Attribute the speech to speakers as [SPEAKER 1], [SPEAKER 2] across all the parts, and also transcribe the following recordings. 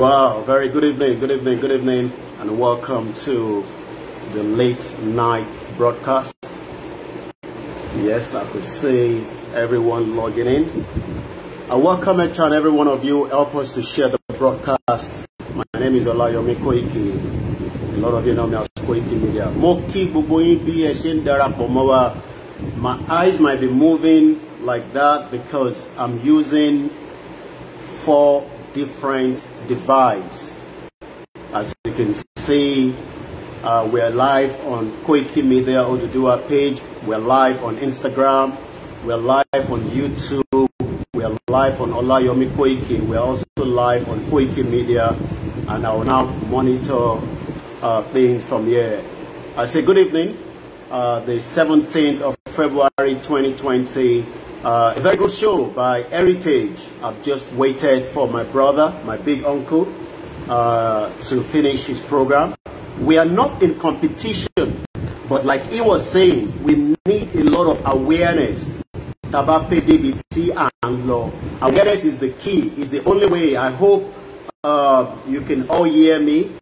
[SPEAKER 1] Wow, very good evening, good evening, good evening, and welcome to the late night broadcast. Yes, I could see everyone logging in. I welcome each and every one of you. Help us to share the broadcast. My name is Olayomi Koiki. A lot of you know me as Koiki Media. Moki My eyes might be moving like that because I'm using four different device. As you can see, uh, we're live on Koiki Media Odudua page. We're live on Instagram. We're live on YouTube. We're live on Olayomi Koiki. We're also live on Koiki Media. And I will now monitor uh, things from here. I say good evening. Uh, the 17th of February 2020 uh, a very good show by Heritage. I've just waited for my brother, my big uncle, uh, to finish his program. We are not in competition, but like he was saying, we need a lot of awareness. Tabafe DBT and law. Awareness is the key, is the only way. I hope uh, you can all hear me.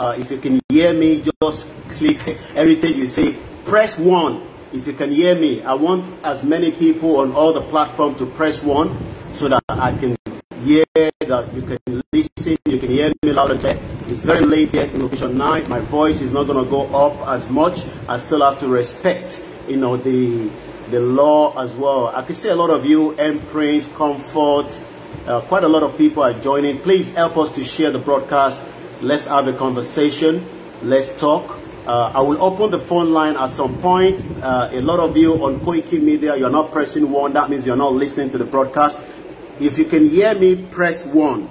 [SPEAKER 1] Uh, if you can hear me, just click everything you see. Press 1 if you can hear me, I want as many people on all the platform to press one so that I can hear that you can listen, you can hear me loud and clear. It's very late here in location 9. My voice is not going to go up as much. I still have to respect, you know, the the law as well. I can see a lot of you, M Prince, Comfort, uh, quite a lot of people are joining. Please help us to share the broadcast. Let's have a conversation. Let's talk. Uh, I will open the phone line at some point. Uh, a lot of you on Koiki Media, you're not pressing one. That means you're not listening to the broadcast. If you can hear me, press one.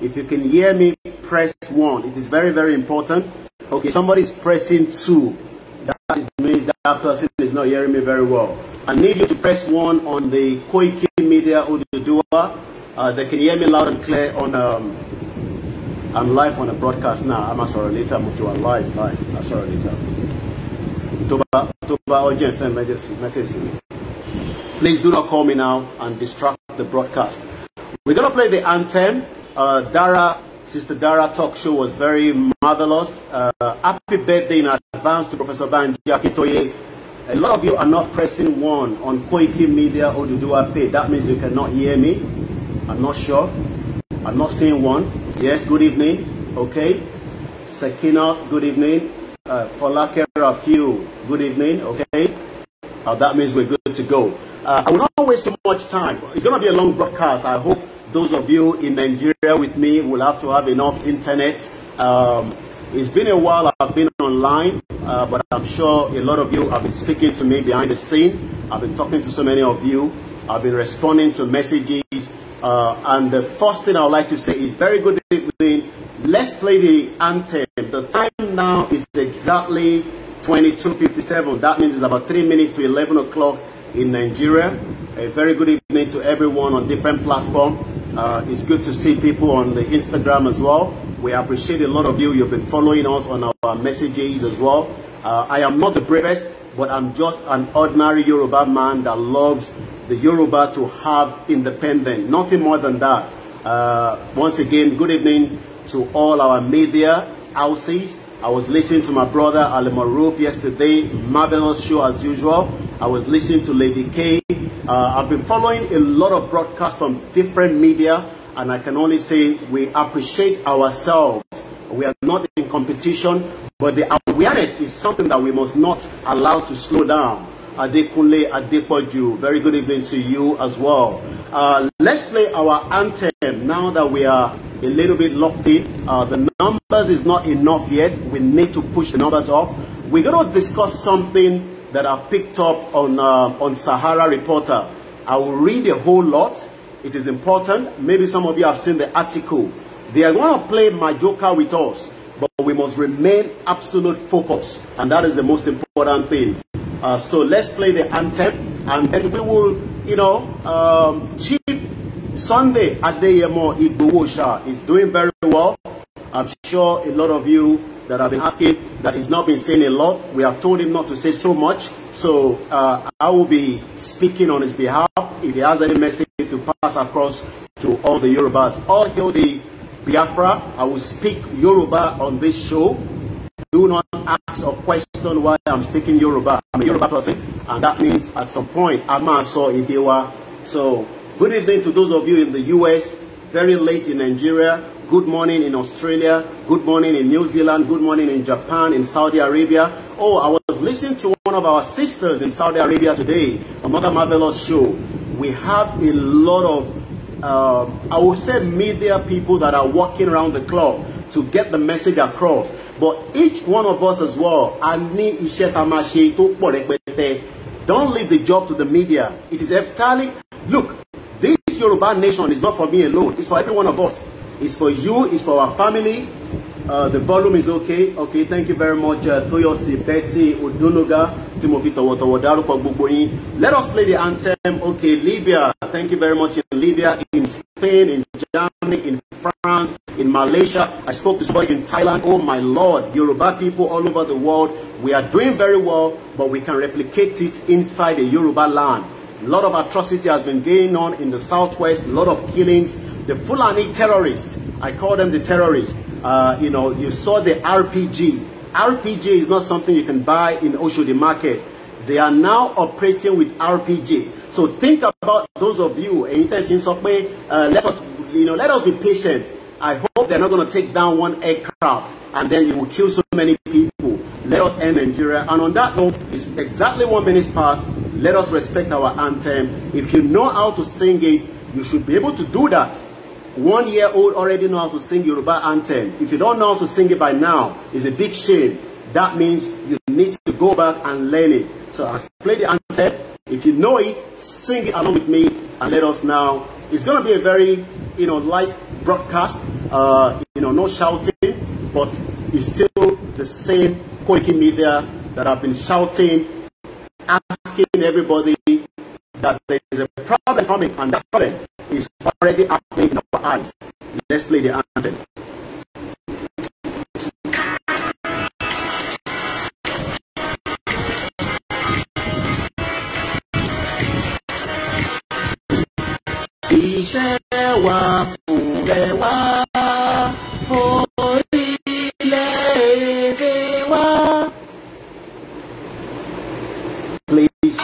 [SPEAKER 1] If you can hear me, press one. It is very, very important. Okay, somebody's pressing two. That is me. That person is not hearing me very well. I need you to press one on the Koiki Media audio Uh, they can hear me loud and clear on um, I'm live on the broadcast now. I'm a sorrow later, Mutua live, live, a sorrow later. Toba, Toba audience, send message to me. Please do not call me now and distract the broadcast. We're going to play the anthem. Uh, Dara, Sister Dara talk show was very marvelous. Uh, happy birthday in advance to Professor Banji Akitoye. A lot of you are not pressing one on Koiki Media or Dudua Pay. That means you cannot hear me. I'm not sure. I'm not seeing one. Yes, good evening. Okay. Sekina, good evening. Uh, a few, good evening. Okay. Uh, that means we're good to go. Uh, I will not waste too much time. It's going to be a long broadcast. I hope those of you in Nigeria with me will have to have enough internet. Um, it's been a while I've been online, uh, but I'm sure a lot of you have been speaking to me behind the scene. I've been talking to so many of you. I've been responding to messages. Uh, and the first thing I would like to say is very good evening. Let's play the anthem. The time now is exactly 22.57. That means it's about 3 minutes to 11 o'clock in Nigeria. A very good evening to everyone on different platforms. Uh, it's good to see people on the Instagram as well. We appreciate a lot of you. You've been following us on our messages as well. Uh, I am not the bravest, but I'm just an ordinary Yoruba man that loves the Yoruba to have independence, nothing more than that. Uh, once again, good evening to all our media houses. I was listening to my brother Ali Maroof yesterday, marvelous show as usual. I was listening to Lady K. Uh, I've been following a lot of broadcasts from different media, and I can only say we appreciate ourselves. We are not in competition, but the awareness is something that we must not allow to slow down. Adekunle Adepoju. Very good evening to you as well. Uh, let's play our anthem now that we are a little bit locked in. Uh, the numbers is not enough yet. We need to push the numbers up. We're going to discuss something that I've picked up on, uh, on Sahara Reporter. I will read a whole lot. It is important. Maybe some of you have seen the article. They are going to play Majoka with us, but we must remain absolute focus, And that is the most important thing. Uh, so let's play the anthem and then we will, you know, um, Chief Sunday Adeyemo Igbowo is doing very well. I'm sure a lot of you that have been asking that he's not been saying a lot. We have told him not to say so much. So uh, I will be speaking on his behalf if he has any message to pass across to all the Yorubas. All the Biafra. I will speak Yoruba on this show do not ask or question why I'm speaking Yoruba. I'm a Yoruba person, and that means at some point Ama saw Idewa. So, good evening to those of you in the US, very late in Nigeria, good morning in Australia, good morning in New Zealand, good morning in Japan, in Saudi Arabia. Oh, I was listening to one of our sisters in Saudi Arabia today, another marvelous show. We have a lot of, uh, I would say, media people that are walking around the clock to get the message across. But each one of us as well, a ní iṣẹ́ ṣe rẹpẹtẹ. Don't leave the job to the media. It is entirely, look, this Yoruba nation is not for me alone. It's for every one of us. It's for you, it's for our family. Uh, the volume is okay. Okay, thank you very much, uh, Toyosi, Betty, Odunoga, Timothy Let us play the anthem. Okay, Libya. Thank you very much in Libya, in Spain, in Germany, in France, in Malaysia. I spoke to somebody in Thailand. Oh my Lord, Yoruba people all over the world. We are doing very well, but we can replicate it inside the Yoruba land. A lot of atrocity has been going on in the southwest, a lot of killings. The Fulani terrorists, I call them the terrorists. Uh, you know, you saw the RPG. RPG is not something you can buy in Oshodi market. They are now operating with RPG. So think about those of you, and uh, let us you know, let us be patient. I hope they're not going to take down one aircraft and then you will kill so many people. Let us end Nigeria. And on that note, it's exactly one minute past. Let us respect our anthem. If you know how to sing it, you should be able to do that. One year old already know how to sing Yoruba anthem. If you don't know how to sing it by now, it's a big shame. That means you need to go back and learn it. So I play the anthem. If you know it, sing it along with me and let us now. It's going to be a very you know, light broadcast, uh, you know, no shouting, but it's still the same Koiki media that have been shouting, asking everybody that there is a problem coming, and that problem is already happening in our eyes. Let's play the anthem.
[SPEAKER 2] iṣẹ́ wa fún rẹ wá fún orílẹ̀-èdè wa. Please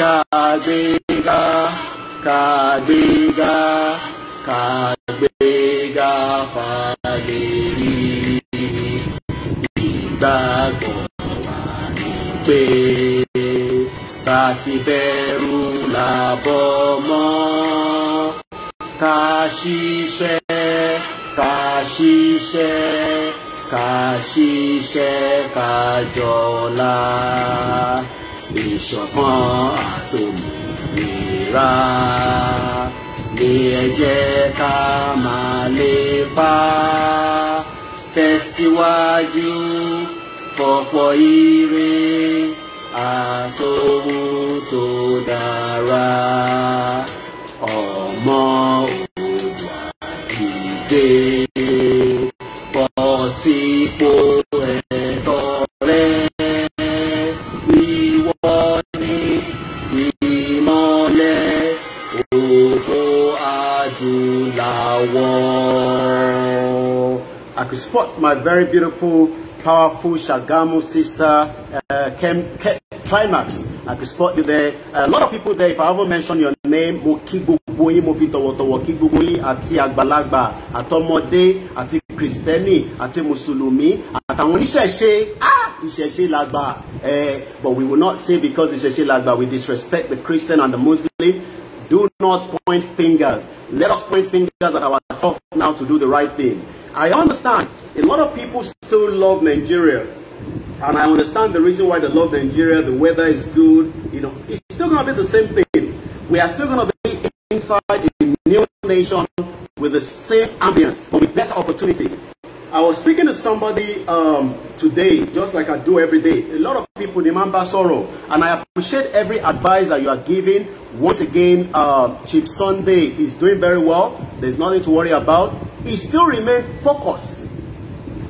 [SPEAKER 2] kàgbéga
[SPEAKER 3] kàgbéga kàgbéga fàlẹ́rì ìgbàgbọ́ wa ni pé bá ti bẹ̀rù làbọ̀ mọ́ ká ṣiṣẹ́ ká ṣiṣẹ́ ká ṣiṣẹ́ ká jọlá ìṣọ̀kan àtòmìnira ni ẹ jẹ́ ká máa lépa tẹ̀síwájú fọ̀pọ̀ ire àtòhun tó dára.
[SPEAKER 4] ọmọ ìdè sípò ẹ̀tọ́ rẹ
[SPEAKER 3] ni ìmọ́lẹ̀
[SPEAKER 1] adúláwọ̀. I could spot my very beautiful, powerful Shagamu sister uh, came, came, climax I could spot you there. A lot of people there, if I ever mention your name, mo kí gbogbo yín, mo àti àgbàlagbà, àtọmọdé, àti Kristẹni, àti Mùsùlùmí, Ati oníṣẹ̀ṣe. Ah! Ìṣẹ̀ṣe làgbà. but we will not say because ìṣẹ̀ṣe làgbà, we disrespect the Christian and the Muslim. Do not point fingers. Let us point fingers at ourselves now to do the right thing. I understand a lot of people still love Nigeria. And I understand the reason why they love Nigeria, the weather is good, you know, it's still going to be the same thing. We are still going to be inside a new nation with the same ambience, but with better opportunity. I was speaking to somebody um, today, just like I do every day. A lot of people remember sorrow, and I appreciate every advice that you are giving. Once again, uh, um, Chip Sunday is doing very well. There's nothing to worry about. He still remains focused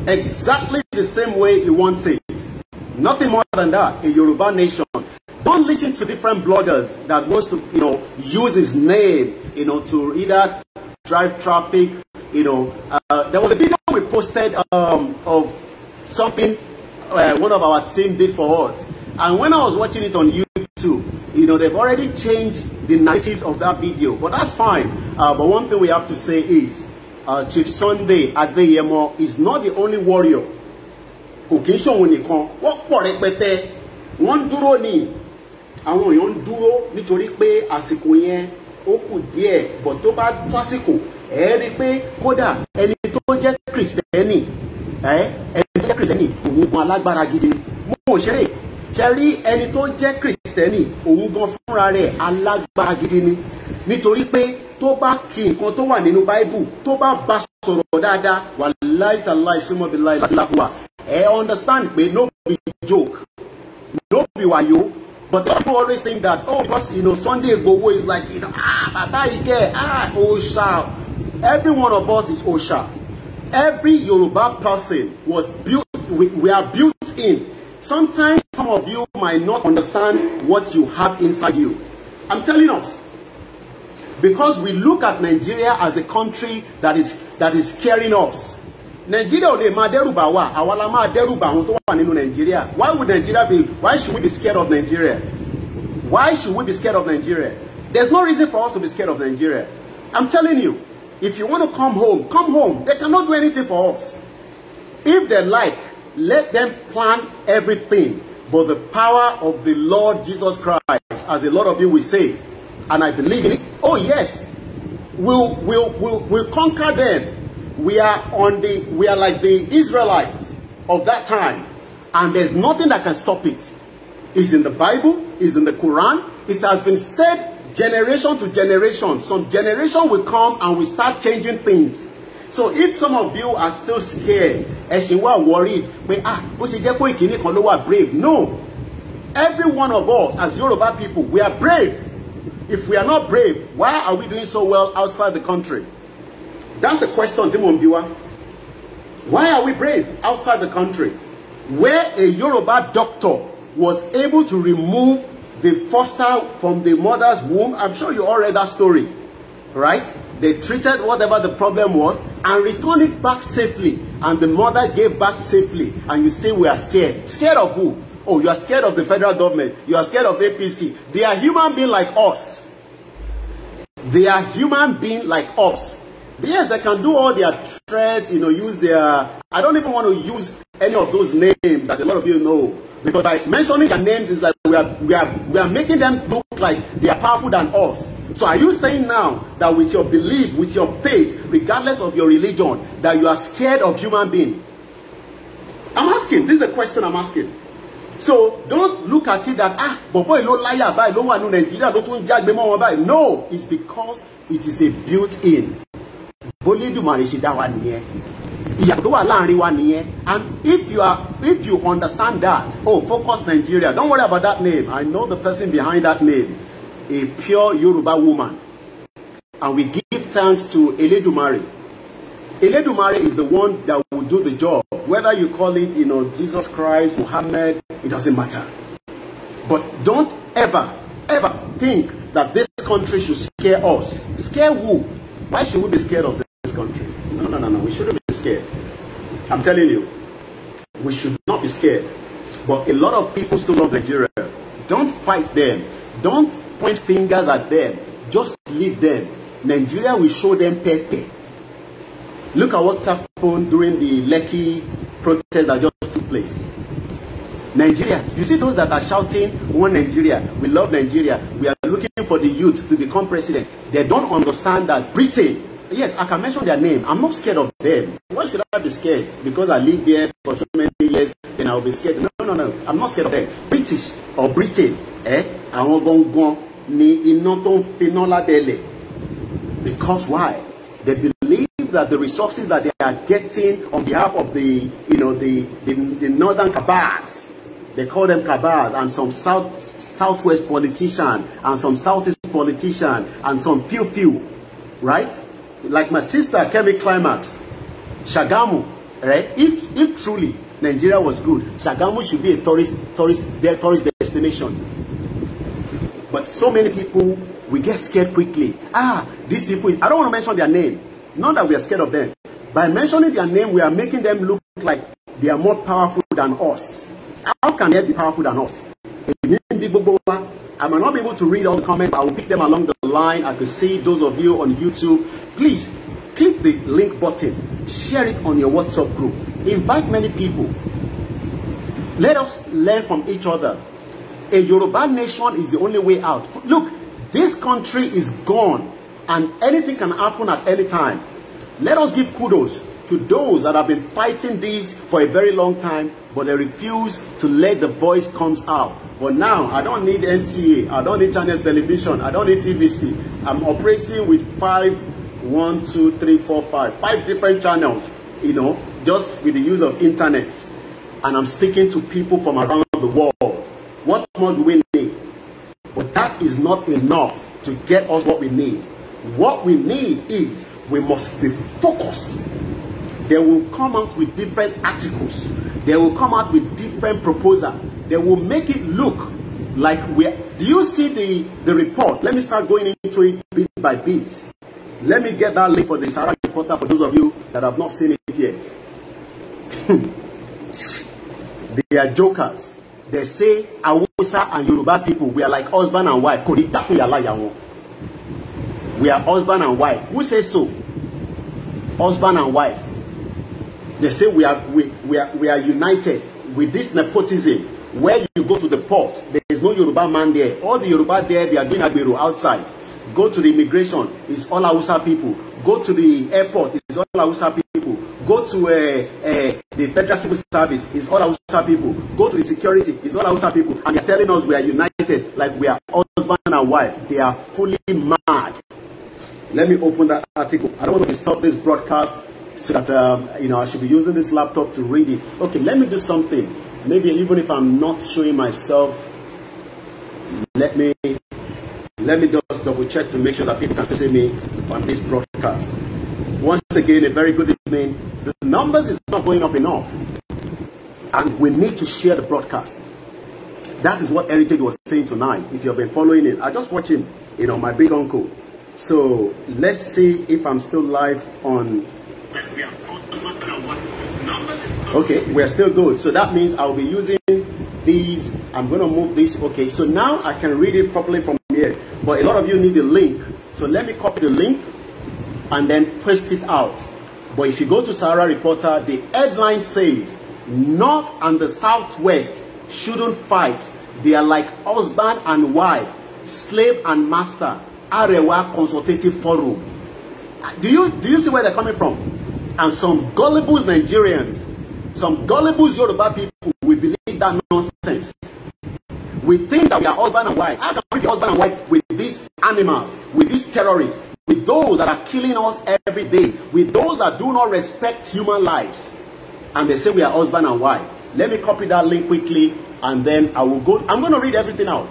[SPEAKER 1] exactly the same way he wants it. Nothing more than that, a Yoruba nation. Don't listen to different bloggers that wants to, you know, use his name, you know, to either drive traffic, you know. Uh, there was a video we posted um, of something uh, one of our team did for us. And when I was watching it on YouTube, you know, they've already changed the narratives of that video. But that's fine. Uh, but one thing we have to say is, uh, Chief Sunday Adeyemo is not the only warrior kò kí ń ṣòwò nìkan wọ́n pọ̀ rẹpẹtẹ wọ́n ń dúró ní àwọn èèyàn ń dúró nítorí pé àsìkò yẹn ó kù díẹ̀ bọ̀ tó bá tásìkò ẹ rí i pé kódà ẹni tó jẹ́ kìrìsìtẹ́nì ẹ ẹni tó jẹ́ kìrìsìtẹ́nì òun gan alágbára gidi mo ò ṣe rí ẹni tó jẹ́ kìrìsìtẹ́nì òun gan fúnra rẹ̀ alágbára gidi ni nítorí pé tó bá kí nǹkan tó wà nínú báíbù tó bá bá sọ̀rọ̀ dáadáa wà láìtàláì símọ́bìláì láhùwà ẹ understand pé no be joke no be wayo but people always think that oh because you know Sunday Igboho is like you know ah bàbá ike ah òòṣà every one of us is òòṣà every Yoruba person was built we, we are built in sometimes some of you might not understand what you have inside you I'm telling us because we look at Nigeria as a country that is that is carrying us Nigeria ò lè máa dẹ́rùbà wa àwa la máa dẹ́rùbà àwọn tó wà nínú Nigeria why would Nigeria be why should we be scared of Nigeria why should we be scared of Nigeria there's no reason for us to be scared of Nigeria I'm telling you if you want to come home come home they cannot do anything for us if they like let them plan everything but the power of the Lord Jesus Christ as a lot of you will say and I believe in it. Oh yes, we'll, we'll, we'll, we'll conquer them. We are on the, we are like the Israelites of that time. And there's nothing that can stop it. It's in the Bible, it's in the Quran. It has been said generation to generation. Some generation will come and we start changing things. So if some of you are still scared, as you wa worried pé ah ó ṣe jẹ́ pé brave. No, every one of us as Yoruba people, we are brave. If we are not brave, why are we doing so well outside the country? That's the question, Timon Biwa. Why are we brave outside the country? Where a Yoruba doctor was able to remove the foster from the mother's womb. I'm sure you all read that story, right? They treated whatever the problem was and returned it back safely. And the mother gave back safely. And you say we are scared. Scared of who? Oh, you are scared of the federal government. You are scared of APC. They are human beings like us. They are human beings like us. Yes, they can do all their threats, you know, use their... I don't even want to use any of those names that a lot of you know. Because by mentioning their names, is like we are, we, are, we are making them look like they are powerful than us. So are you saying now that with your belief, with your faith, regardless of your religion, that you are scared of human being? I'm asking. This is a question I'm asking. so don't look at it that ah bọ̀bọ̀ ìlú láyà báyìí ló wà ní Nigeria, ló tún jágbe mọ́ wọn báyìí no it's because it is a built in bólédùmarè ṣe dá wa nìyẹn ìyàtọ̀ tó wà láàrin wa nìyẹn and if you are if you understand that oh focus Nigeria don't worry about that name I know the person behind that name a pure Yoruba woman and we give thanks to Eledumare Eledumare is the one that will do the job. Whether you call it, you know, Jesus Christ, Muhammad, it doesn't matter. But don't ever, ever think that this country should scare us. Scare who? Why should we be scared of this country? No, no, no, no. We shouldn't be scared. I'm telling you, we should not be scared. But a lot of people still love Nigeria. Don't fight them. Don't point fingers at them. Just leave them. Nigeria will show them pepe. Look at what happened during the Lekki protest that just took place. Nigeria. You see those that are shouting, one Nigeria, we love Nigeria, we are looking for the youth to become president. They don't understand that Britain, yes, I can mention their name. I'm not scared of them. Why should I be scared? Because I lived there for so many years, then I'll be scared. No, no, no, I'm not scared of them. British or Britain, eh? I won't go iná tó ń finá lábẹ́lẹ̀. Because why? They that the resources that they are getting on behalf of the, you know, the, the, the northern cabals, they call them cabals, and some south, southwest politician, and some southeast politician, and some few few, right? Like my sister, Kemi Climax, Shagamu, right? If, if truly Nigeria was good, Shagamu should be a tourist, tourist, tourist destination. But so many people, we get scared quickly. Ah, these people, I don't want to mention their name. Not that we are scared of them. By mentioning their name, we are making them look like they are more powerful than us. How can they be powerful than us? I might not be able to read all the comments, but I will pick them along the line. I could see those of you on YouTube. Please click the link button, share it on your WhatsApp group, invite many people. Let us learn from each other. A Yoruba nation is the only way out. Look, this country is gone and anything can happen at any time. Let us give kudos to those that have been fighting this for a very long time, but they refuse to let the voice comes out. But now, I don't need NTA, I don't need Channels Television, I don't need TVC. I'm operating with five, one, two, three, four, five, five different channels, you know, just with the use of internet. And I'm speaking to people from around the world. What more do we need? But that is not enough to get us what we need. What we need is we must be focused. They will come out with different articles. They will come out with different proposal. They will make it look like we do you see the the report let me start going into it bit by bit let me get that link for the Sahara reporter for those of you that have not seen it yet hmm. they are jokers they say Awusa and Yoruba people we are like husband and wife We are husband and wife. Who says so? Husband and wife. They say we are we, we are we are united with this nepotism. Where you go to the port, there is no Yoruba man there. All the Yoruba there, they are doing agbero outside. Go to the immigration, it's all Hausa people. Go to the airport, it's all Hausa people. Go to uh, uh, the federal civil service, it's all Hausa people. Go to the security, it's all Hausa people. And they're telling us we are united like we are husband and wife. They are fully mad. Let me open that article. I don't want to stop this broadcast so that, um, you know, I should be using this laptop to read it. Okay, let me do something. Maybe even if I'm not showing myself, let me, let me just double check to make sure that people can see me on this broadcast. Once again, a very good evening. The numbers is not going up enough. And we need to share the broadcast. That is what Heritage was saying tonight. If you have been following it, I just watched him, you know, my big uncle. So let's see if I'm still live on. Okay, we're still good. So that means I'll be using these. I'm going to move this. Okay, so now I can read it properly from here. But a lot of you need the link. So let me copy the link and then paste it out. But if you go to Sahara Reporter, the headline says, North and the Southwest shouldn't fight. They are like husband and wife, slave and master. Arewa Consultative Forum. Do you, do you see where they're coming from? And some gullible Nigerians, some gullible Yoruba people, we believe that nonsense. We think that we are husband and wife. How can we be husband and wife with these animals, with these terrorists, with those that are killing us every day, with those that do not respect human lives? And they say we are husband and wife. Let me copy that link quickly and then I will go. I'm going to read everything out.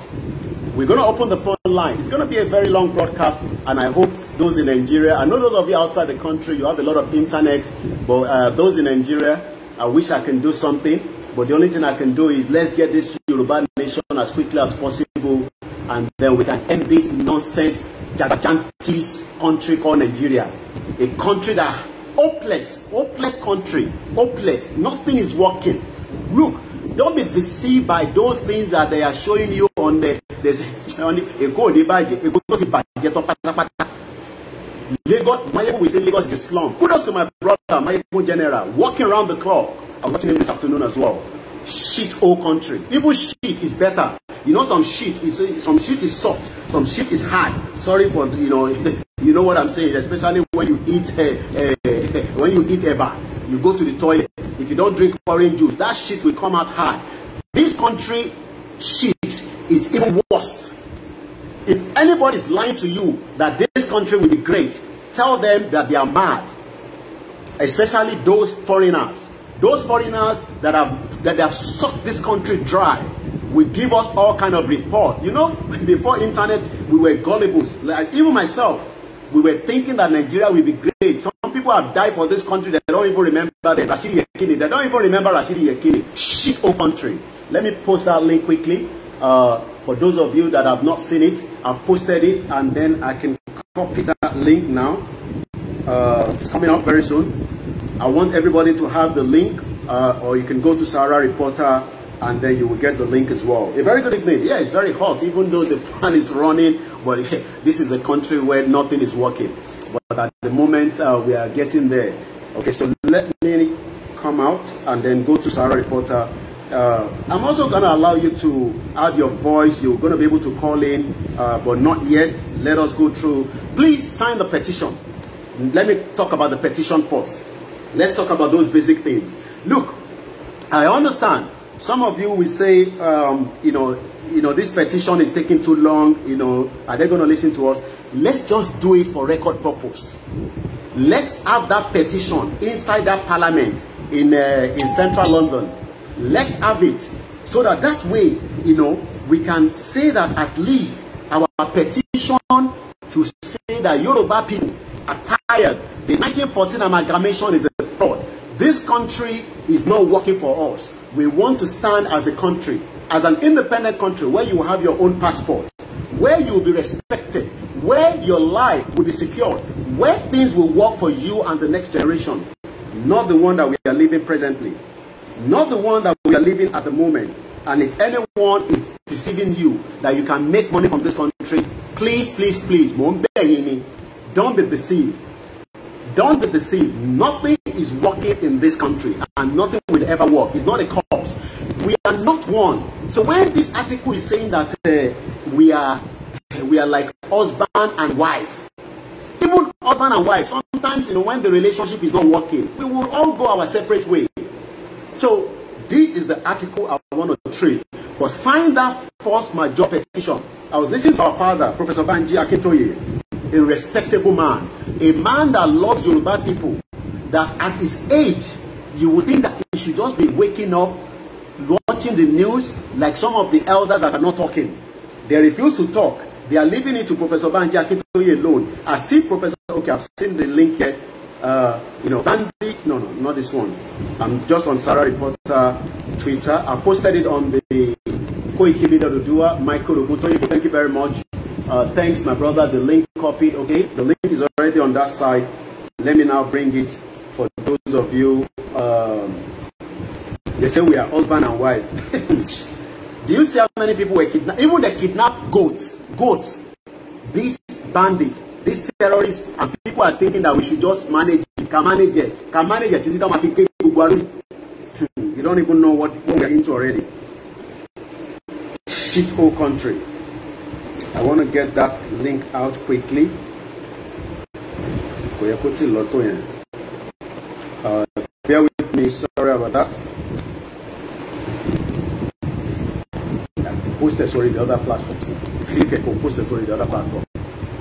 [SPEAKER 1] We're going to open the phone line. It's going to be a very long broadcast, and I hope those in Nigeria, I know those of you outside the country, you have a lot of internet, but uh, those in Nigeria, I wish I can do something. But the only thing I can do is let's get this Yoruba nation as quickly as possible, and then we can end this nonsense, gigantic country called Nigeria. A country that hopeless, hopeless country, hopeless. Nothing is working. Look, don't be deceived by those things that they are showing you on the, the on the Èkó òde bàjẹ́, Èkó tó ti bàjẹ́ tán Lagos, Mayegun will say Lagos is a slum. Kudos to my brother, Mayegun General, walking around the clock. I was watching him this afternoon as well. Shit whole country. Even shit is better. You know some shit is some shit is soft, some shit is hard. Sorry for you know you know what I'm saying, especially when you eat uh, uh, when you eat a eba you go to the toilet. If you don't drink orange juice, that shit will come out hard. This country shit is even worse. If anybody is lying to you that this country will be great, tell them that they are mad. Especially those foreigners. Those foreigners that have that have sucked this country dry will give us all kind of report. You know, before internet, we were gullibles. Like even myself, we were thinking that Nigeria will be great people have died for this country. that don't even remember them. Rashidi Yekini. They don't even remember Rashidi Yekini. Shit old oh country. Let me post that link quickly. Uh, for those of you that have not seen it, I've posted it and then I can copy that link now. Uh, it's coming up very soon. I want everybody to have the link uh, or you can go to Sarah Reporter and then you will get the link as well. A very good evening. Yeah, it's very hot even though the fan is running, but yeah, this is a country where nothing is working but at the moment uh, we are getting there. Okay, so let me come out and then go to Sarah Reporter. Uh, I'm also going to allow you to add your voice. You're going to be able to call in, uh, but not yet. Let us go through. Please sign the petition. Let me talk about the petition first. Let's talk about those basic things. Look, I understand some of you will say, um, you know, you know, this petition is taking too long. You know, are they going to listen to us? let's just do it for record purpose let's have that petition inside that parliament in uh, in central London let's have it so that that way you know we can say that at least our petition to say that Yoruba people are tired the 1914 amalgamation is a fraud this country is not working for us we want to stand as a country as an independent country where you have your own passport where you will be respected where your life will be secured, where things will work for you and the next generation, not the one that we are living presently, not the one that we are living at the moment. And if anyone is deceiving you that you can make money from this country, please, please, please, don't be deceived. Don't be deceived. Nothing is working in this country and nothing will ever work. It's not a cause. We are not one. So when this article is saying that uh, we are we are like husband and wife. Even husband and wife, sometimes you know when the relationship is not working, we will all go our separate way. So this is the article I want to trade. But sign that first major petition. I was listening to our father, Professor Banji Akintoye, a respectable man, a man that loves Yoruba people, that at his age, you would think that he should just be waking up, watching the news, like some of the elders that are not talking. They refuse to talk. They are leaving it to Professor Banji Akintoye alone. I see Professor, okay, I've seen the link yet. Uh, you know, bandit, no, no, not this one. I'm just on Sarah Reporter Twitter. I posted it on the Koikibidodua, Michael Oguntoye. Thank you very much. Uh, thanks, my brother. The link copied, okay? The link is already on that side. Let me now bring it for those of you. Um, they say we are husband and wife. Do you see how many people were kidnapped? Even the kidnapped goats, goats, these bandits, these terrorists, and people are thinking that we should just manage it, can manage it, can manage it. Hmm, you don't even know what, what we're into already. Shit, whole country. I want to get that link out quickly. Uh, bear with me, sorry about that. posted sorry the other platform. Click posted sorry the other platform.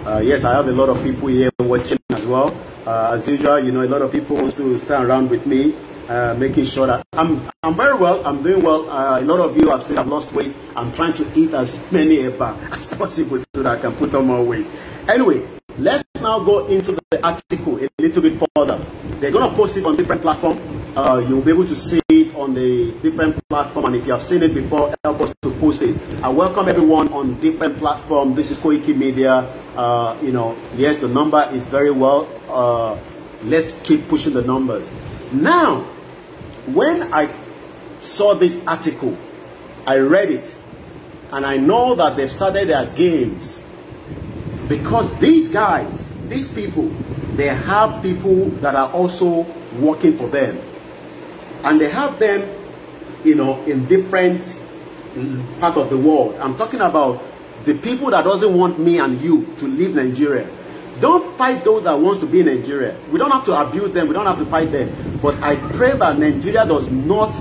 [SPEAKER 1] Uh, yes, I have a lot of people here watching as well. Uh, as usual, you know, a lot of people want to stand around with me, uh, making sure that I'm I'm very well. I'm doing well. Uh, a lot of you have said I've lost weight. I'm trying to eat as many eba as possible so that I can put on more weight. Anyway, let's now go into the article a little bit further. They're gonna post it on different platforms uh, you'll be able to see it on the different platform. And if you have seen it before, help us to post it. I welcome everyone on different platform. This is Koiki Media. Uh, you know, yes, the number is very well. Uh, let's keep pushing the numbers. Now, when I saw this article, I read it, and I know that they've started their games because these guys, these people, they have people that are also working for them. And they have them, you know, in different mm, part of the world. I'm talking about the people that doesn't want me and you to leave Nigeria. Don't fight those that wants to be in Nigeria. We don't have to abuse them. We don't have to fight them. But I pray that Nigeria does not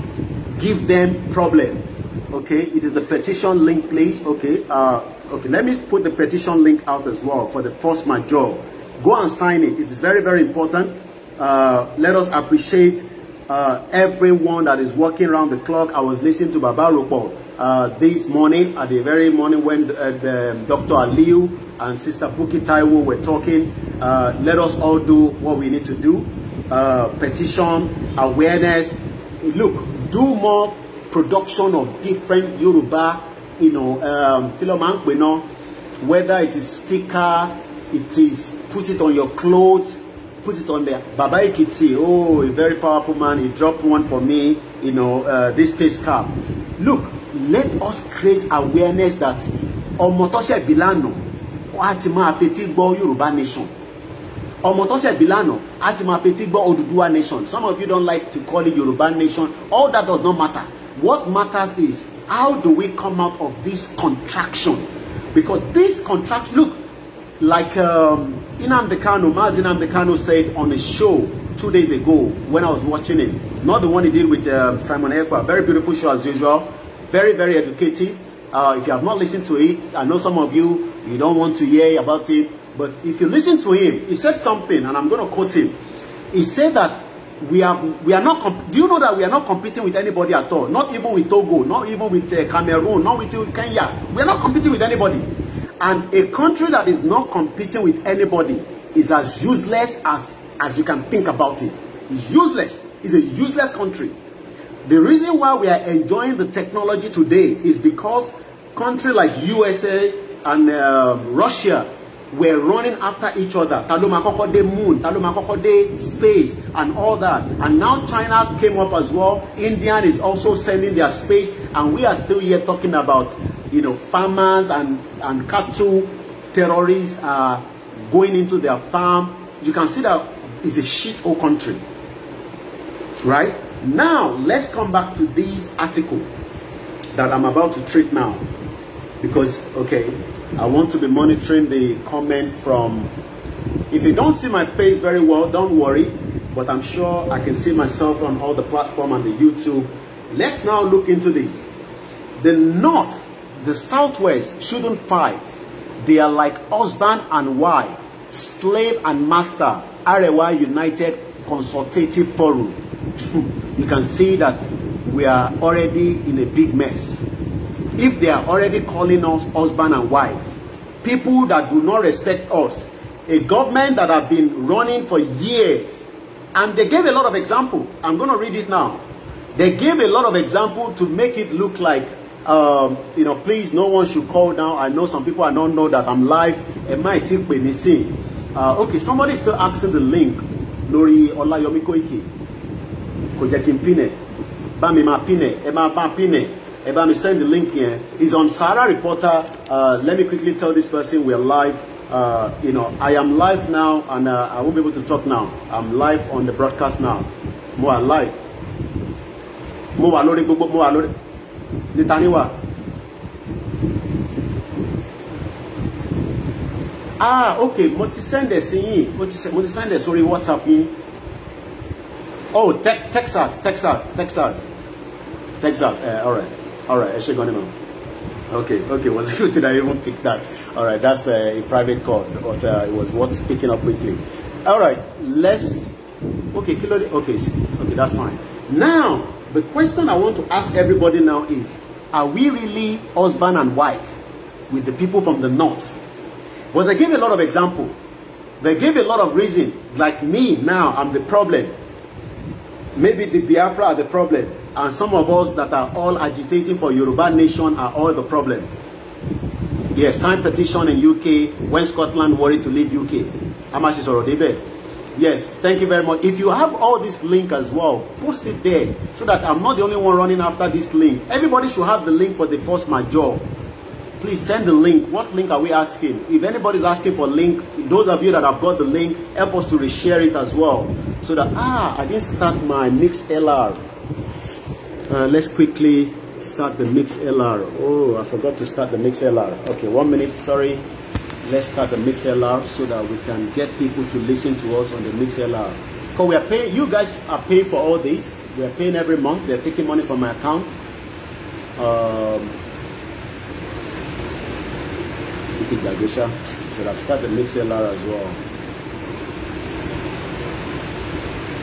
[SPEAKER 1] give them problem. Okay, it is the petition link, please. Okay, uh, okay. Let me put the petition link out as well for the first major. Go and sign it. It is very, very important. Uh, let us appreciate uh, everyone that is working around the clock. I was listening to Baba Ropo uh, this morning at the very morning when uh, the, um, Dr. Aliu and Sister Buki Taiwo were talking. Uh, let us all do what we need to do. Uh, petition, awareness. Look, do more production of different Yoruba, you know, um, whether it is sticker, it is put it on your clothes, put it on there. Baba Ikiti, oh, a very powerful man. He dropped one for me, you know, uh, this face cap. Look, let us create awareness that ọmọ tó ṣẹ̀ bí lánàá nation. ọmọ tó ṣẹ̀ bí Oduduwa nation. Some of you don't like to call it Yorùbá nation. All that does not matter. What matters is how do we come out of this contraction? Because this contraction, look, like um, Inam Kano, Maz Inam Kano said on a show two days ago when I was watching him, not the one he did with um, Simon Ekwa, very beautiful show as usual, very, very educative. Uh, if you have not listened to it, I know some of you, you don't want to hear about it, but if you listen to him, he said something, and I'm going to quote him. He said that we are, we are not, do you know that we are not competing with anybody at all? Not even with Togo, not even with uh, Cameroon, not with Kenya. We are not competing with anybody. And a country that is not competing with anybody is as useless as, as you can think about it. It's useless. It's a useless country. The reason why we are enjoying the technology today is because countries like USA and uh, Russia were running after each other. Taluma kọ́kọ́ dé moon, Taluma kọ́kọ́ dé space and all that. And now China came up as well. India is also sending their space and we are still here talking about you know, farmers and, and cattle terrorists are going into their farm. You can see that it's a shithole country. Right? Now, let's come back to this article that I'm about to treat now. Because, okay, I want to be monitoring the comment from... If you don't see my face very well, don't worry. But I'm sure I can see myself on all the platform and the YouTube. Let's now look into this. The North The Southwest shouldn't fight. They are like husband and wife, slave and master, Arewa United Consultative Forum. you can see that we are already in a big mess. If they are already calling us husband and wife, people that do not respect us, a government that have been running for years, and they gave a lot of example. I'm going to read it now. They gave a lot of example to make it look like um, you know, please, no one should call now. I know some people I don't know that I'm live. It might ti pè mí Uh, okay, somebody still asking the link lórí Ola Koiki. Kò jẹ́ kí n pin ẹ̀. Bá mi máa pin ẹ̀. mi send the link here. It's on Sarah Reporter. Uh, let me quickly tell this person we're live. Uh, you know, I am live now and uh, I won't be able to talk now. I'm live on the broadcast now. Mo wà live. Mo wà lórí gbogbo. Mo wà lórí. lè ah ok mo ti sẹ́ndẹ̀ sí yín mo whatsapp me. oh te texas texas texas texas uh, eh, all right all all ẹ ṣe gan on okay okay Was good that i even picked that all right that's uh, a private call but uh, it was worth picking up quickly all right let's okay kí okay okay that's fine now. The question I want to ask everybody now is, are we really husband and wife with the people from the north? Well, they gave a lot of example. They gave a lot of reason. Like me now, I'm the problem. Maybe the Biafra are the problem. And some of us that are all agitating for Yoruba nation are all the problem. Yes, signed petition in UK when Scotland worried to leave UK. How much is already there? Yes, thank you very much. If you have all this link as well, post it there so that I'm not the only one running after this link. Everybody should have the link for the first major. Please send the link. What link are we asking? If anybody's asking for link, those of you that have got the link, help us to reshare it as well. So that, ah, I didn't start my Mix LR. Uh, let's quickly start the Mix LR. Oh, I forgot to start the Mix LR. Okay, one minute, sorry let's start the MixLR so that we can get people to listen to us on the MixLR. Because we are paying, you guys are paying for all this. We are paying every month. They're taking money from my account. Um, it's Dagosha. Should have started the MixLR as well.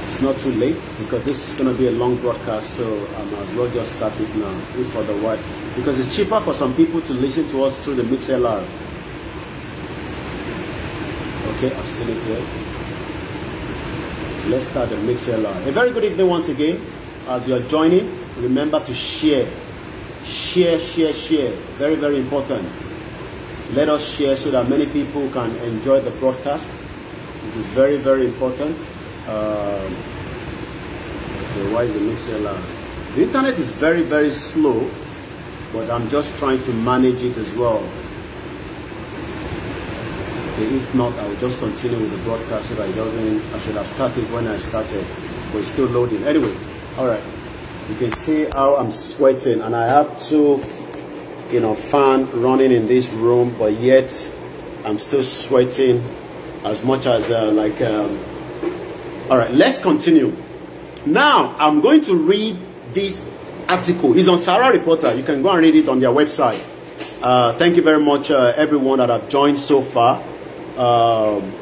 [SPEAKER 1] It's not too late because this is going to be a long broadcast, so I might as well just start it now. the otherwise, because it's cheaper for some people to listen to us through the MixLR. Okay, I've seen it here. Let's start the mixer live. A very good evening once again. As you are joining, remember to share. Share, share, share. Very, very important. Let us share so that many people can enjoy the broadcast. This is very, very important. Um, okay, why is the mixer live? The internet is very, very slow, but I'm just trying to manage it as well. If not, I will just continue with the broadcast so that it doesn't, I should have started when I started, but it's still loading. Anyway, all right, you can see how I'm sweating and I have two, you know, fan running in this room, but yet I'm still sweating as much as uh, like, um... all right, let's continue. Now, I'm going to read this article. It's on Sarah Reporter. You can go and read it on their website. Uh, thank you very much, uh, everyone that have joined so far. Um,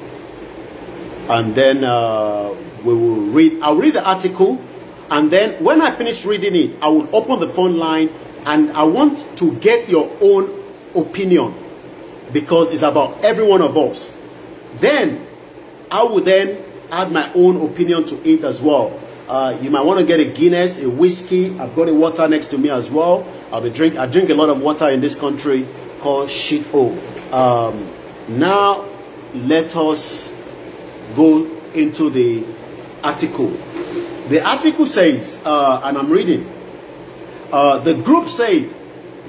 [SPEAKER 1] and then uh, we will read. I'll read the article, and then when I finish reading it, I will open the phone line, and I want to get your own opinion because it's about every one of us. Then I will then add my own opinion to it as well. Uh, you might want to get a Guinness, a whiskey. I've got a water next to me as well. I'll be drink. I drink a lot of water in this country called shit o. Um, now let us go into the article. The article says, uh, and I'm reading, uh, the group said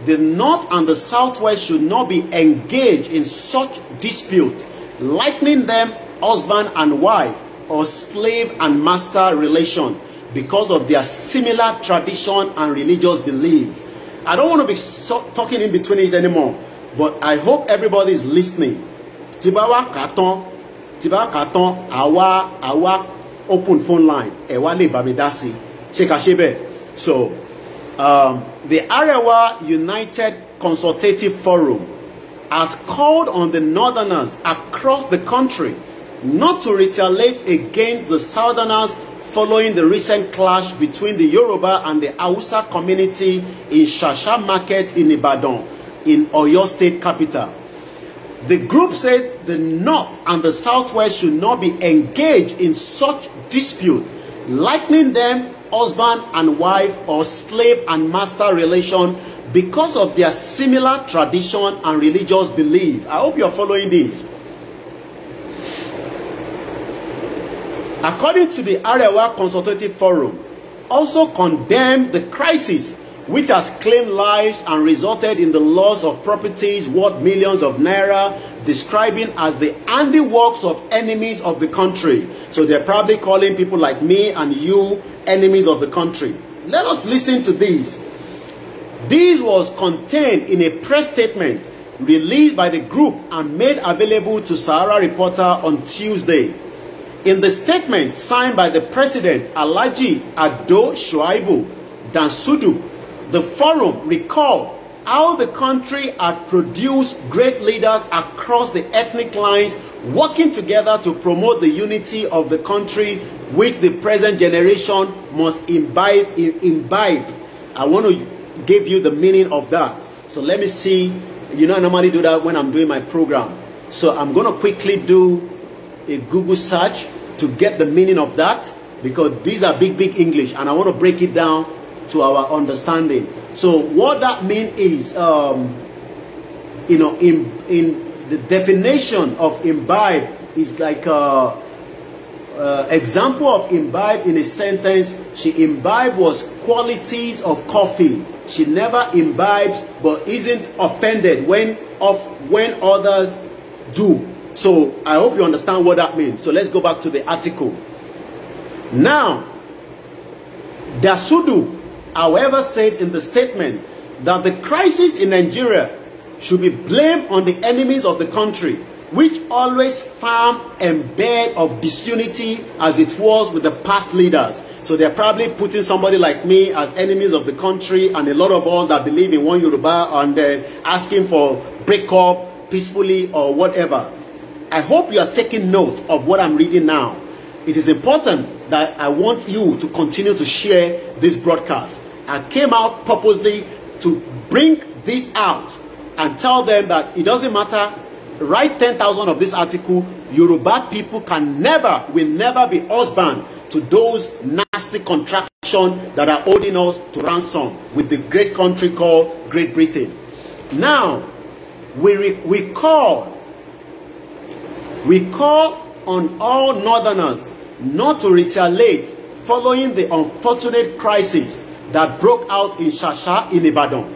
[SPEAKER 1] the North and the Southwest should not be engaged in such dispute, likening them husband and wife or slave and master relation because of their similar tradition and religious belief. I don't want to be so talking in between it anymore, but I hope everybody is listening. tí bá wá kà tán tí bá kà tán àwa àwa open phone line ẹ̀ wá lè bá mi dá sí ṣé ká ṣe bẹ́ẹ̀ so um, the Arewa United Consultative Forum has called on the northerners across the country not to retaliate against the southerners following the recent clash between the Yoruba and the Hausa community in Shasha Market in Ibadan in Oyo State capital. The group said the North and the Southwest should not be engaged in such dispute, likening them husband and wife or slave and master relation because of their similar tradition and religious belief. I hope you're following this. According to the Arewa Consultative Forum, also condemned the crisis which has claimed lives and resulted in the loss of properties worth millions of naira, describing as the handiworks of enemies of the country. So they're probably calling people like me and you enemies of the country. Let us listen to these. This was contained in a press statement released by the group and made available to Sahara Reporter on Tuesday. In the statement signed by the president, Alaji Ado Shuaibu Dansudu, The forum recalled how the country had produced great leaders across the ethnic lines working together to promote the unity of the country which the present generation must imbibe. imbibe. I want to give you the meaning of that. So let me see. You know, I normally do that when I'm doing my program. So I'm going to quickly do a Google search to get the meaning of that because these are big, big English and I want to break it down to our understanding. So what that means is, um, you know, in, in the definition of imbibe is like a, uh, uh, example of imbibe in a sentence. She imbibe was qualities of coffee. She never imbibes but isn't offended when of when others do. So I hope you understand what that means. So let's go back to the article. Now, Dasudu however, said in the statement that the crisis in Nigeria should be blamed on the enemies of the country, which always farm and bed of disunity as it was with the past leaders. So they're probably putting somebody like me as enemies of the country and a lot of us that believe in one Yoruba and uh, asking for breakup peacefully or whatever. I hope you are taking note of what I'm reading now. It is important that I want you to continue to share this broadcast I came out purposely to bring this out and tell them that it doesn't matter. Write 10,000 of this article. Yoruba people can never, will never be husband to those nasty contractions that are holding us to ransom with the great country called Great Britain. Now, we, we call, we call on all northerners not to retaliate following the unfortunate crisis that broke out in Shasha in Ibadan.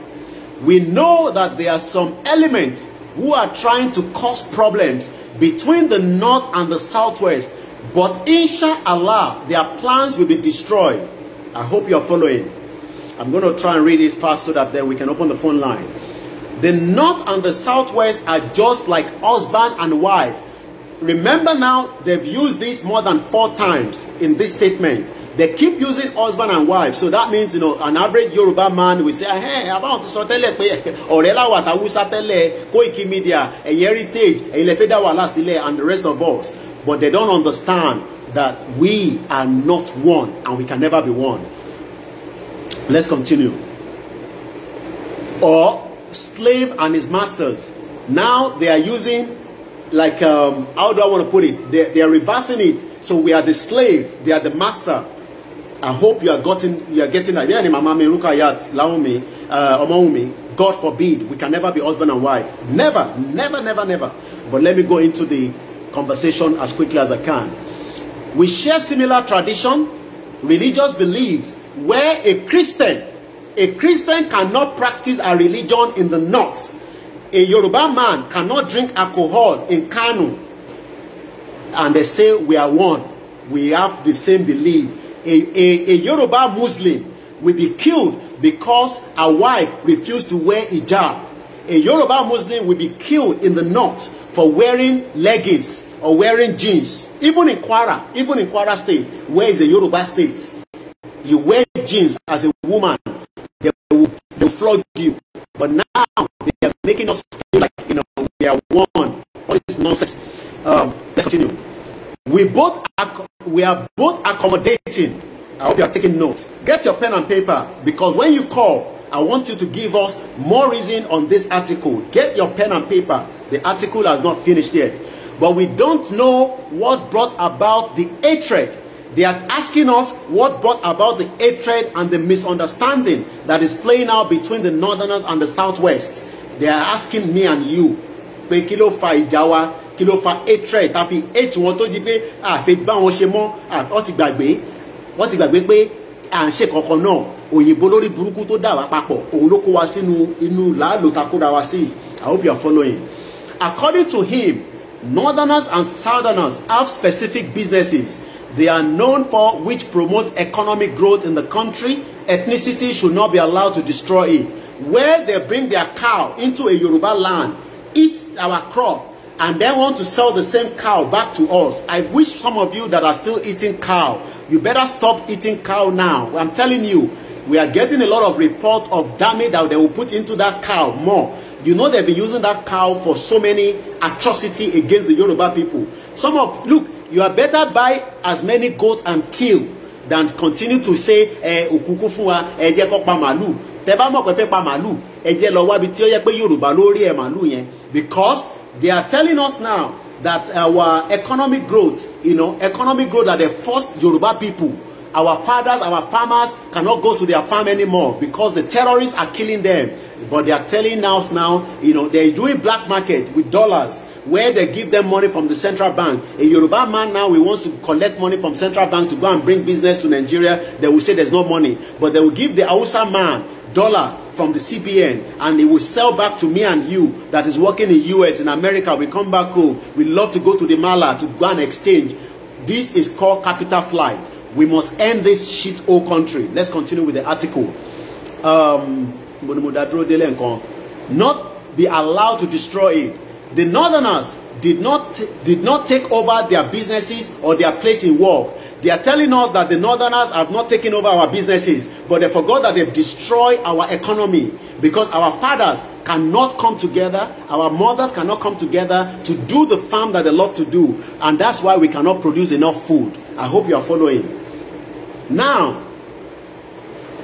[SPEAKER 1] We know that there are some elements who are trying to cause problems between the north and the southwest. But inshallah, their plans will be destroyed. I hope you're following. I'm going to try and read it fast so that then we can open the phone line. The north and the southwest are just like husband and wife. Remember now, they've used this more than four times in this statement. They keep using husband and wife. So that means, you know, an average Yoruba man will say, hey, about to sọ tẹ́lẹ̀ pé ọ̀rẹ́ láwà àtàwùsá tẹ́lẹ̀ Koiki Media, a heritage, a lẹ́fẹ́ dá sílẹ̀ and the rest of us. But they don't understand that we are not one and we can never be one. Let's continue. Or slave and his masters. Now they are using, like, um, how do I want to put it? They, they are reversing it. So we are the slave, they are the master. I hope you are getting you are getting that. Yeah, Mama Rukayat, Laomi, Omaumi. God forbid we can never be husband and wife. Never, never, never, never. But let me go into the conversation as quickly as I can. We share similar tradition, religious beliefs, where a Christian, a Christian cannot practice a religion in the north. A Yoruba man cannot drink alcohol in Kanu. And they say we are one. We have the same belief a, a, a Yoruba Muslim will be killed because a wife refused to wear hijab. A Yoruba Muslim will be killed in the north for wearing leggings or wearing jeans. Even in Kwara, even in Kwara state, where is a Yoruba state, you wear jeans as a woman, they will, they will flog you. But now they are making us feel like you know we are one. All this nonsense. Um, let's continue. We both are, we are both accommodating. I hope you are taking notes. Get your pen and paper because when you call, I want you to give us more reason on this article. Get your pen and paper. The article has not finished yet. But we don't know what brought about the hatred. They are asking us what brought about the hatred and the misunderstanding that is playing out between the northerners and the southwest. They are asking me and you, pé kí fa ìjà kí ló fa hatred tá fi hate wọn tó di pé àfi bá wọn ṣe mọ́ wọ́n ti gbàgbé wọ́n ti gbàgbé pé à ń ṣe kankan náà òyìnbó lórí burúkú tó dà wá papọ̀ òun ló kó wa sínú inú làálò ta wa sí i hope you are following according to him northerners and southerners have specific businesses they are known for which promote economic growth in the country ethnicity should not be allowed to destroy it where they bring their cow into a Yoruba land eat our crop and then want to sell the same cow back to us. I wish some of you that are still eating cow, you better stop eating cow now. I'm telling you, we are getting a lot of report of damage that they will put into that cow more. You know they've been using that cow for so many atrocity against the Yoruba people. Some of, look, you are better buy as many goats and kill than continue to say, eh, òkúkú fún wa, ẹ jẹ́ kó pa màálù. Tẹ́ bá mọ̀ pé fẹ́ pa màálù, ẹ jẹ́ lọ wábi tí ó yẹ pé Yorùbá ló because They are telling us now that our economic growth, you know, economic growth that the first Yoruba people, our fathers, our farmers cannot go to their farm anymore because the terrorists are killing them. But they are telling us now, you know, they're doing black market with dollars where they give them money from the central bank. A Yoruba man now, he wants to collect money from central bank to go and bring business to Nigeria. They will say there's no money. But they will give the Hausa man dollar from the CBN and it will sell back to me and you that is working in US, in America. We come back home. We love to go to the Mala to go and exchange. This is called capital flight. We must end this shit whole country. Let's continue with the article. Um, not be allowed to destroy it. The Northerners did not, did not take over their businesses or their place in work They are telling us that the northerners have not taken over our businesses, but they forgot that they've destroyed our economy because our fathers cannot come together, our mothers cannot come together to do the farm that they love to do, and that's why we cannot produce enough food. I hope you are following. Now,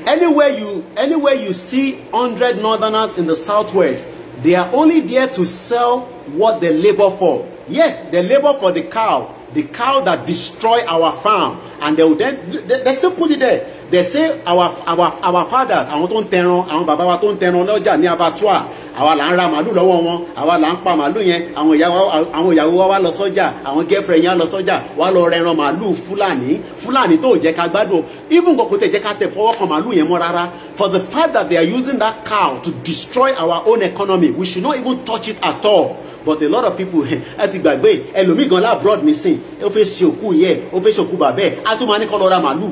[SPEAKER 1] anywhere you anywhere you see 100 northerners in the southwest, they are only there to sell what they labor for. Yes, they labor for the cow, the cow that destroy our farm and they will then they, they still put it there they say our our our fathers àwọn tó ń tẹran àwọn bàbá wa tó ń tẹran lọ́jà ní abattoir àwa là ń ra màálù lọ́wọ́ wọn àwa là ń pa màálù yẹn àwọn ìyàwó àwọn ìyàwó wa wá lọ sọ́jà àwọn girlfriend yẹn lọ sọ́jà wá lọ rẹran màálù fúlàní fúlàní tó jẹ́ ká gbádùn even kò tẹ̀ jẹ́ ká tẹ̀ fọwọ́ kan màálù yẹn mọ́ rárá for the fact that they are using that cow to destroy our own economy we should not even touch it at all but a lot of people ẹ ti gbàgbé ẹlòmíì gan lábroad nísìn ó fẹ́ ṣe òkú yẹ ó fẹ́ ṣe òkú bàbẹ́ ẹ̀ á tún máa ní kọ́ lọ́ra màálù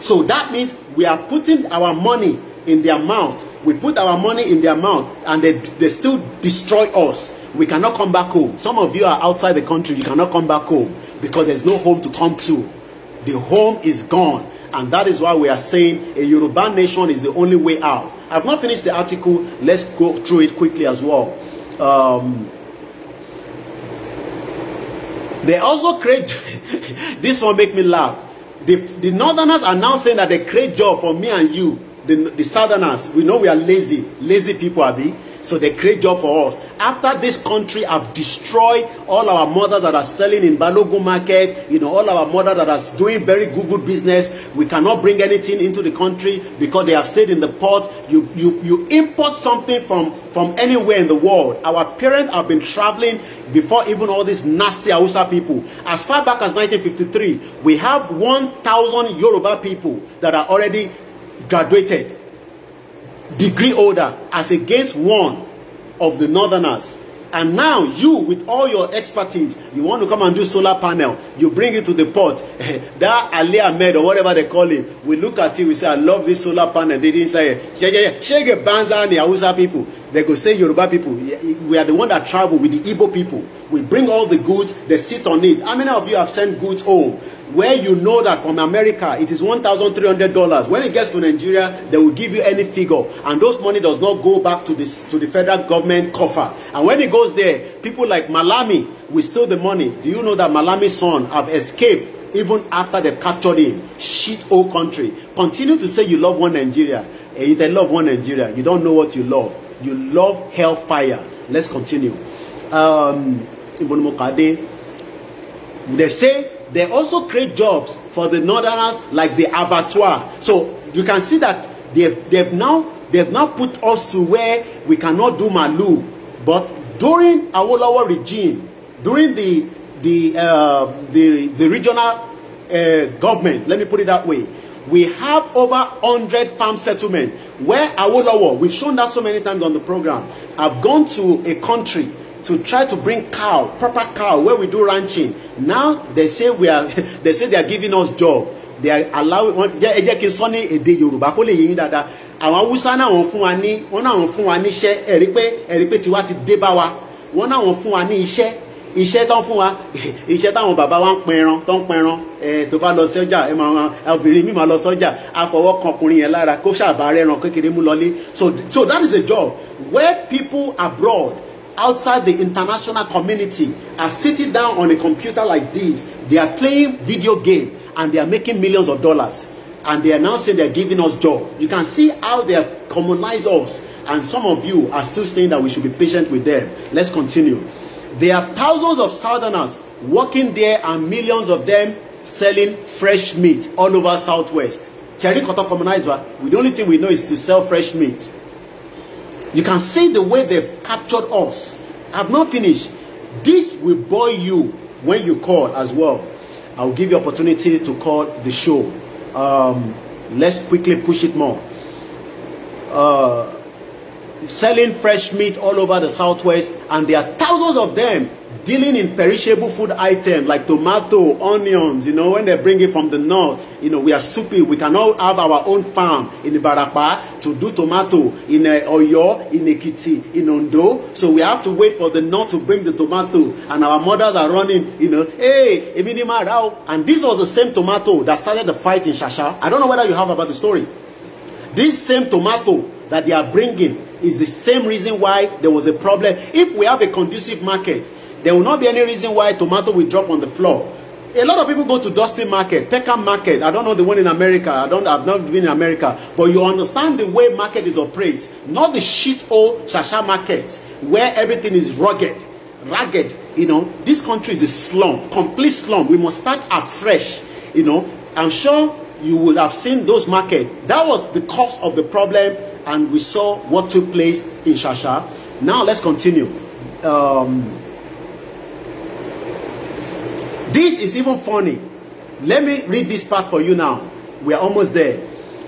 [SPEAKER 1] so that means we are putting our money in their mouth we put our money in their mouth and they, they still destroy us we cannot come back home some of you are outside the country you cannot come back home because there's no home to come to the home is gone and that is why we are saying a Yoruba nation is the only way out I've not finished the article let's go through it quickly as well um, they also create this one make me laugh the, the northerners are now saying that they create job for me and you the, the southerners we know we are lazy lazy people are they so they create job for us. After this country have destroyed all our mothers that are selling in Balogun market, you know, all our mothers that are doing very good, good business, we cannot bring anything into the country because they have stayed in the port. You, you, you import something from, from anywhere in the world. Our parents have been traveling before even all these nasty Hausa people. As far back as 1953, we have 1,000 Yoruba people that are already graduated degree holder as against one of the northerners and now you with all your expertise you want to come and do solar panel you bring it to the port that ali ahmed or whatever they call him we look at it we say i love this solar panel they didn't say "Yeah, yeah, yeah." shege banza ni hausa people they go say yoruba people we are the one that travel with the igbo people we bring all the goods they sit on it how many of you have sent goods home where you know that from America it is $1,300. When it gets to Nigeria, they will give you any figure. And those money does not go back to, this, to the federal government coffer. And when it goes there, people like Malami will steal the money. Do you know that Malami's son have escaped even after they captured him? Shit old country. Continue to say you love one Nigeria. If they love one Nigeria. You don't know what you love. You love hellfire. Let's continue. Um, they say They also create jobs for the northerners like the abattoir. So you can see that they've, they've now they've now put us to where we cannot do Malu. But during Awolowo regime, during the the uh, the, the regional uh, government, let me put it that way, we have over 100 farm settlements where Awolowo, we've shown that so many times on the program, I've gone to a country to try to bring cow, proper cow, where we do ranching. Now they say we are, they say they are giving us job. They are allowing, ẹ jẹ́ kí n sọ ní èdè Yorùbá kó lè yé yín dáadáa. Àwọn Haúsá náà wọ́n fún wa ní, wọ́n náà wọ́n fún wa níṣẹ́, ẹ̀rí pé ẹ̀rí pé tiwa ti dé bá wa. Wọ́n náà wọ́n fún wa ní iṣẹ́ iṣẹ́ tán fún wa iṣẹ́ táwọn bàbá wa ń pẹran tán pẹran ẹ tó bá lọ sọ́jà ẹ máa obìnrin mi máa lọ sọ́jà afọwọ́ kan ọkùnrin yẹn lára kó ṣàbá rẹran kékeré mú lọlé so so that is a job where people abroad outside the international community are sitting down on a computer like this. They are playing video game and they are making millions of dollars. And they are now saying they are giving us job. You can see how they have commonized us. And some of you are still saying that we should be patient with them. Let's continue. There are thousands of southerners working there and millions of them selling fresh meat all over southwest. Cherry Koto communizer, the only thing we know is to sell fresh meat. You can see the way they've captured us. I've not finished. This will bore you when you call as well. I'll give you opportunity to call the show. Um, let's quickly push it more. Uh, selling fresh meat all over the southwest, and there are thousands of them dealing in perishable food items like tomato, onions, you know, when they bring it from the north, you know, we are stupid. We cannot have our own farm in Barapa to do tomato in uh, Oyo, in Ekiti, in Ondo. So we have to wait for the north to bring the tomato. And our mothers are running, you know, hey, Eminima Rao. And this was the same tomato that started the fight in Shasha. I don't know whether you have about the story. This same tomato that they are bringing is the same reason why there was a problem. If we have a conducive market, There will not be any reason why tomato will drop on the floor. A lot of people go to Dusty Market, Peckham Market. I don't know the one in America. I don't. I've not been in America, but you understand the way market is operate. Not the shit old Shasha Market where everything is rugged, ragged. You know, this country is a slum, complete slum. We must start afresh. You know, I'm sure you would have seen those market. That was the cause of the problem, and we saw what took place in Shasha. Now let's continue. Um, This is even funny. Let me read this part for you now. We are almost there.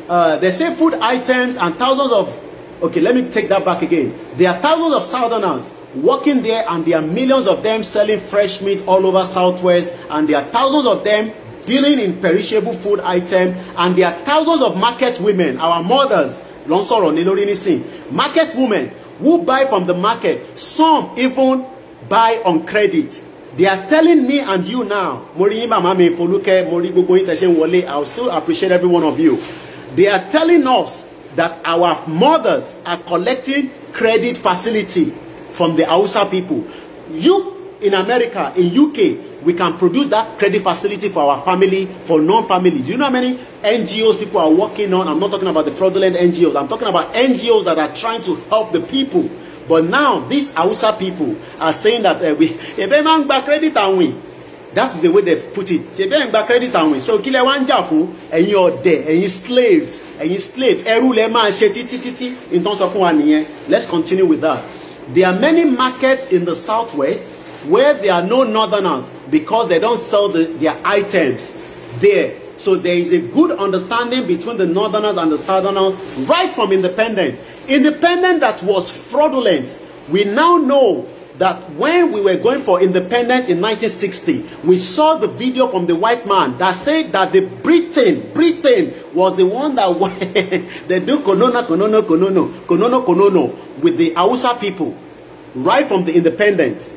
[SPEAKER 1] Uh, they say food items and thousands of... Okay, let me take that back again. There are thousands of Southerners working there and there are millions of them selling fresh meat all over Southwest and there are thousands of them dealing in perishable food items. and there are thousands of market women, our mothers, long ń sọ̀rọ̀ market women who buy from the market, some even buy on credit they are telling me and you now Mori rí yín màmá mi Folúkẹ́ mo rí gbogbo yín tẹ́ ṣe ń i will still appreciate every one of you they are telling us that our mothers are collecting credit facility from the Hausa people you in America in UK we can produce that credit facility for our family for non-family do you know how many NGOs people are working on i'm not talking about the fraudulent NGOs i'm talking about NGOs that are trying to help the people but now these hausa people are saying that uh, we ebe máa ń gba credit àwìn that is the way they put it ṣe bẹ́ẹ̀ ń gba credit àwìn so kí lẹ wá ń jà fún ẹ̀yin ọ̀dẹ̀ ẹ̀yin slaves ẹ̀yin slaves ẹrú lẹ máa ṣe títí títí nǹkan sọ fún wa nìyẹn let's continue with that there are many markets in the southwest where there are no northerners because they don't sell the, their items there So there is a good understanding between the northerners and the southerners right from independence. Independence that was fraudulent. We now know that when we were going for independence in 1960, we saw the video from the white man that said that the Britain, Britain was the one that they do konono, konono, konono, konono, konono with the Hausa people right from the independence.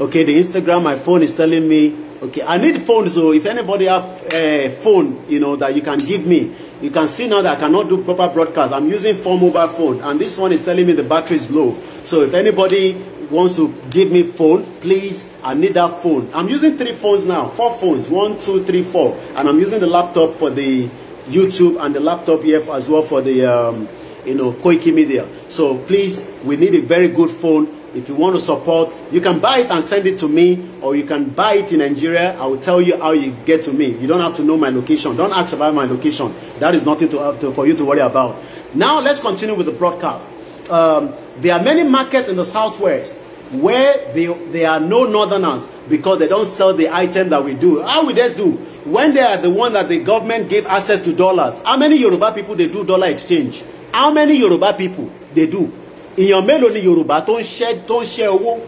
[SPEAKER 1] Okay, the Instagram, my phone is telling me Okay, I need phones. So if anybody have a eh, phone, you know, that you can give me, you can see now that I cannot do proper broadcast. I'm using four mobile phone, and this one is telling me the battery is low. So if anybody wants to give me phone, please, I need that phone. I'm using three phones now, four phones, one, two, three, four, and I'm using the laptop for the YouTube and the laptop here as well for the, um, you know, Koiki Media. So please, we need a very good phone if you want to support, you can buy it and send it to me, or you can buy it in Nigeria. I will tell you how you get to me. You don't have to know my location. Don't ask about my location. That is nothing to, uh, to for you to worry about. Now let's continue with the broadcast. Um, there are many markets in the southwest where they, they are no northerners because they don't sell the item that we do. How we just do? When they are the one that the government gave access to dollars, how many Yoruba people they do dollar exchange? How many Yoruba people they do? èèyàn mélòó ni yorùbá tó ń ṣẹ́ tó ń ṣẹ́ owó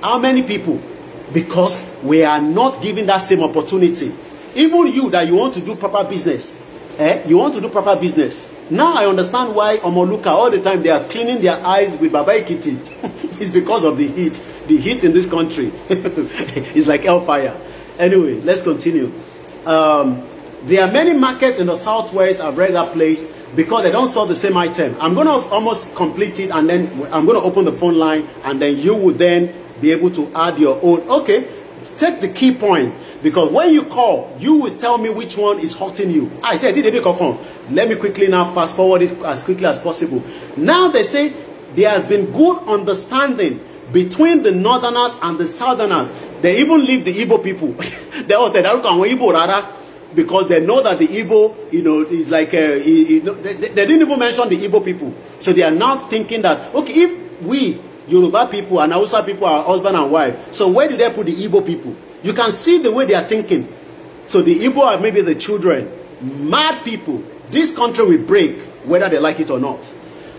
[SPEAKER 1] how many people because we are not giving that same opportunity even you that you want to do proper business eh you want to do proper business now i understand why omoluka all the time they are cleaning their eyes with baba ekiti it's because of the heat the heat in this country is like hellfire anyway let's continue um, there are many markets in the southwest i've read that place because they don't sell the same item. I'm going to almost complete it and then I'm going to open the phone line and then you will then be able to add your own. Okay, take the key point because when you call, you will tell me which one is hurting you. I tell you, let me quickly now fast forward it as quickly as possible. Now they say there has been good understanding between the northerners and the southerners. They even leave the Igbo people. they all oh, say, Igbo, rather because they know that the Igbo, you know, is like, uh, they, they, didn't even mention the Igbo people. So they are now thinking that, okay, if we, Yoruba people and Hausa people are husband and wife, so where do they put the Igbo people? You can see the way they are thinking. So the Igbo are maybe the children, mad people. This country will break, whether they like it or not.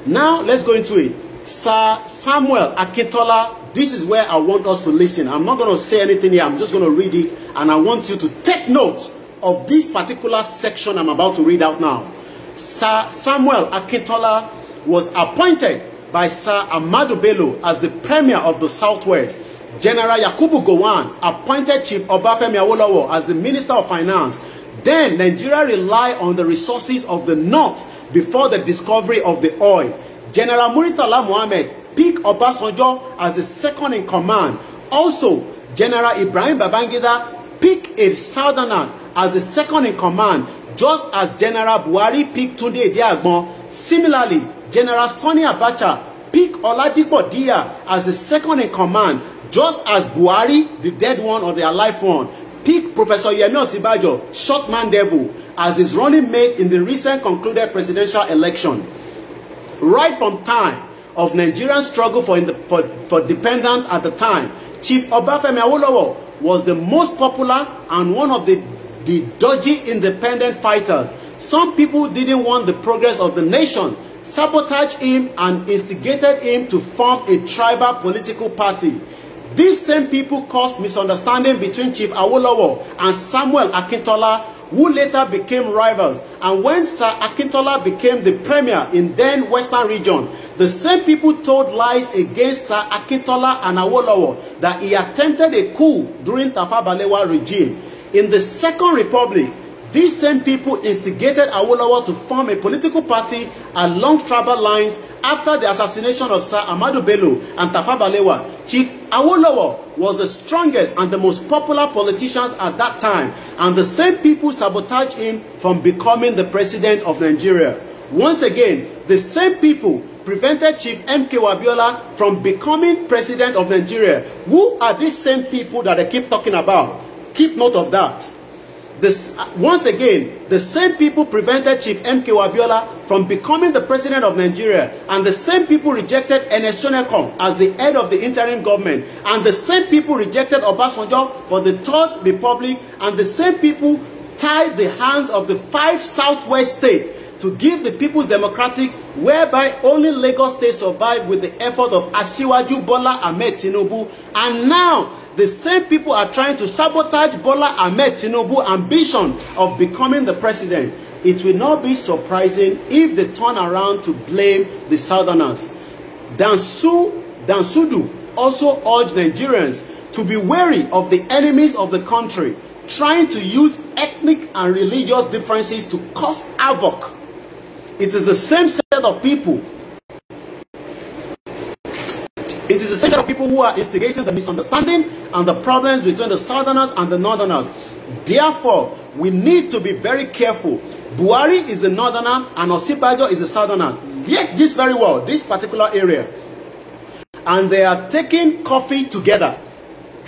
[SPEAKER 1] Now, let's go into it. Sir Samuel Akintola, this is where I want us to listen. I'm not going to say anything here. I'm just going to read it. And I want you to take note of this particular section I'm about to read out now, Sir Samuel Akintola was appointed by Sir Amadu Bello as the Premier of the Southwest. General Yakubu Gowon appointed Chief Obafemi Awolowo as the Minister of Finance. Then Nigeria relied on the resources of the North before the discovery of the oil. General Muritala Mohammed picked Obasanjo as the second in command. Also, General Ibrahim Babangida picked a southerner as the second in command, just as General Buhari picked Tunde Diagbon. Similarly, General Sani Abacha picked Oladipo Dia as the second in command, just as Buhari, the dead one or the alive one, picked Professor Yemi short man, Devil, as his running mate in the recent concluded presidential election. Right from time of Nigerian struggle for, for, for dependence at the time, Chief Obafemi Awolowo was the most popular and one of the the dodgy independent fighters. Some people didn't want the progress of the nation, sabotaged him and instigated him to form a tribal political party. These same people caused misunderstanding between Chief Awolowo and Samuel Akintola, who later became rivals. And when Sir Akintola became the premier in then Western region, the same people told lies against Sir Akintola and Awolowo that he attempted a coup during Tafa Balewa regime. In the Second Republic, these same people instigated Awolowo to form a political party along tribal lines after the assassination of Sir Amadu Bello and Tafa Balewa. Chief Awolowo was the strongest and the most popular politician at that time, and the same people sabotaged him from becoming the president of Nigeria. Once again, the same people prevented Chief M.K. Wabiola from becoming president of Nigeria. Who are these same people that they keep talking about? Keep note of that. This, uh, once again, the same people prevented Chief M.K. Wabiola from becoming the president of Nigeria, and the same people rejected Ernest as the head of the interim government, and the same people rejected Obasanjo for the Third Republic, and the same people tied the hands of the five southwest states to give the People's Democratic, whereby only Lagos State survived with the effort of Asiwaju Bola Ahmed Tinubu, and now The same people are trying to sabotage Bola Ahmed Tinubu's ambition of becoming the president. It will not be surprising if they turn around to blame the Southerners. Dansu, Dansudu also urged Nigerians to be wary of the enemies of the country trying to use ethnic and religious differences to cause havoc. It is the same set of people It is essential of people who are instigating the misunderstanding and the problems between the southerners and the northerners. Therefore, we need to be very careful. Buhari is the northerner and Osibajo is the southerner. Yet this very well, this particular area. And they are taking coffee together.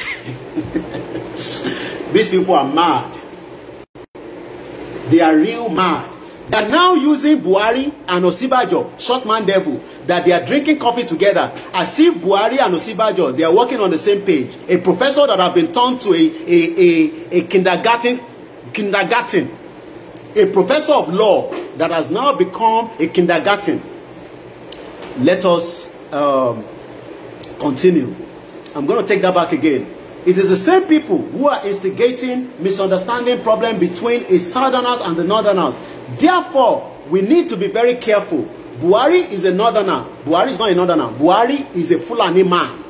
[SPEAKER 1] These people are mad. They are real mad. They are now using Buhari and Osibajo, short man devil, that they are drinking coffee together, as if Buhari and Osibajo, they are working on the same page. A professor that have been turned to a, a, a, a kindergarten, kindergarten, a professor of law that has now become a kindergarten. Let us um, continue. I'm going to take that back again. It is the same people who are instigating misunderstanding problem between a southerners and the northerners Therefore, we need to be very careful. Buhari is a northerner. Buhari is not a northerner. Buhari is a Fulani man.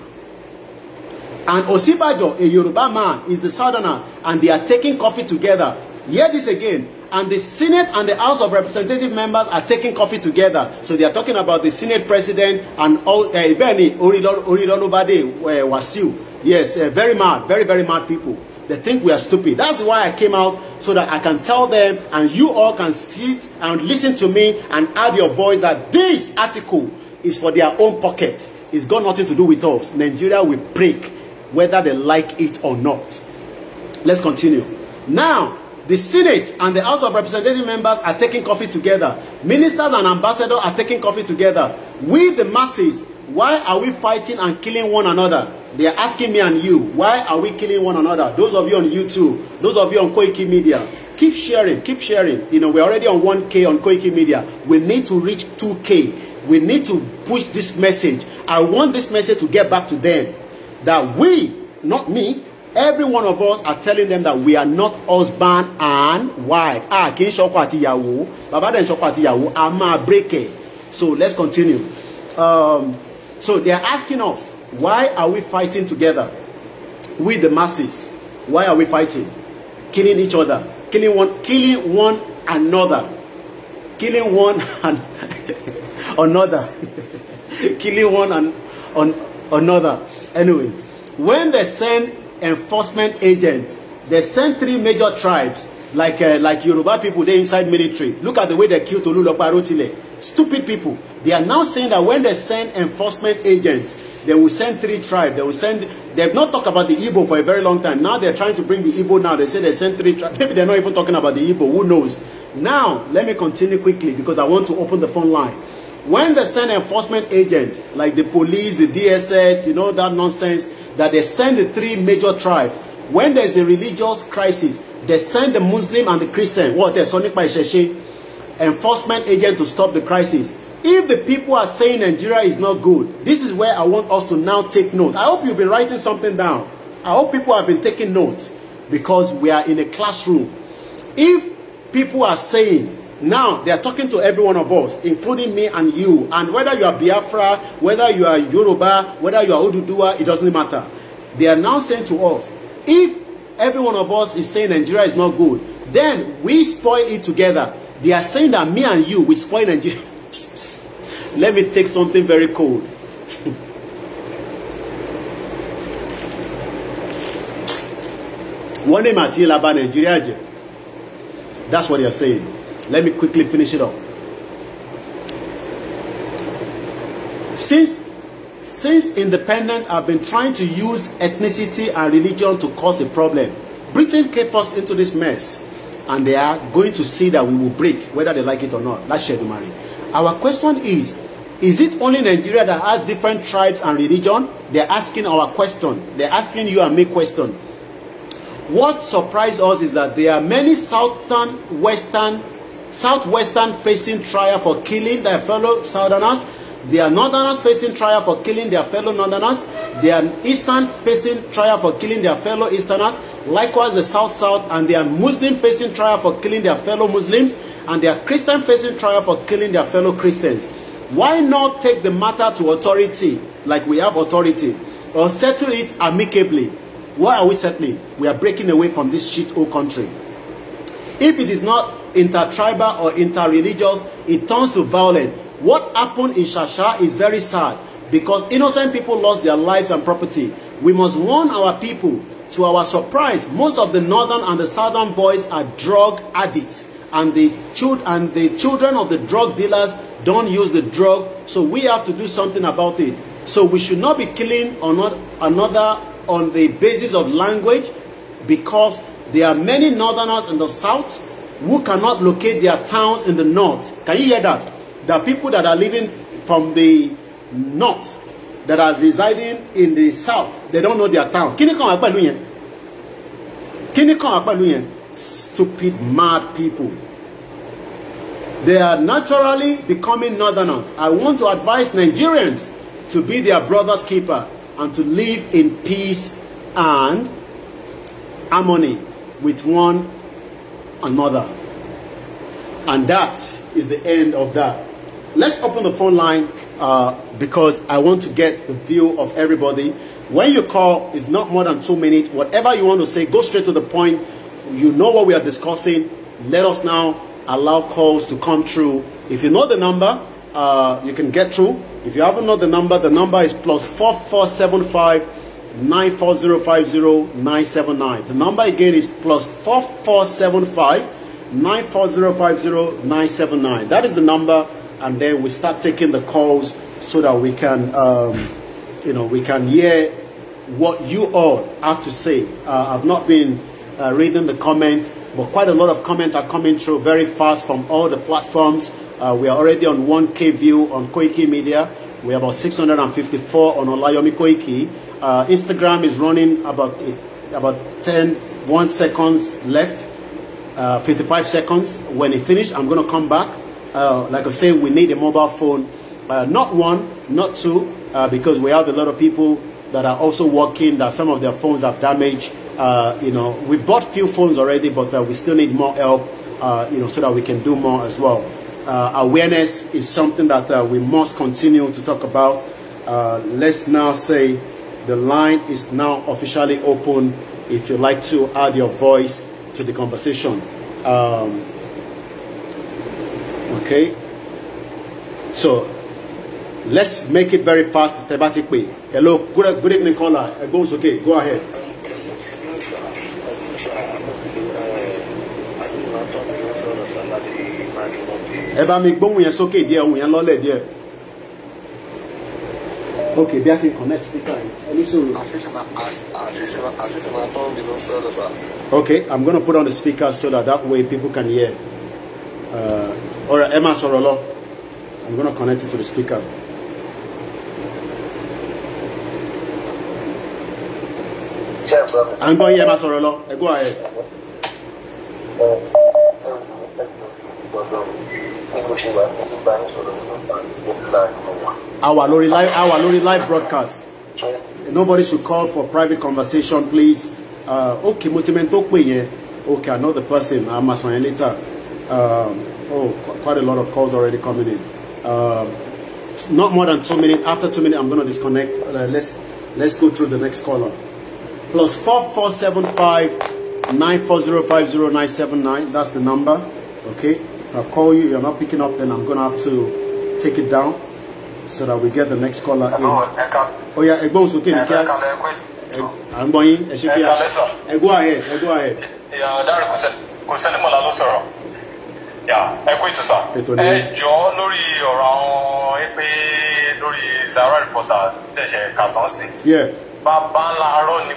[SPEAKER 1] And Osibajo, a Yoruba man, is the southerner. And they are taking coffee together. Hear this again. And the Senate and the House of Representative members are taking coffee together. So they are talking about the Senate president and all, uh, eh, Benny Orilolobade uh, eh, Wasiu. Yes, uh, very mad, very, very mad people. They think we are stupid. That's why I came out so that I can tell them and you all can sit and listen to me and add your voice that this article is for their own pocket. It's got nothing to do with us. Nigeria will break whether they like it or not. Let's continue. Now, the Senate and the House of Representative members are taking coffee together. Ministers and ambassadors are taking coffee together. We, the masses, why are we fighting and killing one another? They are asking me and you, why are we killing one another? Those of you on YouTube, those of you on Koiki Media, keep sharing, keep sharing. You know, we're already on 1K on Koiki Media. We need to reach 2K. We need to push this message. I want this message to get back to them that we, not me, every one of us are telling them that we are not husband and wife. Ah, kì í ṣọkọ àti ìyàwó, bàbá dẹ̀ ń ṣọkọ àti ìyàwó, So let's continue. Um, so they are asking us Why are we fighting together? We the masses. Why are we fighting? Killing each other. Killing one killing one another. Killing one an another. killing one and on another. Anyway, when they send enforcement agents, they send three major tribes like uh, like Yoruba people they inside military. Look at the way they killed Tolulopa Rotile. Stupid people. They are now saying that when they send enforcement agents, They will send three tribes. They will send. They've not talked about the Igbo for a very long time. Now they're trying to bring the Igbo now. They say they sent three tribes. Maybe they're not even talking about the Igbo. Who knows? Now, let me continue quickly because I want to open the phone line. When they send enforcement agents, like the police, the DSS, you know that nonsense, that they send the three major tribes, when there's a religious crisis, they send the Muslim and the Christian, what, they by Sonic Enforcement agent to stop the crisis if the people are saying Nigeria is not good, this is where I want us to now take note. I hope you've been writing something down. I hope people have been taking notes because we are in a classroom. If people are saying, now they are talking to every one of us, including me and you, and whether you are Biafra, whether you are Yoruba, whether you are Odudua, it doesn't matter. They are now saying to us, if every one of us is saying Nigeria is not good, then we spoil it together. They are saying that me and you, we spoil Nigeria. Let me take something very cold. One ní màtí ìlà bà Nàìjíríà That's what they are saying. Let me quickly finish it up. Since since independent, I've been trying to use ethnicity and religion to cause a problem, Britain kept us into this mess and they are going to see that we will break whether they like it or not. That's Shedumari. Our question is, Is it only Nigeria that has different tribes and religion? They're asking our question. They're asking you and me question. What surprised us is that there are many southern, western, southwestern facing trial for killing their fellow southerners. There are northerners facing trial for killing their fellow northerners. There are eastern facing trial for killing their fellow easterners. Likewise, the south-south and their are Muslim facing trial for killing their fellow Muslims. And their are Christian facing trial for killing their fellow Christians. Why not take the matter to authority, like we have authority, or settle it amicably? Why are we settling? We are breaking away from this shit hole country. If it is not intertribal or interreligious, it turns to violent. What happened in Shasha is very sad because innocent people lost their lives and property. We must warn our people. To our surprise, most of the northern and the southern boys are drug addicts. and the, child, and the children of the drug dealers don't use the drug, so we have to do something about it. So we should not be killing or not another on the basis of language because there are many northerners in the south who cannot locate their towns in the north. Can you hear that? The people that are living from the north that are residing in the south, they don't know their town. can ni kàn wá pẹ̀lú yẹn? Kí ni Stupid, mad people. They are naturally becoming northerners. I want to advise Nigerians to be their brother's keeper and to live in peace and harmony with one another. And that is the end of that. Let's open the phone line uh, because I want to get the view of everybody. When you call, it's not more than two minutes. Whatever you want to say, go straight to the point. You know what we are discussing. Let us now allow calls to come through. If you know the number, uh, you can get through. If you haven't know the number, the number is plus 4475 94050 The number again is plus 4475 94050 That is the number, and then we start taking the calls so that we can, um, you know, we can hear what you all have to say. Uh, I've not been uh, reading the comment but quite a lot of comments are coming through very fast from all the platforms. Uh, we are already on 1K view on Koiki Media. We are about 654 on Olayomi Koiki. Uh, Instagram is running about about 10, 1 seconds left, uh, 55 seconds. When it finishes, I'm going to come back. Uh, like I say, we need a mobile phone. Uh, not one, not two, uh, because we have a lot of people that are also working that some of their phones have damaged uh, you know, we've got few phones already, but uh, we still need more help, uh, you know, so that we can do more as well. Uh, awareness is something that uh, we must continue to talk about. Uh, let's now say the line is now officially open if you'd like to add your voice to the conversation. Um, okay. So let's make it very fast. Hello, good, good evening, caller. It goes okay. Go ahead. ẹ bá mi gbóhùn yẹn sókè díẹ̀ ohùn yẹn lọ́lẹ̀ díẹ̀. ok bí a kì í connect speaker yìí ẹni sọ̀rọ̀. ok i'm gonna put on the speaker so that that way people can hear. Uh, ọ̀rọ̀ ẹ máa sọ̀rọ̀ lọ i'm gonna connect it to the speaker. à ń gbọ́ yín ẹ máa sọ̀rọ̀ lọ ẹ go ahead. Our lórí live our lórí live broadcast nobody should call for private conversation please uh, okay mo okay I know the person I am sàn later um, oh quite a lot of calls already coming in um, not more than two minutes after two minutes I'm gonna disconnect uh, let's let's go through the next caller plus four four seven five nine four zero five zero nine seven nine that's the number okay if I call you you're not picking up then I'm gonna have to take it down so that we get the next caller in. ó oh, yá ẹ oh, gbóhùn sókè ní kíá à ń gbọ́ yín ẹ ṣe kíá ẹ go ahead ẹ go ahead.
[SPEAKER 3] ìyá dárí kò sẹ́ni mọ̀lá ló sọ̀rọ̀ ẹ kú ìtúsà
[SPEAKER 1] ẹ
[SPEAKER 2] jọ lórí ọ̀rọ̀ àwọn pé
[SPEAKER 1] lórí Sahara Reporter tẹ̀sẹ̀ kàtàn sí bàbá ńlá arọ́ ni.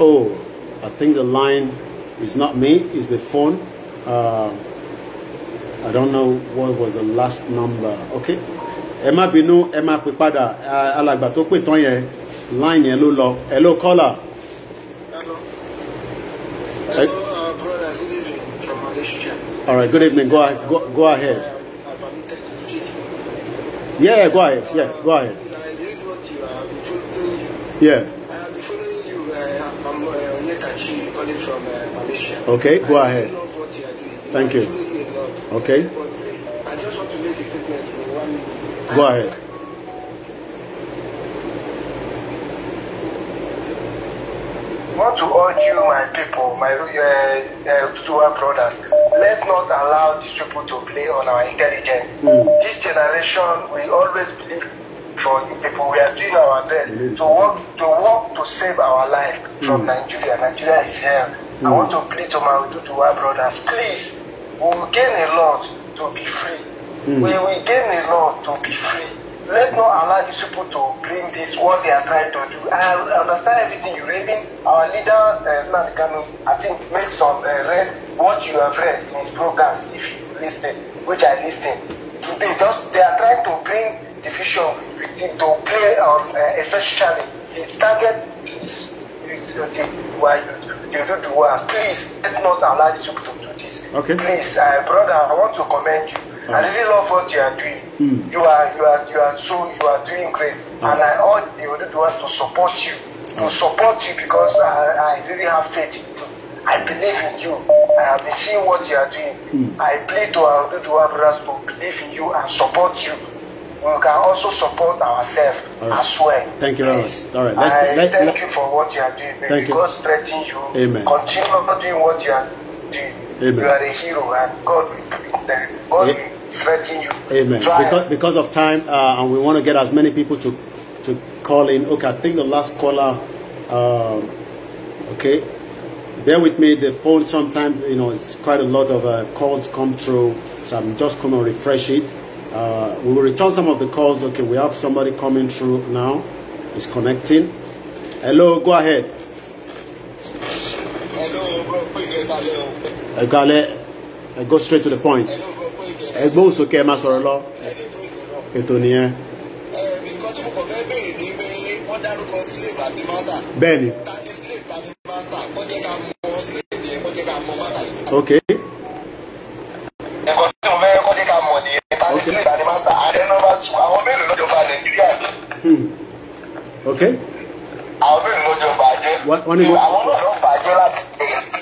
[SPEAKER 1] Oh, I think the line is not me, it's the phone. Um, I don't know what was the last number okay ẹ má bínú ẹ má pè padà alàgbà tó pè tán yẹn line yẹn ló lọ hello caller. Hello. Uh, All right, good evening. Go, go, go ahead. Uh, yeah, go ahead. Yeah, go ahead. Yeah. Uh, okay, go ahead. Thank you. Okay. But
[SPEAKER 4] please, I just want to make a statement in one minute.
[SPEAKER 1] Go ahead.
[SPEAKER 3] want to urge you, my people, my uh, uh, to brothers,
[SPEAKER 2] let's not allow these people to play on our intelligence. Mm. This generation, we always believe for the people. We are doing our best to work to work to save our life mm. from hmm. Nigeria.
[SPEAKER 3] Nigeria is here.
[SPEAKER 2] Mm. I hmm. want to plead to my to brothers, please we will gain a lot to be free. Mm. We will gain a lot to be free. Let's not allow these people to bring this, what they are trying to do. I understand everything you're reading. Our leader, uh, Nat I think, makes some uh, read what you have read in his programs, if you listen, which I listen. Today, just, they are trying to bring division to play on, uh, especially the target is, is okay, why you do the work. Please, let's not allow these people to do this. Okay. Please, uh, brother, I want
[SPEAKER 3] to commend you. I ah. really love what you are doing. Mm. You are, you are, you are
[SPEAKER 2] so, you are doing great. Ah. and I
[SPEAKER 3] urge the other ones to support you, to ah. support you because I, I really have faith in you. I believe in you. I have been seeing what you are doing. Mm. I plead to our to brothers to believe in you and support you. We can also support ourselves right. as well. Thank you very much. All right. Let's, I let, thank let, you for what you are doing. Thank because you. God strengthen you. Amen. Continue doing what you are
[SPEAKER 1] doing. Amen. You are a
[SPEAKER 3] hero, and God, will God yeah. stretching
[SPEAKER 1] you. Amen. Because, because of time, uh, and we want to get as many people to to call in. Okay, I think the last caller. Um, okay, bear with me. The phone sometimes, you know, it's quite a lot of uh, calls come through, so I'm just going to refresh it. Uh, we will return some of the calls. Okay, we have somebody coming through now. It's connecting. Hello, go ahead. ẹ kalẹ ẹ go straight to the point ẹ gbóhùn sókè ẹ má sọ̀rọ̀ lọ ètò nìyẹn. nǹkan ni ok. ẹ̀kọ́ tí mo fẹ́ kọ́ jẹ́ ká mọ̀ nìyẹn ta ni slave ta master
[SPEAKER 3] àdé nọ́mbà tù àwọn mélòó lọ́jọba nàìjíríà.
[SPEAKER 1] ok. àwọn mélòó lọ́jọba jẹ́. wọ́n ní mo.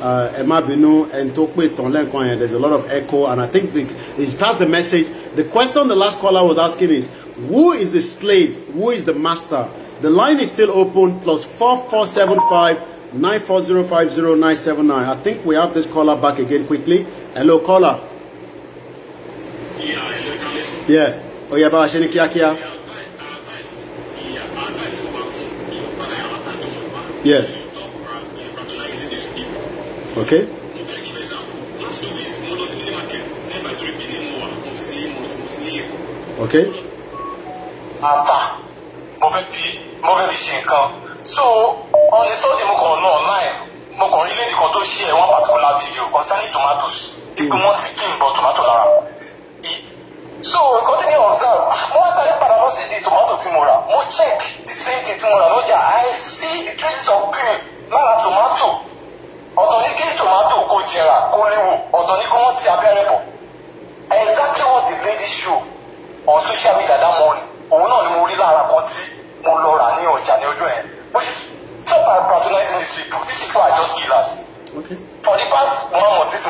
[SPEAKER 1] Uh, ẹ má bínú ẹni tó pè there's a lot of echo and I think it's passed the message the question the last caller was asking is who is the slave who is the master the line is still open plus four four seven five nine four zero five zero nine seven nine I think we have this caller back again quickly hello caller. yeah oyè oh, bá wa ṣe ní yeah. Okay? Okay. Ata, mo fẹ́ bi mo fẹ́ bi ṣe nǹkan. So, ọ̀nì sọ́ọ̀dì mo kàn lọ online, mo kàn rí lẹ́yìn kan tó ṣe ẹ̀ one particular
[SPEAKER 3] video concerning tomatoes. Ipe hmm. wọ́n ti kí n bọ tomato lára. So, nǹkan tí mi observe, mo wá sáré padà lọ sí di tomato tí mo rà. Mo check the same thing tí mo rà lọ́jà. I see the traces of green lára tomato ọ̀tọ̀ ní kí tòmátò kó jẹrà kó léwu ọ̀tọ̀ ní kó wọ́n ti abẹ́rẹ́ bọ̀ exactly what the lady show on social media that morning òun náà ni mo rí lára kan tí mo lọ rà ní ọjà ní ọjọ́ yẹn mo ṣe stop patronizing these people these people are just killers for the past one month since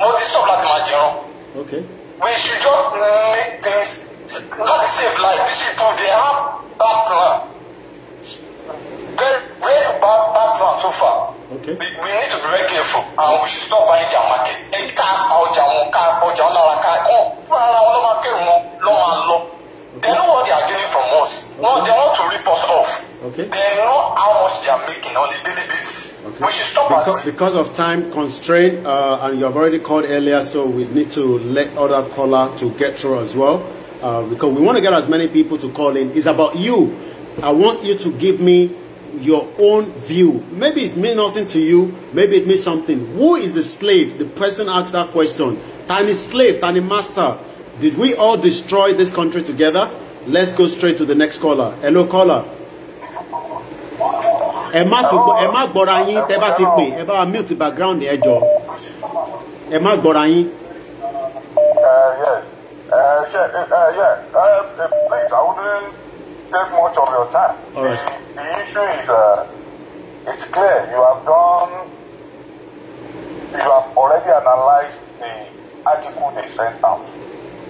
[SPEAKER 3] mo ti stop láti máa jẹun we should just make things not save life these people they have bad plan very very bad bad plan so far. Okay. We, we need to be very careful and we should stop buying their market. Ẹni ká ọjà wọn ká ọjà wọn lára ká kọ́ fúnra ara wọn ló máa kẹ́rù wọn máa lọ. They know what they are getting from us. Okay. No, they want to rip us off. Okay. They know how much they are making on a
[SPEAKER 1] daily basis. Okay. We should stop because, because of time constraint, uh, and you have already called earlier, so we need to let other caller to get through as well. Uh, because we want to get as many people to call in. It's about you. I want you to give me your own view. Maybe it means nothing to you, maybe it means something. Who is the slave? The person asked that question. Tiny slave, tiny master. Did we all destroy this country together? Let's go straight to the next caller. Hello, caller. Ẹ má tún gbọ́ ẹ má mute background ẹ jọ. Ẹ má
[SPEAKER 3] Uh, yes. Uh, sure. Uh, uh, yeah. Uh, uh, please, I wouldn't take much of your time.
[SPEAKER 2] The issue is,
[SPEAKER 3] uh, it's clear you have done, you have already analyzed the article they sent out.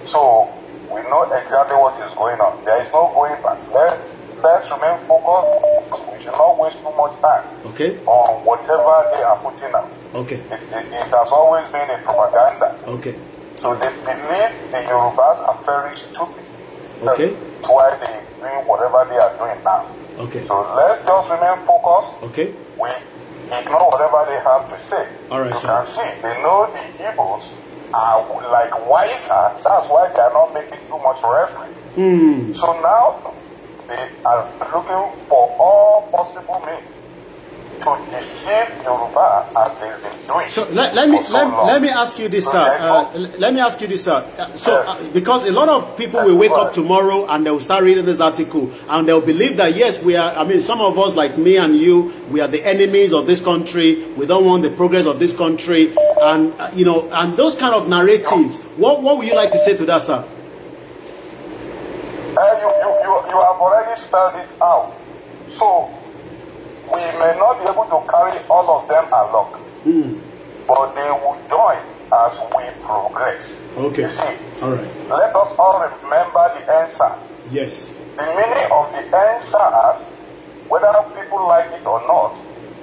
[SPEAKER 3] So we know exactly what is going on. There is no going back.
[SPEAKER 1] Let, let's remain focused. We should not waste too much time okay. on whatever
[SPEAKER 4] they are putting out.
[SPEAKER 1] Okay.
[SPEAKER 2] It,
[SPEAKER 3] it, it has always been a propaganda. Okay. So right. they believe the Yorubas are very stupid.
[SPEAKER 2] Okay. That's
[SPEAKER 3] why they doing whatever they are doing now. Okay. So let's just remain focused. Okay. We ignore whatever they have to say. All right, you sir. can see they know the evils are like wiser. That's why they are not making too much reference.
[SPEAKER 4] Mm. So
[SPEAKER 3] now they are looking for all
[SPEAKER 2] possible means
[SPEAKER 1] so let, let me let, uh, let me ask you this, sir. Uh, let me ask you this, sir. so uh, because a lot of people will wake up tomorrow and they will start reading this article and they'll believe that yes, we are. I mean, some of us like me and you, we are the enemies of this country. We don't want the progress of this country, and uh, you know, and those kind of narratives. What what would you like to say to that, sir?
[SPEAKER 3] Uh, you, you, you, you have already spelled it out. So we may not be able to carry all of them along. Mm. But they will join as we progress.
[SPEAKER 4] Okay. You see, all
[SPEAKER 2] right.
[SPEAKER 3] Let us all remember the answer.
[SPEAKER 4] Yes. The meaning of
[SPEAKER 3] the answers, whether people like it or not,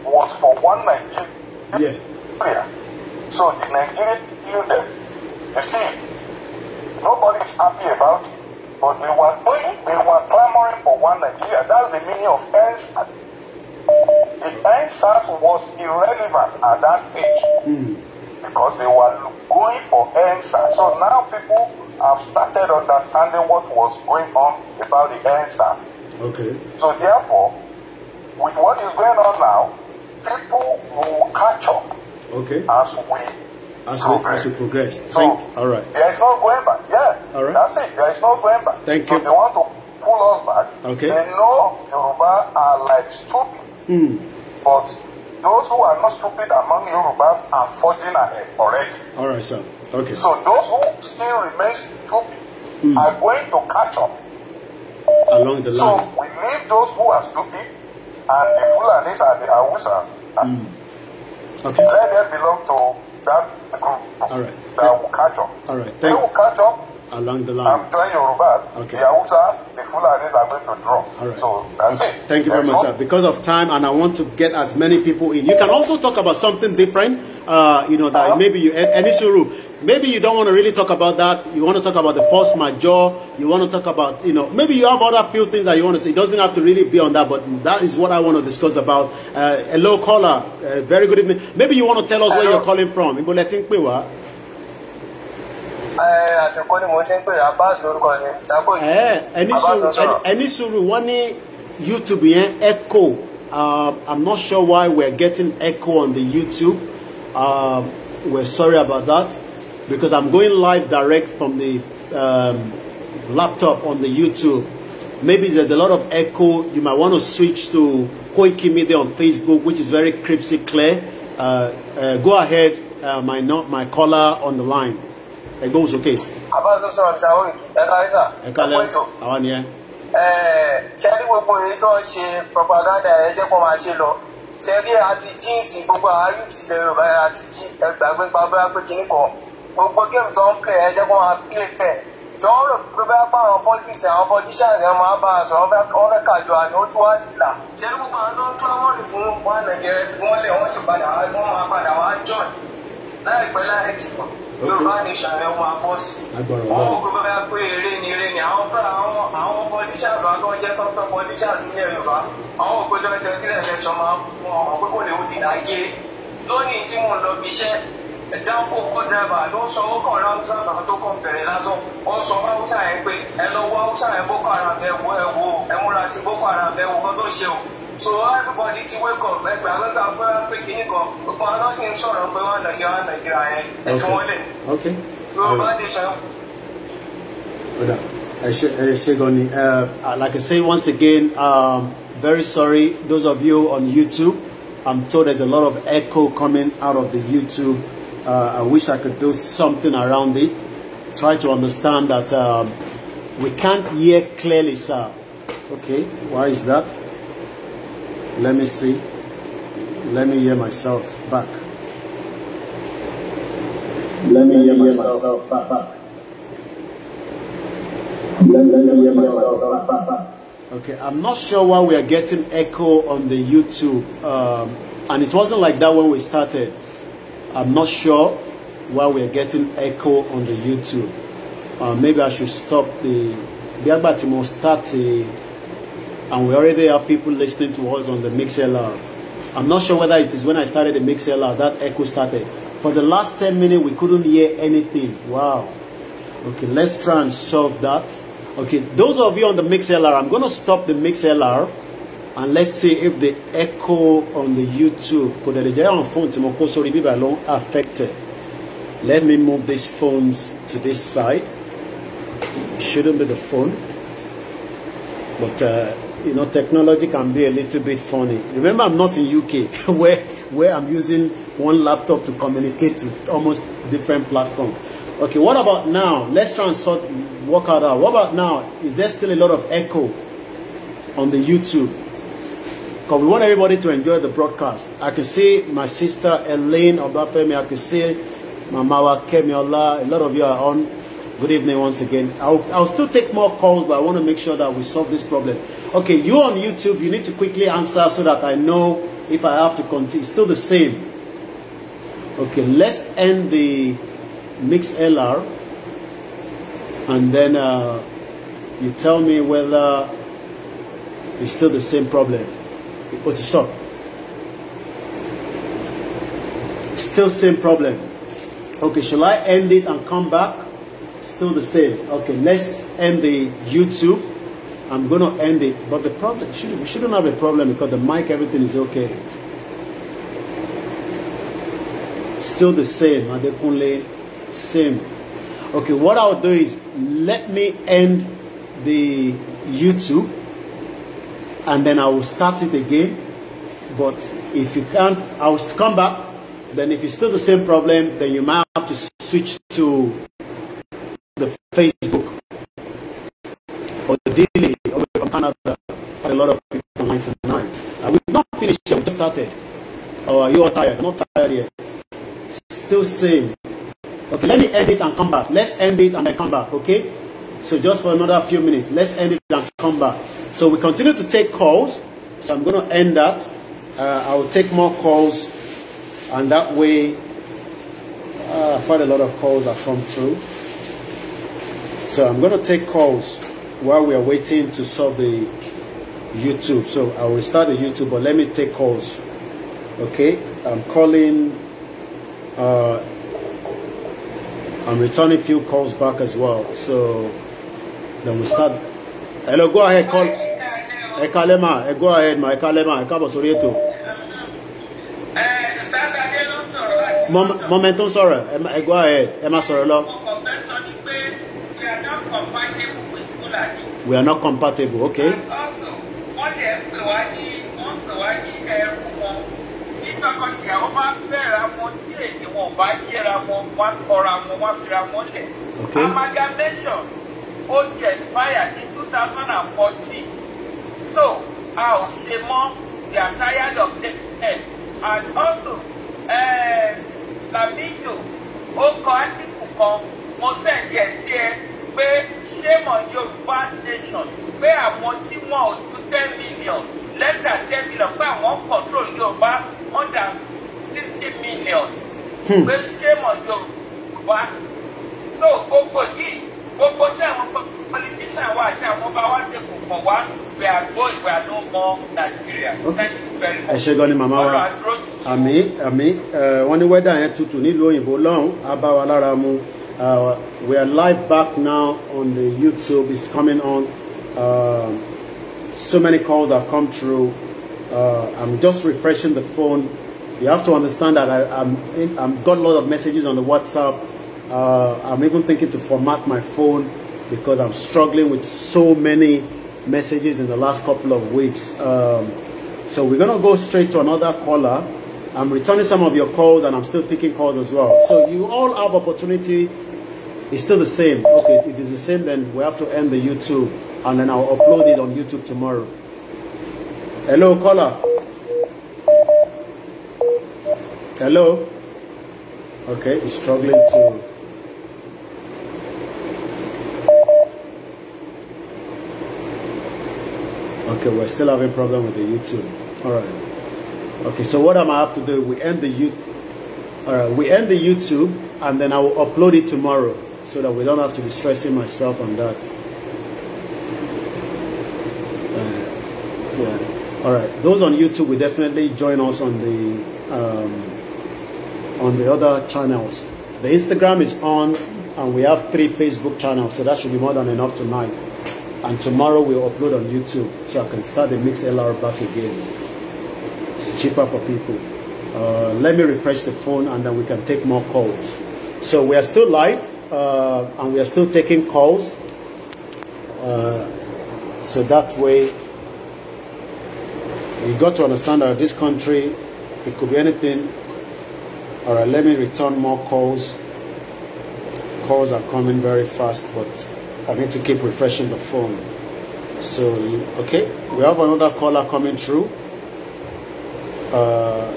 [SPEAKER 3] was for one Nigeria. Yeah. Prayer. So the Nigerian union, you see, nobody is happy about it, but they were they were clamoring for one Nigeria. That's the meaning of answers. The answers was irrelevant at that stage mm. because they were going for answers. So now people have started understanding what was going on about the answer. Okay. So therefore, with what is going on now, people will catch up okay. as we as we, as we progress. So, Thank, all right. There is no going
[SPEAKER 4] back. Yeah. All right. That's
[SPEAKER 3] it. There is no going
[SPEAKER 4] back. Thank so you. They want to pull us back. Okay. They know
[SPEAKER 3] Yoruba are like stupid. Mm. But those who are not stupid among Yorubas are forging ahead already.
[SPEAKER 1] All right, sir. Okay. So
[SPEAKER 3] those who still remain stupid mm. are going to catch up.
[SPEAKER 1] Along the line. So
[SPEAKER 3] we leave those who are stupid and the Fulanis and the Hausa.
[SPEAKER 1] Mm. Okay. Let
[SPEAKER 3] them belong to that
[SPEAKER 4] group All right.
[SPEAKER 3] that will catch up.
[SPEAKER 4] All right. Thank they will catch
[SPEAKER 3] up
[SPEAKER 1] along the line. I'm telling okay. the the are going to All right. So that's okay. it. Thank you very much, sir. Because of time, and I want to get as many people in. You can also talk about something different. Uh, you know that uh -huh. maybe you any suru. Maybe you don't want to really talk about that. You want to talk about the force major. You want to talk about, you know, maybe you have other few things that you want to say. It doesn't have to really be on that, but that is what I want to discuss about. Uh, hello, caller. Uh, very good evening. Maybe you want to tell us hello. where you're calling from.
[SPEAKER 3] Any eh, suru
[SPEAKER 1] mo ti eh, YouTube echo um, I'm not sure why we're getting echo on the YouTube um, we're sorry about that because I'm going live direct from the um, laptop on the YouTube maybe there's a lot of echo. You might want to switch to Koiki Media on Facebook, which is very crystal clear. Uh, uh, go ahead, uh, my, not, my caller on the line. ẹgbọ́n sókè.
[SPEAKER 3] àbára tó sọ̀rọ̀ ta orí ẹ̀ka ẹ̀sà ẹ̀ka lẹ́ àwa ni ẹ. ṣe rí gbogbo èyí tó ń ṣe propaganda ẹ̀ jẹ́ kó máa ṣe lọ ṣe rí àti jíǹsì gbogbo àárí ìtìlẹ̀ yorùbá àti jí ẹgbàgbé pàbẹ́ àpèkínní kan gbogbo géèmù tó ń pè ẹ jẹ́ kó máa pílẹ̀ pẹ̀ tí wọ́n rò pé bá bá àwọn pọ́lítíìsì àwọn pọ́lítíṣà rẹ̀ máa bá a sọ wọ́n fẹ́ kàjọ àní ó tún wá ti là. ṣé ní gbogbo àwọn tó wọ́n lè fún wọn nàìjíríà fún wọn lè wọ́n sì padà wọ́n máa
[SPEAKER 2] padà wá jọ̀ọ́ láìpẹ́ láì jìnnà yorùbá nation rẹ wọn abọ́ sí i wọn ò gbé bá pé eré ni eré ni àwọn pẹ́ àwọn àwọn
[SPEAKER 3] politicians wọn tó ń jẹ́ tọ́pẹ́ politicians ní yorùbá àwọn ògbójọ́ ẹ̀jẹ̀ kílẹ̀ election máa wọn ò pé kò lè wọ́n di ayé lónìí tí mo lọ bí iṣẹ́ ẹ̀dáfò kọ́ dẹ́rẹ́bà ló ń sọ owó kan ráúsà náà tó kàn bẹ̀rẹ̀ lásán wọ́n sọ ráúsà yẹn pé ẹ lọ wọ ráúsà yẹn boko haram ẹ wo ẹ múra sí boko haram ẹ wo kan tó ṣe o so everybody ti wake up ẹgbẹ́ agbẹ́gbẹ́ agbẹ́gbẹ́ pé kínní kan gbogbo àwọn náà sì ń sọ̀rọ̀ pé wọ́n nàìjíríà wọ́n nàìjíríà yẹn ẹ̀sùn wọn
[SPEAKER 1] lẹ̀ yorùbá uh, like I say once again, um, very sorry those of you on YouTube. I'm told there's a lot of echo coming out of the YouTube. Uh, I wish I could do something around it. Try to understand that um, we can't hear clearly, sir. Okay, why is that? Let me see. Let me hear myself back. Let me hear myself back. back. Let me hear myself back. back. Okay, I'm not sure why we are getting echo on the YouTube. Um, and it wasn't like that when we started. I'm not sure why we are getting echo on the YouTube. Uh, maybe I should stop the... the àgbà tí and we already have people listening to us on the MixLR. I'm not sure whether it is when I started the MixLR that echo started. For the last 10 minutes, we couldn't hear anything. Wow. Okay, let's try and solve that. Okay, those of you on the MixLR, I'm going to stop the MixLR and let's see if the echo on the YouTube, could the on phone, Timoko, sorry, be long affected. Let me move these phones to this side. It shouldn't be the phone, but uh, you know, technology can be a little bit funny. Remember, I'm not in UK where, where I'm using one laptop to communicate to almost different platform. Okay, what about now? Let's try and sort, work out out. What about now? Is there still a lot of echo on the YouTube? Because we want everybody to enjoy the broadcast. I can see my sister Elaine Obafemi. I can see Mamawa Kemiola. A lot of you are on. Good evening once again. I'll, I'll still take more calls, but I want to make sure that we solve this problem. Okay, you on YouTube, you need to quickly answer so that I know if I have to continue. It's still the same. Okay, let's end the mix LR and then uh, you tell me whether it's still the same problem. Or oh, to stop. Still same problem. Okay, shall I end it and come back? Still the same. Okay, let's end the YouTube. I'm going to end it. But the problem, should, we shouldn't have a problem because the mic, everything is okay. Still the same, Adekunle, same. Okay, what I'll do is let me end the YouTube and then I will start it again. But if you can't, I will come back. Then if it's still the same problem, then you might have to switch to the Facebook or the daily away from Canada. Quite a lot of people from tonight. Uh, we've not finished yet, we just started. Oh, you are tired? Not tired yet. Still same. Okay, let me end it and come back. Let's end it and then come back, okay? So just for another few minutes, let's end it and come back. So we continue to take calls. So I'm going to end that. Uh, I will take more calls, and that way, uh, quite a lot of calls have come through. So I'm going to take calls. while we are waiting to solve the YouTube. So I will start the YouTube, but let me take calls. Okay, I'm calling. Uh, I'm returning few calls back as well. So then we start. Hello, go ahead, call. Ekalema, káalẹ́ eh, go ahead my Ekalema, káalẹ́ mà, ẹ sorry. Ẹ go ahead. Ẹ má sọ̀rọ̀ lọ. we are not compatible okay.
[SPEAKER 3] wọ́n lè pè wá ní wọ́n pè wá ní ẹrú wọn nígbà kan tí àwọn bá fẹ́ra wọn tí èdè wọn ò bá yẹra wọn wá kọra wọn wá fira wọn lẹ̀. amalgamation ó ti so a ò ṣe they are tired of this head and also eh, Lamido ó kọ átíkù kan mo sẹ́ǹdì ẹ̀ sí ẹ pé shame on yorùbá nation pé àwọn tí wọn ò ju ten million less than ten million pé àwọn control yorùbá under sixty million hmm. pé shame on yorùbá so gbogbo yìí gbogbo tí àwọn politician wa àti àwọn ọba wa ṣe kò kàn wá we are going we are no more
[SPEAKER 1] Nigeria thank you very much. ẹ ṣé gan ni màmá wa àmì àmì wọn ní wẹ́dà yẹn tutù nílùú òyìnbó lọ́hùn-ún lára mu. Uh, we are live back now on the YouTube. It's coming on. Uh, so many calls have come through. Uh, I'm just refreshing the phone. You have to understand that I, am in, I've got a lot of messages on the WhatsApp. Uh, I'm even thinking to format my phone because I'm struggling with so many messages in the last couple of weeks. Um, so we're going to go straight to another caller. I'm returning some of your calls and I'm still picking calls as well. So you all have opportunity it's still the same. Okay, if it's the same, then we have to end the YouTube and then I'll upload it on YouTube tomorrow. Hello, caller. Hello. Okay, he's struggling to. Okay, we're still having problem with the YouTube. All right. Okay, so what am I have to do? We end the YouTube. All right, we end the YouTube and then I will upload it tomorrow so that we don't have to be stressing myself on that. Uh, yeah. All right. Those on YouTube will definitely join us on the um, on the other channels. The Instagram is on, and we have three Facebook channels, so that should be more than enough tonight. And tomorrow we'll upload on YouTube, so I can start the Mix LR back again. It's cheaper for people. Uh, let me refresh the phone, and then we can take more calls. So we are still live uh, and we are still taking calls. Uh, so that way, you got to understand that this country, it could be anything. All right, let me return more calls. Calls are coming very fast, but I need to keep refreshing the phone. So, okay, we have another caller coming through. Uh,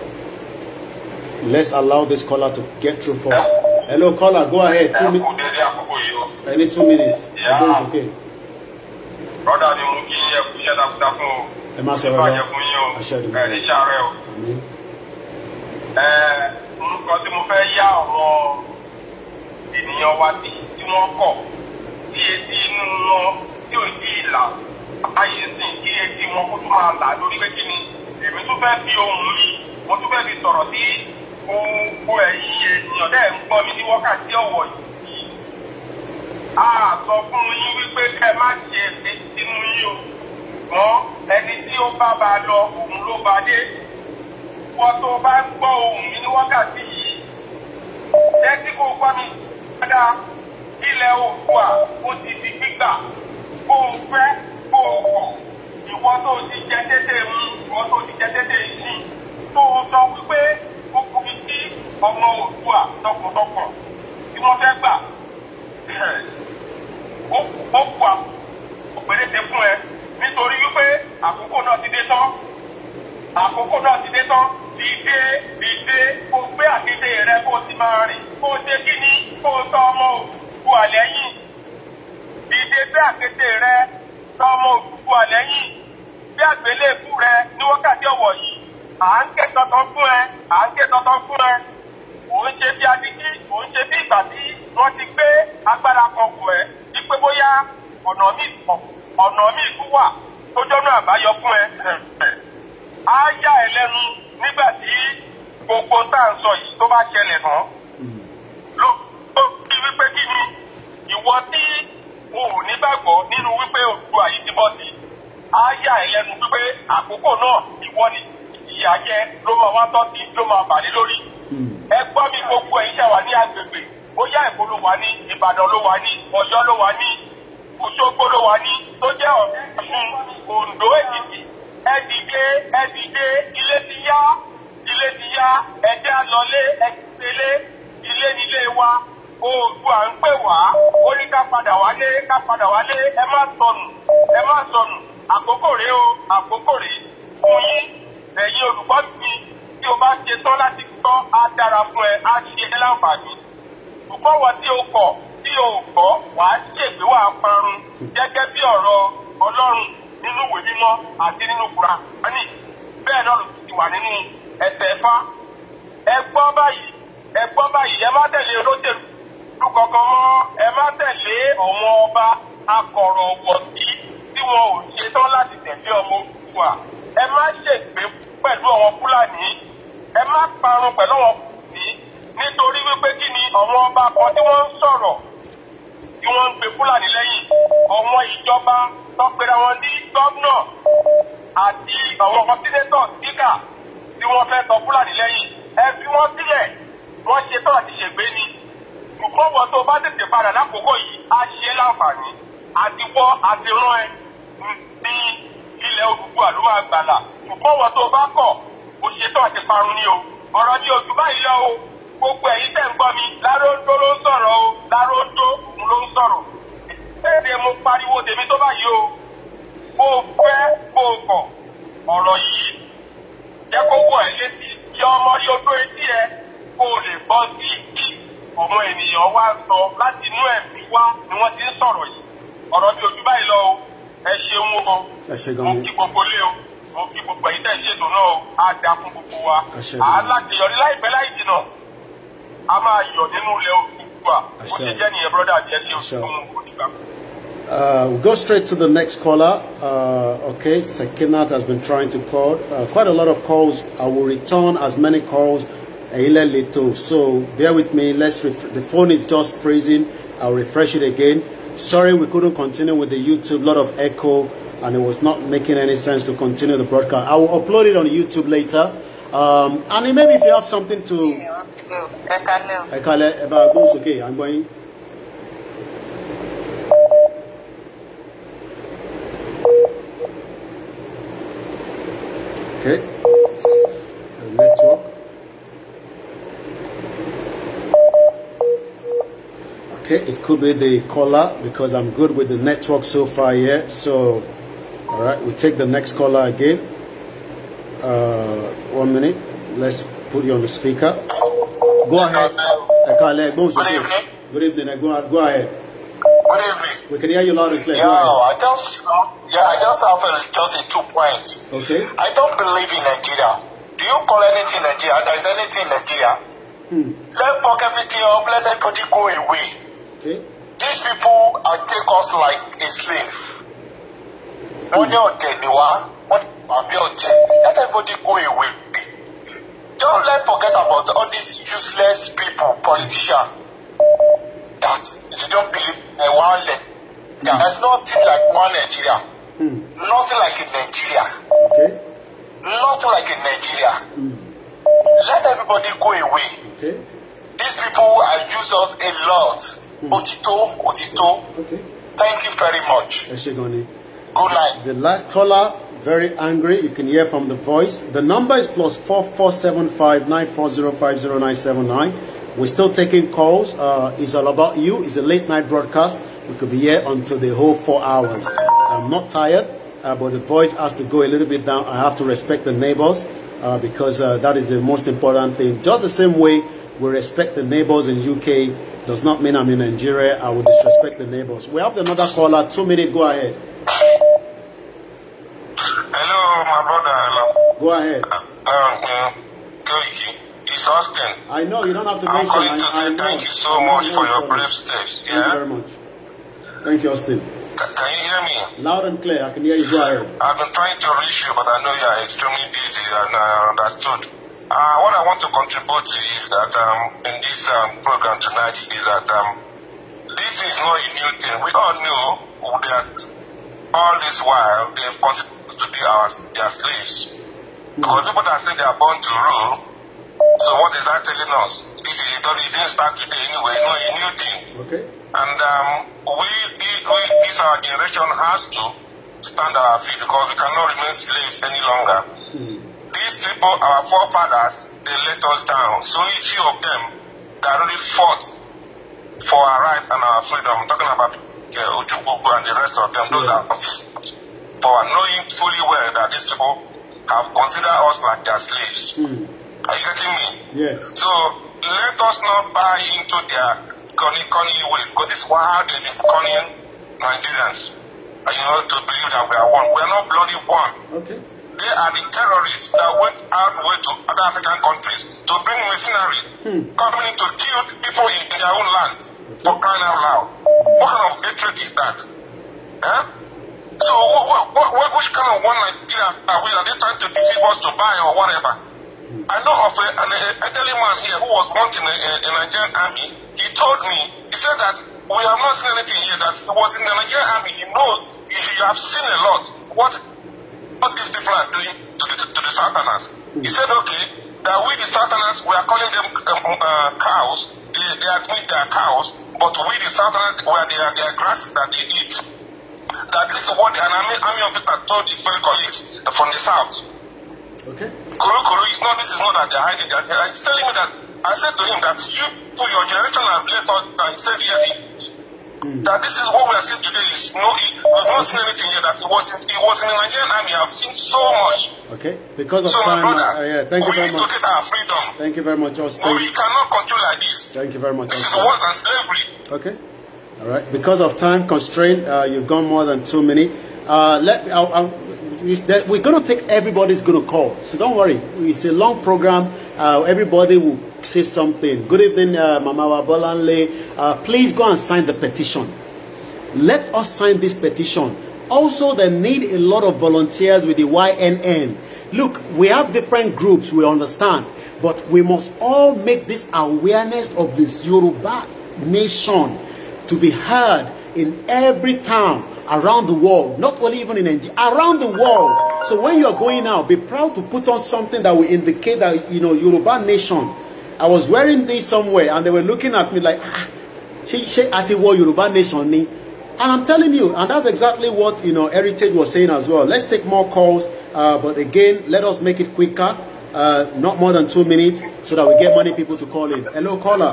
[SPEAKER 1] let's allow this caller to get through first. hello caller go ahead two minutes. ẹ kú two minutes. ẹ Okay. Brother, brọ́dà ni mo kí ẹ kú iṣẹ́ takuta fún o. ẹ má sọ̀rọ̀ lọ àṣẹ ìdìbò rẹ̀. ẹ níṣà rẹ o. ẹ
[SPEAKER 3] nǹkan tí mo fẹ́ yá àwọn ènìyàn wa bí tí wọ́n kọ̀ tí etí inú wọn tí ò tí ì là ayé sìn kí etí wọn kó tó máa là lórí pé kí ni èmi tún fẹ́ fi ohùn mi mo tún fẹ́ fi sọ̀rọ̀ sí gbogbo ẹ̀yin ènìyàn dẹ̀ ń gbọ́ mi ní wákàtí ọ̀wọ̀ yìí a sọ fún yín wípé kẹ́ má ṣe èmi sínú yín o mọ́ ẹni tí ó bá ba lọ òun ló ba dé wọ́n tó bá ń gbọ́ ohùn mi ní wákàtí yìí jẹ́ tí kò gbọ́ mi dáadáa ilẹ̀ òkúà ó ti di gbígbà kó o fẹ́ kó o kọ̀ ìwọ tó ti jẹ tètè mú ìwọ tó ti jẹ tètè yìí tó o sọ wípé fi sí ọmọ òdua tọkàntọkàn tí wọ́n fẹ́ gbà ó kú àpèrèsè fún ẹ nítorí wípé àkókò náà ti dé tán àkókò náà ti dé tán dìde dìde kó gbé àkété rẹ kó ti máa rìn kó o kí ni kó o tọ ọmọ òdua lẹ́yìn dìde gbé àkété rẹ tọ ọmọ òdua lẹ́yìn bí àgbélébù rẹ ní wákàtí ọ̀wọ̀ yìí à ń ké tọ́tọ́ fún ẹ à ń ké tọ́tọ́ fún ẹ ò ń ṣe bí adití ò ń ṣe bí ìgbà tí wọ́n ti gbé agbára kan kù ẹ wípé bóyá ọ̀nà mi ọ̀nà mi tún wà tó jọ́nà àbáyọ fún ẹ á yà ẹ lẹ́nu nígbà tí gbogbo tá à ń sọ yìí tó bá ṣẹlẹ̀ náà ló tó fi wípé kí ni ìwọ tí o ò ní gbàgbọ́ nínú wípé Oòduà yìí ti bọ́ sí á yà ẹ lẹ́nu wípé àkókò náà ìwọ ni ìyà jẹ ló máa wá tọ́ sí ló máa bàlẹ́ lórí. Hmm. ẹ gbọ́ mi gbogbo ẹ̀yin ṣàwà ní agbègbè bóyá Èkó ló wà ní Ìbàdàn ló wà ní Ọ̀yọ́ ló wà ní Òṣogbo ló wà ní tó jẹ́ Ọ̀ṣun Oǹdó Èkìtì ẹ dìde ẹ ilé ti yá ilé ti yá ẹ̀jẹ̀ àlọ́lé ẹ̀kìtẹ́lé ilé nílé wa oògùn à ń pè wá ó ká padà wálé ká padà wálé ẹ má sọnù ẹ má sọnù àkókò rèé o àkókò rèé fún yín ẹ̀yin olùkọ́ mi tí o bá ṣe tán láti tọ́ á dára fún ẹ á ṣe ẹ́ láǹfààní. ṣùgbọ́n wọ́n tí o kọ̀ tí o gbọ́ wàá ṣègbè wàá parun gẹ́gẹ́ bí ọ̀rọ̀ Ọlọ́run nínú ìwé mímọ́ àti nínú Kùránì bẹ́ẹ̀ náà ló ti wà nínú ẹsẹ̀ Ẹ̀fà. ẹ gbọ́ báyìí ẹ gbọ́ báyìí ẹ má tẹ̀lé olóṣèlú kankan mọ́ ẹ má tẹ̀lé àwọn ọba akọ̀rọ̀wọ̀sí tí wọn ò ṣetán láti tẹ̀lé ọmọ òkú wa ẹ má ṣègbè fún pẹ̀lú àwọn fúlàní ẹ má parun pẹ̀lú àwọn fúlàní nítorí wípé kí ni àwọn ọba kan tí wọ́n ń sọ̀rọ̀ tí wọ́n ń pe fúlàní lẹ́yìn àwọn ìjọba tọ́pẹ́ra wọn ní gọ́vnà àti àwọn ọmọ sínétọ̀ síkà tí wọ́n fẹ́ tọ fúlàní lẹ́yìn ẹ fi wọ́n sílẹ̀ wọ́n ṣe tọ́ àti ṣègbè ni ṣùgbọ́n wọ́n tó bá tètè padà lákòókò yìí á ṣe láǹfààní àti wọ́ àti rán ẹ ní ilẹ̀ Oòduà ló máa gbàlà ṣùgbọ́n wọn tó bá kọ̀ ó ṣetán àti parun ni o ọ̀rọ̀ ni ojú báyìí lọ o gbogbo ẹ̀yin tẹ̀ ń gbọ́ mi láróńdó ló ń sọ̀rọ̀ o láróńdó òun ló ń sọ̀rọ̀ èdè mo pariwo tèmi tó báyìí o bó fẹ́ bó kọ̀ ọ̀rọ̀ yìí jẹ́ kó wọ̀ ẹ́ létí yọ ọmọ rí odó etí ẹ kó o lè bọ́ sí ìdí ọmọ ènìyàn wá sọ láti inú ẹ̀mí wá ni wọ́n ti ń sọ̀rọ̀ yìí ọ̀rọ̀ bí ojú báyìí lọ o ẹ ṣeun
[SPEAKER 1] o mo kí
[SPEAKER 3] gbogbo lé o mo kí gbogbo ẹ̀yin tẹ̀ ṣètò náà á da fún gbogbo wa aláṣeyọrí láìpẹ́ láì jìnà a máa yọ̀ nínú ilẹ̀ Oòduà
[SPEAKER 1] ó ti jẹ́ nìyẹn brọ́dà jẹ́ ṣe òṣùwọ̀n òdìgbà. Uh, we'll go straight to the next caller. Uh, okay, Sekinat has been trying to call. Uh, quite a lot of calls. I will return as many calls. So bear with me. Let's the phone is just freezing. I'll refresh it again. Sorry we couldn't continue with the YouTube, lot of echo, and it was not making any sense to continue the broadcast. I will upload it on YouTube later. Um, and maybe if you have something to... about eh, goes okay, I'm going... Okay. okay it could be the caller because I'm good with the network so far here so all right we take the next caller again uh, one minute let's put you on the speaker go ahead good evening good evening eh, go, go ahead good evening we can hear you loud and clear yeah, I
[SPEAKER 3] just um, yeah I just have a, uh, just a two points okay I don't believe in Nigeria do you call anything Nigeria there is anything Nigeria Hmm. let fuck everything up. Um, let everybody go away.
[SPEAKER 1] Okay. These
[SPEAKER 3] people are take us like a slave. Wọ́n ní ọ̀tẹ̀ ni wá, Let everybody go away. Don't let forget about all these useless people, politicians, that you don't believe in one leg. There's hmm. nothing like one Nigeria. Mm. Nothing like in Nigeria. Okay. Nothing like in Nigeria. Mm. Let everybody go away.
[SPEAKER 1] Okay. These people have used us a lot. Hmm. Otito, Otito. Okay. Thank you very much. Eshigoni. Good night. The last caller, very angry. You can hear from the voice. The number is plus 4475 We're still taking calls. Uh, it's all about you. It's a late night broadcast. We could be here until the whole four hours. I'm not tired, uh, but the voice has to go a little bit down. I have to respect the neighbors uh, because uh, that is the most important thing. Just the same way we respect the neighbors in UK does not mean I'm in Nigeria. I will disrespect the neighbors. We have another caller. Two minutes. Go ahead.
[SPEAKER 3] Hello, my brother. Hello. Go ahead. Uh, um, it's Austin. I know. You don't have to I'm mention. I'm calling to I, say I thank you so much for your
[SPEAKER 1] brave steps. Thank yeah? you very much. Thank you, Austin. Can you hear me? Loud and clear. I can hear you. Go ahead. I've been trying to reach
[SPEAKER 3] you, but I know you are extremely busy and I understood. Uh, what I want to contribute is that um, in this um, program tonight is that um, this is not a new thing. We all knew that all this while they have
[SPEAKER 2] considered to be our, their slaves. Hmm. Because people that say they are born to rule,
[SPEAKER 3] so what is that telling us? This is, it, it didn't start today anyway, it's not a new thing. Okay. And um, we, we, this our generation has to stand our feet because we cannot remain slaves any longer. Mm. These people, our forefathers, they let us down. So only few of them that really fought for our right and our freedom. I'm talking about uh, Ujugugu and the rest of them. Those yeah. are for knowing fully well that these people have considered us like their slaves. Mm. Are you getting me? Yeah. So let us
[SPEAKER 2] not buy into their conny conny way. Because this is why they've been conning
[SPEAKER 3] Nigerians. And you know, to believe that we are one. We are not bloody one. Okay. They are the terrorists that went out way to other African countries to bring machinery hmm. coming to kill people in, in their own land for crying out loud. What kind of hatred is that? Huh? Eh? So what, what, what, which kind of one Nigeria are we? Are they trying to deceive us to buy or whatever? Hmm. I know of a, an elderly man here who was once in the Nigerian army. He told me, he said that we have not seen anything here, that he was in the Nigerian army. He knows, he, he have seen a lot. What what these people are doing to the, to the Southerners. He hmm. said, okay, that we the Southerners, we are calling them um, uh, cows. They, they admit they are cows, but we the Southerners, we are their, their grasses that they eat. That this is what the army, army officer told his fellow colleagues from the South. Okay. Kuru Kuru is not, this is not that they're hiding. They're, he's telling me that, I said to him that you, for your generation, have let us, I said, yes, he, Mm. That this is what we are seeing today is no, we've not seen anything yet. That
[SPEAKER 1] it was not it was in the Nigerian army. I've seen so much. Okay, because of so time. Brother, uh, yeah, thank you very much. our freedom. Thank you very much, Austin. No, we cannot control like this. Thank you very much. This Austin. is worse than slavery. Okay, all right. Because of time constraint, uh, you've gone more than two minutes. Uh, let I, I, we're going to take everybody's going to call, so don't worry. It's a long program uh, everybody will say something. Good evening, uh, Mama Wabolanle. Uh, please go and sign the petition. Let us sign this petition. Also, they need a lot of volunteers with the YNN. Look, we have different groups, we understand. But we must all make this awareness of this Yoruba nation to be heard in every town around the world, not only even in Nigeria, around the world. So when you are going out, be proud to put on something that will indicate that, you know, Yoruba nation. I was wearing this somewhere and they were looking at me like, ah, she, she at the Yoruba nation. Ni. And I'm telling you, and that's exactly what, you know, Heritage was saying as well. Let's take more calls, uh, but again, let us make it quicker, uh, not more than two minutes, so that we get many people to call in. Hello, caller.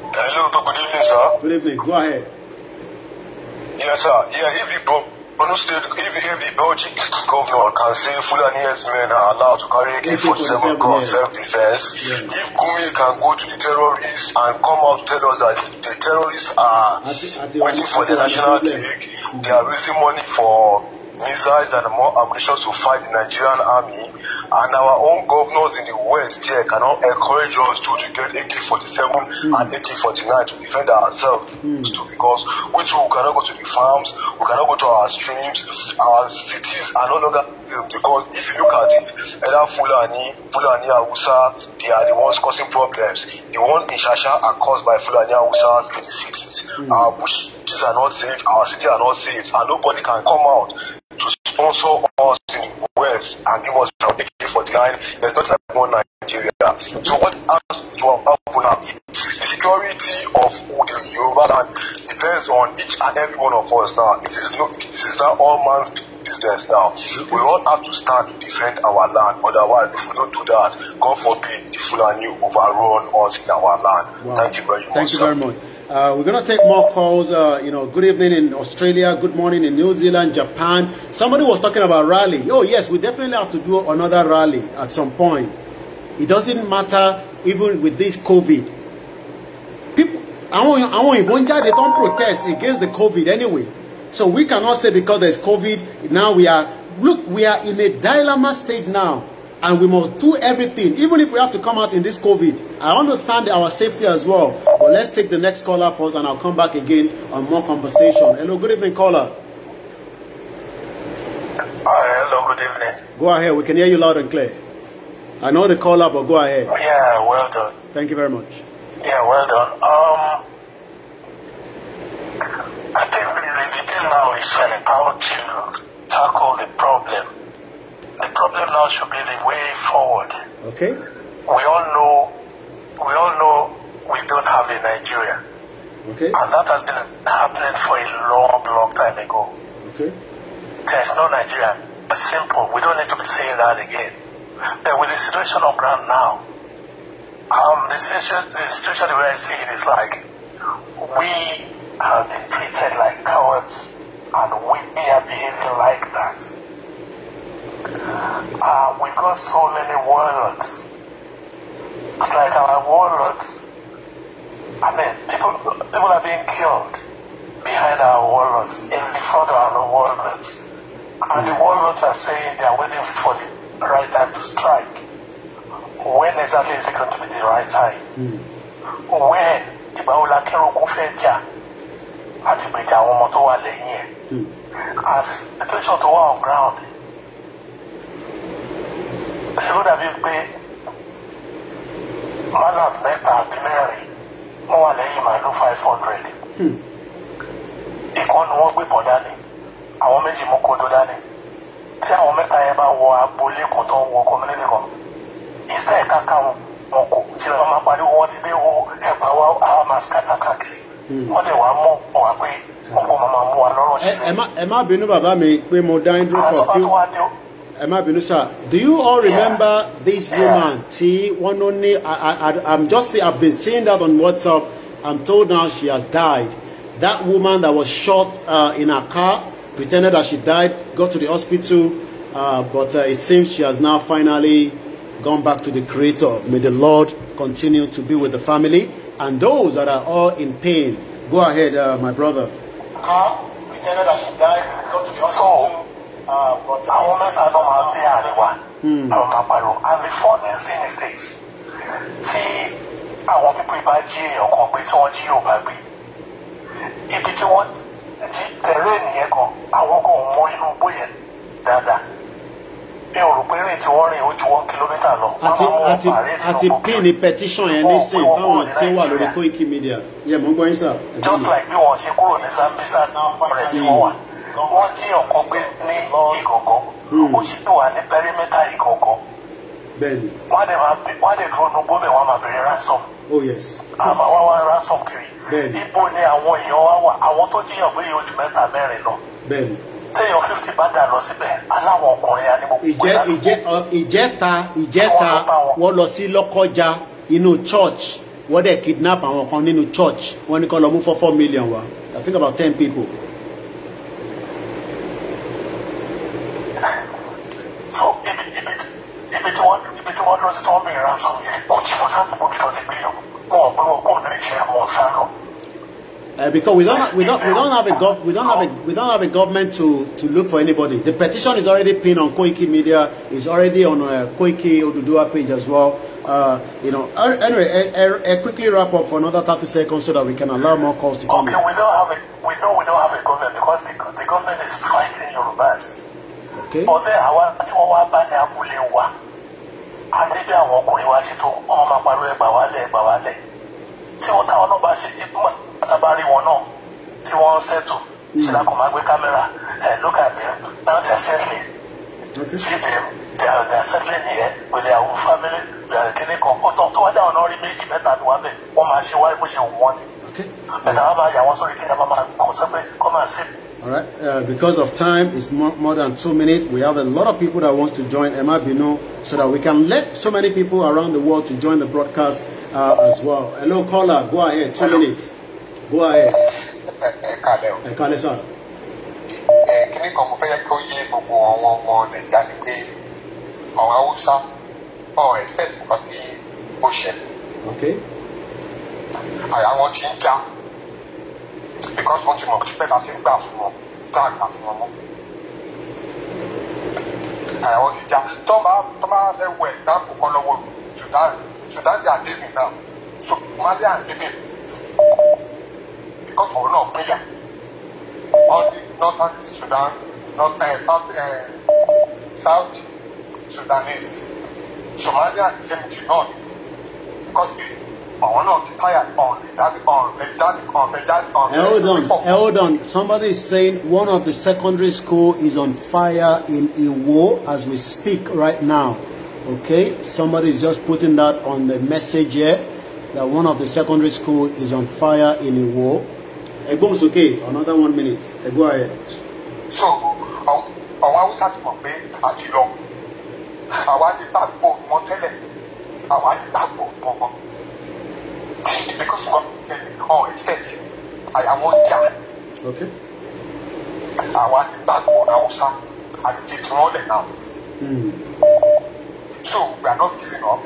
[SPEAKER 1] Hello, good evening, sir. Good evening. Go ahead. Yes, sir.
[SPEAKER 4] Yeah, if you broke Understood, if, if the Belgian governor can say Fulani's men are allowed to carry AK-47 guns self-defense, yeah. if Gumi can go to the terrorists and come out tell us that the terrorists are waiting for the National League, they are raising money for missiles and more ammunition to fight the Nigerian army, and our own governors in the West here cannot encourage us to, get AK-47 mm. and AK-49 to defend ourselves mm. too, because we too cannot go to the farms, we cannot go to our streams, our cities are no longer built because if you look at it, either Fulani, Fulani Hausa, they are the ones causing problems. The one in Shasha are caused by Fulani Hausas in the cities. Mm. Our bushes are not safe, our cities are not safe, and nobody can come out to sponsor us in the West and give us an AK-49. There's not like one Nigeria. So what has to happen now is the security of the Yoruba land depends on each and every one of us now. It is not, it is not all man's business now. We all have to stand to defend our land. Otherwise, if we don't do that, God forbid the Fulani overrun us in our land.
[SPEAKER 1] Wow. Thank you very much. Thank you very much. Uh, we're going to take more calls. Uh, you know, good evening in Australia, good morning in New Zealand, Japan. Somebody was talking about rally. Oh, yes, we definitely have to do another rally at some point. It doesn't matter even with this COVID. People, I àwọn òyìnbó that they don't protest against the COVID anyway. So we cannot say because there's COVID, now we are, look, we are in a dilemma state now and we must do everything, even if we have to come out in this COVID. I understand our safety as well, but let's take the next caller first and I'll come back again on more conversation. Hello, good evening, caller. Uh, hello, good evening. Go ahead, we can hear you loud and clear. I know the caller, but go ahead. Yeah, well done. Thank you very much. Yeah,
[SPEAKER 4] well done. Um, I think the, the thing now
[SPEAKER 3] is how to tackle the problem the problem now should be the way forward.
[SPEAKER 2] Okay. We
[SPEAKER 3] all know, we all know we don't
[SPEAKER 4] have a Nigeria. Okay. And that has been happening for a long, long time ago. Okay. There's no Nigeria. It's simple. We don't need to be saying that again. But with the situation on ground now, um, the situation, the situation the way I see it is like, we have been treated like cowards
[SPEAKER 3] and we are behaving like that. Uh, we got so many warlords. It's like our warlords. I mean, people people are being killed behind our warlords, in front of our warlords. And the warlords are saying they are waiting for the right time to strike. When exactly is it going to be the right time? Mm. When the wo la kírun kún fẹ́ jà àti gbèjà hmm. As the situation tó wà on ground ṣé ó dàbí pé malam mẹ́ta àbí mẹ́rin wọ́n wà lẹ́yìn màálù
[SPEAKER 2] five hundred hmm. ìkànnì wọ́n gbé bọ̀ dání àwọn méjì mú kódó dání tí àwọn mẹ́ta yẹn bá wọ agboolé kan tó wọ
[SPEAKER 3] community kan ìsẹ́ ẹ̀ka káwọn wọn kò tí wọ́n máa pariwo wọ́n ti dé wo ẹ̀gbá
[SPEAKER 1] wa àwọn máa skata káàkiri hmm. wọ́n dẹ̀ wá mọ̀ wá pé
[SPEAKER 3] wọ́n kò mú wa lọ́rọ̀
[SPEAKER 1] sí. ẹ má bínú bàbá mi pé mo dá ń dúró for few. ẹ má do you all remember yeah. this woman ti one only. I, ní i'm just i've been seeing that on whatsapp i'm told now she has died that woman that was shot uh, in her car pretended that she died got to the hospital uh, but uh, it seems she has now finally gone back to the creator may the lord continue to be with the family and those that are all in pain go ahead uh, my brother car
[SPEAKER 3] pretended that she died got to the hospital Ah, but àwọn mẹ́ta náà máa dé àríwá hmm. àwọn máa pariwo and the fourth thing is this tí àwọn pípé bá jí èèyàn kan gbé tí wọ́n jí yóò bá gbé ibi tí wọ́n jí tẹ̀lé ènìyàn kan àwọn kan ò mọ inú bóyá
[SPEAKER 4] dáadáa mi ò rò pé rìn tí wọ́n rìn ó ju one
[SPEAKER 1] kilometre lọ. àti àti àti pin ní petition yẹn nísìn fáwọn tí wà lórí Koiki Media yẹ mọ gbọ́ yín sà. just like bí wọ́n ṣe kúrò ní Sambisa press wọ́n wà wọ́n jí ọ̀kan gbé ní ìgọ̀gọ́ hmm. ó sì wà ní pẹ́rímítà ìgọ̀gọ́ wọ́n dẹ̀ dúró nu gómìnà wọ́n máa bẹ̀rẹ̀ ransom oh, àmọ́ wọ́n wá ransom kiri ibo ni àwọn èèyàn wá wà àwọn tó
[SPEAKER 3] jíyàn pé yóò mẹ́ta mẹ́rin lọ
[SPEAKER 1] téèyàn fífi bá dà lọ síbẹ̀ aláwọ̀ ọkùnrin anímọ̀kùnkùn ládùúgbò. ìjẹta ìjẹta wọ́n lọ sí lọ́kọ́já inú church wọ́n dẹ̀ kidnap àwọn kan nínú church wọ́n ní kó lọ mú four four million wá I think about ten people.
[SPEAKER 3] So if if if it it 이미 이미 이미 동안 이미 동안 그래서 동안 명이라서 고치고 사는 법이 더 생겨요. 뭐 그거 오늘 제가 못 사고.
[SPEAKER 1] Uh, because we don't, we don't, we don't have a gov, we don't have a, we don't have a government to, to look for anybody. The petition is already pinned on Koiki Media. is already on uh, Koiki Odudua page as well. Uh, you know, anyway, I, I, I quickly wrap up for another 30 seconds so that we can allow more calls to come. Okay, we don't have a, we know we don't have
[SPEAKER 3] a government because the, the government is fighting Yorubas. ọ̀tẹ̀ àwa tí wọ́n wá bá ní abúlé wa a níbi àwọn ọkùnrin wa ti tó wọ́n máa pariwo ẹgbà wálẹ̀ ẹgbà wálẹ̀ tí wọ́n táwọn náà bá ṣe ìgbìmọ̀ àtàbárí wọn náà tí wọ́n ń ṣètò hmm. ṣe la kò máa gbé kámẹ́rà ẹ̀ look at them now they are settling
[SPEAKER 2] see them they are they are settling here
[SPEAKER 3] with their own family they are kìnnìkan ọ̀tọ̀ tó wá dáhùn náà rí méjì mẹ́ta ló wá bẹ̀ wọ́n máa ṣe wáyé bó ṣe wù wọ́n ni. Okay. All
[SPEAKER 1] right. Uh, because of time, it's more, more than two minutes. We have a lot of people that wants to join Emma Bino so that we can let so many people around the world to join the broadcast uh, as well. Hello, caller. Go ahead. Two Hello. minutes. Go ahead. Ẹ eh, kálẹ́ sir. Ẹ eh, kíni
[SPEAKER 3] I wọn ti ń já because wọ́n ti mọ̀ tí pẹ́ta ti ń gbà That's more. I want fún wọn mọ́ àyà wọn ti já tó bá tó bá ẹ wọ ẹ̀sáàpù kan lọ́wọ́ Sudan Sudan di àdébì náà Somalia àdébì because òun náà pínyà all the northern Sudan north uh, south uh, south Sudanese Somalia is same thing náà because àwọn náà ti táyà ọ̀rùn ìdáni ọ̀rùn ìdáni ọ̀rùn
[SPEAKER 1] ìdáni ọ̀rùn. ẹ hold on hold on somebody is saying one of the secondary school is on fire in Iwo as we speak right now okay somebody is just putting that on the message here that one of the secondary school is on fire in Iwo. ẹgbọn okay. another one minute ẹ go ahead. so àwọn haúsá ti mọ̀ pé àti lọ
[SPEAKER 3] àwa ti gbàgbọ́ wọn I want to gbàgbọ́ both. because oh, instead, I, I want that. Okay. I want that one also, and it is rolling now.
[SPEAKER 2] Mm. So we are not giving up.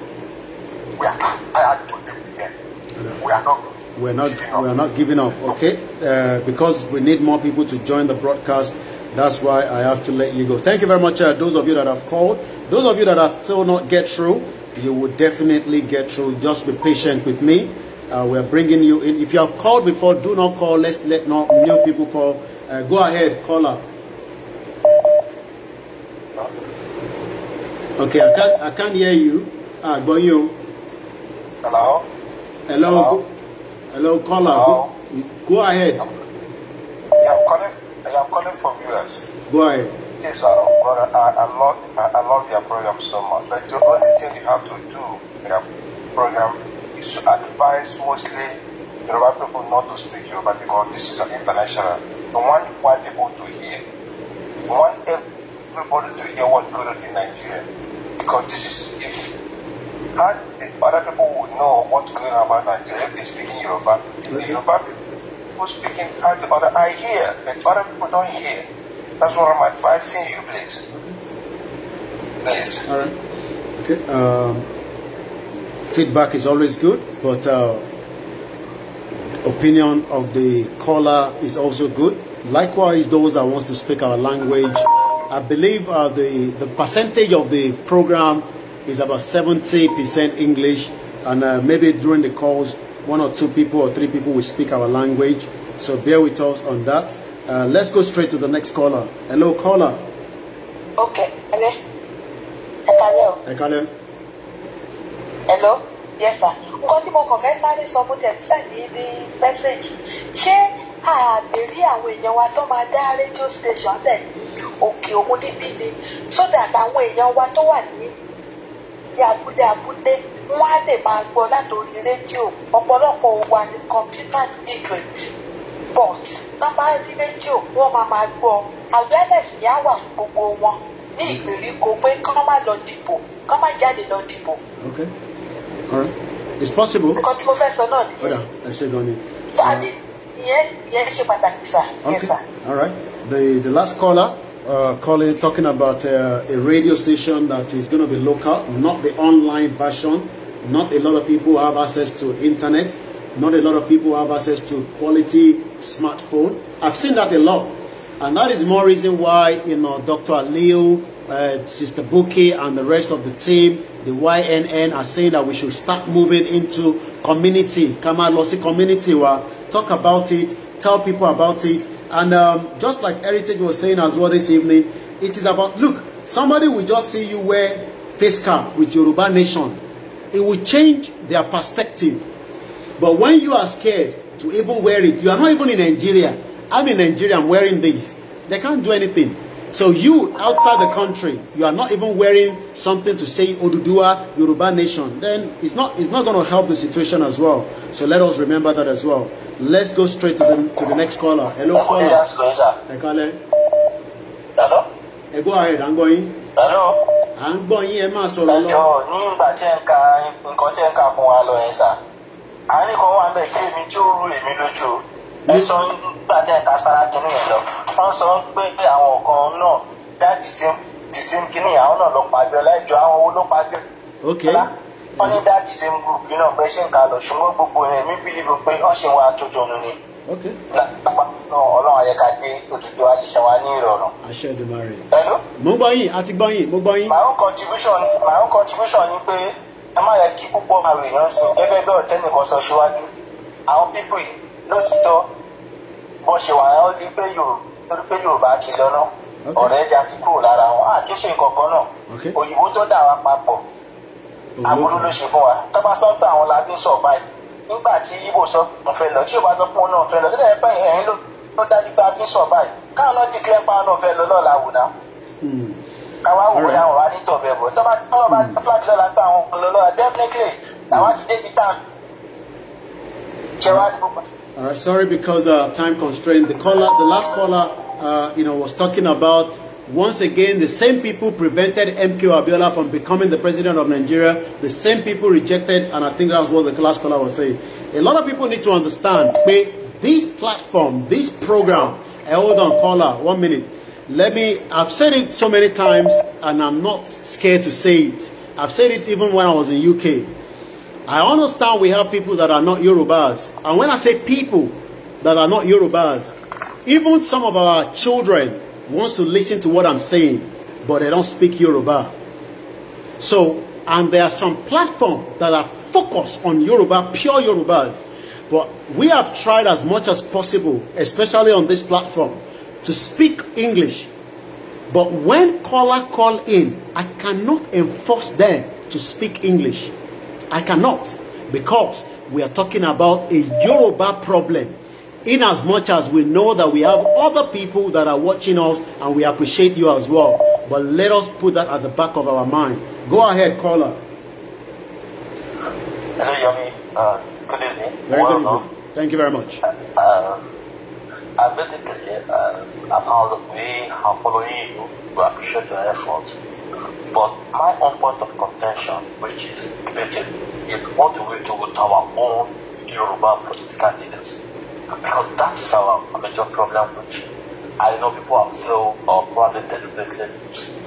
[SPEAKER 1] We are tired to them. again. We are not we're not we're not giving up okay uh, because we need more people to join the broadcast that's why i have to let you go thank you very much uh, those of you that have called those of you that have still not get through you will definitely get through. Just be patient with me. Uh, we're bringing you in. If you are called before, do not call. Let's let not new people call. Uh, go ahead, caller. Okay, I can't I can't hear you. Ah, but you. Hello. Hello. Hello, caller. Hello. Go, go ahead. I am
[SPEAKER 3] calling. I am calling from US. Go ahead. Yes, I, But I, I, love, I, I love your program so much. But the only thing you have to do in your program is to advise mostly Yoruba people not to speak Yoruba because this is an international. We want white people to hear. We want everybody to hear what's going on in Nigeria. Because this is, if, other people would know what's going on about Nigeria, if they speak in Yoruba, if the Yoruba people speaking, how the other, I hear, but other people don't hear. That's what I'm advising you, please.
[SPEAKER 1] Okay. Please. All right. Okay. Um, feedback is always good, but uh, opinion of the caller is also good. Likewise, those that wants to speak our language, I believe uh, the, the percentage of the program is about 70% English, and uh, maybe during the calls, one or two people or three people will speak our language. So bear with us on that. Uh, let's go straight to the next caller. Hello, caller.
[SPEAKER 3] Okay. Hello.
[SPEAKER 1] Hello.
[SPEAKER 3] Hello. Yes, sir. Nǹkan tí mo kàn fẹ́ sáré sọ bó tẹ̀ send me the message. Ṣé àbèrí àwọn èèyàn wa tó máa dá rédíò station lẹ̀ ní òkè òun níbí ni so that àwọn èèyàn wa tó wà ní ní abúlé abúlé wọ́n á lè máa gbọ́ látòrí rédíò ọ̀pọ̀lọpọ̀ wa ní computer degrade but wọ́n rí rédíò wọ́n máa máa gbọ́ awareness ni á wà fún gbogbo wọn ní mm. ìgbèríko pé kán má lọ dìbò kán má jáde lọ dìbò.
[SPEAKER 1] okay all right it's possible. nǹkan
[SPEAKER 3] tí mo fẹ́ sọ náà ni.
[SPEAKER 1] ọ̀dà ẹ ṣe gan ni. so a
[SPEAKER 3] ìyẹn ìyẹn ṣe pàtàkì sà.
[SPEAKER 1] okay all right the the last caller. Uh, calling, talking about uh, a radio station that is going to be local, not the online version. Not a lot of people have access to internet. Not a lot of people have access to quality smartphone. I've seen that a lot. And that is more reason why, you know, Dr. Leo, uh, Sister Buki, and the rest of the team, the YNN, are saying that we should start moving into community, Kamalosi community, where talk about it, tell people about it. And um, just like Heritage was saying as well this evening, it is about, look, somebody will just see you wear face cap with Yoruba Nation. It will change their perspective. But when you are scared to even wear it, you are not even in Nigeria. I'm in Nigeria, I'm wearing this. They can't do anything. So you, outside the country, you are not even wearing something to say Odudua, Yoruba nation, then it's not, it's not going to help the situation as well. So let us remember that as well. Let's go straight to the, to the next caller. Hello, caller. Hello? Hey, go ahead, I'm going. Hello. I'm going. gbọ́ yín ẹ máa sọ̀rọ̀
[SPEAKER 2] àárín kan wà mẹ́ẹ̀ tí èmi tí ó rú èmi lójú ẹ sọ nígbà tẹ́ ẹ̀ ká sára kínní yẹn lọ wọ́n sọ pé àwọn kan náà dá dìsín kínní àwọn náà lọ pàjọ lẹ́jọ́ àwọn owó ló pàjọ.
[SPEAKER 3] wọ́n ní dá dìsín group yìí náà pé ṣé nǹkan lọ ṣùgbọ́n gbogbo yẹn mi bílíbi pé wọ́n ṣe wà tó dùn ni. lápapọ̀ ọlọ́run àyẹ̀ká dé òtítọ́ àṣìṣe wa ní
[SPEAKER 1] ìrọ̀rùn. àṣẹ Èdùmàrè. mo gbọ́ yín àti gbọ́ yín mo gbọ́ yín. my own contribution ni pé ẹ má yẹ kí púpọ̀ àwọn èèyàn sìn gẹ́gẹ́ bí ọ̀tẹ́ nìkan sọ síwájú àwọn pípù yìí lótìtọ́ bọ́n ṣe wà ó di pé Yorùbá ti lọ́nà ọ̀rẹ́ ẹja ti kúrò lára wọn àkíṣe
[SPEAKER 2] nǹkan náà òyìnbó tó dà wá papọ̀ aburú ló ṣe fún wa tọ́ba sọ́tọ̀ àwọn labí sọ̀ báyìí nígbà tí ibo sọ mo fẹ́ lọ tí Yorùbá sọ pé òun náà fẹ́ lọ tẹ́lẹ̀ pẹ́ ẹ̀yìn ló dájú pé abí sọ̀ báyìí káwọn náà ti kílẹ̀ pa náà fẹ́ lọ lọ́la wò
[SPEAKER 3] All
[SPEAKER 1] right, sorry because uh, time constraint. The caller, the last caller, uh, you know, was talking about once again the same people prevented MK Abiola from becoming the president of Nigeria. The same people rejected, and I think that's what the last caller was saying. A lot of people need to understand. This platform, this program. Eh, hold on, caller, one minute. Let me, I've said it so many times and I'm not scared to say it. I've said it even when I was in UK. I understand we have people that are not Yorubas. And when I say people that are not Yorubas, even some of our children wants to listen to what I'm saying, but they don't speak Yoruba. So, and there are some platforms that are focused on Yoruba, pure Yorubas. But we have tried as much as possible, especially on this platform, to speak English. But when caller call in, I cannot enforce them to speak English. I cannot because we are talking about a Yoruba problem. In as much as we know that we have other people that are watching us and we appreciate you as well. But let us put that at the back of our mind. Go ahead, caller. Hello, Yomi. Uh, good evening. Very good evening. Uh, Thank you very much.
[SPEAKER 3] Uh, and basically, uh, another way how following you to appreciate your efforts. But my own point of contention, which is debated, is what we do with our own Yoruba political leaders. Because that is our major problem, which I know people are so or probably deliberately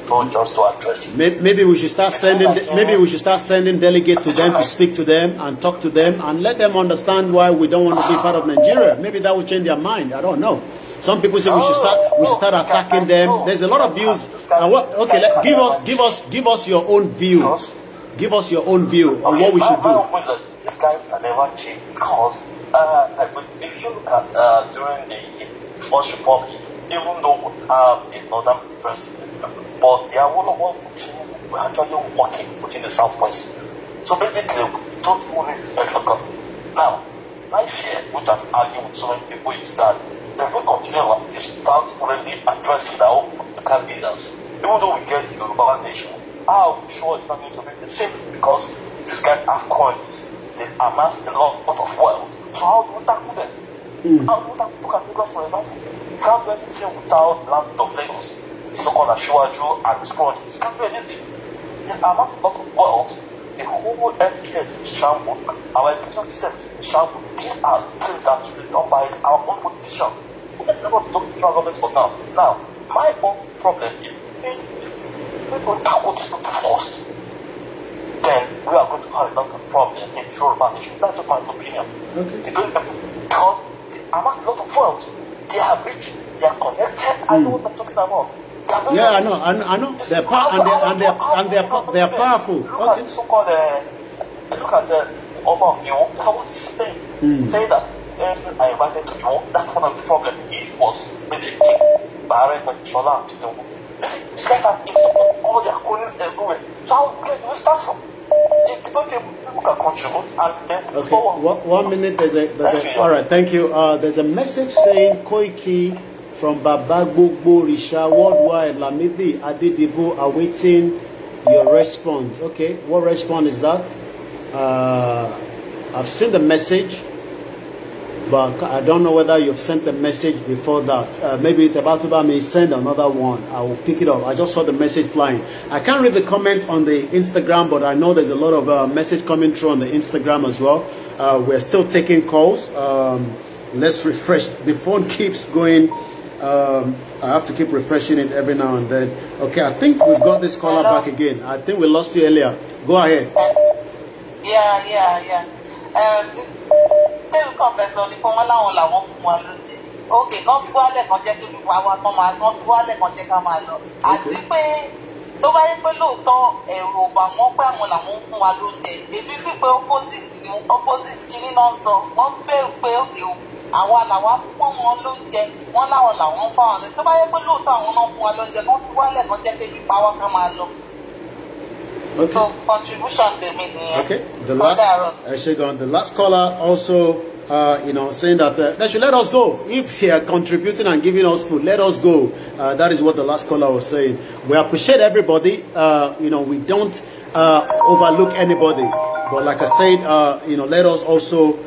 [SPEAKER 3] people just to address it. Maybe,
[SPEAKER 1] we should start sending. Maybe we should start sending delegates to them to speak to them and talk to them and let them understand why we don't want to be part of Nigeria. Maybe that will change their mind. I don't know. Some people say we should start we should start attacking them. There's a lot of views. And what? Okay, let, give us give us give us your own view. Give us your own view on what we should do.
[SPEAKER 3] These guys never because uh, if you look at uh, during the First Republic, even though um, northern president, but the Awolowo team were actually working within the south Southwest. So basically, those people need spectacle. Now, my fear, which I'm with so many people, is that the we continue like this without really addressing our own political leaders, even though we get the Yoruba nation, I'm sure it's not going to be the same because these guys have coins. They amassed a lot, of wealth. So how do we tackle them?
[SPEAKER 2] Mm. How do we tackle Lagos,
[SPEAKER 3] for example? how not do anything without land of Lagos so-called Ashwaju and his projects. You can't do anything. The amount of wealth, the whole healthcare is shambled, our education system is shambled. These are things that should be done by our own position. We can never talk to government for now. Now, my own problem is people tackle to people first, then we are going to have a lot of problems in Yoruba management. That's my opinion. Okay. Because, I among a lot of wealth. they are rich, they are connected. Mm. I know what I'm talking about. Yeah, I know, I know, I know. They're pa- and they're and they're
[SPEAKER 1] and they're, they're powerful.
[SPEAKER 3] Okay. So-called, look at the overview. I want say say that every I invited to you, that was the problem. He was really king, Bahrain, and
[SPEAKER 1] Shola, you know.
[SPEAKER 3] This guy has all their colleagues everywhere. So how can you start
[SPEAKER 2] from? Okay,
[SPEAKER 1] one minute. There's a, there's a, all right, thank you. Uh, there's a message saying Koiki from Baba Gbogbo Risha Worldwide Lamidi Adedibo awaiting your response. Okay, what response is that? Uh, I've seen the message, but I don't know whether you've sent the message before that. Uh, maybe Tabatuba may send another one. I will pick it up. I just saw the message flying. I can't read the comment on the Instagram, but I know there's a lot of uh, message coming through on the Instagram as well. Uh, we're still taking calls. Um, let's refresh. The phone keeps going. Um, I have to keep refreshing it every now and then. Okay, I think we've got this caller Hello? back again. I think we lost you earlier. Go ahead.
[SPEAKER 3] Yeah, yeah, yeah. Um, confessor ni fún àwa làwa fún wọn lóúnjẹ wọn láwọn làwọn fún àwọn tó bá yẹ pé lóòótọ́ àwọn náà fún wa lóúnjẹ wọn fi wálẹ̀ kan jẹ́ pé ipa wa kan máa lọ.
[SPEAKER 1] Okay. So contribution Okay. The last, uh, the last caller also uh, you know, saying that uh, they should let us go. If they are contributing and giving us food, let us go. Uh, that is what the last caller was saying. We appreciate everybody. Uh, you know, we don't uh, overlook anybody. But like I said, uh, you know, let us also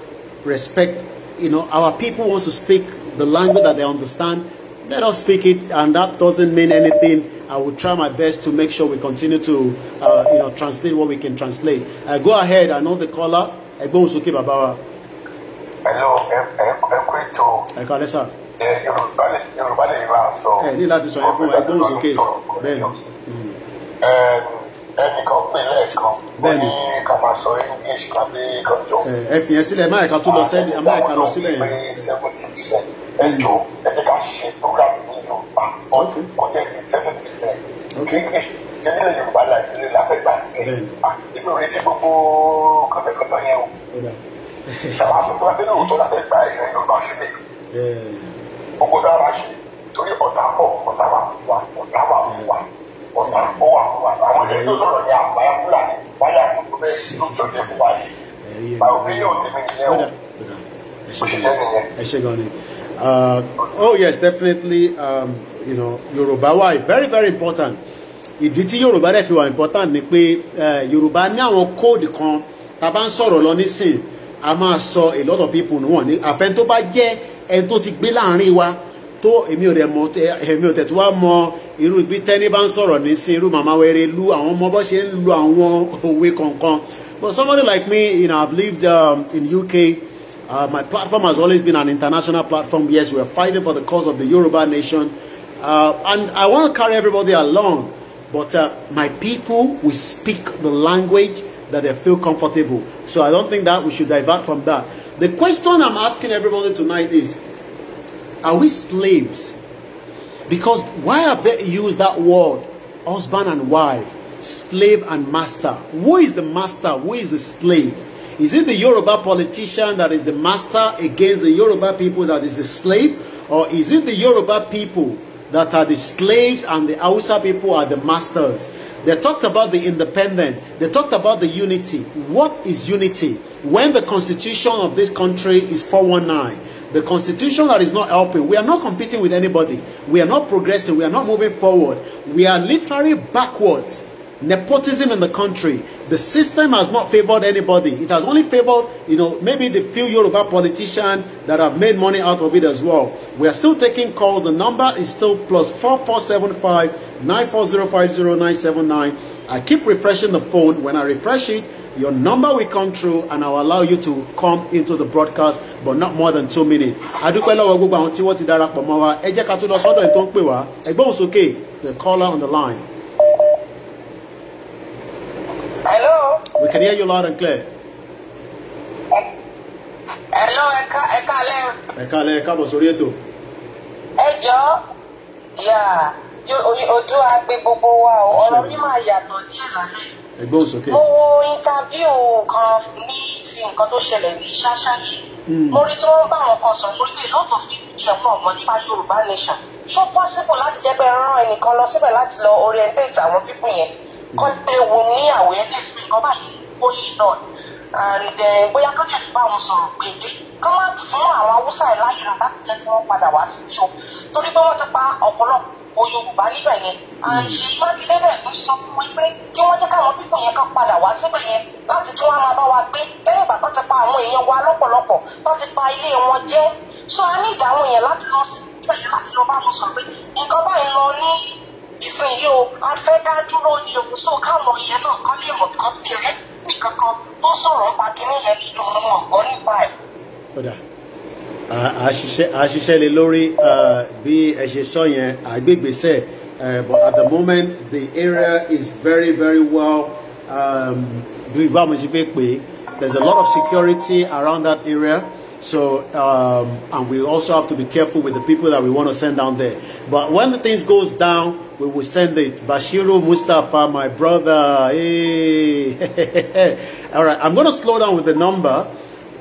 [SPEAKER 1] respect you know, our people want to speak the language that they understand, let us speak it, and that doesn't mean anything. I will try my best to make sure we continue to, uh, you know, translate what we can translate. Uh, go ahead, I know the caller. Ẹ̀gbọ́n Sókè bàbá wa. Hello, ẹ̀kú ètò. Ẹ̀ka alẹ́ sà.
[SPEAKER 3] Yorùbá lè máa sọ. Ẹ ní láti sọ yẹn fún ẹ̀gbọ́n Sókè.
[SPEAKER 1] Bẹ́ẹ̀ni. Mm. Mm ẹnìkan pè lẹ́ẹ̀kan ó ní ká máa sọ english tàbí ìkànjọ. ẹ fi ẹ sílẹ̀ máa ẹka tó lọ sẹ́ni máa ẹka lọ sílẹ̀ yẹn. seventy percent ẹjọ ẹni ká ṣe program ní yorùbá ọjọ́ ìpín seventy percent kí english
[SPEAKER 2] jẹ́ nílẹ̀ yorùbá láìpẹ́ lápẹ́ gbà sílẹ̀ nínú ah, rẹ̀ sí gbogbo kọ́tẹ́kọ́tọ́ yẹn o
[SPEAKER 3] ṣàwọn àtúntò abẹ́lẹ̀ òótọ́ lápẹ́ torí ọ̀tá pọ̀ ọ̀tá wà wà ọ̀tá wà wà. Uh,
[SPEAKER 1] oh yes, definitely. Um, you know, Yorùbá wà very very important. Ìdí tí Yorùbá dẹ̀ fi wà important ni pé eh, Yorùbá ní àwọn kóòdù kan tá a bá ń sọ̀rọ̀ lọ nísìn a máa sọ a lot of people nù wọ́n ní àfẹn tó bá jẹ́ ẹni tó ti gbé láàrin wa tó èmi ò dẹ̀ mọ̀ èmi ò tẹ̀tù wá mọ irú ibi tẹ́ni bá sọ̀rọ̀ ní sí irú màmá wẹrẹ lu àwọn ọmọ bó ṣe lu àwọn òwe kọ̀ọ̀kan but somebody like me you know, I've lived um, in UK uh, my platform has always been an international platform yes we are fighting for the cause of the Yoruba nation uh, and I want to carry everybody along but uh, my people will speak the language that they feel comfortable so I don't think that we should divert from that the question I'm asking everybody tonight is are we slaves? Because why have they used that word, husband and wife, slave and master? Who is the master? Who is the slave? Is it the Yoruba politician that is the master against the Yoruba people that is the slave? Or is it the Yoruba people that are the slaves and the Hausa people are the masters? They talked about the independent. They talked about the unity. What is unity? When the constitution of this country is 419, the constitution that is not helping. We are not competing with anybody. We are not progressing. We are not moving forward. We are literally backwards. Nepotism in the country. The system has not favored anybody. It has only favored, you know, maybe the few Yoruba politicians that have made money out of it as well. We are still taking calls. The number is still plus 4475 9405079. I keep refreshing the phone. When I refresh it, your number will come through and I will allow you to come into the broadcast but not more than two minutes. adúpẹ́ lọ́wọ́ gbogbo àwọn tí wọ́n ti darapọ̀ mọ́ wa ẹ jẹ́ ká tó lọ sọ́dọ̀ ẹ̀ ń pè wá ẹgbọ́n sókè the caller on the line. hello. we can hear you loud and clear.
[SPEAKER 3] hello ẹ̀ka ẹ̀ka lẹ́.
[SPEAKER 1] ẹ̀ka lẹ́ ẹ̀ka bọ̀ sórí ètò.
[SPEAKER 3] ẹ jọ yà ojú agbe gbogbo wa ọ̀rọ̀ mi máa yàtọ̀ díẹ̀ lálẹ́ ẹgbẹ́ òsókè. mo wo intaviu kan ní ti nǹkan tó ṣẹlẹ̀ ní ṣáṣá yìí hmm. mo rí tí wọ́n bá àwọn kan sọ̀rọ̀ lórí a lot of people jẹ́ mọ̀ mọ́ nípa Yorùbá nation ṣó possible láti jẹ́ pé rán ẹnìkan lọ síbẹ̀ láti lọ orientate àwọn people yẹn hmm. kọ́ pé wo ní awareness pé nǹkan báyìí ó yí náà and eh, bóyá kó jẹ́ bá wọn sọ̀rọ̀ gbèdé kó má fún àwọn Haúsá ẹ̀ láyé rà láti o torí pé gbogbo Yorùbá níbẹ̀ yẹn hmm. àyè mákindé náà ló sọ fún wọn pé kí wọ́n jẹ́ káwọn pípọ̀ yẹn kan padà wá síbẹ̀ yẹn láti tún wọn máa bá wa gbé lẹ́yìn ìgbà tó ti pa àwọn èèyàn wa lọ́pọ̀lọpọ̀ tó ti pa ilé wọn jẹ́ sọ a ní ìdáhùn yẹn láti lọ sí ìpẹ̀lẹ̀ láti lọ bá wọn sọ pé nǹkan báyìí lọ ní ìsìn yìí o a fẹ́ dá dúró ní òun sọ káwọn yẹn náà kọ́ lè mọ̀ kọ́ sí
[SPEAKER 1] ẹ̀. Uh, àṣiṣẹ́ lé lórí uh, bí ẹ ṣe sọ yẹn àgbègbèsẹ̀ uh, but at the moment the area is very very well um, bí ìgbà mo there's a lot of security around that area. So, um, and we also have to be careful with the people that we want to send down there. But when the things goes down, we will send it. Bashiru Mustafa, my brother. Hey. All right, I'm going to slow down with the number.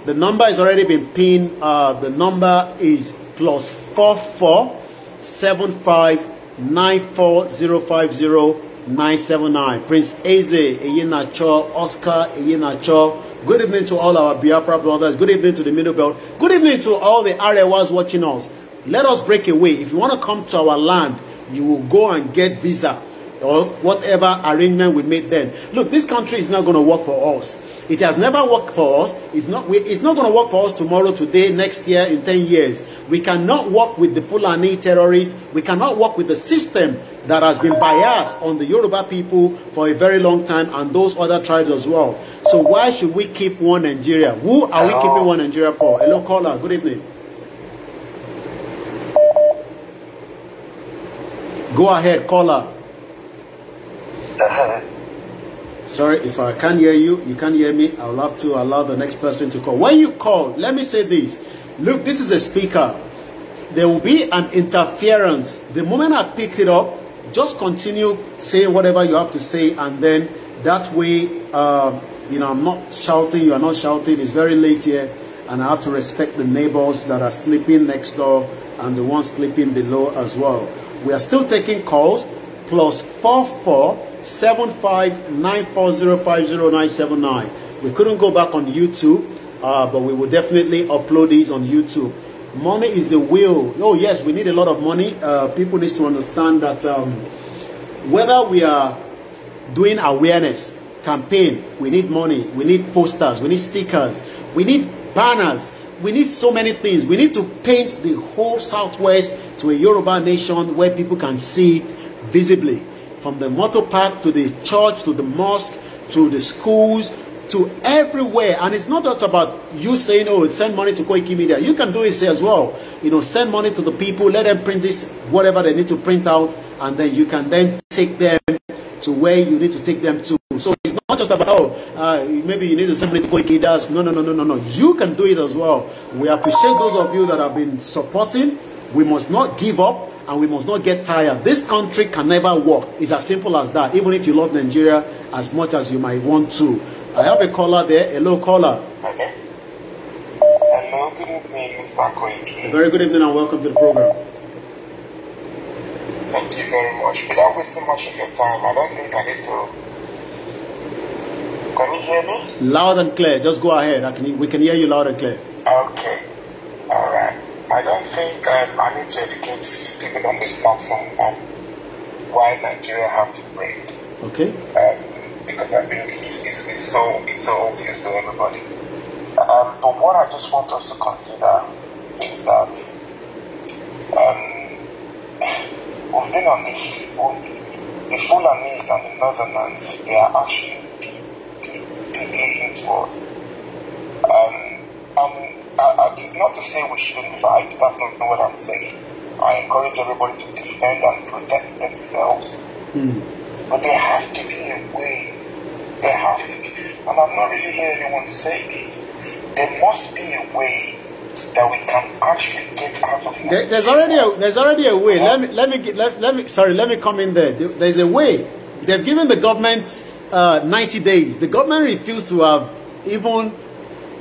[SPEAKER 1] The number has already been pinned. Uh, the number is plus four four seven five nine four zero five zero nine seven nine. Prince Eze Eyinacho, Oscar Eyinacho. Good evening to all our Biafra brothers. Good evening to the Middle Belt. Good evening to all the Arewas watching us. Let us break away. If you want to come to our land, you will go and get visa or whatever arrangement we made then. Look, this country is not going to work for us. It has never worked for us. It's not, we, it's not going to work for us tomorrow, today, next year, in 10 years. We cannot work with the Fulani terrorists. We cannot work with the system that has been biased on the Yoruba people for a very long time and those other tribes as well. So why should we keep one Nigeria? Who are Hello. we keeping one Nigeria for? Hello, caller. Good evening. Go ahead, caller. Sorry, if I can't hear you, you can't hear me, I'll have to allow the next person to call. When you call, let me say this. Look, this is a speaker. There will be an interference. The moment I picked it up, just continue saying whatever you have to say and then that way, uh, you know, I'm not shouting, you are not shouting. It's very late here and I have to respect the neighbors that are sleeping next door and the ones sleeping below as well. We are still taking calls, plus 44 Seven five nine four zero five zero nine seven nine. We couldn't go back on YouTube, uh, but we will definitely upload these on YouTube. Money is the will. Oh yes, we need a lot of money. Uh, people need to understand that um, whether we are doing awareness campaign, we need money. We need posters. We need stickers. We need banners. We need so many things. We need to paint the whole Southwest to a Yoruba nation where people can see it visibly from the motor park to the church to the mosque to the schools to everywhere and it's not just about you saying oh send money to Koiki Media you can do it as well you know send money to the people let them print this whatever they need to print out and then you can then take them to where you need to take them to so it's not just about oh uh, maybe you need to send money to Koiki does no no no no no no you can do it as well we appreciate those of you that have been supporting we must not give up and we must not get tired. This country can never work. It's as simple as that, even if you love Nigeria as much as you might want to. I have a caller there. Hello, caller. Hello.
[SPEAKER 2] Hello, good evening,
[SPEAKER 1] Mr. Koiki. A very good evening and welcome to the program.
[SPEAKER 3] Thank you very much. Without wasting much of your time, I don't think I need to. Can you hear me?
[SPEAKER 1] Loud and clear. Just go ahead. I can, we can hear you loud and clear.
[SPEAKER 3] Okay. All right. I don't think um, I need to educate people on this platform on why Nigeria have to break. Okay. Um, because I think it's, it's, it's, so it's so obvious to everybody. Um, but what I just want us to consider is that we've been on this. The Fulanese and the Northerners, they are actually the the into us. and I, I, not to say we shouldn't fight, that's not what I'm saying. I encourage everybody to defend and protect themselves.
[SPEAKER 2] Mm. But there has to be a way. There has to be. And I'm not
[SPEAKER 3] really hearing anyone say it. There must be a way that we can actually get out of
[SPEAKER 1] there, there's already a there's already a way let me let me let, let me sorry let me come in there there's a way they've given the government uh, 90 days the government refused to have even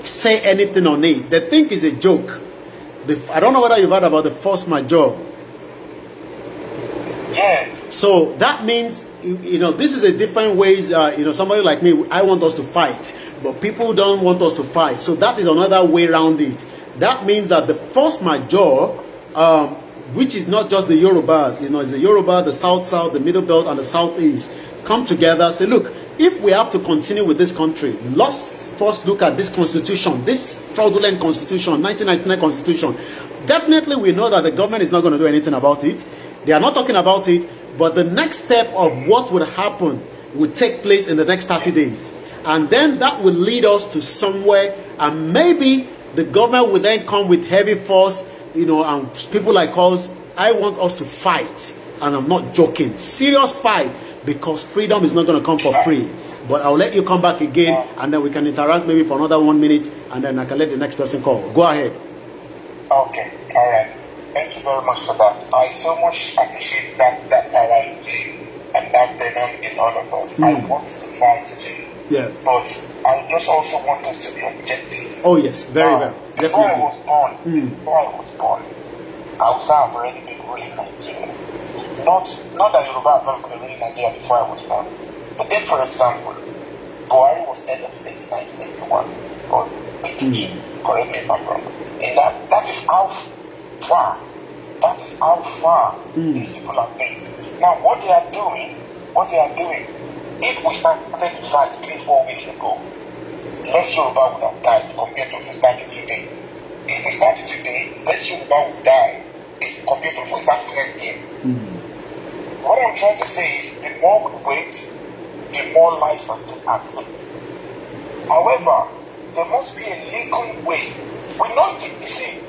[SPEAKER 1] say anything on it. They think it's a joke. The, I don't know whether you've heard about the force Major. Yeah. So that means, you know, this is a different ways, uh, you know, somebody like me, I want us to fight, but people don't want us to fight. So that is another way around it. That means that the force Major, um, which is not just the Yorubas, you know, it's the Yoruba, the South South, the Middle Belt, and the Southeast, come together, say, look, if we have to continue with this country, let's first look at this constitution, this fraudulent constitution, 1999 constitution. Definitely we know that the government is not going to do anything about it. They are not talking about it, but the next step of what would happen would take place in the next 30 days. And then that will lead us to somewhere, and maybe the government will then come with heavy force, you know, and people like us, I want us to fight. And I'm not joking. Serious fight because freedom is not going to come for free. But I'll let you come back again and then we can interact maybe for another one minute and then I can let the next person call. Go ahead.
[SPEAKER 3] Okay, all right. Thank you very much for that. I so much appreciate that, that power in you and that they in all of us. Mm. I hmm. want to fight today. Yeah. But I just also want us to be objective.
[SPEAKER 1] Oh, yes, very now, well.
[SPEAKER 3] Definitely. Hmm. Before I was born, mm. before I was born, I was already been ruling Nigeria not not that Yoruba have not been ruling Nigeria before I was born, but then, for example, Buhari was head of state in 1981, or hmm. correct me if I'm wrong. And that, that is how far, that is how far mm. these people have been. Now, what they are doing, what they are doing, if we started the fight three, four weeks ago, less Yoruba would have died compared to if today. If we started today, less Yoruba would die if compared to if we next year. Mm. What I'm trying to say is the more we wait, the more life are at stake.
[SPEAKER 1] However, there must
[SPEAKER 3] be a legal way. We not you see.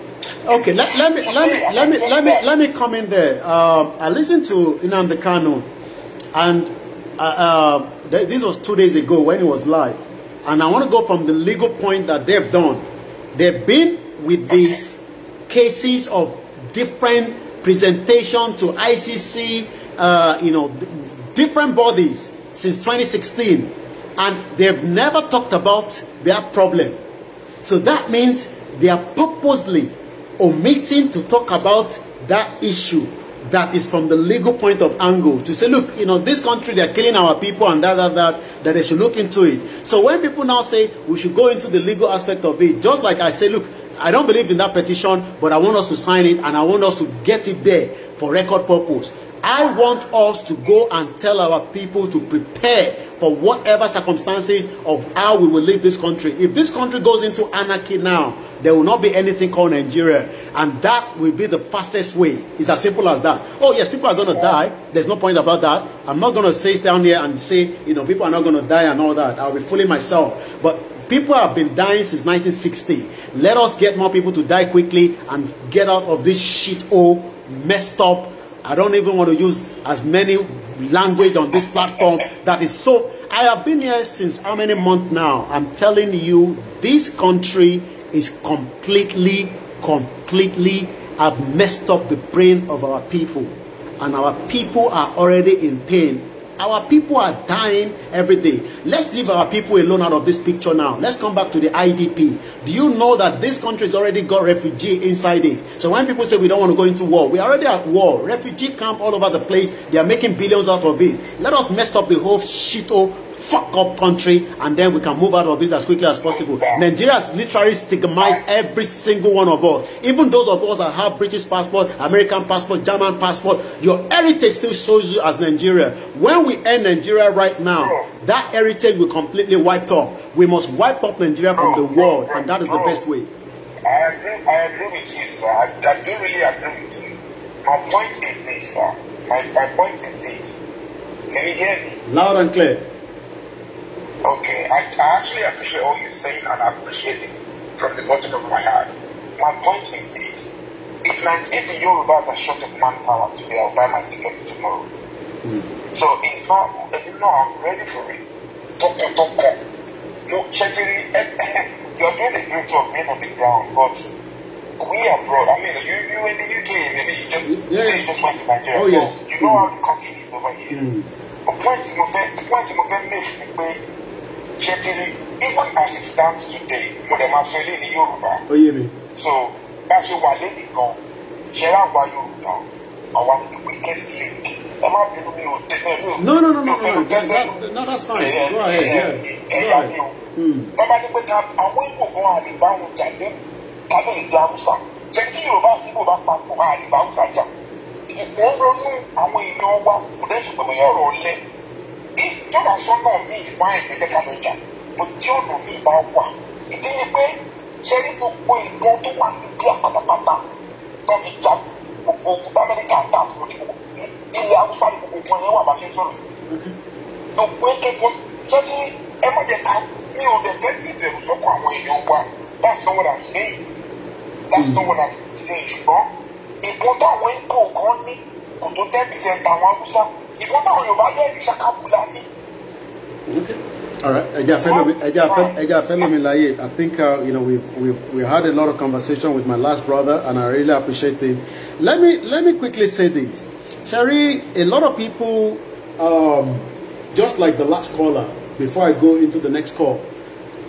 [SPEAKER 1] Okay, let, let me let me let me let me let me come in there. Um, I listened to Inam Kano, and uh, uh, th this was two days ago when it was live, and I want to go from the legal point that they've done. They've been with these cases of different presentation to ICC uh, you know, different bodies since 2016, and they've never talked about their problem. So that means they are purposely omitting to talk about that issue that is from the legal point of angle to say, look, you know, this country, they're killing our people and that, that, that, that they should look into it. So when people now say we should go into the legal aspect of it, just like I say, look, I don't believe in that petition, but I want us to sign it and I want us to get it there for record purpose. I want us to go and tell our people to prepare for whatever circumstances of how we will leave this country. If this country goes into anarchy now, there will not be anything called Nigeria. And that will be the fastest way. It's as simple as that. Oh, yes, people are going to yeah. die. There's no point about that. I'm not going to sit down here and say, you know, people are not going to die and all that. I'll be fooling myself. But people have been dying since 1960. Let us get more people to die quickly and get out of this shit hole, messed up I don't even want to use as many language on this platform that is so. I have been here since how many months now? I'm telling you, this country is completely, completely have messed up the brain of our people. And our people are already in pain our people are dying every day. Let's leave our people alone out of this picture now. Let's come back to the IDP. Do you know that this country has already got refugee inside it? So when people say we don't want to go into war, we are already at war. Refugee camp all over the place. They are making billions out of it. Let us mess up the whole shit fuck up country and then we can move out of it as quickly as possible. Nigeria has literally stigmatized every single one of us. Even those of us that have British passport, American passport, German passport, your heritage still shows you as Nigeria. When we end Nigeria right now, that heritage will completely wipe off. We must wipe up Nigeria from the world and that is the best way.
[SPEAKER 3] I agree, I agree with you, sir. I, I do really agree with you. My point is this, sir. My, my point is this. Can you hear me? Loud and clear. Okay, I, I actually appreciate all you're saying and I appreciate it from the bottom of my heart. My point is this. If 98 Yorubas are short of manpower today, I'll buy my ticket tomorrow. Mm. So it's not, you know, I'm ready for it. Talk, talk, talk, talk. No, Chesiri, eh, you're doing a great job being on the ground, but we are broad. I mean, you, you in the UK, maybe you just, yeah. you just went to Nigeria. Oh, yes. So you know
[SPEAKER 2] mm. how hmm. the country is over here. Mm. The point is, friend, point is, my point is,
[SPEAKER 4] ṣe ti rí nígbà assistant sọ eléyìí ní Yorùbá. ó yé mi. so
[SPEAKER 3] bá a ṣe wà lẹ́nu gan ṣe rá Yorùbá àwa the weakest link ẹ má bínú mi ò tẹ́lẹ̀ mi ò. no no no no no that's fine go ahead yeah. ẹ̀yà mi o.
[SPEAKER 2] bàbá ní pé ká àwọn ìbò kan àlèbá wọn
[SPEAKER 3] jà Haúsá jẹ́ Yorùbá àti Ìgbò bá papọ̀ àlèbá Haúsá ronú àwọn èèyàn wa kò dẹ́ ṣùgbọ́n ọ̀rọ̀ ọ̀lẹ́ if tọ́lá sọ́nà mi máa ń gbẹ́jẹ́ ká ló jà bó tí ọ̀nà mi bá wà ìdí ni pé ṣe rí gbogbo ìbọn tó wà níbí àpàtàpàtà tó fi ja gbogbo ogun amẹ́ríkà tá àpò ojú ilẹ̀ haúsá ni gbogbo nǹkan yẹn wà bá fi sọ̀rọ̀ gbogbo ekegun jẹ́ tí ẹ má jẹ́ ká mi ò dẹ̀ fẹ́ ìbẹ̀rù sọ́kọ̀ àwọn èèyàn wa that's not what I'm saying that's not what I'm saying ṣùgbọ́n ìbọn táwọn ìbò kan ní kò tó tẹ́ bí sẹ́ńtà àwọn haúsá Okay.
[SPEAKER 1] All right, I think uh, you know we we we had a lot of conversation with my last brother, and I really appreciate him. Let me let me quickly say this, Sherry. A lot of people, um, just like the last caller, before I go into the next call,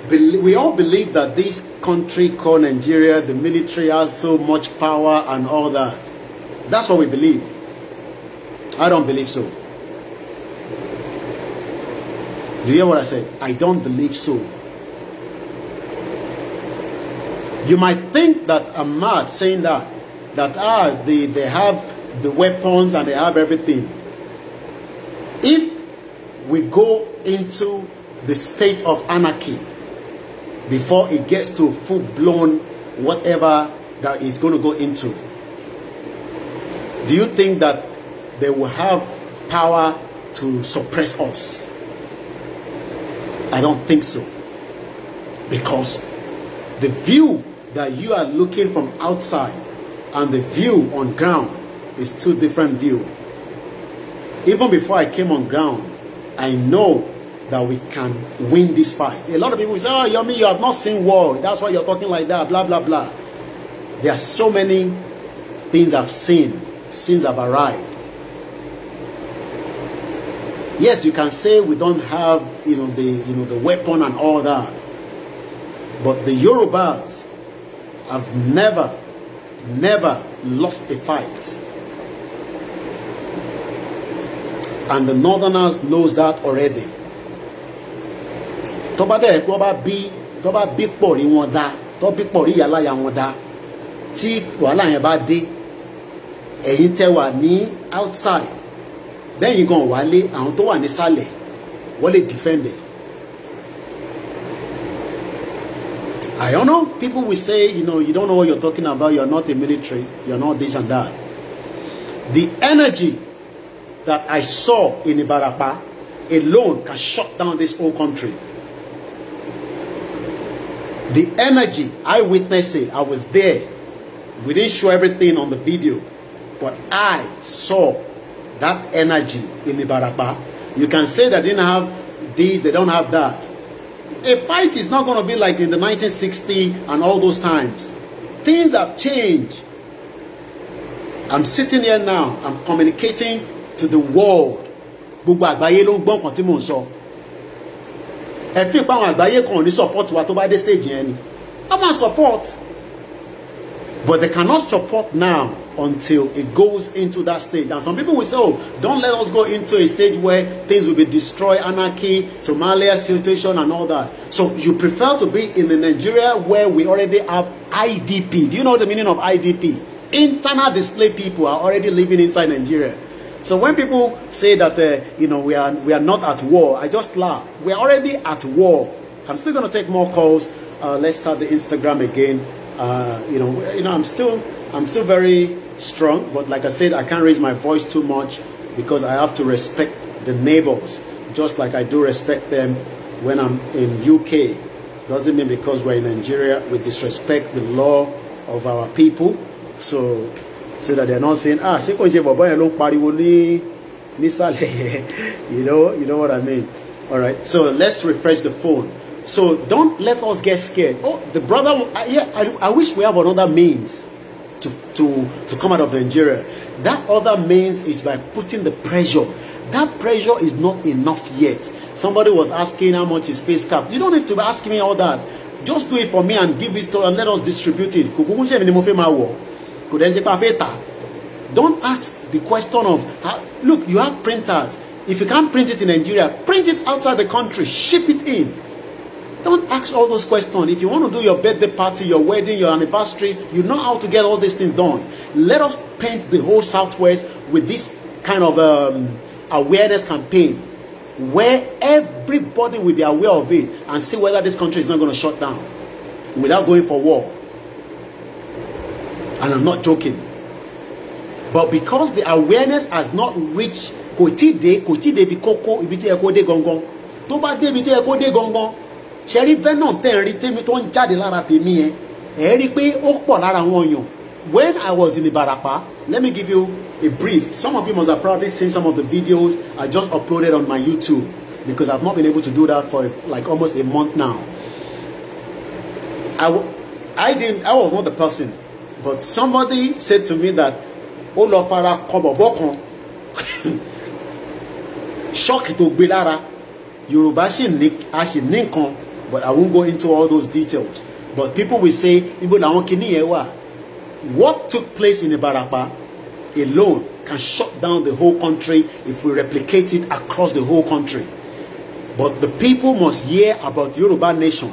[SPEAKER 1] we all believe that this country called Nigeria, the military has so much power and all that. That's what we believe. I don't believe so. Do you hear what I said? I don't believe so. You might think that I'm mad saying that, that ah, they, they have the weapons and they have everything. If we go into the state of anarchy before it gets to full-blown whatever that is going to go into, do you think that they will have power to suppress us? I don't think so. Because the view that you are looking from outside and the view on ground is two different view. Even before I came on ground, I know that we can win this fight. A lot of people say, oh, Yomi, you have not seen war. That's why you're talking like that, blah, blah, blah. There are so many things I've seen since I've arrived Yes, you can say we don't have you know the you know the weapon and all that, but the Yorubas have never, never lost a fight. And the Northerners knows that already. tó bá dẹ̀ pé ọba bí tó bá bí pọ̀rí wọn dá tó bí pọ̀rí ìyáláyà wọn dá tí wàhálà yẹn bá dé ẹ̀yin tẹ́ wà ní outside Then you go wálé and tó wani nísàlẹ̀ wọ́n lè defend ẹ̀. I don't know people will say you know you don't know what you're talking about you're not a military you're not this and that. The energy that I saw in Ibarapa alone can shut down this whole country. The energy, I witnessed it, I was there. We didn't show everything on the video, but I saw that energy in the barapa, You can say they didn't have this, they don't have that. A fight is not going to be like in the 1960 s and all those times. Things have changed. I'm sitting here now, I'm communicating to the world. Gbogbo àgbáyé ló ń gbọ́ nǹkan tí mò ń àwọn àgbáyé kan ní support wa tó bá dé stage yẹn ni. Wọ́n máa support. But they cannot support now. until it goes into that stage. And some people will say, oh, don't let us go into a stage where things will be destroyed, anarchy, Somalia situation and all that. So you prefer to be in the Nigeria where we already have IDP. Do you know the meaning of IDP? Internal display people are already living inside Nigeria. So when people say that, uh, you know, we are, we are not at war, I just laugh. We are already at war. I'm still going to take more calls. Uh, let's start the Instagram again. Uh, you know, you know, I'm still, I'm still very strong, but like I said, I can't raise my voice too much because I have to respect the neighbors, just like I do respect them when I'm in UK. Doesn't mean because we're in Nigeria, we disrespect the law of our people. So, so that they're not saying, ah, ṣé kò ń ṣe bọ̀bọ́ You know, you know what I mean? All right, so let's refresh the phone. So don't let us get scared. Oh, the brother, yeah, I, I wish we have another means. to, to, to come out of Nigeria. That other means is by putting the pressure. That pressure is not enough yet. Somebody was asking how much is face cap. You don't have to be asking me all that. Just do it for me and give it to and let us distribute it. Don't ask the question of, look, you have printers. If you can't print it in Nigeria, print it outside the country, ship it in. Don't ask all those questions. If you want to do your birthday party, your wedding, your anniversary, you know how to get all these things done. Let us paint the whole Southwest with this kind of um, awareness campaign where everybody will be aware of it and see whether this country is not going to shut down without going for war. And I'm not joking. But because the awareness has not reached kò tí ì dé kò tí ì dé ibi kókó ṣe rí venom tẹ́ ń rí tèmi tó ń jáde lára tèmi yẹn ẹ̀ rí i pé ó pọ̀ lára àwọn èèyàn when I was in Ìbàràpá let me give you a brief some of you must have probably seen some of the videos I just uploaded on my YouTube because I've not been able to do that for like almost a month now I, I didn't I was not the person but somebody said to me that ó lọ fara kọ bọ̀bọ̀ kan ṣọ́ọ̀kì tó ṣì ní nǹkan But I won't go into all those details. But people will say, what took place in Ibarapa alone can shut down the whole country if we replicate it across the whole country. But the people must hear about Yoruba nation.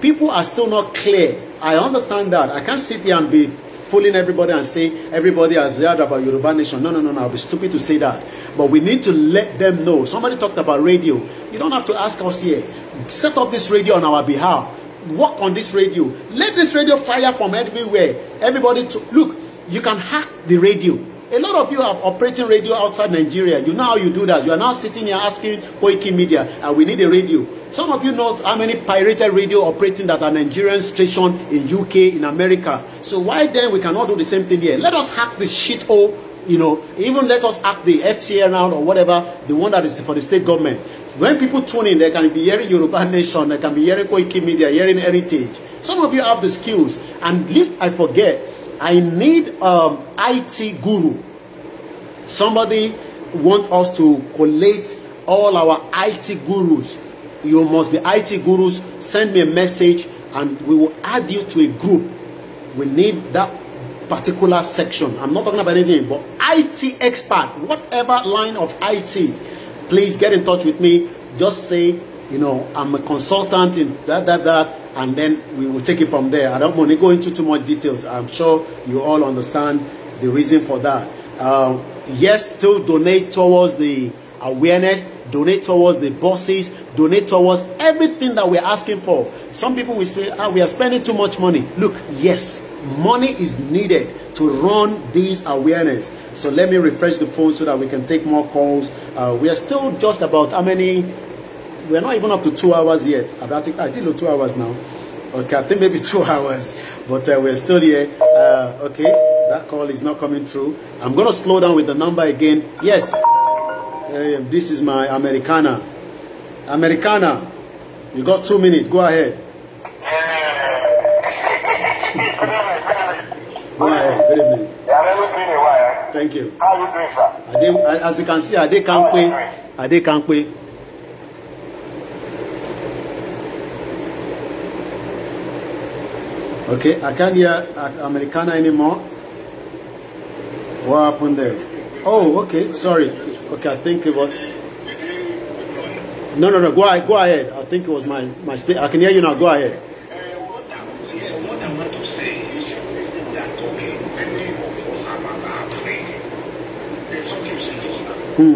[SPEAKER 1] People are still not clear. I understand that. I can't sit here and be fooling everybody and say everybody has heard about Yoruba nation. No, no, no, no. I'll be stupid to say that. But we need to let them know. Somebody talked about radio. You don't have to ask us here. set up this radio on our behalf work on this radio let this radio fire from everywhere everybody to look you can hack the radio a lot of you are operating radio outside Nigeria you know how you do that you are now sitting here asking Koiki Media and uh, we need a radio some of you know how many pirated radio operating that are Nigerian station in UK in America so why then we cannot do the same thing here let us hack this shit hole you know even let us hack the FCA out or whatever the one that is for the state government When people tune in, they can be hearing Yoruba Nation, they can be hearing Koiki Media, hearing Heritage. Some of you have the skills. And least I forget, I need um, IT guru. Somebody want us to collate all our IT gurus. You must be IT gurus. Send me a message and we will add you to a group. We need that particular section. I'm not talking about anything, but IT expert, whatever line of IT, please get in touch with me. Just say, you know, I'm a consultant in that, that, that, and then we will take it from there. I don't want to go into too much details. I'm sure you all understand the reason for that. Um, yes, still donate towards the awareness, donate towards the buses, donate towards everything that we're asking for. Some people will say, ah, we are spending too much money. Look, yes, money is needed to run this awareness. So let me refresh the phone so that we can take more calls. Uh, we are still just about how many? We're not even up to two hours yet. I think I think two hours now. Okay, I think maybe two hours, but uh, we're still here. Uh, okay, that call is not coming through. I'm gonna slow down with the number again. Yes, um, this is my Americana. Americana, you got two minutes. Go ahead. Go ahead. Thank you. How are you doing, sir? they, as you can see, Ade Kankwe. Ade Kankwe. Okay, I can't hear Americana anymore. What happened there? Oh, okay, sorry. Okay, I think it was... No, no, no, go ahead, go ahead. I think it was my, my... I can hear you now, go ahead. ẹ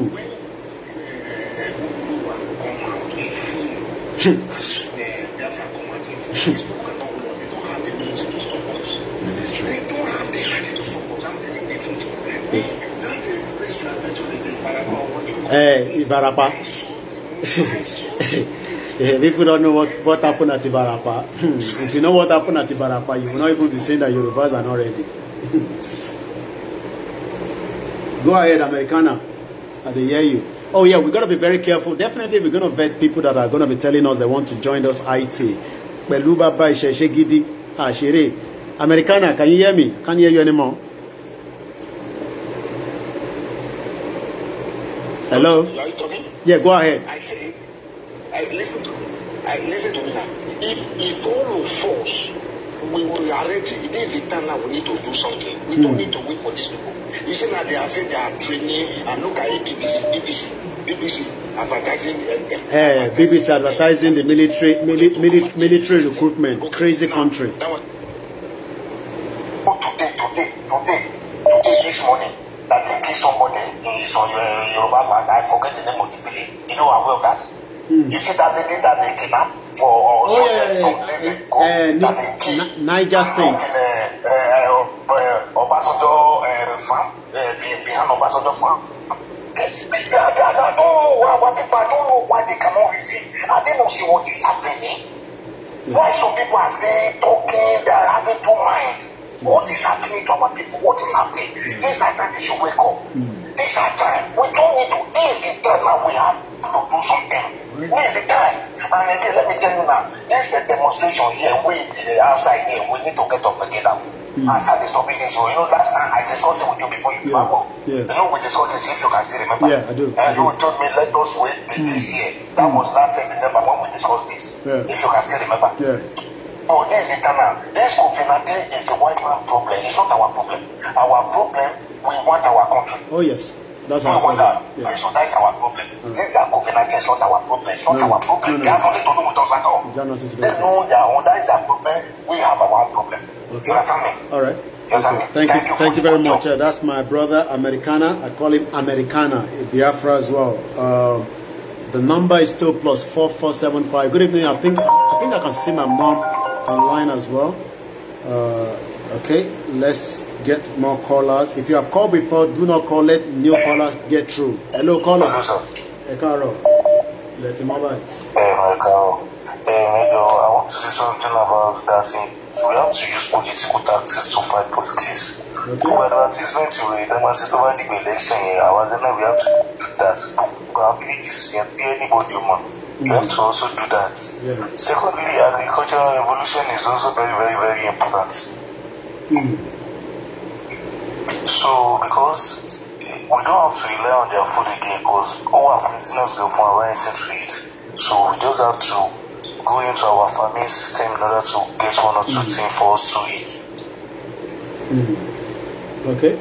[SPEAKER 1] Ìbàràpá if you don't know what, what happened at Ìbàràpá if you know what happened at Ìbàràpá you will even be saying that Yorubas are not ready go ahead Americana and they hear you. Oh yeah, we gotta be very careful. Definitely, we're gonna vet people that are gonna be telling us they want to join us IT. Americana, can you hear me? Can you hear you anymore? Hello. Are you talking? Yeah, go ahead. I said, I listen to, I listen to me now. If if all of us we will arrange it, it is the time now we need to do something. We mm. don't hmm. need to wait for these people. You see now they are saying they are training and look at it, BBC, BBC,
[SPEAKER 3] BBC advertising. Uh,
[SPEAKER 1] hey, BBC advertising the military, mili, mili, military recruitment. Crazy country. Today,
[SPEAKER 3] today, today, today, this morning, that they kill somebody in Yoruba land. I forget the name of the village. You know, I'm aware that. Hmm. oh, yeah,
[SPEAKER 1] yeah, some lady yeah. go uh, that they killed? Niger State. In, uh,
[SPEAKER 3] farm, I don't know why I don't know why they cannot reason. I don't see what is happening. Why some people are still talking, they are having two minds. What is happening to our people? What is happening? Mm. Inside that they should wake up. Mm. This are time. We don't need to. ease the time now we have to do something. This is the time. And again, let me tell you now, this the demonstration here, we uh, outside here, we need to get up together. Mm. And start disturbing this. You know, last time I discussed it with you before you yeah. travel. Yeah. You know, we discussed this, if you can still remember. Yeah, I do. And I do. you told me, let us wait mm. this hmm. year. That mm. was last December, when we discussed this. Yeah. If you can still remember.
[SPEAKER 2] Yeah. No, this is the This COVID-19 is the white man
[SPEAKER 1] problem. It's not our problem. Our problem, we want our country. Oh, yes. That's our problem. That. Yeah. So
[SPEAKER 2] that's our
[SPEAKER 3] problem. Mm. This is our COVID-19. It's not our problem. It's not no, our problem. No, no. They are not the problem with us
[SPEAKER 1] at all. They know
[SPEAKER 3] their That is our problem. We have our problem.
[SPEAKER 1] Okay. You me? All right. okay. thank, thank you, you thank you very much. Uh, that's my brother Americana. I call him Americana, Biafra as well. Uh, The number is still plus 4475. Good evening. I think I think I can see my mom online as well. Uh, okay, let's get more callers. If you have called before, do not call it. New callers get through. Hello, caller. Hello, sir. Hey, Carol. Let him over. Hey, Carol. I eh, want
[SPEAKER 3] to say something about that. we have to use political tactics to fight politics. Okay. advertisement rẹ̀ dẹ́gbàsí tó bá dìgbò election yẹn àwọn adẹ́nà we have to do that. Gbogbo àwọn villages yẹn tí anybody mọ̀. You have to also do that. Yeah. Secondly, agricultural revolution is also very, very, very important. Mm. So, because we don't have to rely on their food again, because all our prisoners go for our century. So, we just have to Going to our farming system in order to get one or 2 mm. things for us to eat.
[SPEAKER 1] Mm. Okay.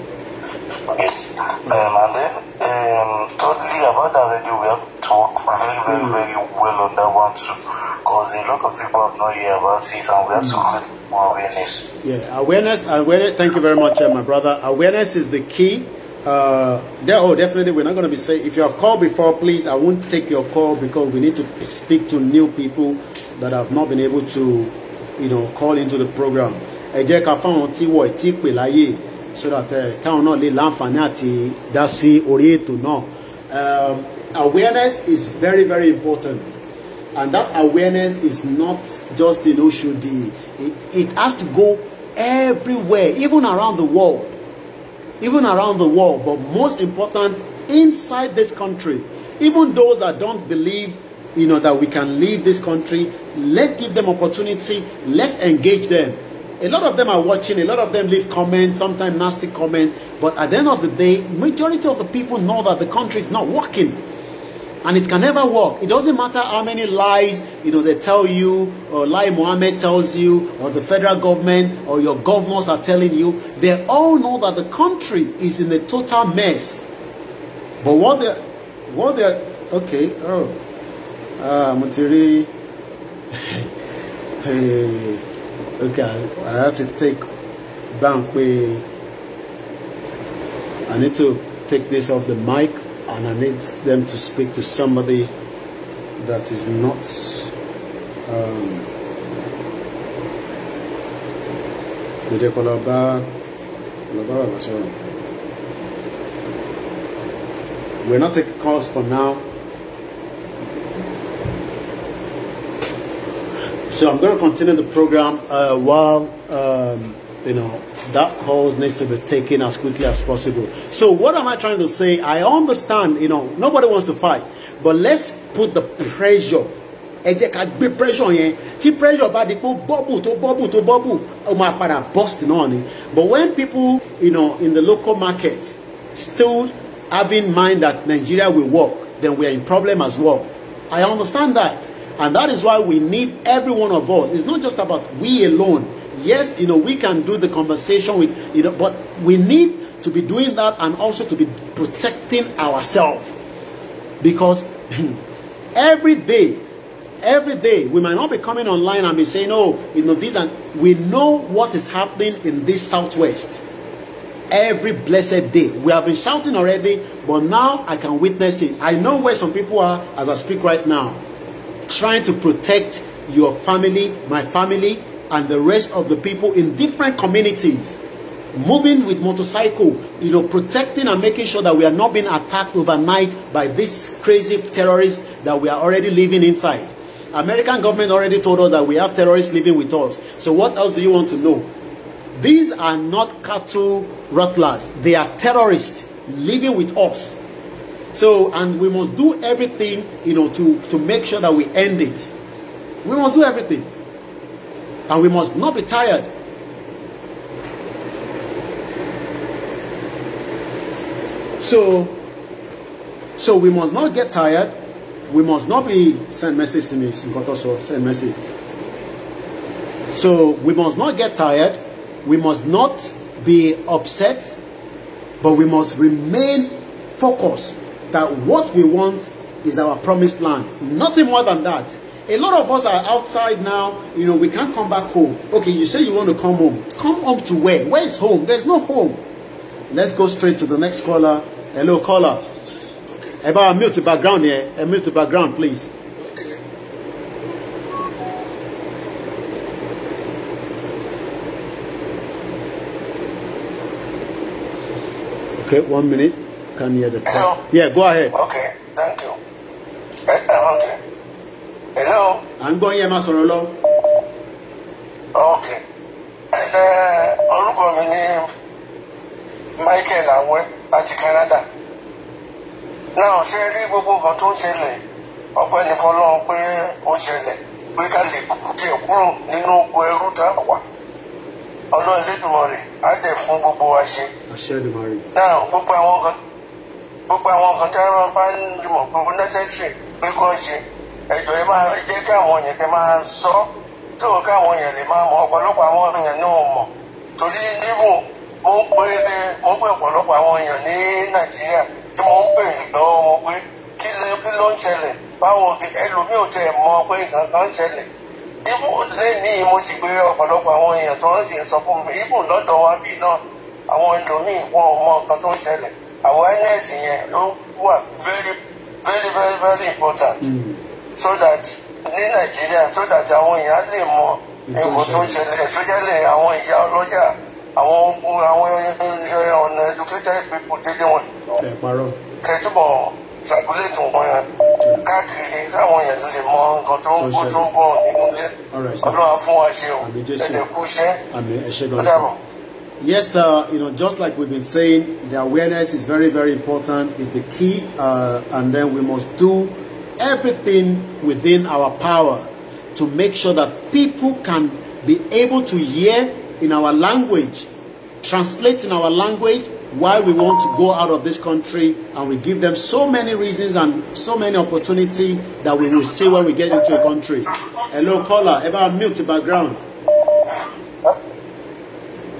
[SPEAKER 3] Yes. Um, and then, um, thirdly, about that radio, we have to work very, very, mm. very well on that one too. Because a lot of people have not heard about it, and we have mm. to create more awareness.
[SPEAKER 1] Yeah, awareness, awareness. Thank you very much, uh, my brother. Awareness is the key. Uh, there, oh, definitely, we're not going to be saying. If you have called before, please, I won't take your call because we need to speak to new people that have not been able to you know, call into the program ẹ jẹ́ ká fáwọn tí wọ́n ti pè láyè so that eh, káwọn náà lè láǹfààní àti dá sí orí ètò náà um, awareness is very very important and that awareness is not just in Oshodi it, it has to go everywhere even around the world even around the world but most important inside this country even those that don't believe you know, that we can leave this country. Let's give them opportunity. Let's engage them. A lot of them are watching. A lot of them leave comments, sometimes nasty comments. But at the end of the day, majority of the people know that the country is not working. And it can never work. It doesn't matter how many lies, you know, they tell you, or lie Mohammed tells you, or the federal government, or your governors are telling you. They all know that the country is in a total mess. But what they, what they, okay, oh. Ah, mo ti rí okay I have to take Báńpé I need to take this off the mic and I need them to speak to somebody that is not um, dede sọ̀rọ̀. We're not taking calls for now. So I'm going to continue the program uh, while, um, you know, that call needs to be taken as quickly as possible. So what am I trying to say? I understand, you know, nobody wants to fight. But let's put the pressure ẹ jẹ́ ká be pressure you, tí pressure about the pé bubble tó bubble tó bubble Oh my padà busting on it. but when people you know, in the local market still having mind that Nigeria will work then we are in problem as well I understand that and that is why we need every one of us. It's not just about we alone. Yes, you know, we can do the conversation with, you know, but we need to be doing that and also to be protecting ourselves. Because every day, every day, we might not be coming online and be saying, oh, you know, this and we know what is happening in this Southwest every blessed day. We have been shouting already, but now I can witness it. I know where some people are as I speak right now. trying to protect your family, my family, and the rest of the people in different communities. Moving with motorcycle, you know, protecting and making sure that we are not being attacked overnight by this crazy terrorists that we are already living inside. American government already told us that we have terrorists living with us. So what else do you want to know? These are not cattle rattlers. They are terrorists living with us. So, and we must do everything, you know, to, to make sure that we end it. We must do everything. And we must not be tired. So, so we must not get tired. We must not be send message to me, also send message. So we must not get tired. We must not be upset, but we must remain focused that what we want is our promised land. Nothing more than that. A lot of us are outside now, you know, we can't come back home. Okay, you say you want to come home. Come home to where? Where is home? There's no home. Let's go straight to the next caller. Hello, caller. Okay. About mute the background here. Yeah? Mute the background, please. Okay. Okay, one minute can hear the Hello? Yeah, go ahead. Okay, thank you. Eh, eh, okay. Hello? À ń gbọ́ yẹn máa sọ̀rọ̀ lọ. Okay.
[SPEAKER 3] Eh, orúkọ mi ni Michael Awe láti Canada. Náà ṣé rí gbogbo nǹkan tó ń ṣẹlẹ̀ ọpẹ́ ní fọlọ́run pé ó ṣẹlẹ̀ pé ká lè kúkẹ́ kúrò nínú oko ẹrú tá a wà worry. I rẹ̀ á dẹ̀ fún gbogbo wa ṣe. àṣẹ ni màá rí. náà gbogbo àwọn kan gbogbo àwọn nǹkan tí wọ́n bá ń jùmọ̀ pé ó pé ṣe ẹ̀jọ̀ ẹ máa jẹ́ kí àwọn èèyàn tẹ máa sọ tó káwọn èèyàn lè máa mọ ọ̀pọ̀lọpọ̀ àwọn èèyàn náà torí níbo mo ń pè mo ń pè àwọn èèyàn ní Nàìjíríà tí mo ń pè wọn awareness yẹn ló wà very
[SPEAKER 4] very very very important mm. so that ní nàìjíríà so that àwọn èèyàn lè mọ nǹkan tó ń ṣẹlẹ̀ especially àwọn ìyá ọlọ́jà àwọn àwọn eh, ọ̀nà educated people dédé wọn.
[SPEAKER 1] kẹtùbọ̀ circulate wọn káàkiri káwọn èèyàn lè mọ nǹkan tó ń kó tó ń bọ̀ nínú ilé ọlọ́run á fún
[SPEAKER 3] wa ṣe o ẹ̀dẹ̀kú iṣẹ́ ó dàbọ̀.
[SPEAKER 1] Yes, uh, you know, just like we've been saying, the awareness is very, very important, is the key, uh, and then we must do everything within our power to make sure that people can be able to hear in our language, translate in our language, why we want to go out of this country and we give them so many reasons and so many opportunity that we will see when we get into a country. Hello, caller. Ever mute the background.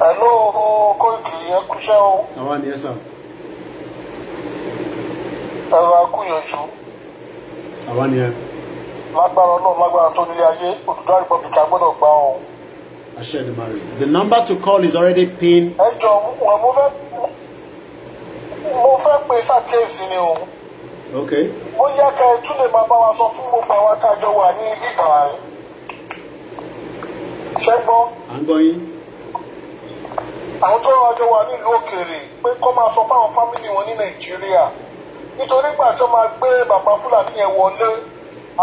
[SPEAKER 3] Hello, Koiki, ẹ kúṣẹ́ o. Àwa ni ẹ sà. Ẹ̀rọ akúyanjú.
[SPEAKER 1] Àwa ni ẹ. Lágbára náà lágbára tó nílé ayé, Odùduwà Republic gbọ́dọ̀ gbà o. Aṣẹ́dùmarè. The number to call is already pinned. Ẹ Okay.
[SPEAKER 3] I'm going àwọn tó rọjò wà nílùú òkèèrè pé kó máa sọ fáwọn fámìlì wọn ní nàìjíríà nítorí gbà tó máa gbé bàbá fúlàní yẹn wọlé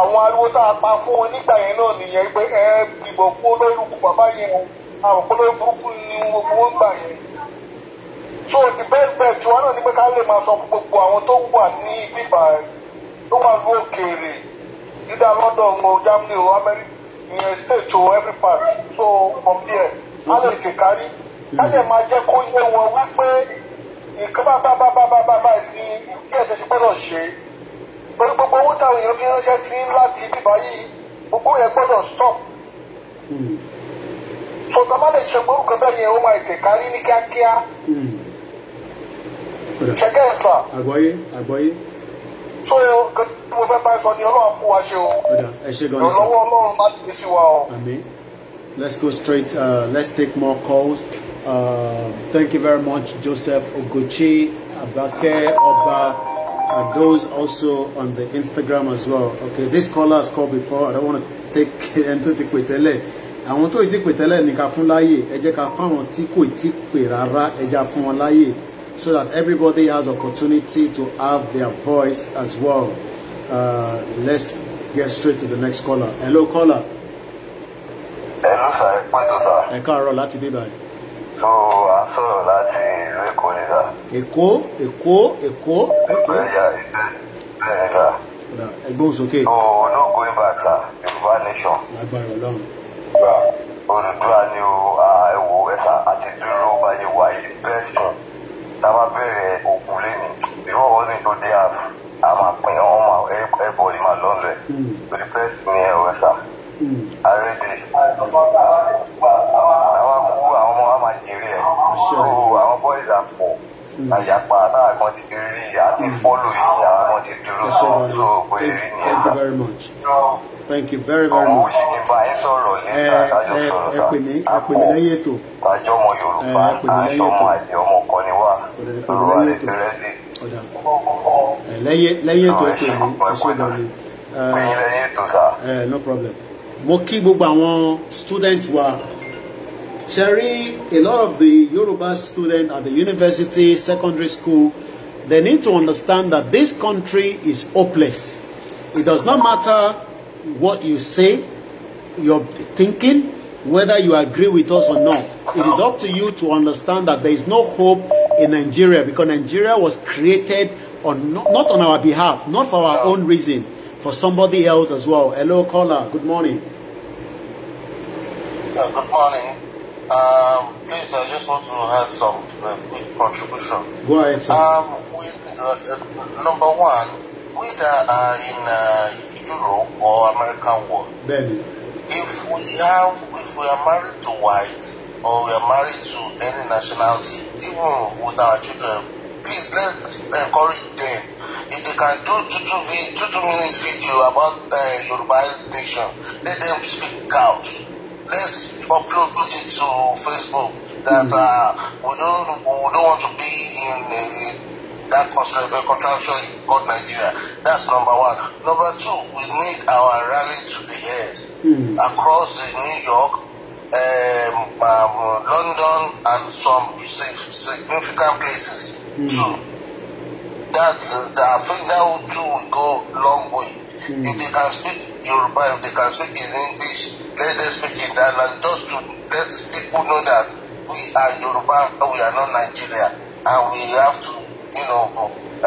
[SPEAKER 3] àwọn ariwo tá a pa fún wọn nígbà yẹn náà nìyẹn pé ẹ dìbò kú olórúkú bàbá yẹn àwọn olórí burúkú ni gbogbo wọn gbà yẹn so the best bet tiwa náà ni pé ká lè máa sọ fún gbogbo àwọn tó wà ní bíbà tó wà ní òkèèrè ìdá London o Germany o America ìyẹn state o every part so from there a lè ṣèkárí ká lè máa jẹ́ kó yé wọn wípé nǹkan bá bá bá bá bá bá bá di bí ẹ̀sẹ̀ ti gbọ́dọ̀ ṣe pẹ̀lú gbogbo owó táwọn èèyàn fi ránṣẹ́ sí láti bíbá yìí gbogbo yẹn gbọ́dọ̀ stop. Hmm. sọ̀tọ̀ má lè ṣe gbórúkọ bẹ́ẹ̀ yẹn ó máa ètè kárí ní kíákíá.
[SPEAKER 1] kẹ̀kẹ́ hmm. ẹ̀sà. àgbọ́yé àgbọ́yé.
[SPEAKER 3] tó yẹ kí mo fẹ́ bá sọ ni ọlọ́run kú wa ṣe o. ẹ ṣe gan-an sọ. ìrànlọ́wọ́ ọlọ́run má ti fi sí wa o.
[SPEAKER 1] àmín let's go straight uh, let's take more calls. Uh, thank you very much, Joseph Oguchi, Abake Oba, and those also on the Instagram as well. Okay, this caller has called before. I don't want to take into the kwetele. Àwọn tó ti pè tẹ́lẹ̀ ní ká fún láyè, ẹ jẹ́ ká fáwọn tí kò ti pè rárá, ẹ já fún wọn láyè so that everybody has opportunity to have their voice as well. Uh, let's get straight to the next caller. Hello, caller. Hello, sir. Ẹ káàárọ̀ láti bí báyìí
[SPEAKER 3] so à
[SPEAKER 1] ń sọ̀rọ̀ láti
[SPEAKER 3] ìlú èkó nìta.
[SPEAKER 1] èkó èkó èkó.
[SPEAKER 3] ẹ̀yà ìṣe bẹ́ẹ̀ nìta.
[SPEAKER 2] ẹgbẹ́ òsókè. so
[SPEAKER 3] no going back sir yorùbá nation.
[SPEAKER 1] lágbára ọlọ́run.
[SPEAKER 3] gba olùdúrà ni o ẹ̀wò ẹ̀sà àti dúró báyìí wà yìí bẹ́ẹ̀ sùn táwa bẹ̀rẹ̀ ogun lẹ́nu ìró ọ̀rìn tó dé àbù àmàpín ọmọ ẹ̀bọ̀ọ̀lì máa lọ́nlẹ̀ lórí bẹ́ẹ̀ sì ni àrètí àwọn kúkú àwọn ọmọ wa máa ti rí yìí àwọn ti dúró sọ sọ pé rí ni ẹ̀ sá. Thank you very very much. Ẹ
[SPEAKER 4] ẹ ẹ pè mí ẹ pè mí Àjọ ọmọ Yorùbá àjọ ọmọ àti ọmọ
[SPEAKER 1] kan ni wá. Ọ̀rọ̀ àlè fẹ́rẹ́ sí. Lẹ́yìn ètò ẹ pè mí ẹ ṣe lọ ni. Ẹ no problem mo kí gbogbo àwọn student wa Sherry a lot of the Yoruba students at the university secondary school they need to understand that this country is hopeless it does not matter what you say your thinking whether you agree with us or not it is up to you to understand that there is no hope in Nigeria because Nigeria was created on not on our behalf not for our own reason for somebody else as well. Hello, caller. Good morning. good morning.
[SPEAKER 3] Um, please, I just want to have some uh, contribution.
[SPEAKER 1] Go ahead, sir. Um, uh,
[SPEAKER 3] uh, number one, we are in uh, Europe or American world. Then, if we have, if we are married to white or we are married to any nationality, even with our children, please let encourage them if they can do two two, vi- two, two minutes video about uh, Yoruba nation let them speak out let's upload it to Facebook that mm-hmm. uh, we
[SPEAKER 2] don't we don't want to be in, uh, uh, in that uh, contraction called Nigeria that's number one number two we need our rally to be heard mm. across the New York um,
[SPEAKER 3] um, London and some significant places
[SPEAKER 2] mm. too. That uh, I think that too will go long way. Mm. If they can speak Yoruba, if they can speak
[SPEAKER 3] in English, let them speak in that language just to let people know that we are Yoruba, we are not Nigeria, and we have to, you know, um, um,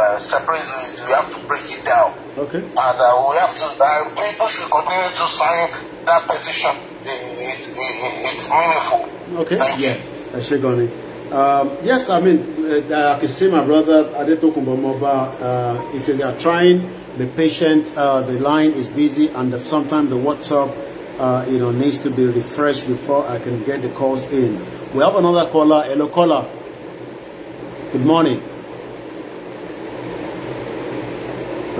[SPEAKER 3] uh, separately, you have to break it down. Okay. And uh, we have to, uh, people should continue to sign that petition it, it, it, it's meaningful.
[SPEAKER 1] Okay. Thank yeah. You. Um, yes, I mean, uh, I can see my brother Adetokumbo Moba. Uh, if you are trying, the patient, uh, the line is busy, and sometimes the WhatsApp, uh, you know, needs to be refreshed before I can get the calls in. We have another caller. Hello, caller. Good morning.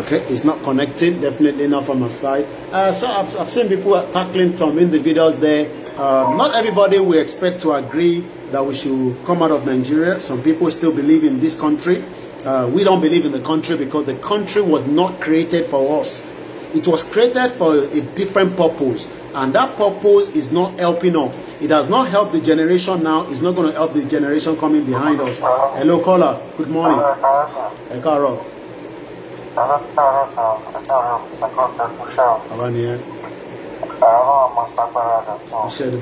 [SPEAKER 1] Okay, it's not connecting, definitely not from my side. Uh, so I've, I've seen people tackling some individuals there. Uh, not everybody will expect to agree that we should come out of Nigeria. Some people still believe in this country. Uh, we don't believe in the country because the country was not created for us. It was created for a different purpose. And that purpose is not helping us. It does not help the generation now. It's not going to help the generation coming behind us. Hello, caller. Good morning.
[SPEAKER 3] Hello, àwa ni ẹ. àwọn ọmọ sagbara
[SPEAKER 2] rẹ iṣẹ́ ni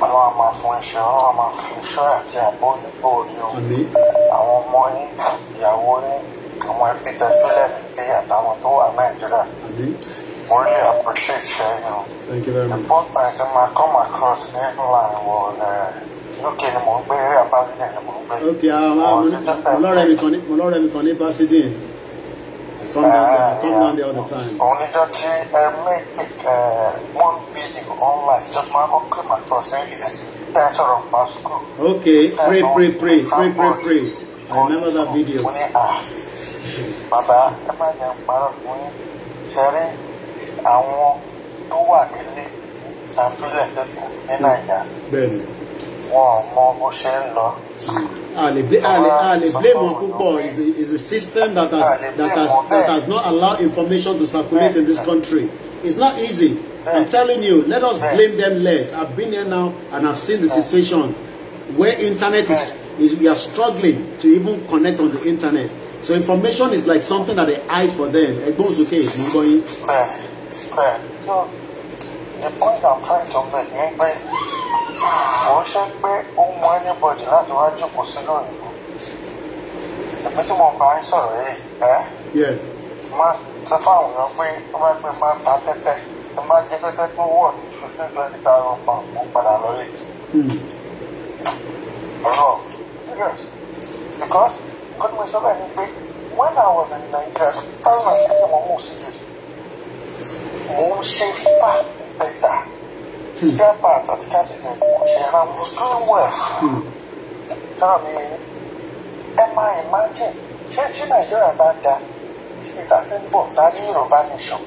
[SPEAKER 3] máa àwọn ọmọ fún iṣẹ́ àwọn ọmọ fún iṣẹ́ àti àbọ̀ òyìnbó ni
[SPEAKER 2] o. àmì. àwọn ọmọ
[SPEAKER 3] yín ìyàwó yín àwọn ẹbí tẹ́tílẹ̀ ti gbé àtàwọn tó wà nàìjíríà. àmì. mo really appreciate sharing you. thank you very much. the first time I ma come across ní England wọ UK ni mo ń gbé eré abájẹ́ ni
[SPEAKER 1] mo ń gbé. ok àwọn ọlọ́rẹ́ mi kan ní Basildin. Come down there, come down there all the time. Oníjọ́ tí ẹ mẹ́kì wọ́n
[SPEAKER 3] online just máa kọ́ pé màá tọ́ sẹ́yìn school.
[SPEAKER 2] Okay, pray,
[SPEAKER 3] pray, pray, pray, pray,
[SPEAKER 1] pray. I remember that video. Mo ní à bàbá ẹ má
[SPEAKER 3] yẹn parọ́ fún yín ṣẹ́rí àwọn tó wà Ah, ò mọ
[SPEAKER 1] Ah, ṣe ah, lọ. a lè blame wọn púpọ̀ is the is the system that has that has that has not allowed information to circulate in this country it's not easy i'm telling you let us blame them less i've been here now and i've seen the situation where internet is is we are struggling to even connect on the internet so information is like something that they hide for them ẹ̀gbọ́n sókè ìgbọ̀ngbọ̀n yín ikọ́
[SPEAKER 3] ìdàpáìsì ọ̀gbẹ́ ní gbé kò ń ṣe pé ó mú anybody láti wá jókòó sí lórí èmi tí mo bá ń sọ̀rọ̀ yìí ẹ́
[SPEAKER 1] máa sọ fáwọn èèyàn pé ó máa pè máa ta tẹ́tẹ́ ẹ máa
[SPEAKER 2] jẹ́ tẹ́tẹ́ tó wọ̀
[SPEAKER 3] because nǹkan tí ni pé when I was in Nigeria two thousand pẹ̀sà spare part àti car business kò ṣe was doing well. sọ̀rọ̀ mi ẹ máa imagine ṣé tí nàìjíríà bá da
[SPEAKER 1] síbi tá a ti ń bọ̀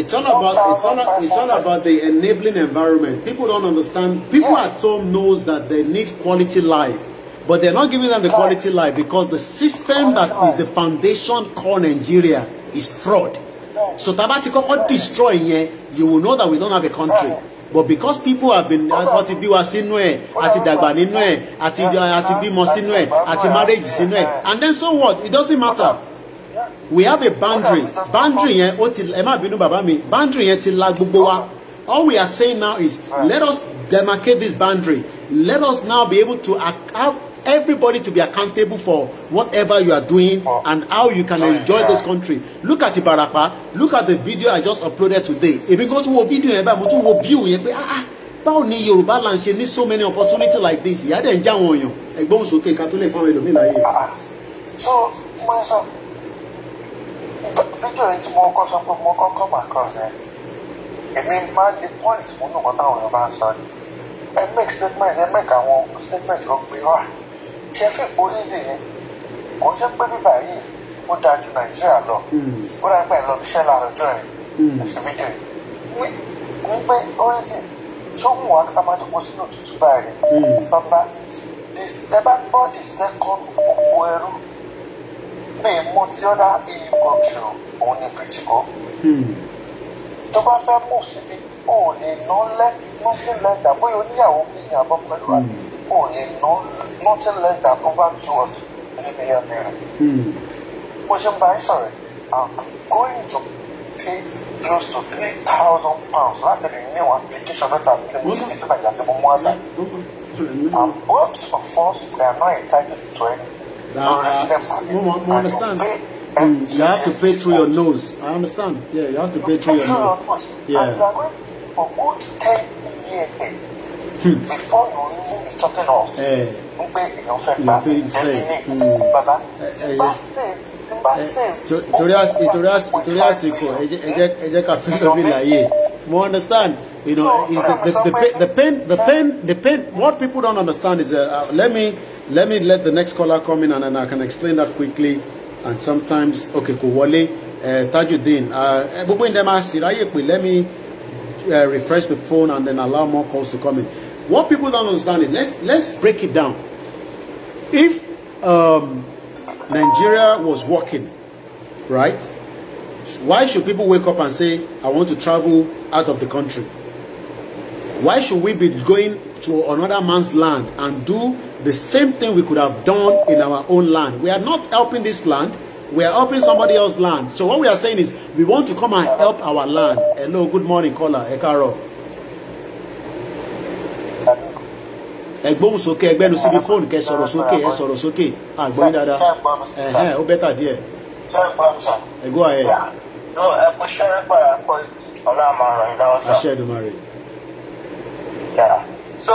[SPEAKER 3] It's all about it's all, it's all
[SPEAKER 1] about the enabling environment. People don't understand. People yeah. at home knows that they need quality life but they're not giving them the quality life because the system that is the foundation called Nigeria is fraud. So taba ti kọ́kọ́ destroy yẹn you will know that we don't have a country but because people have been wọ́n ti bí wa sínú ẹ̀ àti dàgbà nínú ẹ̀ àti àti bímọ sínú ẹ̀ àti marriage sínú ẹ̀ and then so what it doesn't matter we have a boundary boundary yẹn ó ti ẹ má bínú bàbá mi boundary yẹn ti la gbogbo wa all we are saying now is let us demarcate this boundary let us now be able to have everybody to be accountable for whatever you are doing oh. and how you can oh, enjoy this country look at Ibarapa. look at the video I just uploaded today èmi kan tún wo video yẹn báyìí mo tún wo view yẹn pé ah, ah báwo ni Yorùbá là ṣe ní so many opportunities like this ìyá dẹ̀ ń já àwọn èèyàn ẹgbọ́n sókè ká tó lè fáwọn ẹlòmíì láàyè. Ah, ah.
[SPEAKER 3] so mo sọ fídíò yìí tí mo kọ́ sọ pé mo kọ́kọ́ mà kọ́ rẹ̀ èmi máa di point múnú kan táwọn èèyàn bá ń sọ ẹ make statement ẹ make àwọn statement kan pé wá ṣe sí ìgbóni dè yẹn
[SPEAKER 2] kò ṣe pé bíbá yìí ó dáa ju nàìjíríà lọ hmm. ó dáa pé ẹ
[SPEAKER 3] lọ iṣẹ́ lárojọ́ ẹ̀ ṣèbíjẹ ń pé oríṣi ṣóhun wa ká máa dúpọ̀ sínú òtútù báyìí hmm. bàbá ẹ bá gbọ́ the second owó ẹrú pé mo ti ọ́dá EU country òun ni
[SPEAKER 2] Portugal hmm.
[SPEAKER 3] tó bá fẹ́ mú síbi òun ni no let nothing let that bóyá mi ni àbọ̀ pẹ̀lú àdéhùn. people is no, nothing less than over two or three million naira. Mo ṣe ń bá yín sọ̀rọ̀ I'm going to pay close to three thousand pounds láti lè ní àwọn application letter ní ṣe ṣe bàjẹ́ àti mọ́mọ́ àgbà. And most of force. they are not entitled to any. Now, uh,
[SPEAKER 1] Mama, I understand. Mm, you have to pay through your nose. I understand. Yeah, you have to pay through your nose. Yeah.
[SPEAKER 3] for good 10 years. fóònù ní ìtọ́tẹ̀lọ̀ wípé èèyàn fẹ́ pa ẹni ní bàbá bá sèé
[SPEAKER 1] torí àsìkò ẹ jẹ́ ká fi lómi láàyè mo understand you know eh, eh, the, the, the, the pain the pain the pain what people don't understand is uh, uh, let me let me let the next caller come in and then I can explain that quickly and sometimes okay kò wọlé eh, uh, Tajudeen gbogbo uh, ndé máa ṣì ráyè pé let me uh, refresh the phone and then allow more calls to come in. What people don't understand it, let's, let's break it down. If um, Nigeria was working, right? Why should people wake up and say, I want to travel out of the country? Why should we be going to another man's land and do the same thing we could have done in our own land? We are not helping this land, we are helping somebody else's land. So what we are saying is, we want to come and help our land. Hello, good morning, caller, Ekaro. ẹ gbóhùn sókè ẹ gbẹnu síbi fóònù kẹ sọ̀rọ̀ sókè ẹ sọ̀rọ̀ sókè àgbọ̀yìn dáadáa ẹ̀hẹ́n ó bẹ́tà díẹ̀ ẹ go ahead. àṣẹ Èdùmàrè. so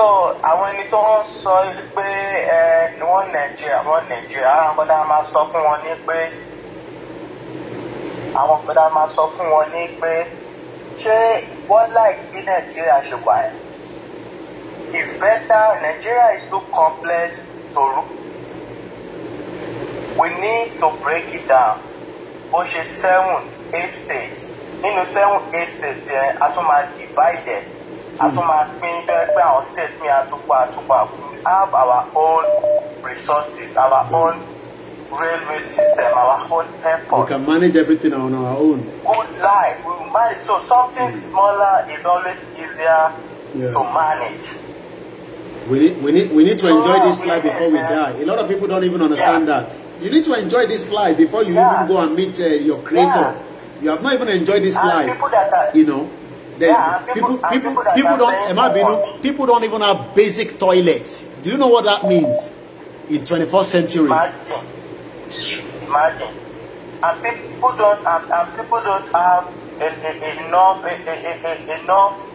[SPEAKER 1] àwọn ẹni tó ń sọ pé
[SPEAKER 3] ẹ ni wọ́n nàìjíríà wọ́n nàìjíríà àwọn akọ́dá máa sọ fún wọn ní pé àwọn akọ́dá máa sọ fún wọn ní pé ṣé wọ́n láì bí nàìjíríà ṣe wà yẹn is better. Nigeria is too complex to. We need to break it down. Bó ṣe seven eight states nínú seven eight states yẹn a tún máa divide it a tún máa pín pé àwọn states mi àtúpọ̀ àtúpọ̀ fún we have our
[SPEAKER 1] own resources our own railway system our own airport. We can manage everything on our own. Good life we manage so something hmm. smaller is always easier yeah. to manage. We need, we need, we need to enjoy oh, this life before we die. A lot of people don't even understand yeah. that. You need to enjoy this life before you yeah. even go and meet uh, your creator. Yeah. You have not even enjoyed this and life. Are, you know, people, people, people, people, people don't. being? Oh, people don't even have basic toilets. Do you know what that means in 21st century? Imagine, imagine,
[SPEAKER 3] and people don't, and, and people don't have enough, enough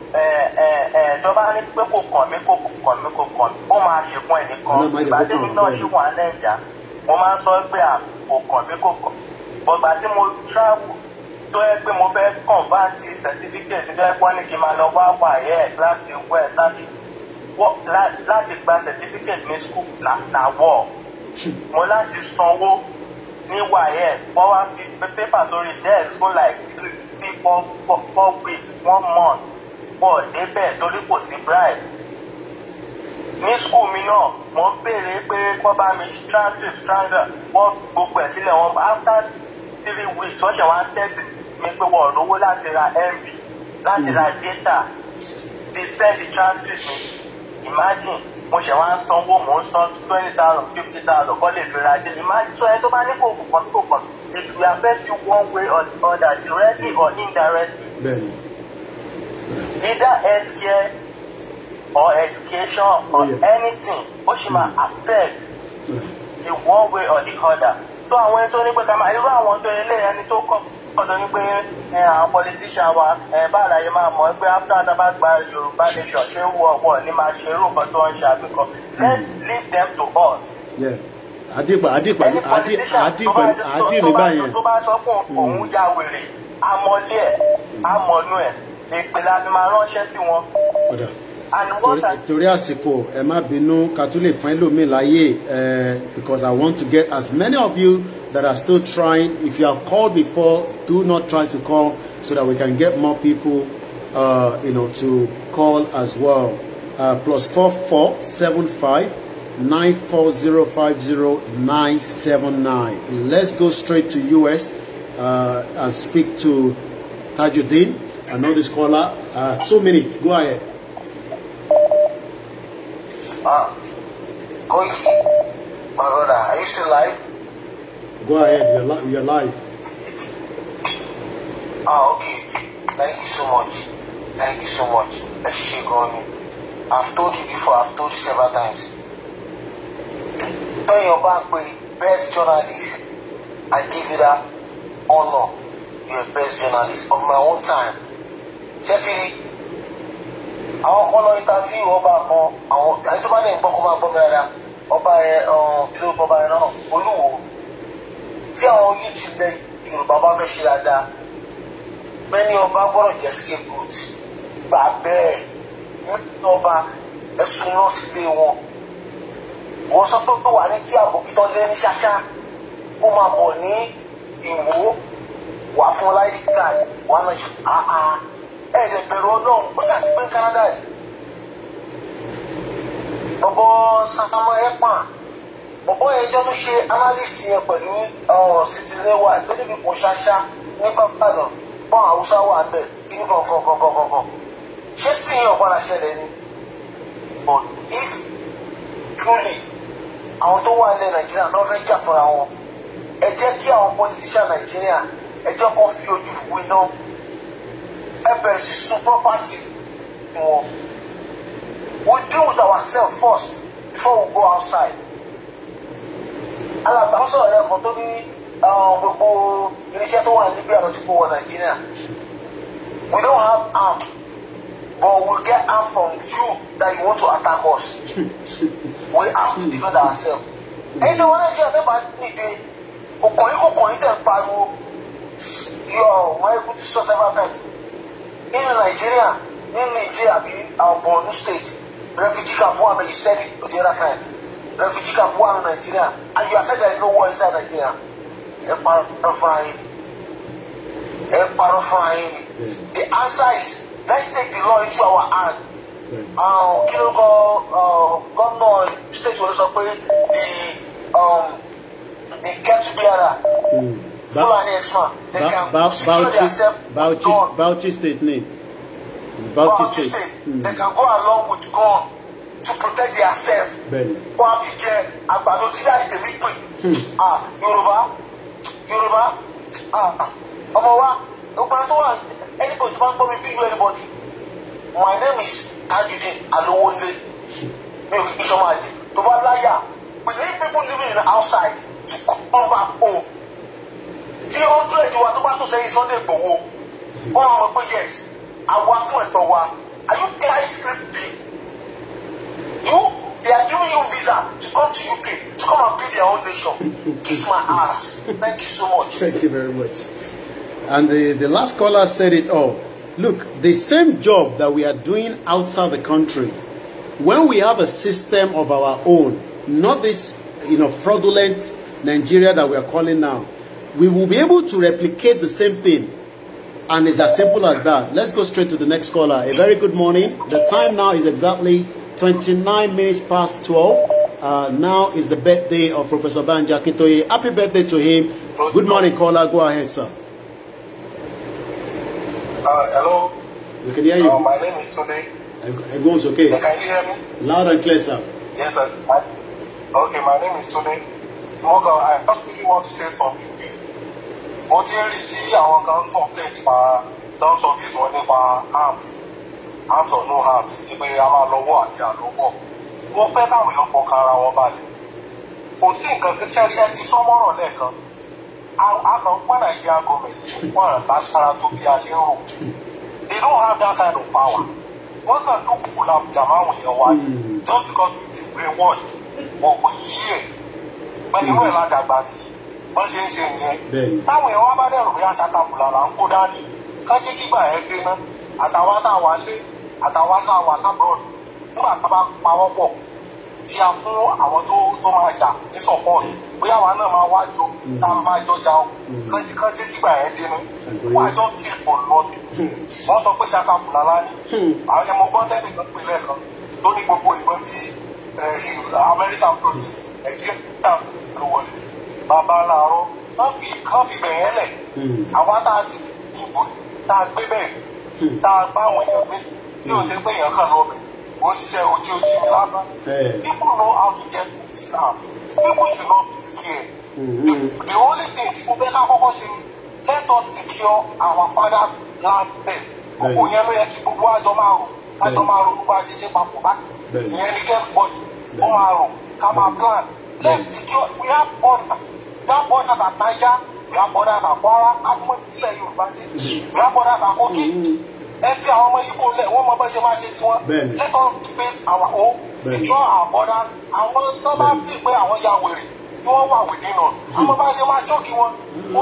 [SPEAKER 3] tó bá ní pé kò kàn mí kò kàn mí kò kàn mí ó máa ṣèkún ẹ̀ nìkan ìgbàdé mi náà ṣì wà nàìjà mo máa ń sọ pé kò kàn mí kò kàn bọ̀gbà tí mo travel tó yẹ pé mo fẹ́ kọ̀ǹbáàtì certificate tó yẹ pé wọ́n ní kí n máa lọ wá wà yẹ láti wẹ̀ láti láti gba certificate ní school na wọ̀ mo láti sanwó ní wà yẹ wọ́n wá fi pépà sórí desk fún like three four four weeks one month wọn débẹ̀ torí kò sí bribe ní skul mi náà mo ń béèrè pé wọ́n bá mi transcript transfer wọ́n gbogbo ẹ̀ sílẹ̀ wọn after
[SPEAKER 2] three weeks wọ́n ṣe wá tẹ́sí mi pé wọ́n lówó láti ra mb láti ra
[SPEAKER 3] data they send the transcript mi imagine mo ṣe wá ń sanwó mo ń san twenty thousand fifty thousand kọ́ lè fi ra dé imagine sọ ẹ tó bá ní kò kò kàn kò kàn it will affect you one way or the other directly or indirectly. bẹ́ẹ̀ni either healthcare or education or oh, yeah. anything ó sì máa mm. affect mm. the one way or the other so àwọn ẹni tó ní pé ká máa irú àwọn tó ilé ẹni tó kọ́ ọ̀dọ̀ ní pé àwọn politician wa
[SPEAKER 1] báàlà yìí máa mọ̀ pé after tá a bá gba Yorùbá nation ṣé wọ ọ̀pọ̀ ni máa ṣe irú nǹkan tó ń ṣe àbíkọ mm. let's leave them to us. Yeah àdìpà àdìpà àdìpà àdìpà ni nígbà yẹn. tó bá sọ fún òun ya
[SPEAKER 3] wèrè amọ̀lé ẹ̀ amọ̀nú ẹ̀ ìpìlẹ̀ àmì máa ránṣẹ́ sí wọn.
[SPEAKER 1] torí àsìkò ẹ má bínú ká tún lè fún ẹlòmíì láyè because i want to get as many of you that are still trying if you have called before do not try to call so that we can get more people uh, you know to call as well uh, plus four four seven five. nine nine four zero zero five seven nine. Let's go straight to US uh, and speak to Tajudeen another caller. Uh, two minutes. Go ahead. Ah,
[SPEAKER 3] Koiki, my brother, are you still live?
[SPEAKER 1] Go ahead. You're, li you're live.
[SPEAKER 3] Ah, okay. Thank you so much. Thank you so much. Let's going. I've told you before. I've told you several times. Tell your bank, best journalist. I give you that honor. You're the best journalist of my own time ṣẹ́tìrì àwọn kan lọ ìta fí ọba kan àwọn àti tó bá lè gbọ́ kó máa gbọ́ bẹ́ẹ̀ ọba yẹn um, kí ló ọba yẹn náà olúwo tí àwọn youtube yorùbá bá fẹ́ ṣe dáadáa mẹ́ni ọba gbọ́dọ̀ jẹ́ scapegoat gbà bẹ́ẹ̀ mẹ́ni ọba ẹ̀sùn náà sì lé wọn wọ́n sọ pé tó wà ní kí àbòkítọ́ lé ní ṣáṣá kó máa bọ̀ ní ìwó wà fún láìdí káàdì wà náà ṣe áá ẹ̀ẹ́dẹ̀ bẹ̀rù ọlọ́run ó sì àti pé yìí bọ̀bọ̀ Samuel ekpan bọ̀bọ̀ ẹjọ́ tó ṣe analysis yẹn pẹ̀lú uh, citizen wa lórí ipò ṣáṣá ní bàbàdàn bọ́n haúsá wà bẹ́ẹ̀ kí ní kọ̀ọ̀kọ̀ọ̀kọ̀ọ̀kọ̀ ṣé sì yẹn ọ̀padà ṣẹlẹ̀ ni but if truly àwọn tó wà nílẹ̀ Nàìjíríà náà fẹ́ jà fúnra wọn ẹ jẹ́ kí àwọn politician Nàìjíríà ẹ jẹ́ kó fi ojú fún iná ẹ is sí sun property wọn. We deal with ourselves first before we go outside. alàgbà wọn sọ̀rọ̀ lẹ́kọ̀ọ́ tó ní um, gbogbo irinṣẹ́ tó wà ní Libya ló ti kó wọ Nàìjíríà. We don't have arm but we get arm from you that you want to attack us. We have to defend ourselves. èyí wọn Nàìjíríà tẹ́ bá nìde kòkòyìn kòkòyìn tẹ̀ pariwo yọ̀ wọ́n ẹ̀kú ti sọ several times. In Nigeria, in Nigeria, àbí àwọn borno state refugee camp wà mẹ́yì sẹ́ni the other time refugee camp wà ní nàìjíríà and you are saying there is no war inside Nigeria? ẹ parọ́ fún ayé the answer is let's take the law into our hand Our ló kọ uh, state wo ló sọ the um, the get together.
[SPEAKER 1] Mm. Fulani Exma. They ba ba Bauchi, Bauchi, Bauchi State name. It's Bauchi, Bauchi State. State. Mm. They can go along with God to protect themselves. Bẹ́ẹ̀ni. Wọ́n
[SPEAKER 3] á fi jẹ àgbàdo tí láti tèmi pè. Hmm. Yorùbá Yorùbá ọmọ wa ọgbà tó wà anybody tó bá ń gbọ́ mi bí you anybody. My name is Ajudin Alowole. Mi ò kí sọ́mọ́ àjẹ́. Tó bá láyà, we need people living outside to come back home tí hundred wa tó bá tún sẹ́yìn Sunday Igboho ó rọrùn mọ́ pé yes àwa fún ẹ̀tọ́ wa are you guys creepy you they are giving you visa to come to UK to
[SPEAKER 1] come and be their own nation kiss my ass thank you so much. thank you very much and the, the last caller said it all. Look, the same job that we are doing outside the country, when we have a system of our own, not this, you know, fraudulent Nigeria that we are calling now, we will be able to replicate the same thing. And it's as simple as that. Let's go straight to the next caller. A very good morning. The time now is exactly 29 minutes past 12. Uh, now is the birthday of Professor Banja Kintoye. Happy birthday to him. Good morning, caller. Go ahead, sir. Uh, hello. We can hear you. Uh, my name is It goes okay. Can you hear me? Loud and clear, sir. Yes, sir. okay, my name is Tony.
[SPEAKER 3] wọ́n gan I really want to say something please mo ti ń rí tí àwọn kan ń complain nípa terms of use wọn nípa arms arms or no arms ní pé a máa lọ́wọ́ àti àlọ́wọ́ mo fẹ́ káwọn èèyàn pọ̀ kára wọn balẹ̀ kò sí nǹkan kan ṣẹ́rí ẹ ti sọ́mọ́rọ̀ lẹ́ẹ̀kan a kàn ń pẹ́ nàìjíríà gọ́ọ̀mẹ̀ntì fún àrùn lágbára tó bí a ṣe ń rò they don't have that kind of power wọ́n kàn ló kú làjàmáwìn yẹn wáyé
[SPEAKER 2] just because we been brainwashed
[SPEAKER 3] for years bẹ́ẹ̀ ni wọ́n yẹn máa dàgbà sí i wọ́n ṣe ń ṣe nìyẹn táwọn èèyàn wá bá dẹ̀rù bóyá ṣàtàkùlà là ń kó dání kájí kígbà ẹ̀ dé ná àtàwọn àtàwọn alẹ́ àtàwọn àtàwọn àtàbọ̀ọ̀dù nígbà tá a bá pawọ́ pọ̀ tí a fún àwọn tó tó máa jà ní sọ̀pọ̀ọ̀tù bóyá àwa náà máa wá jọ tá a máa jọ jà ó mm-hmm. kájí kájí kígbà ẹ̀ dé ná wọ́n àjọ skill for lord hmm. wọ́n sọ pé hmm. eh, produce ẹ̀jẹ̀ gbà ló wọlé sí bàbá làárọ̀ wọ́n fi kán fi bẹ̀rẹ̀ lẹ̀ hmm. àwa tá a ti dìbò tá a gbé bẹ̀rẹ̀ hmm. tá a bá àwọn èèyàn gbé tí o ti gbé èèyàn kan lọ bẹ̀ ó ṣiṣẹ́ ojú ojú mi lásán
[SPEAKER 2] people know how
[SPEAKER 3] to get this out people should not be scared the only thing tí mo fẹ́ ká kọ́kọ́ ṣe ni let us secure our father's land first gbogbo yẹn ló yẹ kí gbogbo àjọ máa rò àjọ máa rò gbogbo àṣeṣe
[SPEAKER 2] papọ̀ bá ìyẹn
[SPEAKER 3] ní kẹ́ẹ̀fù bọ́ọ̀dù ó máa rò come and plan. Let's secure. We have borders. We have borders at Niger. We have borders at Kwara. Àmọ́ you about it. We have borders at Kogi. Ẹ fi àwọn ọmọ Igbo lẹ̀ wọ́n mọ bá ṣe máa ṣe tiwọn. Let us face our own. Secure our borders. Àwọn tó bá fi pé àwọn ya wèrè You are one within us. I'm bá ṣe máa jókì wọn. Mo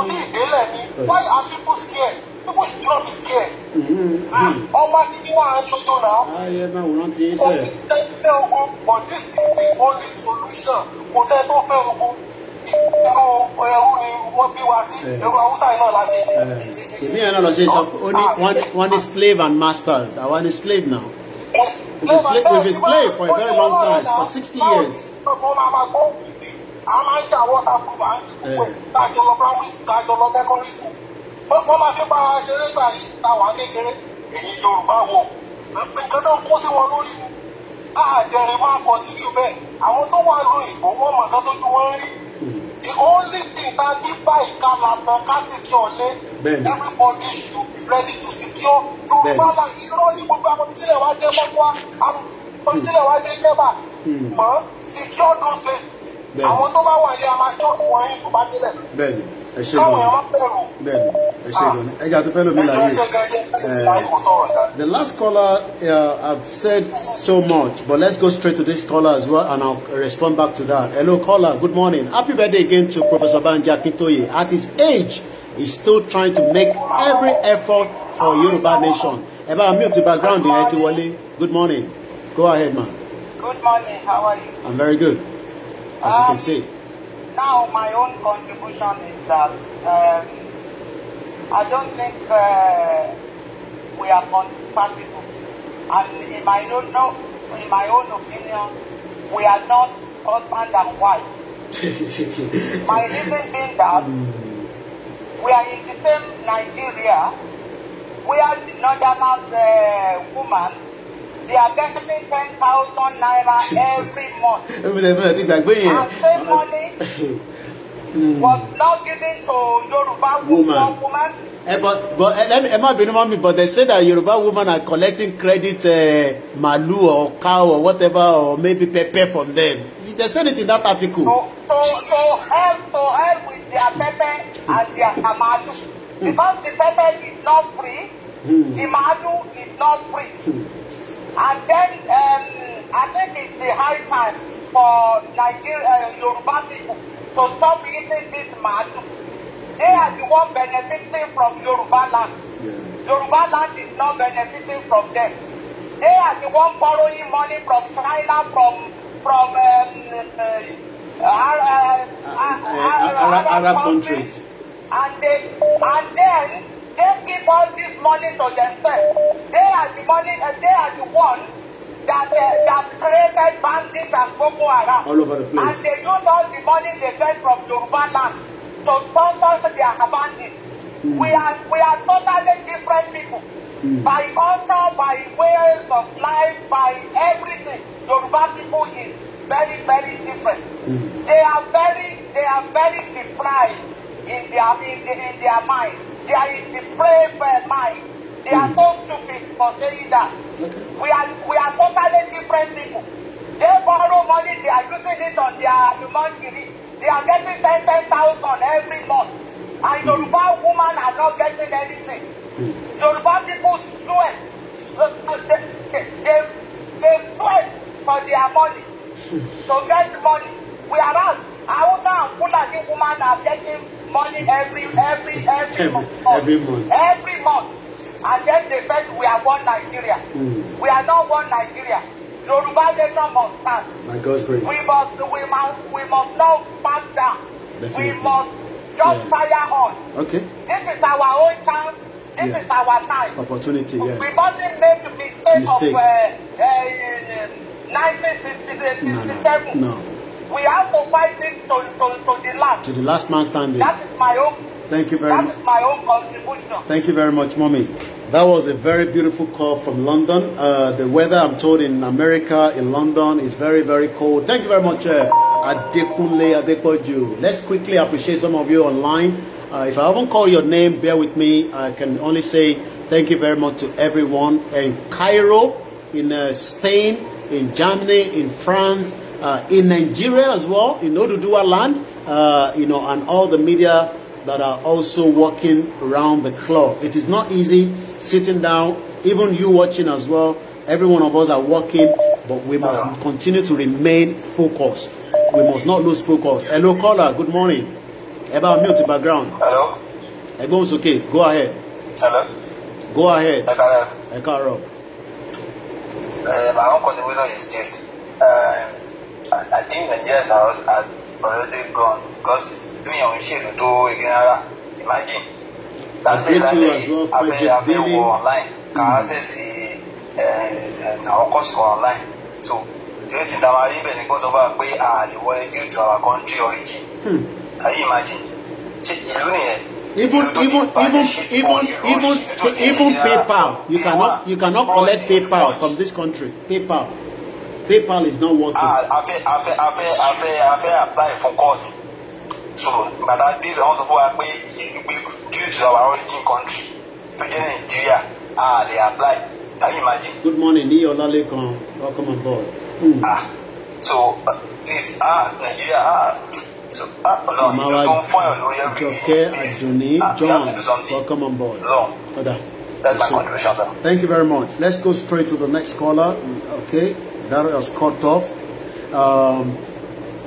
[SPEAKER 3] Why are people scared? people should not be scared. Mm-hmm. ọba nínú aṣọ tó náà.
[SPEAKER 1] ayé máa wòran ti sẹ. ó ti tẹ́ fẹ́ ogun but this is only solution kò tẹ́
[SPEAKER 3] tó fẹ́ ogun eh.
[SPEAKER 1] eh. èmi yẹn náà lọ ṣe sọ ah. wọ́n ní slave and masters àwa is slave now. we been slave we been slave for a very long time for sixty years.
[SPEAKER 3] a wọ́n máa fi bá wa ṣeré gbà yìí táwa kékeré èyí yorùbá wo nǹkan náà kó sí wọn lórí ni àdẹ̀rìn máa kọ̀ sí jù bẹ́ẹ̀ àwọn tó wà lu ìbò wọn mọ̀ kan tó ju wọn rí the only thing ta ní báyìí ká la mọ ká sì kí ọlé everybody should be ready to secure yorùbá la irọ́ ní gbogbo àwọn tílẹ̀ wá dé mọ́kúá àwọn tílẹ̀ wá dé nẹ́bà hmm. mọ́ secure those places àwọn
[SPEAKER 4] tó bá wà ní a máa tọ́kù wọn yìí tó délẹ̀ ẹ ṣe gan
[SPEAKER 1] bẹ́ẹ̀ni ẹ ṣe gan ẹja tó fẹ́ the last caller uh, I've said so much but let's go straight to this caller as well and I'll respond back to that hello caller good morning happy birthday again to Professor Banji Akintoye at his age he's still trying to make every effort for Yoruba nation About bá mute background yẹn good morning go ahead man.
[SPEAKER 3] good morning how are you. I'm very good as um, you can ah. see now my own contribution is that um, I don't think uh, we are compatible. And in my, own, no, in my own opinion, we are not husband and wife. my reason being that we are in the same Nigeria we are the northern uh, woman They are getting ten thousand naira every month.
[SPEAKER 1] Every month, ìgbàgbé yẹn. And
[SPEAKER 3] same money hmm. was not given to Yoruba woman.
[SPEAKER 1] woman. Eh, but but eh, let me, Emma bínú mọ́ mi, but they say that Yoruba women are collecting credit uh, eh, màálù or cow or whatever or maybe pepper from them. They said it in that article. So
[SPEAKER 3] so so help to help with their pepper and their màálù. Hmm. Because the pepper is not free,
[SPEAKER 1] mm. the màálù
[SPEAKER 3] is not free. Mm. And then um, I think it's the high time for Nigeria, uh, Yoruba people to stop eating this man. They are the one benefiting from Yoruba land. Yeah. Yoruba land is not benefiting from them. They are the one borrowing money from China, from from um, uh, uh, uh, uh, uh, uh, uh,
[SPEAKER 1] Arab countries. countries.
[SPEAKER 3] And, they, and then They give all this money to themselves. They are the money, uh, they are the one that, uh, that created bandits and Boko Haram. All over the place. And they use all the money they get from Yoruba land to sponsor their bandits. Mm. We are we are totally different people. Mm. By culture, by ways of life, by everything, Yoruba people is very, very different. Mm. They are very, they are very deprived in their in, in their mind. There is the prayer per mind. They are so hmm. stupid for saying that. Okay. We are we are totally different people. They borrow money, they are using it on their lumangiri. They are getting ten ten thousand every month. And hmm. Yoruba mm. women are not getting anything. Mm. Yoruba people sweat. Uh, uh, they, they, they sweat for their money. Hmm. to get money. We are asked Hausa and Fulani women are taking money every every every, every month. Every month. Every month. And then they said we are one Nigeria. Mm. We are not one Nigeria. Yoruba nation must stand. My God's grace. We must we must we must not back down. Definitely. We must just yeah. fire on. Okay. This is our own chance. This yeah. is our time. Opportunity, yeah. We mustn't make the mistake, mistake. of uh, uh, 1967. No, no. no. We have to fight it
[SPEAKER 1] to, to, to the last. To the last man standing. That is my own. Thank you very much. That is my own contribution. Thank you very much, Mommy. That was a very beautiful call from London. Uh, the weather, I'm told, in America, in London, is very, very cold. Thank you very much, uh, Adekunle Adepoju. Let's quickly appreciate some of you online. Uh, if I haven't called your name, bear with me. I can only say thank you very much to everyone in Cairo, in uh, Spain, in Germany, in France, uh, in Nigeria as well, in Oduduwa land, uh, you know, and all the media that are also working around the clock. It is not easy sitting down, even you watching as well. Every one of us are working, but we must continue to remain focused. We must not lose focus. Hello, caller. Good morning. About mute the background. Hello. Everyone's okay. Go ahead. Hello. Go ahead. Hello. I can't wrong.
[SPEAKER 3] Uh, my the contribution is this. Uh, I think Nigerians are, has already gone because lóyún àwọn ìṣèlú tó igi rárá imagine
[SPEAKER 2] lábẹ́ ìlànà abẹ́ abẹ́ wọ online ká hmm. access
[SPEAKER 3] àwọn eh, eh, course kan online so the only thing táwọn arí bẹ́ẹ̀ ni kó sọ fún wa pé a lè wọlé
[SPEAKER 1] due to our country origin hmm. can you imagine ṣe Even even even even even even PayPal you cannot you cannot collect PayPal from this country PayPal. PayPal is not working. Ah, a fẹ́ a fẹ́ a fẹ́ a fẹ́
[SPEAKER 3] a fẹ́ apply fún course so bàtà dé àwọn sọ fún wa
[SPEAKER 1] due to our origin country tó jẹ́ Nàìjíríà a lè apply can you imagine. good morning ní Ọlálékan welcome on board. Hmm. ah so this ah Nigeria ah so ah Ọlọ́run ìlú tó ń fọyàn lórí everything Jọkẹ́ ah, John welcome on board. long order. That's my contribution, sir. Thank you very much. Let's go straight to the next caller. Mm, okay. that was cut off. Um,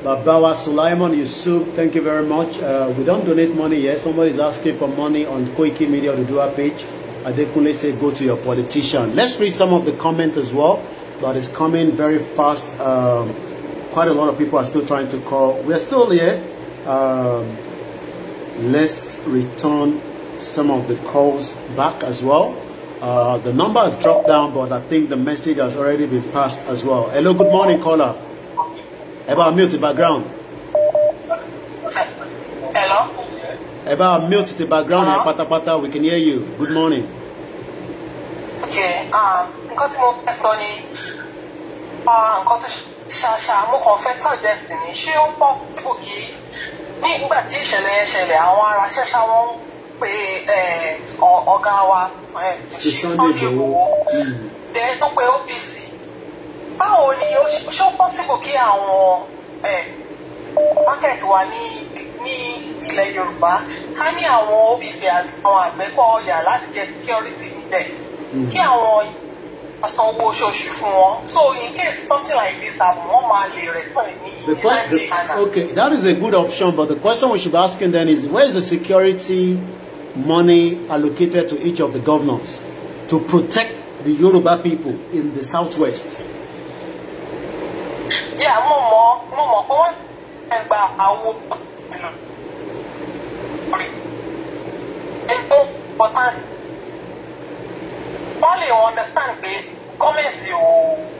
[SPEAKER 1] Babawa Sulaiman Yusuf, thank you very much. Uh, we don't donate money Somebody Somebody's asking for money on Koiki Media do Dua page. Adekunle say go to your politician. Let's read some of the comment as well, but it's coming very fast. Um, quite a lot of people are still trying to call. We're still here. Um, let's return some of the calls back as well. Uh, the number has dropped down, but I think the message has already been passed as well. Hello, good morning, caller. About mute the background. Hello. About mute the background. Hello? Pata pata, we can hear you. Good morning.
[SPEAKER 3] Okay. Um, because more personally, fẹ́ because ni uh, nǹkan tó ṣàṣà mo kàn fẹ́ suggest ni ṣé ó pọ̀ pípò kí nígbà tí ìṣẹ̀lẹ̀ yẹn ṣẹlẹ̀ àwọn ará ṣẹ̀ṣà wọn ọ̀gá wa Sunday Igboho mm. then tó pe OPC báwo ni ṣé ó pọ́sibù kí àwọn market wa ní ní ilẹ̀ Yorùbá ká ní àwọn OPC àwọn àgbẹ̀kọ̀ọ́yà láti jẹ́ security níbẹ̀ mm. kí àwọn san owó oṣooṣù fún wọn so in case something like this happen wọn máa lè respond ní ìlànà. okay
[SPEAKER 1] that is a good option but the question we should be asking then is where is the security money allocated to each of the governors to protect the Yoruba people in the southwest.
[SPEAKER 3] Yeah, mo mọ̀, mo mọ̀ pé wọ́n ń gba àwọn ètò important. Wọ́n lè understand pé gọ́ọ̀mẹ̀ntì ò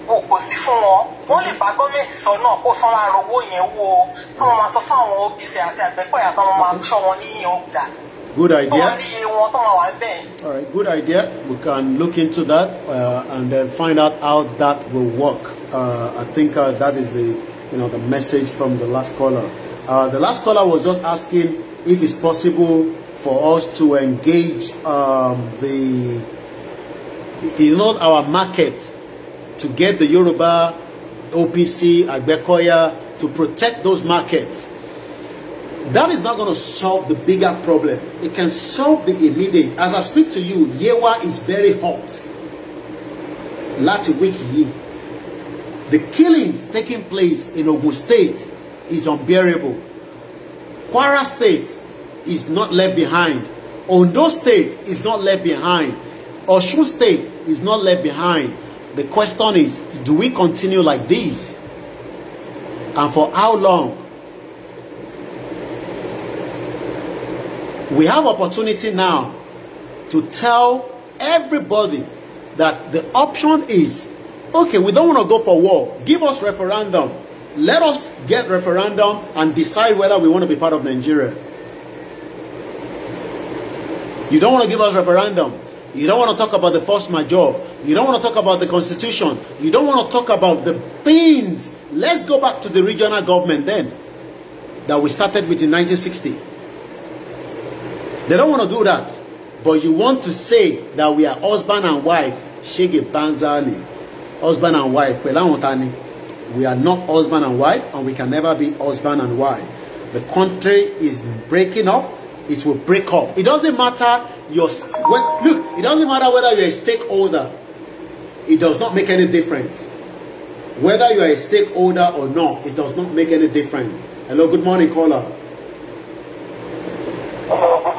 [SPEAKER 3] wò kò sí fún wọn. Wọ́n lè bá gọ́ọ̀mẹ̀ntì sọ náà kó san lára owó yẹn wo kí wọ́n máa sọ fáwọn OBC àti àgbẹ̀kọ̀yà kí wọ́n máa ṣọ́
[SPEAKER 1] Good idea.
[SPEAKER 3] All
[SPEAKER 1] right, good idea. We can look into that uh, and then find out how that will work. Uh, I think uh, that is the, you know, the message from the last caller. Uh, the last caller was just asking if it's possible for us to engage um, the, you know, our market to get the Yoruba, OPC, Agbekoya to protect those markets That is not going to solve the bigger problem. It can solve the immediate. As I speak to you, Yewa is very hot. Lati wiki The killings taking place in Ogun State is unbearable. Kwara State is not left behind. Ondo State is not left behind. Osun State is not left behind. The question is, do we continue like this? And for how long we have opportunity now to tell everybody that the option is okay we don't want to go for war give us referendum let us get referendum and decide whether we want to be part of nigeria you don't want to give us referendum you don't want to talk about the force major. you don't want to talk about the constitution you don't want to talk about the things let's go back to the regional government then that we started with in 1960 they don't want to do that. But you want to say that we are husband and wife. Ṣége banza ni. Husband and wife. We are not husband and wife and we can never be husband and wife. The country is breaking up. It will break up. It doesn't matter your... Well, look, it doesn't matter whether you're a stakeholder. It does not make any difference. Whether you are a stakeholder or not, it does not make any difference. Hello, good morning, caller. Hello,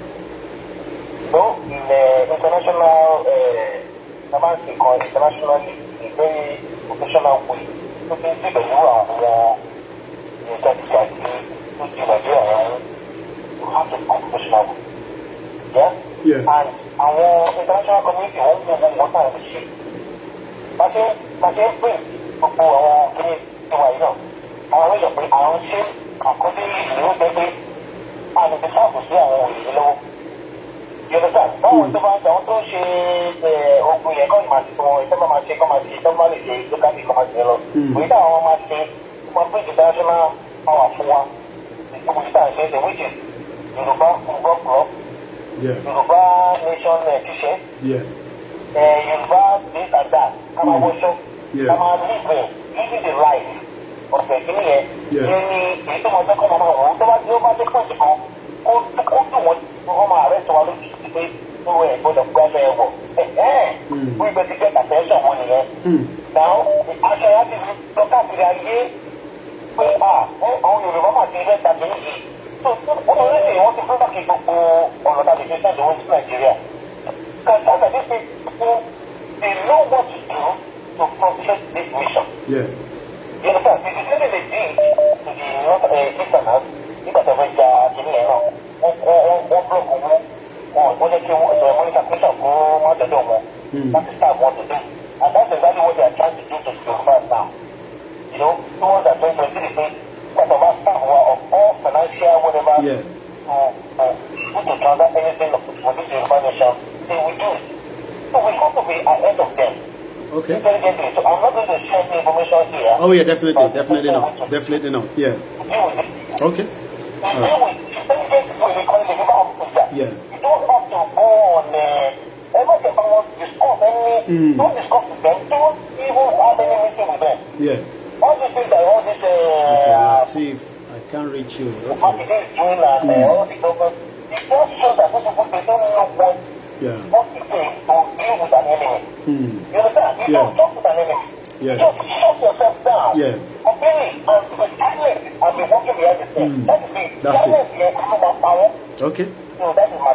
[SPEAKER 3] though in mm, the international uh, e, namasi kan internationally in e, a very professional way ó ti ń ṣe pẹ̀lú àwọn ìṣàkíṣàkí e, tó ti nàìjíríà rárá you have to become professional yeah? yeah. and àwọn international community wọ́n ń gbogbo wọn náà ṣe pàṣẹ pàṣẹ pé gbogbo àwọn kìnìún ti wà yìí náà àwọn ọlọ́yọ̀ pé àwọn ṣe àkọsílẹ̀ ìlú gbẹgbẹ́ àlùfẹ́ sáàbù sí àwọn òyìnbó lọ́wọ́ yorùbá báwọn tó bá ń sọ àwọn tó ń ṣe ogun yẹn kọ́ni máa ti fún wọn ìtọ́ba máa ṣe kọ́ máa ṣe ìtọ́ba lè ṣe lókàtí kọ́ máa ṣe lọ. òye tí nation ṣiṣẹ́
[SPEAKER 2] yorùbá this and that ká máa live living the life ọ̀sẹ̀
[SPEAKER 3] kìnìyẹn ni èyí tó máa tọ́kọ́ máa wọ̀ tó bá ó dùn wọ́n wọ́n máa rẹ̀ sọ wa lójú hmm. hmm. Now aṣọ ya ti fi lọ káàkiri ayé pé àwọn Yorùbá máa ti rẹ̀ tàbí yìí. So wọ́n lè ṣe wọ́n ti fún bákì gbogbo ọ̀nà tàbí ṣe ṣáàjì wọn sí Nàìjíríà. Kàtà tàbí pé they know what to do to complete this mission. Yes, sir. This is really the to the North uh, Easterners nígbà tó fẹ́ gba kínní ẹ̀rọ wọ́n kọ́ wọ́n búlọ̀kù wọn wọn ò jẹ́ kí wọ́n sọ̀rọ̀ mọ́lẹ́ta pẹ́sà kó
[SPEAKER 2] má dọ̀dọ̀ wọn láti start wọn tó dé and that's exactly what they are trying to do to Yoruba now you know towards that twenty
[SPEAKER 3] nígbà tó bá start wọn of financial whatever yeah. to to to to for this Yoruba nation they will do so we have to be ahead of Okay. So I'm not going to share the information here.
[SPEAKER 1] Oh yeah, definitely, definitely not, definitely not. Yeah. Okay. Right. Yeah. You don't have to go on uh, everything about discuss any mm. don't discuss with them,
[SPEAKER 3] don't even have any meeting with them.
[SPEAKER 1] Yeah. All these things are all this uh, Okay, Latif, I can't reach you. Okay. What it is
[SPEAKER 3] doing and mm. uh, hmm. all the government it just shows that most people they don't know what yeah. what it takes to deal with an enemy. Mm. You understand? You yeah. don't talk with an enemy.
[SPEAKER 1] Yeah. Just shut yourself down. Yeah. Obey and be silent and be walking behind the Mm. That is it. That's it. Okay.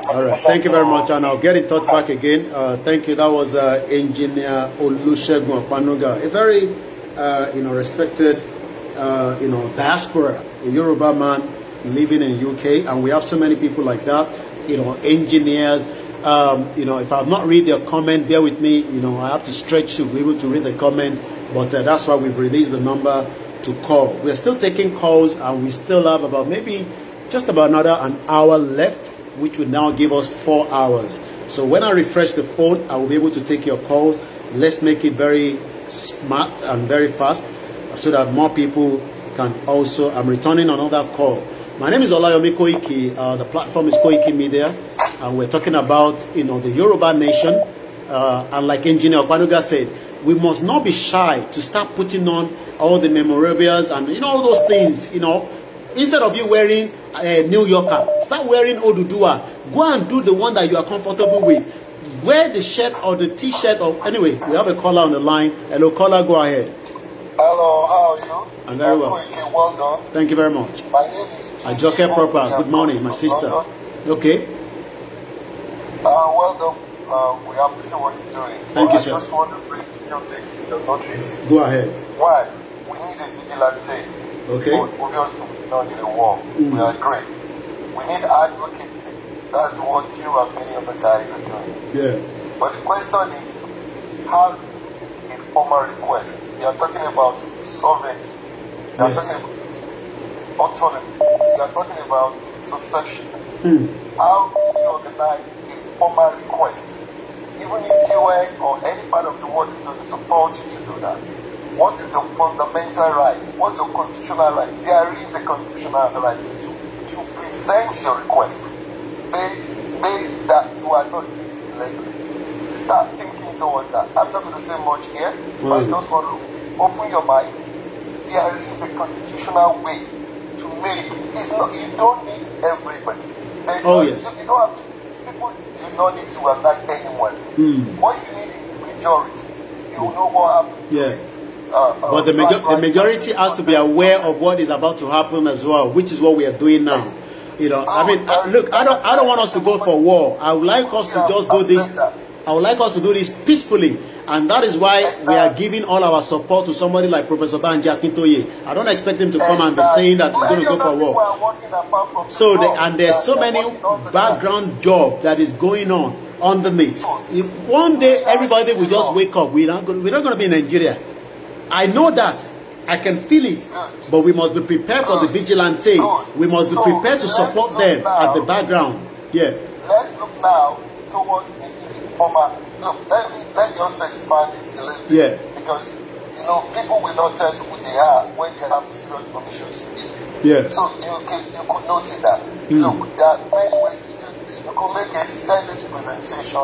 [SPEAKER 1] All right. Thank you very much. And I'll get in touch back again. Uh, thank you. That was uh, Engineer Olusegun Panuga, a very, uh, you know, respected, uh, you know, diaspora, a Yoruba man living in UK. And we have so many people like that, you know, engineers, um, you know, if I've not read your comment, bear with me. You know, I have to stretch to be able to read the comment. But uh, that's why we've released the number to call. We're still taking calls and we still have about maybe just about another an hour left, which will now give us four hours. So when I refresh the phone, I will be able to take your calls. Let's make it very smart and very fast so that more people can also. I'm returning another call. My name is Olayomi Koiki. Uh, the platform is Koiki Media, and we're talking about you know the Yoruba nation. Uh, and like Engineer Kwanuga said, we must not be shy to start putting on all the memorabilia and you know all those things you know instead of you wearing a uh, new yorker start wearing odudua go and do the one that you are comfortable with wear the shirt or the t-shirt or anyway we have a caller on the line hello caller go ahead hello how are you i'm very well, well done. thank you very much my name is ajoke proper good morning my sister okay uh, well done uh, we appreciate what you're doing thank you I sir in the countries. Go ahead. Why? We need a vigilante.
[SPEAKER 4] Okay. Obviously, we not in a war. Mm. We agree. We need advocacy.
[SPEAKER 3] That's what you and many other guys are doing. Yeah. But the question is, how in formal request? We are talking about sovereignty. We are yes. talking about autonomy.
[SPEAKER 4] We are talking about succession. Mm. How do you organize a formal request? even if UN or any part of the world doesn't support you to do that, what is the fundamental right? What's the constitutional right? There is a constitutional
[SPEAKER 3] right to, to present your request based, based that you are not legally. Start thinking towards that. I'm not going to say much here, mm. but I just want to open your mind. There is a constitutional way to make it. you don't need
[SPEAKER 1] everybody. oh, yes. You don't have to no need to attack anyone. Mm. What you need is majority. You know what Yeah. Uh, uh, but the, major the majority has to be aware of what is about to happen as well, which is what we are doing now. You know, I oh, mean, look, I don't, I don't want us to go for war. I would like us to just do this. I would like us to do this peacefully. And that is why we are giving all our support to somebody like Professor Banji Akintoye. I don't expect him to come and be saying that he's going to go for war. So, the, and there's so many background job that is going on underneath. If one day everybody will just wake up, we're not going, we're not going to be in Nigeria. I know that. I can feel it. But we must be prepared for the vigilante. We must be prepared to support them at the background. Yeah. Let's look now towards the former No, let me let just expand it a little bit. Yeah. Because you know people will not tell you who they are when they have serious permission to give you. Yeah. So
[SPEAKER 3] you can, you could notice that. Mm. Look, there are many ways to do this. You could make a silent presentation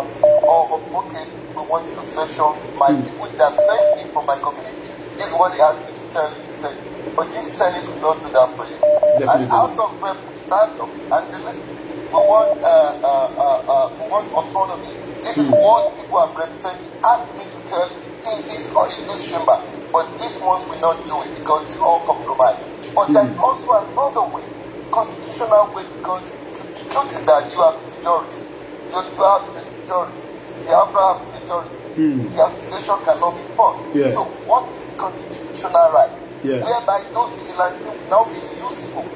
[SPEAKER 3] or okay, we want a session. My mm. people that sent me from my
[SPEAKER 4] community, this is what they asked me to tell you. They said, but this Senate will not do that for you. Definitely. And House of Rep stand up and the listen. We want, uh, uh, uh, uh we want
[SPEAKER 3] autonomy this is what people I'm representing asked me to tell in this or in this chamber. But this month we not do it because they all compromise.
[SPEAKER 4] But mm. there's hmm. also another way, constitutional way, because the truth is that you have majority. You have majority. The Abraham majority. Mm. The association cannot be forced. Yeah. So what constitutional right? Yeah. Whereby those vigilantes will now be useful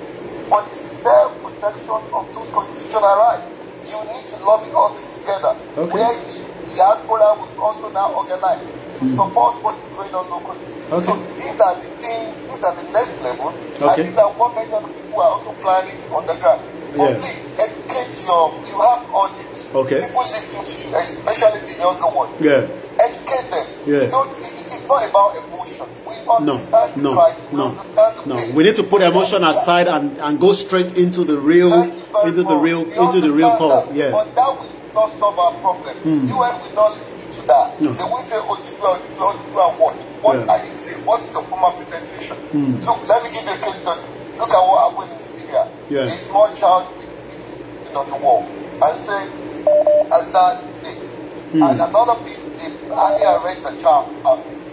[SPEAKER 3] for the self-protection of those constitutional rights. You need to lobby all these
[SPEAKER 1] together. Okay. Where
[SPEAKER 3] the diaspora will also now organize to mm. support what is going on locally. Okay. So these are the things, these are the next level.
[SPEAKER 1] Okay. And these
[SPEAKER 3] are what many other people
[SPEAKER 4] are also planning on the ground. But yeah. please, educate your, you have
[SPEAKER 1] audience. Okay. People listening
[SPEAKER 4] to you, especially the younger ones.
[SPEAKER 1] Yeah. Educate them. Yeah. Don't,
[SPEAKER 3] it's not about emotion.
[SPEAKER 1] no, no, no, no. We need to put emotion aside and, and go straight into the real, into the real, into the real call. Yeah not
[SPEAKER 4] solve our problem. Mm. UN will not listen
[SPEAKER 1] to that. No. They will say, oh, you are, you are, you are what? What
[SPEAKER 3] yeah. are you saying? What is your form of presentation? Mm. Look, let me give you a case study. Look at what happened in
[SPEAKER 4] Syria. Yeah. A small child is on the wall and say, as this. Mm. And another piece, the army arrest the child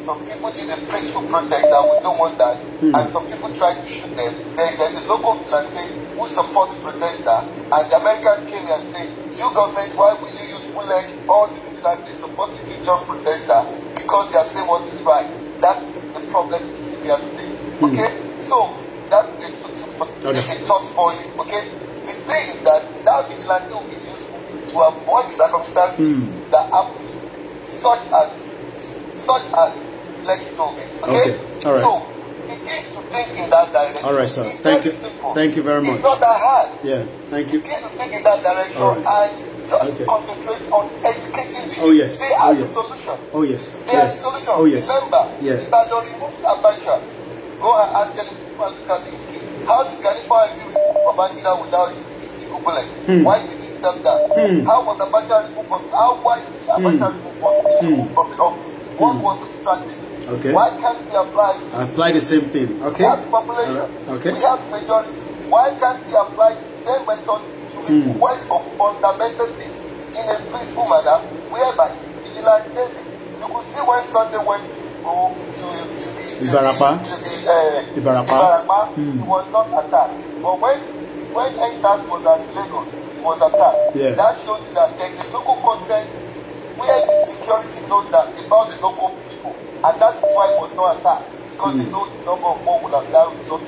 [SPEAKER 4] some people did a preach to protect and we don't want that. Mm. And some people tried to shoot them. Then there's a local plantain who support protester and the American came and said, You government, why will you use bullets? All the people that they support religion protester because
[SPEAKER 2] they are saying what is right. That's the problem is severe today. Mm. Okay? So that's
[SPEAKER 3] a, a, a, a thought for you. Okay? The thing is that that vigilante will be useful to avoid
[SPEAKER 4] circumstances
[SPEAKER 1] mm. that happen
[SPEAKER 4] such as such as reflect okay.
[SPEAKER 1] okay. All right. So, it is to think in that direction. All right, sir. It's thank you. Simple. Thank you very much. It's not
[SPEAKER 3] that hard.
[SPEAKER 1] Yeah. Thank you. It is
[SPEAKER 3] to think in that direction All right. and just okay. concentrate on
[SPEAKER 1] educating people. Oh, yes. They are oh, yes. the solution. Oh, yes. They yes. are the solution. Oh, yes. Remember, Yes. if I don't remove
[SPEAKER 4] Abacha, go and ask any people and look at history. How did Khalifa agree with Babangida without his equivalent? Hmm. Why did he step down? Hmm. How was Abacha removed from, how, why did Abacha
[SPEAKER 1] hmm. removed from, hmm. from the office? Hmm. What hmm. was the strategy? Okay. Why can't we apply? Apply the same thing. Okay. We have population. Right. Okay. We have majority.
[SPEAKER 4] Why can't we apply the same method to mm. voice of fundamental things in a peaceful manner, whereby vigilante, you could see when Sunday went to go to,
[SPEAKER 1] to the to Ibarapa. The, to the, uh, Ibarapa. Ibarapa. Mm. He was not attacked. But when when
[SPEAKER 4] Exas was at Lagos, he was attacked. Yeah. That
[SPEAKER 1] shows that
[SPEAKER 3] there is local content where the security knows that about the local people. And that fight was not attacked because mm. they know the number of more would have died with no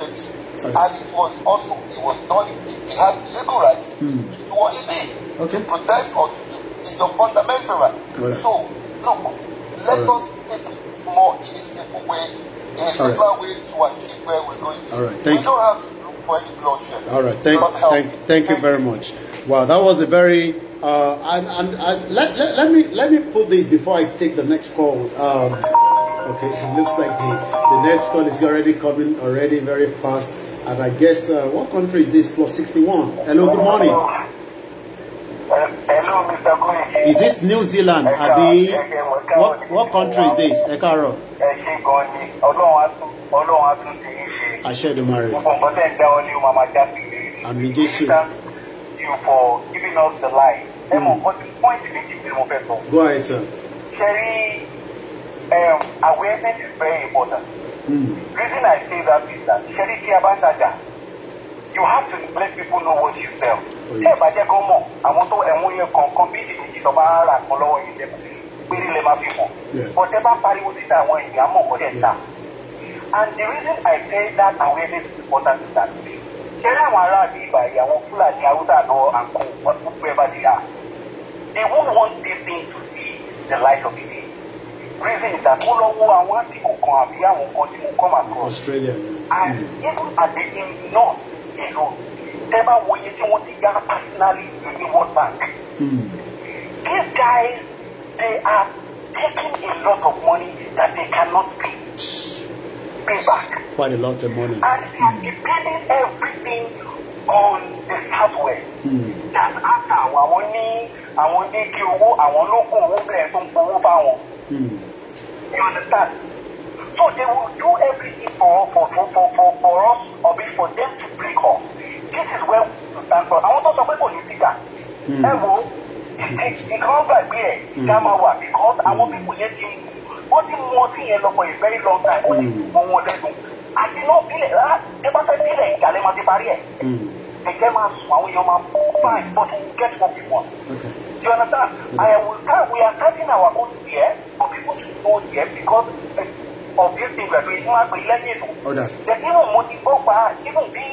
[SPEAKER 3] Okay. And it was also, it was
[SPEAKER 4] not, hmm. it had legal rights mm. to do
[SPEAKER 3] what he did.
[SPEAKER 4] Okay. To protest or to do. It's your
[SPEAKER 3] fundamental right. right.
[SPEAKER 4] So, look, let right. us take it more in a simple way, in a
[SPEAKER 1] simpler right. way to achieve where we're going to. All right. Thank we don't have to look for any bloodshed. All right. Thank, thank, thank, thank you very much. Wow, that was a very Uh, I'm, I'm, I, let, let, let, me let me put this before I take the next call. Um, okay, it looks like the, the next call is already coming already very fast. And I guess uh, what country is this? Plus sixty one. Hello, good morning. hello, Mr. Koiki. Is this New Zealand? Abi, what what country is this? Ekaro. I share the marriage. I'm in Jesus
[SPEAKER 3] you for giving us the line. ẹ mọ̀ hmm. nǹkan tí point
[SPEAKER 1] méjì tí mo fẹ́ sọ. go ahead sir. ṣẹ́rí
[SPEAKER 2] um, awareness is very important. Mm. reason I say that is that ṣẹ́rí
[SPEAKER 3] tí a bá ń tajà you have to let people know what you sell. Oh, ẹ bá jẹ́ kó mọ̀ àwọn tó ẹ̀wọ̀n yẹn kọ̀ọ̀kan bí ìdíjì tó bá rà kan lọ́wọ́ yìí lẹ́kọ̀ọ́ péré people, whatever fi mọ̀. bọ̀dẹ́ bá pariwo títà àwọn ènìyàn mọ̀ kọ́ dẹ̀ ta. and the reason I say that awareness is important is that ṣẹ́rẹ́ àwọn aráàlú ìbàyà àwọn fúlàní haúsá lọ àǹkó ọdún pẹ́ bá ti yà they won't want this thing to see the light of the day reason is that ó àwọn àsìkò kan
[SPEAKER 2] àbí àwọn kan tí mo come across Australia and
[SPEAKER 3] even at the in north ìlú tẹ́ bá wo iye tí wọ́n ti yá personally ní World Bank hmm. these guys they are taking a lot of money that they cannot pay pay back.
[SPEAKER 1] Quite a lot of money. And she's mm.
[SPEAKER 3] depending everything on the southwest. Mm. That after àwọn ní àwọn ní kí owó àwọn lókun owó
[SPEAKER 2] bẹ̀rẹ̀ tó ń gbowó bá wọn. Hmm. You understand? So they will do everything for for for for for, for us
[SPEAKER 3] or be for them to break off. This is where we stand for. Àwọn tó sọ pé kò ní síta. Hmm. Ẹ wo, ìkan gbàgbé ẹ̀ ká máa wà because àwọn hmm. pípò yẹn ti ó ti mú ọtí yẹn lọ for very long time ó ti hmm. mú wọn lẹ́nu àti náà bílẹ̀ rárá ẹ bá fẹ́ bílẹ̀ ìjàlẹ̀ máa ti parí ẹ̀ hmm. ẹ̀jẹ̀ máa sùn àwọn èèyàn máa fine but we get what we want you understand okay. I will tell we are cutting our own dear for people to know dear because uh, of this thing we are doing ìfúnmá pé lẹ́yìn ètò the even mo ti gbọ́ pa even bí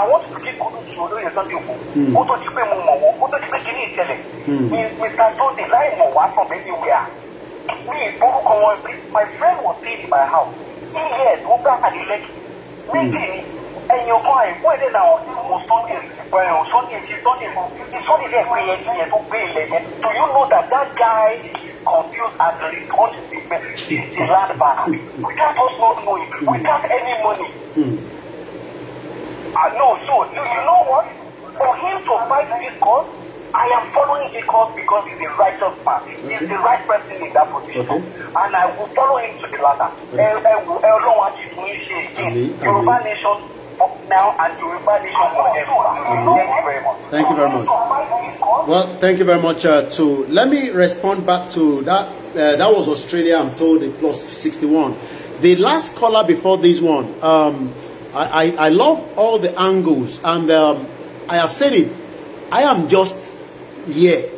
[SPEAKER 3] àwọn tó ti kúrú ti olóyè sunday òkú hmm. ó tó ti pé mo mọ̀ wọ́n ó tó ti pé kí ní ìṣẹ̀lẹ̀ Mr. Sunday láì mọ̀ wá from anywhere. Me, mi ìforúkọ wọn bí my friend was staying in my house he heard wọ́n bá àdìlẹ́kì méjì ni ẹ̀yìn ọkọ àìkú ẹ̀dẹ̀ náà wọ́n ti wọ́n sunday ẹ̀hún sunday ti sunday fún ti sunday dẹ̀ pé yẹn ti yẹn tó gbé ilẹ̀
[SPEAKER 2] yẹn do you know that that guy confused and returned the the the land hmm. back hmm.
[SPEAKER 3] without us not knowing without hmm. any money. ah no so you know what for him to fight this cause. I am following Jacob because he's a righteous man. Okay. He's the right person in that position. Okay. And I will follow him to the ladder. Ọlọ́run á ti
[SPEAKER 1] fún iṣẹ́ ìdí. Yorùbá
[SPEAKER 3] nation now and
[SPEAKER 1] Yorùbá nation forever. Thank you very much. Thank you very much. Well, thank you very much. Uh, to let me respond back to that. Uh, that was Australia, I'm told, in plus sixty one. The last caller before this one, um, I, I, I love all the angles, and um, I have said it. I am just here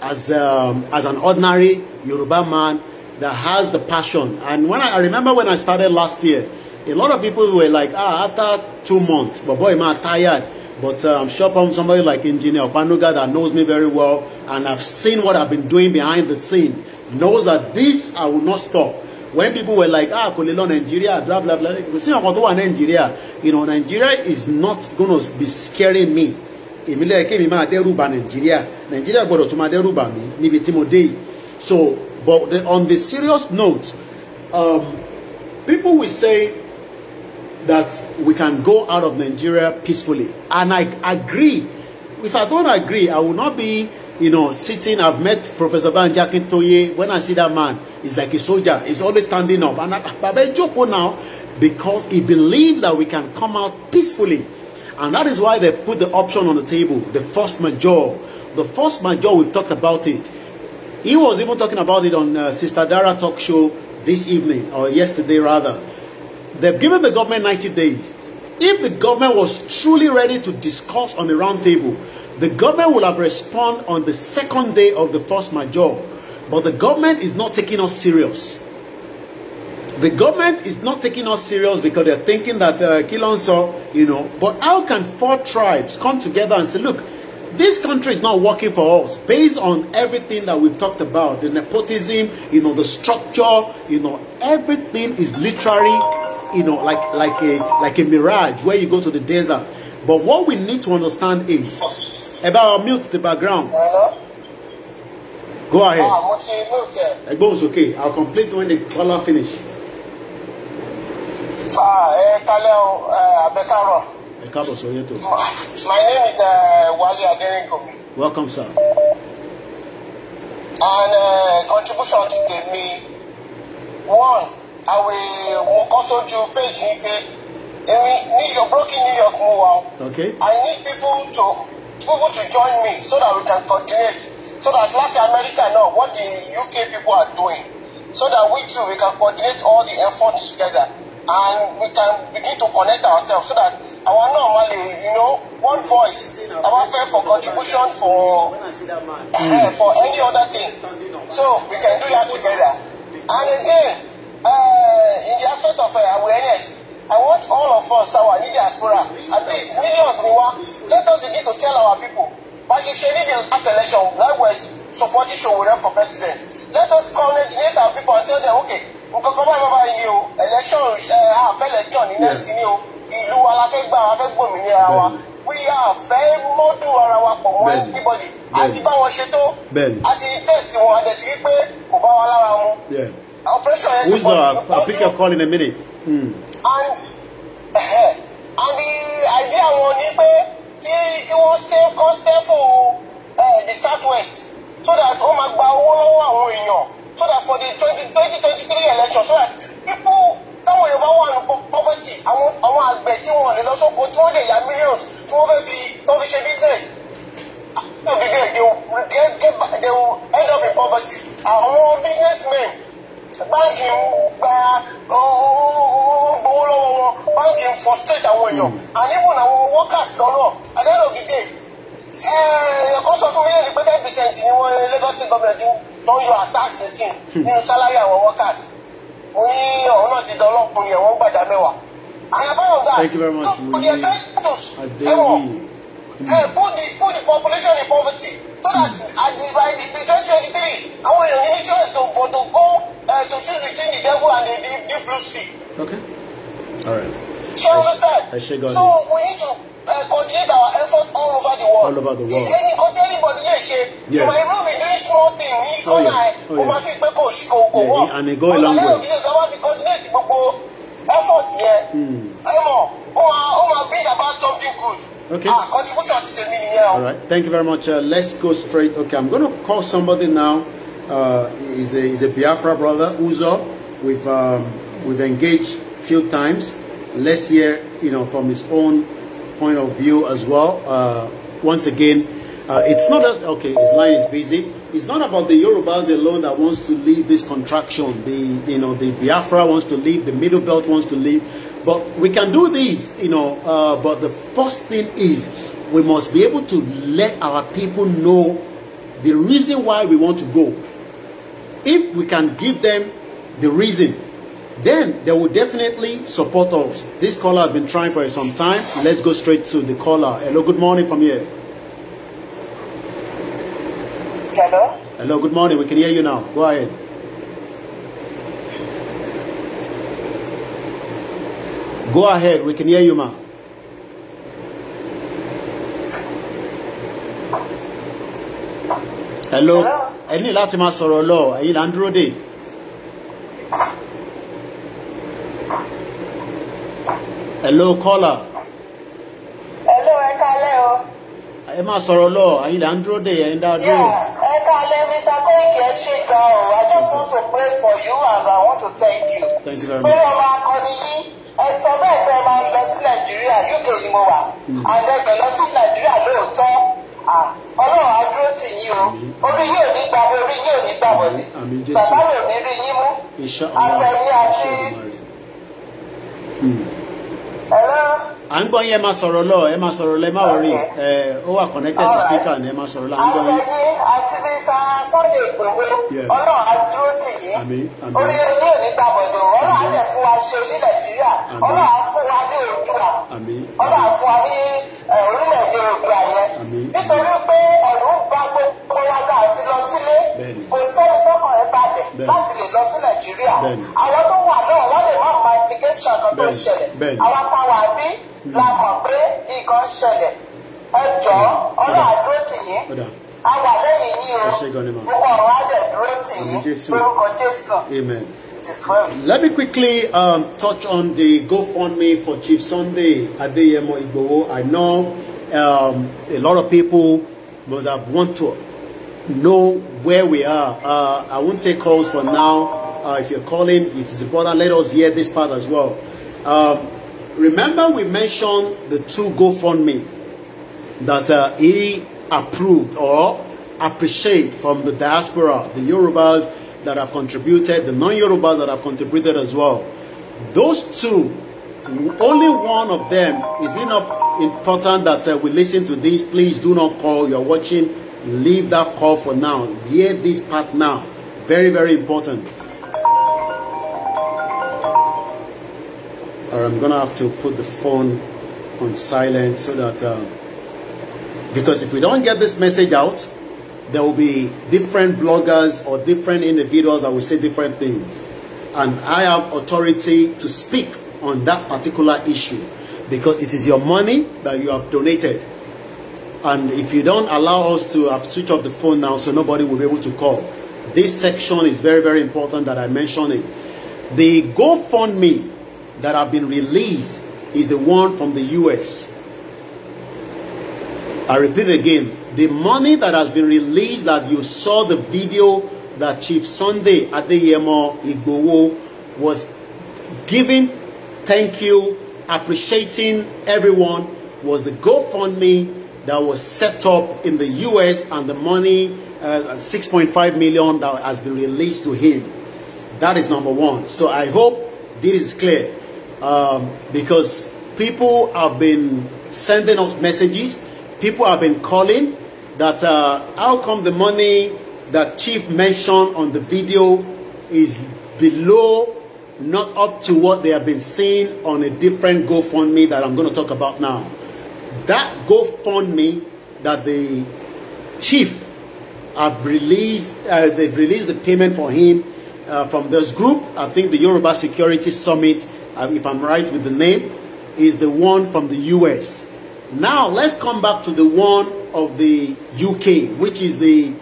[SPEAKER 1] as, um, as an ordinary Yoruba man that has the passion. And when I, I, remember when I started last year, a lot of people were like, ah, after two months, but boy, am I tired. But uh, I'm sure from somebody like Engineer Panuga that knows me very well and I've seen what I've been doing behind the scene, knows that this, I will not stop. When people were like, ah, Kolelo Nigeria, blah, blah, blah, we see Nigeria. You know, Nigeria is not going to be scaring me. èmi lẹ́yìn kémi máa dẹ́rù bà nàìjíríà nàìjíríà gbọ́dọ̀ tún máa dẹ́rù bà mí níbi tí mo dé yìí so but the, on the serious note um, people will say that we can go out of Nigeria peacefully and I agree if I don't agree I will not be you know, sitting. I've met Professor Banja Akintoye. When I see that man, he's like a soldier. He's always standing up. And I, Baba Joko now, because he believes that we can come out peacefully. And that is why they put the option on the table, the first major. The first major, we've talked about it. He was even talking about it on uh, Sister Dara talk show this evening, or yesterday rather. They've given the government 90 days. If the government was truly ready to discuss on the round table, the government would have responded on the second day of the first major. But the government is not taking us serious the government is not taking us serious because they're thinking that uh, Kilonso, you know, but how can four tribes come together and say, look, this country is not working for us based on everything that we've talked about, the nepotism, you know, the structure, you know, everything is literally, you know, like, like, a, like a mirage where you go to the desert. But what we need to understand is, about mute the background. Uh-huh. Go ahead.
[SPEAKER 4] Ah,
[SPEAKER 1] It goes okay. I'll complete when the caller finish.
[SPEAKER 3] Ah, ẹ kálẹ́ o abẹ́kárọ̀.
[SPEAKER 1] ẹ káàbọ̀ sórí ètò.
[SPEAKER 3] my name is uh, eh, Wale Aderinko. welcome sir. and uh, contribution ti me one àwẹ̀ mo kọ́ sójú page yìí pé èmi New York broken New York mo wà o. okay. I need people to people to join me so that we can coordinate so that láti
[SPEAKER 1] America know what the UK people are doing so that we too we can coordinate all the efforts together and we can begin to connect ourselves so that our normally eh, you know
[SPEAKER 3] one voice our fair for contribution for uh, for any other thing so we can do that together and again uh, in the aspect of uh, awareness I want all of us our ní diaspora at least millions ni wa let us begin to tell our people bá a ṣe ṣe ní the last election likewise support Sowore for president let us coordinate our people and tell them okay nǹkan kan báyìí báyìí ni o election
[SPEAKER 1] àfẹ́ eh, election ní next ni o ìlú wa la fẹ́ gbà wa fẹ́ gbòmìnira wa we are fẹ́ mọ́dù ara wa pọ̀ mọ́ anybody àti bá ṣe tó àti
[SPEAKER 3] test wọn àdẹ̀tí wípé kò
[SPEAKER 1] bá wa lára mu operation yẹn ti pọ̀ jù pọ̀ I'll pick your call in a minute. Mm.
[SPEAKER 3] and uh, and the idea wọn ni pé kí wọ́n stay constant for uh, the south west so that wọ́n máa gba owó lọ́wọ́ àwọn èèyàn so that for the twenty twenty twenty three election so that people táwọn èèyàn bá wà ní poverty àwọn àwọn àgbẹ̀ tí wọ́n lè lọ sóko tí wọ́n lè ya millions tí wọ́n fẹ́ fi tó fi ṣe business at ah, the end of they will get get they will end up in poverty àwọn businessmen báńkì ń gba gbowó lọ́wọ́ wọn báńkì ń frustrate àwọn èèyàn and even àwọn workers lọ́rọ̀ at the end of the day èèyàn eh, kan sọ fún mi lẹ́yìn pé ten percent ni wọ́n Lagos state government tó ń yọ as tax sí nínú sálárì àwọn workers mo ọ̀hún náà ti dán ọlọ́kùnrin ẹ̀wọ̀n gbàdá mẹ́wàá and apart from that to dey
[SPEAKER 1] try to ẹ̀wọ̀n eh,
[SPEAKER 3] put the put the population in poverty so that at the by the twenty twenty three àwọn èèyàn ní choice to go to go uh, to choose between the devil and the deep blue sea. okay
[SPEAKER 1] all right. ṣé o understand so we need to uh, coordinate our effort all over the world. All over the world. Ìyẹn nìkan anybody lè ṣe. Yeah. Ìwà irú mi doing small thing ní Oh yeah. kó má sí pé kò kò wọ̀. Yeah, and e go a long way. Ọ̀nà ìlú ìjọba wa fi coordinate gbogbo effort yẹn. Hmm. Ẹ mọ̀, Oh máa ó máa bring about something good. Okay. Ah, contribution ti tèmi All right, thank you very much. Uh, let's go straight. Okay, I'm gonna call somebody now. Uh, he's a, he's a Biafra brother, Uzo. We've um, we've engaged few times. Let's hear, you know, from his own point of view as well. Uh, once again, uh, it's not that, okay, his line is busy. It's not about the Yorubas alone that wants to leave this contraction. The, you know, the Biafra wants to leave, the Middle Belt wants to leave. But we can do this, you know, uh, but the first thing is we must be able to let our people know the reason why we want to go. If we can give them the reason then they will definitely support us. This caller has been trying for some time. Let's go straight to the caller. Hello, good morning from here. Hello? Hello, good morning. We can hear you now. Go ahead. Go ahead. We can hear you, ma. Hello? Hello? Ẹni láti Hello? sọ̀rọ̀ lọ, ẹ̀yin hello caller. hello ẹ kalẹ́ o. ẹ máa sọ̀rọ̀ lọ àyìn là ń dúró dè ẹ̀yin dá dúró. ẹ
[SPEAKER 3] kalẹ́ mr koiki ẹ ṣe gan o i just want to pray for you and i want to thank you. thank you very much. torí ọmọ akọni yín ẹ sọ bẹ́ẹ̀ pé ẹ máa
[SPEAKER 2] lọ sí nàìjíríà uk ni mo wà àdẹgbẹ mm. lọ sí nàìjíríà lóòótọ́
[SPEAKER 1] ọlọ́run á dúró tì yín o orí
[SPEAKER 2] yóò ní gbàgbé
[SPEAKER 3] orí yóò ní
[SPEAKER 1] gbàgbọ́lé bàbá mi ò ní rí yín mú àtẹ̀yìn àti à ń gbọ́ yín ẹ máa sọ̀rọ̀ lọ ẹ máa sọ̀rọ̀ lọ ẹ máa wọrí ẹ ó wà connected sí speaker ni ẹ máa sọ̀rọ̀ lọ à ń gbọ́ yín. àṣeyí àti fi san sunday ìgbòho ọlọ́run àdúró tì yín orí ẹni ò ní gbàgbọ́dọ̀ ọlọ́run á lè fún
[SPEAKER 3] wa
[SPEAKER 2] ṣe ní nàìjíríà
[SPEAKER 3] ọlọ́run á fún wa ní òdùà ọlọ́run á fún wa ní orílẹ̀-èdè òdùà yẹn nítorí pé ẹ̀rù ń bá gbogbo wa gbà àti lọ sílé kò sóhun láti lè lọ sí nàìjíríà àwọn tó wà náà wọ́n lè má mọ implication kan tó ṣẹlẹ̀ àwọn táwa bí hmm. la mọ̀ pé nǹkan ṣẹlẹ̀ ẹ
[SPEAKER 1] jọ̀ọ́ hmm. àdúró tì yín a wà lẹ́yìn yín o gbogbo ọ̀rọ̀ á dúró tì yín lórúkọ jésù. Let me quickly um, touch on the GoFundMe for Chief Sunday Adeyemo Igboho. I know um, a lot of people must have wanted. to know where we are. Uh, I won't take calls for now. Uh, if you're calling, if it's important, let us hear this part as well. Um, remember we mentioned the two GoFundMe that uh, he approved or appreciate from the diaspora, the Yorubas that have contributed, the non-Yorubas that have contributed as well. Those two, only one of them is enough important that uh, we listen to this. Please do not call. You're watching Leave that call for now. Hear this part now. Very, very important. Or I'm going to have to put the phone on silent so that... Uh, because if we don't get this message out, there will be different bloggers or different individuals that will say different things. And I have authority to speak on that particular issue because it is your money that you have donated. And if you don't allow us to, switch have switched off the phone now so nobody will be able to call. This section is very, very important that I mention it. The GoFundMe that have been released is the one from the US. I repeat again, the money that has been released that you saw the video that Chief Sunday at the Adeyemo Igbowo was giving thank you, appreciating everyone was the GoFundMe that was set up in the US and the money, uh, 6.5 million that has been released to him. That is number one. So I hope this is clear um, because people have been sending us messages. People have been calling that uh, how come the money that Chief mentioned on the video is below not up to what they have been seeing on a different GoFundMe that I'm going to talk about now that GoFundMe that the chief have released, uh, they've released the payment for him uh, from this group. I think the Yoruba Security Summit, uh, if I'm right with the name, is the one from the US. Now let's come back to the one of the UK, which is the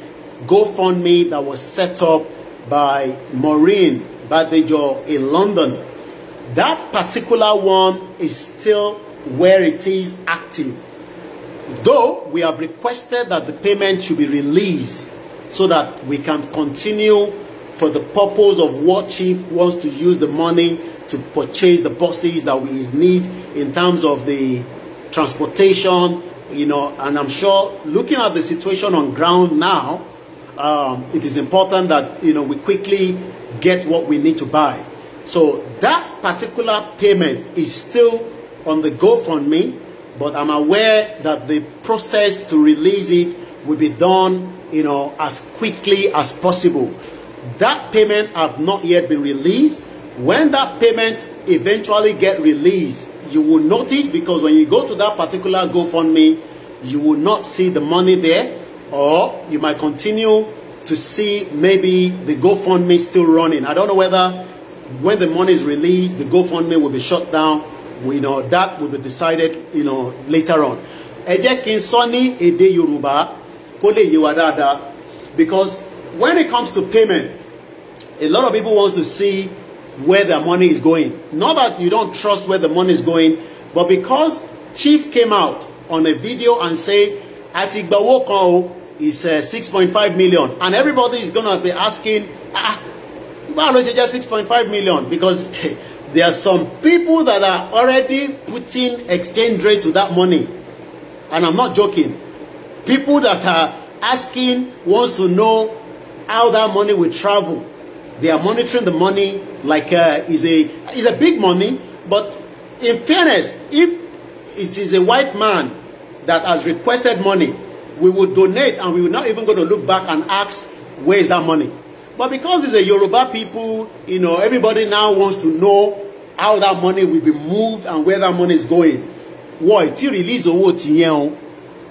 [SPEAKER 1] GoFundMe that was set up by Maureen Badejo in London. That particular one is still where it is active. Though we have requested that the payment should be released so that we can continue for the purpose of what chief wants to use the money to purchase the buses that we need in terms of the transportation, you know, and I'm sure looking at the situation on ground now, um, it is important that, you know, we quickly get what we need to buy. So that particular payment is still on the GoFundMe, but I'm aware that the process to release it will be done, you know, as quickly as possible. That payment have not yet been released. When that payment eventually get released, you will notice because when you go to that particular GoFundMe, you will not see the money there or you might continue to see maybe the GoFundMe still running. I don't know whether when the money is released, the GoFundMe will be shut down We know that will be decided you know later on ẹ jẹ́ kí n sọ ní èdè Yorùbá kó lè yé wa dáadáa because when it comes to payment a lot of people want to see where their money is going not that you don't trust where the money is going but because Chief came out on a video and say àti ìgbàwó kan o is uh, 6.5 million and everybody is gonna be asking ah báwo ló ṣe point five million because There are some people that are already putting exchange rate to that money. And I'm not joking. People that are asking wants to know how that money will travel. They are monitoring the money like uh, is a is a big money, but in fairness, if it is a white man that has requested money, we will donate and we will not even go to look back and ask, where is that money? But because it's a Yoruba people, you know, everybody now wants to know how that money will be moved and where that money is going. Why? Till release owó tìyẹn o.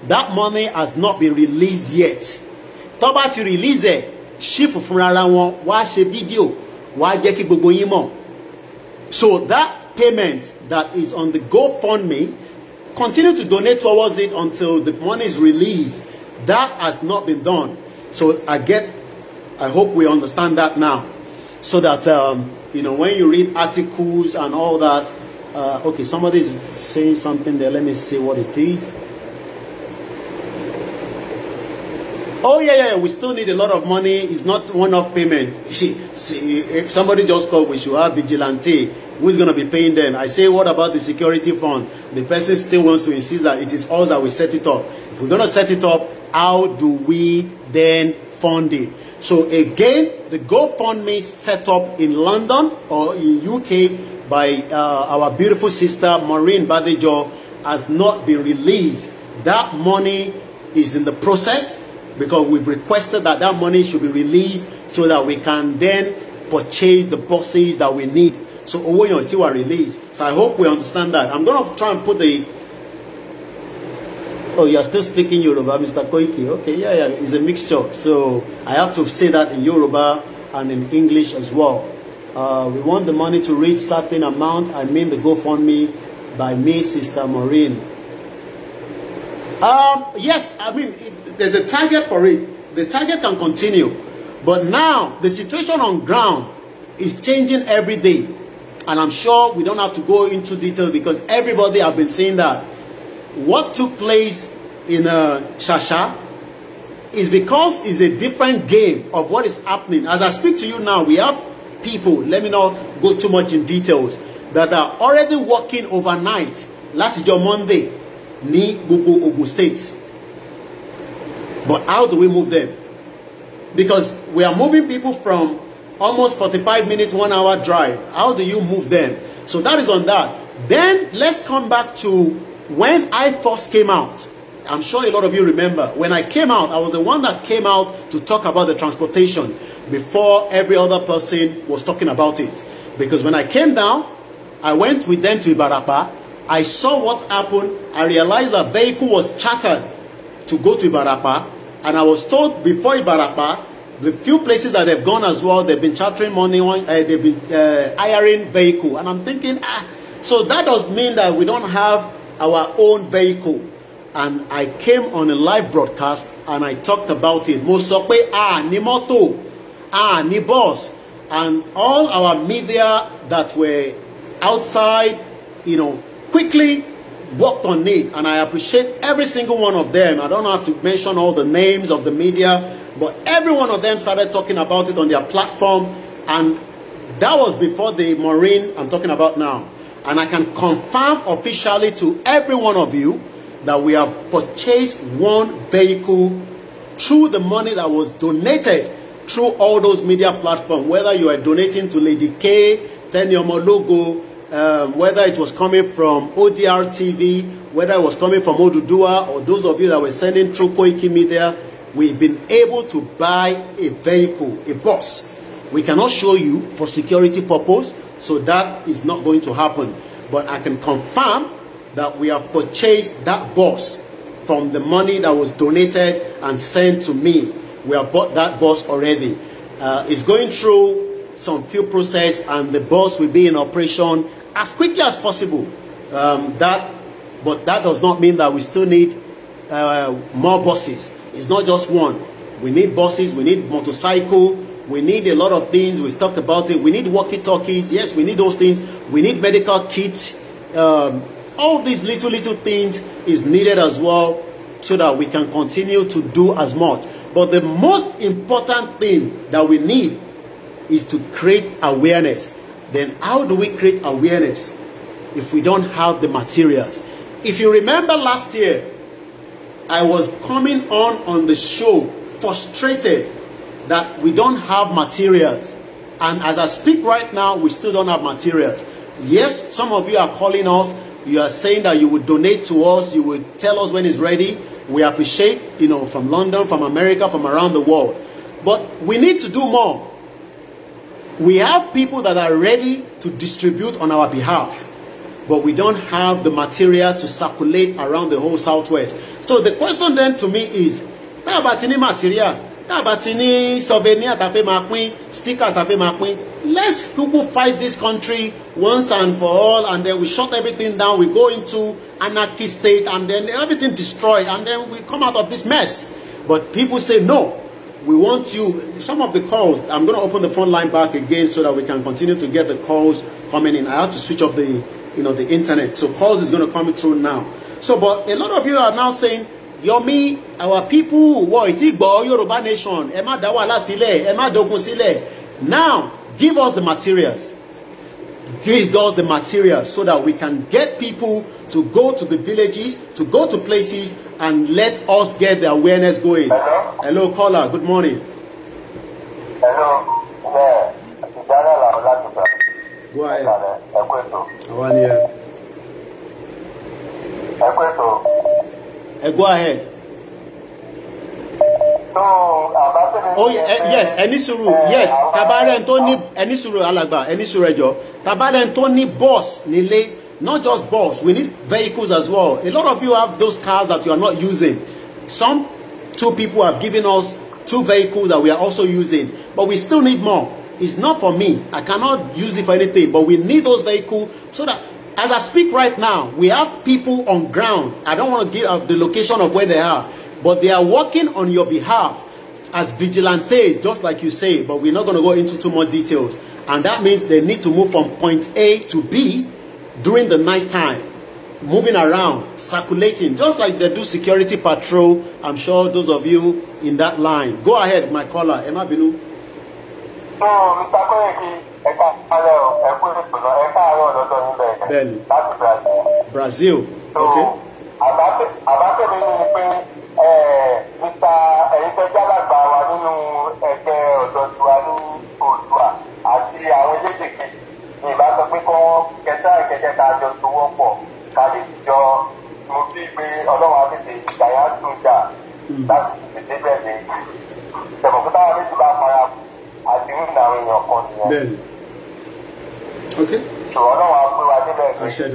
[SPEAKER 1] That money has not been released yet. Tó bá release it, shift from around wọn, wá ṣe fídíò, wá jẹ́ kí gbogbo So that payment that is on the GoFundMe, continue to donate towards it until the money is released. That has not been done. So I get I hope we understand that now. So that, um, you know, when you read articles and all that, uh, okay, somebody is saying something there. Let me see what it is. Oh, yeah, yeah, we still need a lot of money. It's not one-off payment. see, if somebody just called, we should have vigilante. Who's going to be paying them? I say, what about the security fund? The person still wants to insist that it is us that we set it up. If we're going to set it up, how do we then fund it? So again, the GoFundMe set up in London or in UK by uh, our beautiful sister Maureen Badejo has not been released. That money is in the process because we've requested that that money should be released so that we can then purchase the buses that we need. So Owoyan are released. So I hope we understand that. I'm going to try and put the oh, you're still speaking Yoruba, Mr. Koiki. Okay, yeah, yeah, it's a mixture. So I have to say that in Yoruba and in English as well. Uh, we want the money to reach certain amount. I mean the GoFundMe by me, Sister Maureen. Um, yes, I mean, it, there's a target for it. The target can continue. But now, the situation on ground is changing every day. And I'm sure we don't have to go into detail because everybody has been saying that what took place in uh, Shasha is because it's a different game of what is happening. As I speak to you now, we have people, let me not go too much in details, that are already working overnight láti jọ Monday ní gbogbo State. But how do we move them? Because we are moving people from almost 45 minutes, one hour drive. How do you move them? So that is on that. Then let's come back to when I first came out, I'm sure a lot of you remember, when I came out, I was the one that came out to talk about the transportation before every other person was talking about it. Because when I came down, I went with them to Ibarapa. I saw what happened. I realized that vehicle was chartered to go to Ibarapa. And I was told before Ibarapa, the few places that they've gone as well, they've been chartering money on, uh, they've been uh, hiring vehicle. And I'm thinking, ah, so that does mean that we don't have our own vehicle and I came on a live broadcast and I talked about it. Mosokwe ah pé ah, ní mọ́tò, ah, ní bus and all our media that were outside, you know, quickly worked on it and I appreciate every single one of them. I don't have to mention all the names of the media, but every one of them started talking about it on their platform and that was before the Marine I'm talking about now. And I can confirm officially to every one of you that we have purchased one vehicle through the money that was donated through all those media platforms, whether you are donating to Lady K, Tenyomo Logo, um, whether it was coming from ODR TV, whether it was coming from Odudua, or those of you that were sending through Koiki Media, we've been able to buy a vehicle, a bus. We cannot show you for security purpose, so that is not going to happen. But I can confirm that we have purchased that bus from the money that was donated and sent to me. We have bought that bus already. Uh, it's going through some few process and the bus will be in operation as quickly as possible. Um, that, but that does not mean that we still need uh, more buses. It's not just one. We need buses, we need motorcycle, we need a lot of things. We've talked about it. We need walkie-talkies. Yes, we need those things. We need medical kits. Um, all these little, little things is needed as well so that we can continue to do as much. But the most important thing that we need is to create awareness. Then how do we create awareness if we don't have the materials? If you remember last year, I was coming on on the show frustrated that we don't have materials. And as I speak right now, we still don't have materials. Yes, some of you are calling us. You are saying that you would donate to us. You would tell us when it's ready. We appreciate, you know, from London, from America, from around the world. But we need to do more. We have people that are ready to distribute on our behalf. But we don't have the material to circulate around the whole Southwest. So the question then to me is, how about any material? tàbá ti ní souvenir tàfé máa pín stickers tafe ma máa pín let's people fight this country once and for all and then we shut everything down we go into anarchy state and then everything destroyed and then we come out of this mess but people say no we want you some of the calls i'm going to open the phone line back again so that we can continue to get the calls coming in i have to switch off the you know the internet so calls is going to come through now so but a lot of you are now saying Yomi our people wọ ìtìgbọ́ Yorùbá nation ẹ má dá wàhálà sílẹ̀ ẹ má dogun sílẹ̀ now give us the materials give us the materials so that we can get people to go to the villages to go to places and let us get the awareness going. Hello, Hello caller good morning.
[SPEAKER 3] Hello bẹ́ẹ̀ ìdáná làwọn láti gbà. Go ahead. Ẹ kú ètò.
[SPEAKER 1] Àwa ni ètò ẹ go ahead. Uh, oh, eh, yes uh, uh, ẹni sùúrù yes tabarẹ́ni tó ní ẹni sùúrù alàgbà ẹni sùúrù ẹjọ́ tabarẹ́ni tó ní bus nílé not just bus we need vehicles as well a lot of you have those cars that you are not using some two people have given us two vehicles that we are also using but we still need more it's not for me i cannot use it for anything but we need those vehicles so that As I speak right now, we have people on ground. I don't want to give up the location of where they are, but they are working on your behalf as vigilantes, just like you say, but we're not going to go into too much details. And that means they need to move from point A to B during the night time, moving around, circulating, just like they do security patrol. I'm sure those of you in that line. Go ahead, my caller, Emma Binu. No, oh, Mr. Koyeki, ẹ káàárọ̀ ẹ kú ètò náà ẹ káàárọ̀ lọ́dọ̀ yín bẹ́ẹ̀. bẹ́ẹ̀ni láti Brazil. Brazil ok. àbátẹ̀mí ni pé
[SPEAKER 3] mr ẹ̀yìnkẹ́jà lágbà wa nínú ẹgbẹ́ ọ̀dọ́ tiwa ní Oòduà àti àwọn eléjèké ní ìbátan pé kọ́ kẹta ìkẹjẹ ká jọ sowọ́ pọ̀ ká lè jọ mo fi gbé ọlọ́run àtẹ̀tẹ̀ ìgbàyà tó jà hmm. láti tètè bẹ̀rẹ̀ ṣẹ̀mọ̀kútà méjì bá fara àti wíńdà àwọn èèyàn kan nìyẹn. Okay. All
[SPEAKER 1] right.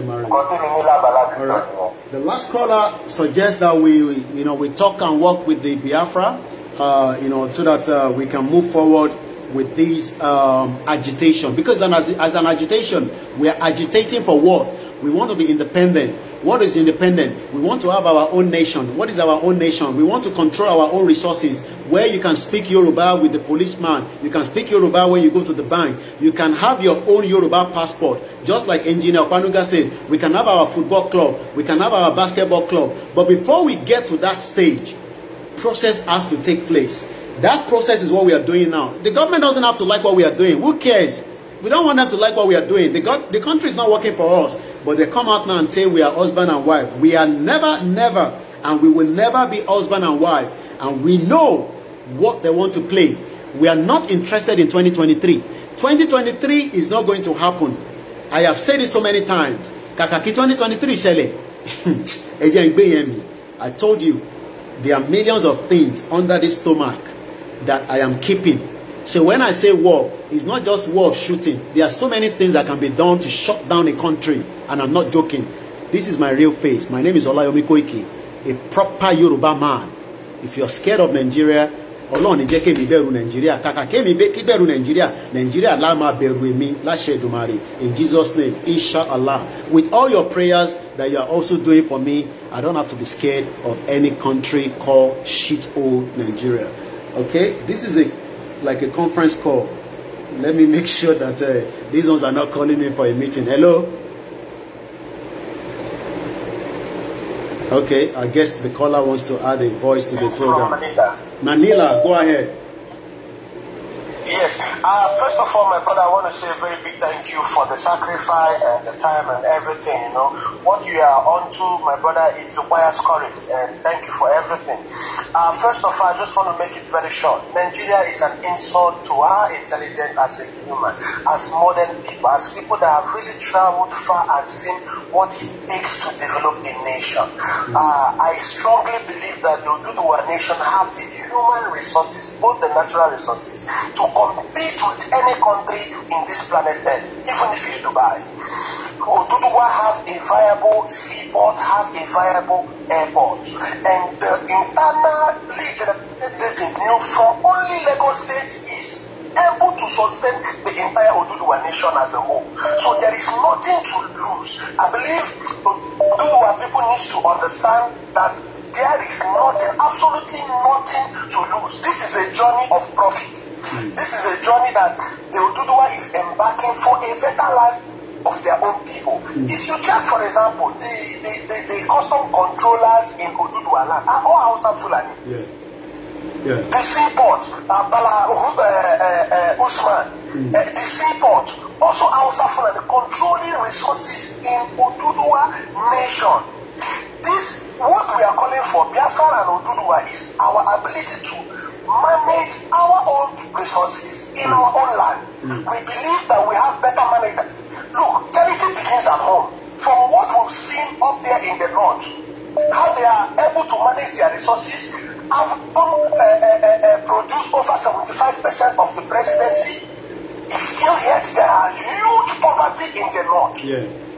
[SPEAKER 1] The last caller suggests that we, you know, we talk and work with the Biafra, uh, you know, so that uh, we can move forward with this um, agitation. Because as, as an agitation, we are agitating for what? We want to be independent. What is independent? We want to have our own nation. What is our own nation? We want to control our own resources. Where you can speak Yoruba with the policeman, you can speak Yoruba when you go to the bank, you can have your own Yoruba passport. Just like Engineer Panuga said, we can have our football club, we can have our basketball club. But before we get to that stage, process has to take place. That process is what we are doing now. The government doesn't have to like what we are doing. Who cares? We don't want them to like what we are doing. The, God, the country is not working for us. But they come out now and say we are husband and wife. We are never, never, and we will never be husband and wife. And we know what they want to play. We are not interested in 2023. 2023 is not going to happen. I have said it so many times. Kakaki 2023 Shelley. Eje igbe yen I told you there are millions of things under this stomach that I am keeping So when I say war, it's not just war of shooting. There are so many things that can be done to shut down a country. And I'm not joking. This is my real face. My name is Olayomi Koiki, a proper Yoruba man. If you're scared of Nigeria, Ọlọ́run ní jẹ́ kémi kàkà kémi in Jesus name inshallah with all your prayers that you are also doing for me I don't have to be scared of any country called shit old Nigeria okay this is a like a conference call. Let me make sure that uh, these ones are not calling me for a meeting. Hello? Okay, I guess the caller wants to add a voice to the program. Manila, go ahead.
[SPEAKER 3] Yes. Uh, first of all, my brother, I want to say a very big thank you for the sacrifice and the time and everything. You know, what you are onto, my brother, it requires courage. And thank you for everything. Uh, first of all, I just want to make it very short. Nigeria is an insult to our intelligence as a human, as modern people, as people that have really traveled far and seen what it takes to develop a nation. Mm. Uh, I strongly believe that the Oduduwa nation have the human resources, both the natural resources, to compete with any country in this planet Earth, even if it's Dubai. Oduduwa has a viable seaport, has a viable airport. And the internal generated revenue from only Lagos State is able to sustain the entire Oduduwa nation as a whole. So there is nothing to lose. I believe Oduduwa people need to understand that there is nothing, absolutely nothing to lose. This is a journey of profit. This is a journey that the Oduduwa is embarking for a better life of
[SPEAKER 2] their own people. If you check, for example, the,
[SPEAKER 3] the, the, the custom controllers in Oduduwa land are all Hausa
[SPEAKER 2] Fulani. Yeah. Yeah. The seaport, uh, uh, uh, Usman, mm. uh, the seaport, also Hausa Fulani,
[SPEAKER 3] controlling resources in Oduduwa nation. This, what we are calling for, Biafra and Oduduwa, is our ability to manage our own resources in mm. our own land. Mm. We believe that we have better management. Look, charity begins at home. From what we've seen up there in the north, how they are able to manage their resources, have uh, uh, uh, produced over 75% of the presidency. Still, yet there are huge poverty in the north. Yeah.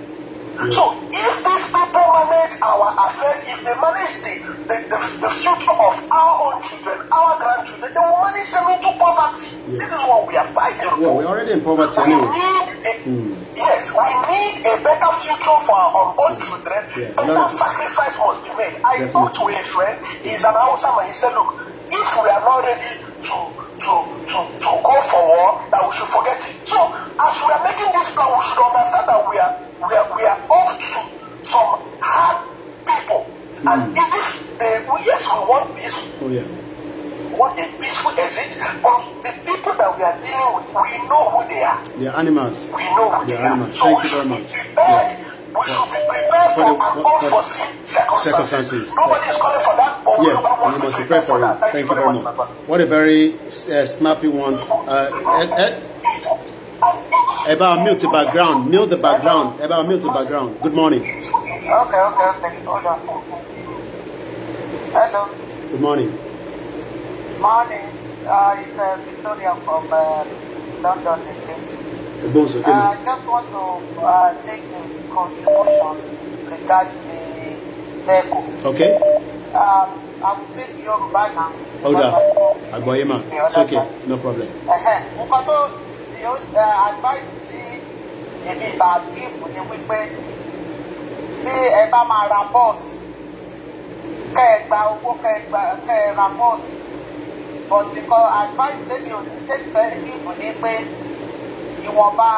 [SPEAKER 3] So if these people manage our affairs, if they manage the, the, the,
[SPEAKER 1] the future of our own children, our
[SPEAKER 2] grandchildren, they will manage them into poverty. Yeah. This is what we are
[SPEAKER 1] fighting yeah, for. We're already in poverty we Need a, mm. Yes, we need a better future for our unborn mm. children. Yeah. And that sacrifice must be made. I Definitely. talked
[SPEAKER 3] to a friend, he's an outsider, he said, look, if we are not ready to to to to go for war that we should forget it so as we are making this plan we should understand that we are we are we are off to some hard people mm. and it is the uh, yes we want peace.
[SPEAKER 1] Oh, yeah. want a peaceful exit, but the people that we are dealing with, we know who they are. They are animals. We know who they, they are. Animals. So Thank you very much.
[SPEAKER 2] Yeah.
[SPEAKER 1] We should be prepared for, the, for, for circumstances. circumstances. Nobody is calling for that. But yeah, you must prepare for it. Thank you very much. What a very uh, snappy one. Uh, eh, eh. about mute the background. Mute the background. About mute the background. Good morning. Okay,
[SPEAKER 3] okay, okay. Hold on. Hello. Good morning. Morning. Uh, it's uh, Victoria from uh, London.
[SPEAKER 1] Bon, so uh, I
[SPEAKER 3] just want to uh, take the contribution regarding the vehicle. Okay. Um, I will take Yoruba now.
[SPEAKER 1] Hold on. Agboye ma. It's okay. Time. No problem.
[SPEAKER 3] Mo kàn tó eh, advice sí èmi ìgbà gíìmù ni wípé bí ẹ bá máa ra bọ́ọ̀sì kẹ́ ẹ gba owó kẹ́ ẹ ra advice tèmi ò ní tẹ̀sífẹ́ gíìmù ìwọ̀nba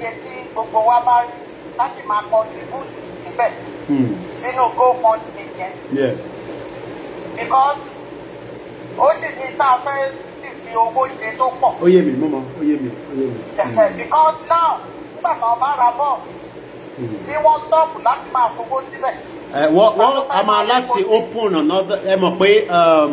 [SPEAKER 3] iye tí gbogbo wa bá rí láti máa contribute síbẹ̀ hmm. sínú GoFundMe yẹn. because ó sì ní tá a fẹ́ sì fi owó ṣe tó pọ̀. ó yé
[SPEAKER 1] mi mo mọ ó yé mi ó yé mi. Hmm.
[SPEAKER 3] because now nígbà kan bá ra bọ́ọ̀lù hmm. tí wọ́n tọ́pù láti máa fowó
[SPEAKER 1] síbẹ̀. wọ́n a máa láti open another ẹ mọ̀ pé um,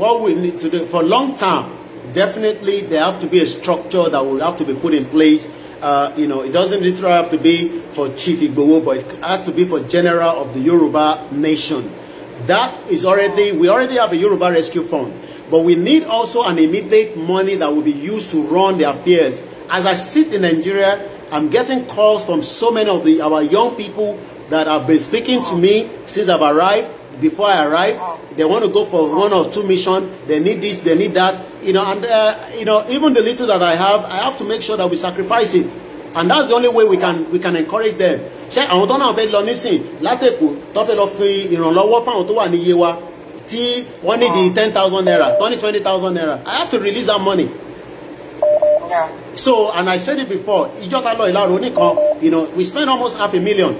[SPEAKER 1] what we need for long term. definitely there have to be a structure that will have to be put in place. Uh, you know, it doesn't necessarily have to be for Chief Igbowo, but it has to be for General of the Yoruba Nation. That is already, we already have a Yoruba Rescue Fund, but we need also an immediate money that will be used to run the affairs. As I sit in Nigeria, I'm getting calls from so many of the, our young people that have been speaking to me since I've arrived before I arrive. They want to go for one or two mission. They need this, they need that. You know, and uh, you know, even the little that I have, I have to make sure that we sacrifice it. And that's the only way we can we can encourage them. Ṣé àwọn tó náà fẹ́ lọ nísìn látẹ̀kù tó fẹ́ lọ fi ìrànlọ́wọ́ fáwọn tó wà ní Yewa tí wọ́n ní di ten thousand naira, twenty twenty thousand naira. I have to release that money. Yeah. So, and I said it before, Ijota Lo Ilaro Niko, you know, we spend almost half a million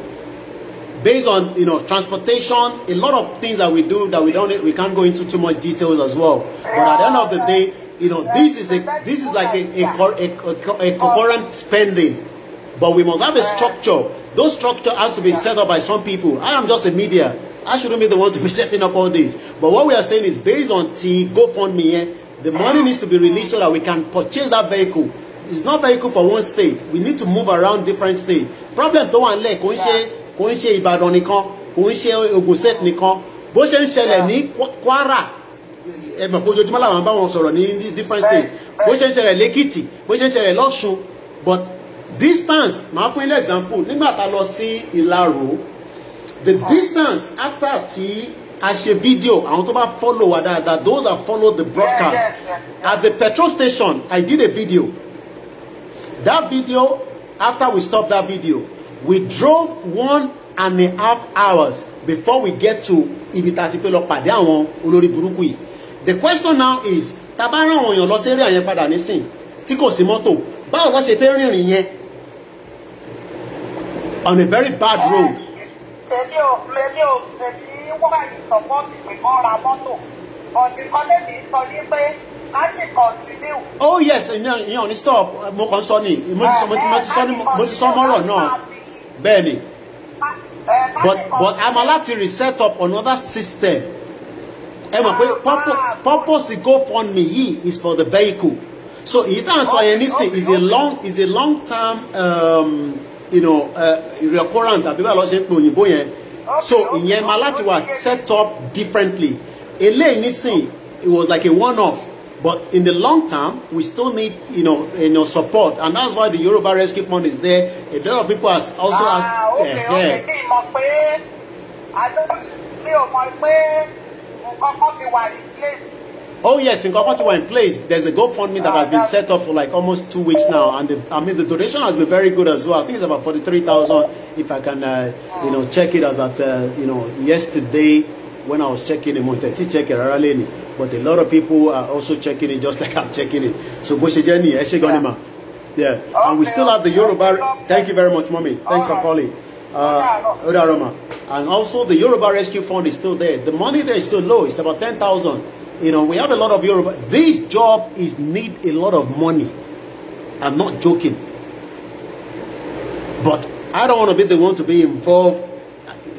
[SPEAKER 1] based on you know transportation a lot of things that we do that we don't we can't go into too much details as well but at the end of the day you know this is a this is like a, a, a, a spending but we must have a structure those structure has to be set up by some people i am just a media i shouldn't be the one to be setting up all this but what we are saying is based on t gofundme the money needs to be released so that we can purchase that vehicle it's not vehicle for one state we need to move around different states problem to one leg kò ń ṣe ìbàdàn nìkan kò ń ṣe ogun nìkan bó ṣe ń ṣẹlẹ̀ ní kwara ẹ ojoojúmọ́ làwọn bá wọn sọ̀rọ̀ ní different state bó ṣe ń ṣẹlẹ̀ lẹ́kìtì bó ṣe ń ṣẹlẹ̀ lọ́ṣun but distance màá fún ilé example nígbà tá a lọ sí ìlarò the distance after tí a ṣe video àwọn tó bá follow wa dáadáa those that follow the broadcast at the petrol station I did a video that video after we stop that video we drove one and a half hours before we get to ibi tá a ti fẹ́ lọ pàdé àwọn olórí burúkú yìí the question now is tá a bá rán àwọn èèyàn lọ sí eré àyẹn padà nísìn tí kò sí mọ́tò báwo wọ́n ṣe fẹ́ rìnrìn yẹn on a very bad road.
[SPEAKER 3] èmi ò èmi ò èmi wọ́n máa ń sọ mọ́tò pé
[SPEAKER 1] kọ́ ra mọ́tò ọ̀dì kan lèmi sọ ní pé a ti continue. oh yes ìyẹn ìyẹn ò ní stop mo kàn sọ ni mo ti sọ mọ́rọ̀ náà bẹ́ẹ̀ but but a máa láti reset up another system ẹ mọ̀ pé ah, ah. purpose GoFundMe yìí is for the vehicle so èyí tá à ń sọ yẹn nísìn is a long is a long term um, you know, uh, recurrent àbí báyìí lọ́ ṣe ń pè òyìnbó yẹn so ìyẹn máa láti wà set up differently eléyìí nísìn it was like a one off But in the long term, we still need, you know, you know, support, and that's why the Yoruba Rescue Fund is there. A lot of people has also ah, has, okay, uh,
[SPEAKER 3] okay. Yeah.
[SPEAKER 1] Oh yes, in Kakati were in place. There's a GoFundMe that has ah, been set up for like almost two weeks now, and the, I mean the donation has been very good as well. I think it's about forty-three thousand. If I can, uh, you know, ah. check it as at uh, you know yesterday when I was checking the Monteti check it early. but a lot of people are also checking it just like I'm checking it. So Bushi ṣe jẹ́ nìyẹn, mà. Yeah, and we still have the Yoruba. Thank you very much, mommy. Thanks for calling. Uh, Odaroma. And also the Yoruba Rescue Fund is still there. The money there is still low. It's about 10,000. You know, we have a lot of Yoruba. This job is need a lot of money. I'm not joking. But I don't want to be the one to be involved.